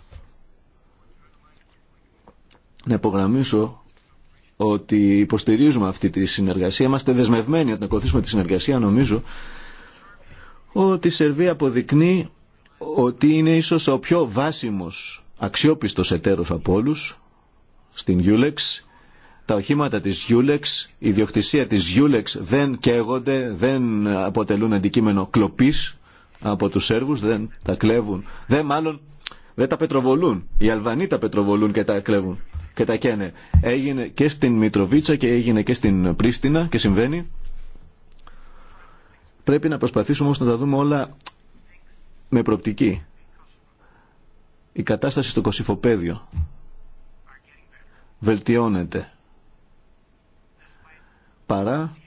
E: να υπογραμμίσω ότι υποστηρίζουμε αυτή τη συνεργασία. Είμαστε δεσμευμένοι να την ακολουθήσουμε τη συνεργασία. Νομίζω ότι η Σερβία αποδεικνύει ότι είναι ίσως ο πιο βάσιμος αξιόπιστος εταίρος από όλου στην Γιούλεξ. Τα οχήματα της Γιούλεξ, η διοκτησία της Γιούλεξ δεν καίγονται, δεν αποτελούν αντικείμενο κλοπής από τους Σέρβους, δεν τα κλέβουν, δεν μάλλον δεν τα πετροβολούν. Οι Αλβανοί τα πετροβολούν και τα κλέβουν. Και τα καίνε. Έγινε και στην Μητροβίτσα και έγινε και στην Πρίστινα και συμβαίνει. Πρέπει να προσπαθήσουμε όμως να τα δούμε όλα με προπτική. Η κατάσταση στο κοσυφοπέδιο βελτιώνεται παρά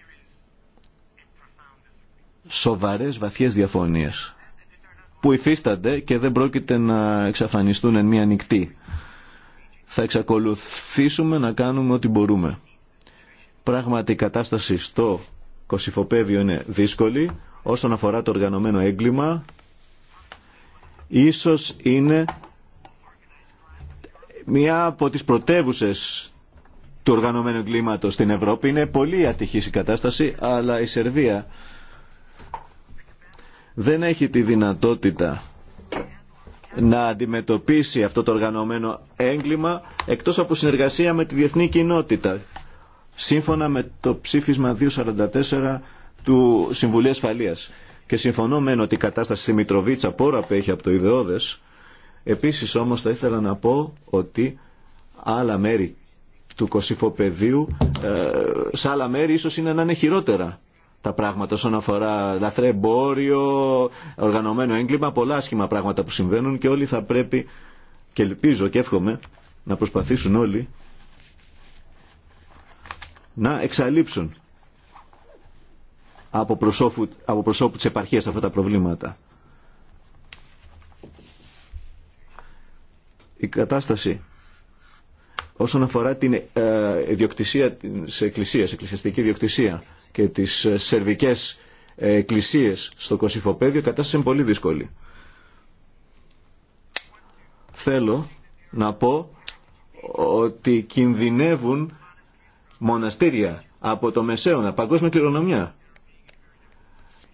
E: σοβαρές βαθιές διαφωνίες που υφίστανται και δεν πρόκειται να εξαφανιστούν εν μία νυχτή θα εξακολουθήσουμε να κάνουμε ό,τι μπορούμε. Πράγματι η κατάσταση στο κοσυφοπέδιο είναι δύσκολη. Όσον αφορά το οργανωμένο έγκλημα, ίσως είναι μία από τις πρωτεύουσε του οργανωμένου εγκλήματος στην Ευρώπη. Είναι πολύ ατυχής η κατάσταση, αλλά η Σερβία δεν έχει τη δυνατότητα να αντιμετωπίσει αυτό το οργανωμένο έγκλημα εκτός από συνεργασία με τη διεθνή κοινότητα. Σύμφωνα με το ψήφισμα 244 του Συμβουλίου Ασφαλείας. Και συμφωνώ μεν ότι η κατάσταση στη Μητροβίτσα πόρα έχει από το ιδεώδες. Επίσης όμως θα ήθελα να πω ότι άλλα μέρη του κοσυφοπεδίου, ε, σε άλλα μέρη ίσως είναι να είναι χειρότερα τα πράγματα όσον αφορά λαθρεμπόριο, οργανωμένο έγκλημα, πολλά άσχημα πράγματα που συμβαίνουν και όλοι θα πρέπει και ελπίζω και εύχομαι να προσπαθήσουν όλοι να εξαλείψουν από προσώπου, από προσώπου της επαρχίας αυτά τα προβλήματα. Η κατάσταση όσον αφορά την ε, ιδιοκτησία της εκκλησίας, εκκλησιαστική διοκτησία και τις ε, σερβικές ε, εκκλησίες στο Κωσυφοπαίδιο, η κατάσταση είναι πολύ δύσκολη. Θέλω να πω ότι κινδυνεύουν μοναστήρια από το Μεσαίωνα, παγκόσμια κληρονομιά,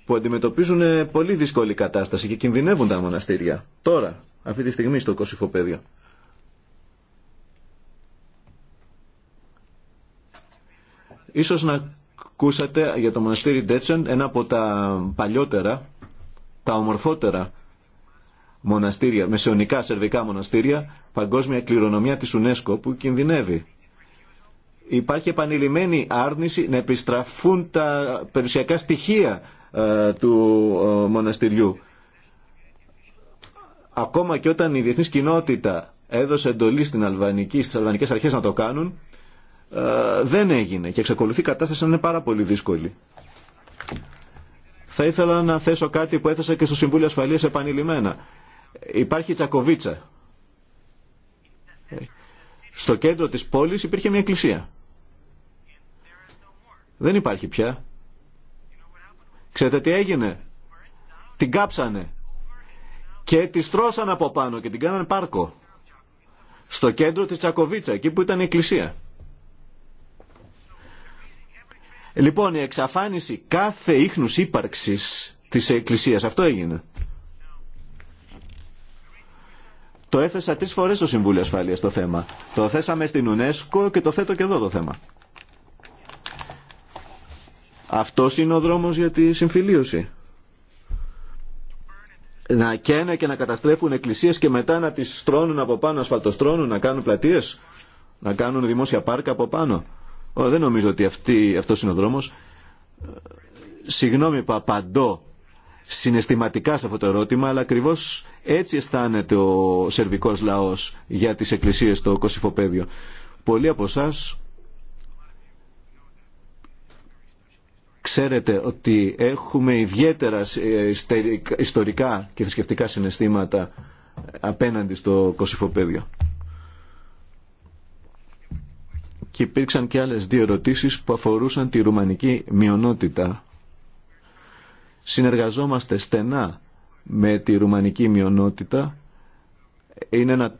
E: που αντιμετωπίζουν ε, πολύ δύσκολη κατάσταση και κινδυνεύουν τα μοναστήρια. Τώρα, αυτή τη στιγμή στο Κωσυφοπαίδιο. Ίσως να Ακούσατε για το μοναστήρι Ντέτσεν, ένα από τα παλιότερα, τα ομορφότερα μοναστήρια, μεσαιωνικά σερβικά μοναστήρια, παγκόσμια κληρονομιά της UNESCO που κινδυνεύει. Υπάρχει επανειλημμένη άρνηση να επιστραφούν τα περιουσιακά στοιχεία ε, του ε, μοναστηριού. Ακόμα και όταν η διεθνής κοινότητα έδωσε εντολή στην αλβανική, στις αλβανικές αρχές να το κάνουν, ε, δεν έγινε και εξακολουθεί η κατάσταση να είναι πάρα πολύ δύσκολη. Θα ήθελα να θέσω κάτι που έθεσα και στο Συμβούλιο Ασφαλείας επανειλημμένα. Υπάρχει Τσακοβίτσα. Στο κέντρο της πόλης υπήρχε μια εκκλησία. Δεν υπάρχει πια. Ξέρετε τι έγινε. Την κάψανε. Και τη στρώσαν από πάνω και την κάνανε πάρκο. Στο κέντρο της Τσακοβίτσα, εκεί που ήταν η εκκλησία. Λοιπόν, η εξαφάνιση κάθε ίχνους ύπαρξης της Εκκλησίας. Αυτό έγινε. Το έθεσα τρεις φορές στο Συμβούλιο Ασφαλείας το θέμα. Το θέσαμε στην UNESCO και το θέτω και εδώ το θέμα. Αυτό είναι ο δρόμος για τη συμφιλίωση. Να καίνε και να καταστρέφουν εκκλησίες και μετά να τις στρώνουν από πάνω, ασφαλτοστρώνουν, να κάνουν πλατείες, να κάνουν δημόσια πάρκα από πάνω. Δεν νομίζω ότι αυτή, αυτός είναι ο δρόμος. Συγγνώμη που απαντώ συναισθηματικά σε αυτό το ερώτημα, αλλά ακριβώ έτσι αισθάνεται ο σερβικός λαός για τις εκκλησίες στο Κωσυφοπαίδιο. Πολλοί από εσά ξέρετε ότι έχουμε ιδιαίτερα ε, ε, ιστορικά και θρησκευτικά συναισθήματα απέναντι στο Κωσυφοπαίδιο και υπήρξαν και άλλες δύο ερωτήσεις που αφορούσαν τη ρουμανική μειονότητα. Συνεργαζόμαστε στενά με τη ρουμανική μειονότητα. Είναι ένα,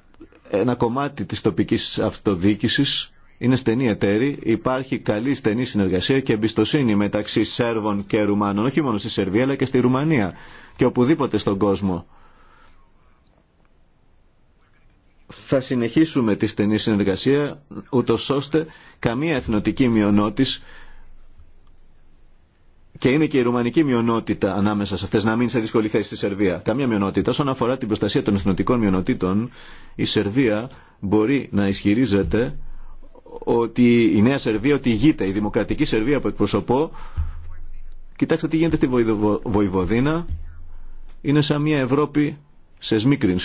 E: ένα κομμάτι της τοπικής αυτοδιοίκησης. Είναι στενή εταίρη. Υπάρχει καλή στενή συνεργασία και εμπιστοσύνη μεταξύ Σέρβων και Ρουμάνων, όχι μόνο στη Σερβία αλλά και στη Ρουμανία και οπουδήποτε στον κόσμο. θα συνεχίσουμε τη στενή συνεργασία ούτω ώστε καμία εθνοτική μειονότης και είναι και η ρουμανική μειονότητα ανάμεσα σε αυτές να μείνει σε δύσκολη θέση στη Σερβία. Καμία μειονότητα. Όσον αφορά την προστασία των εθνοτικών μειονοτήτων, η Σερβία μπορεί να ισχυρίζεται ότι η νέα Σερβία, ότι ηγείται, η δημοκρατική Σερβία που εκπροσωπώ, κοιτάξτε τι γίνεται στη Βοηβοδίνα, είναι σαν μια Ευρώπη σε σμίκριν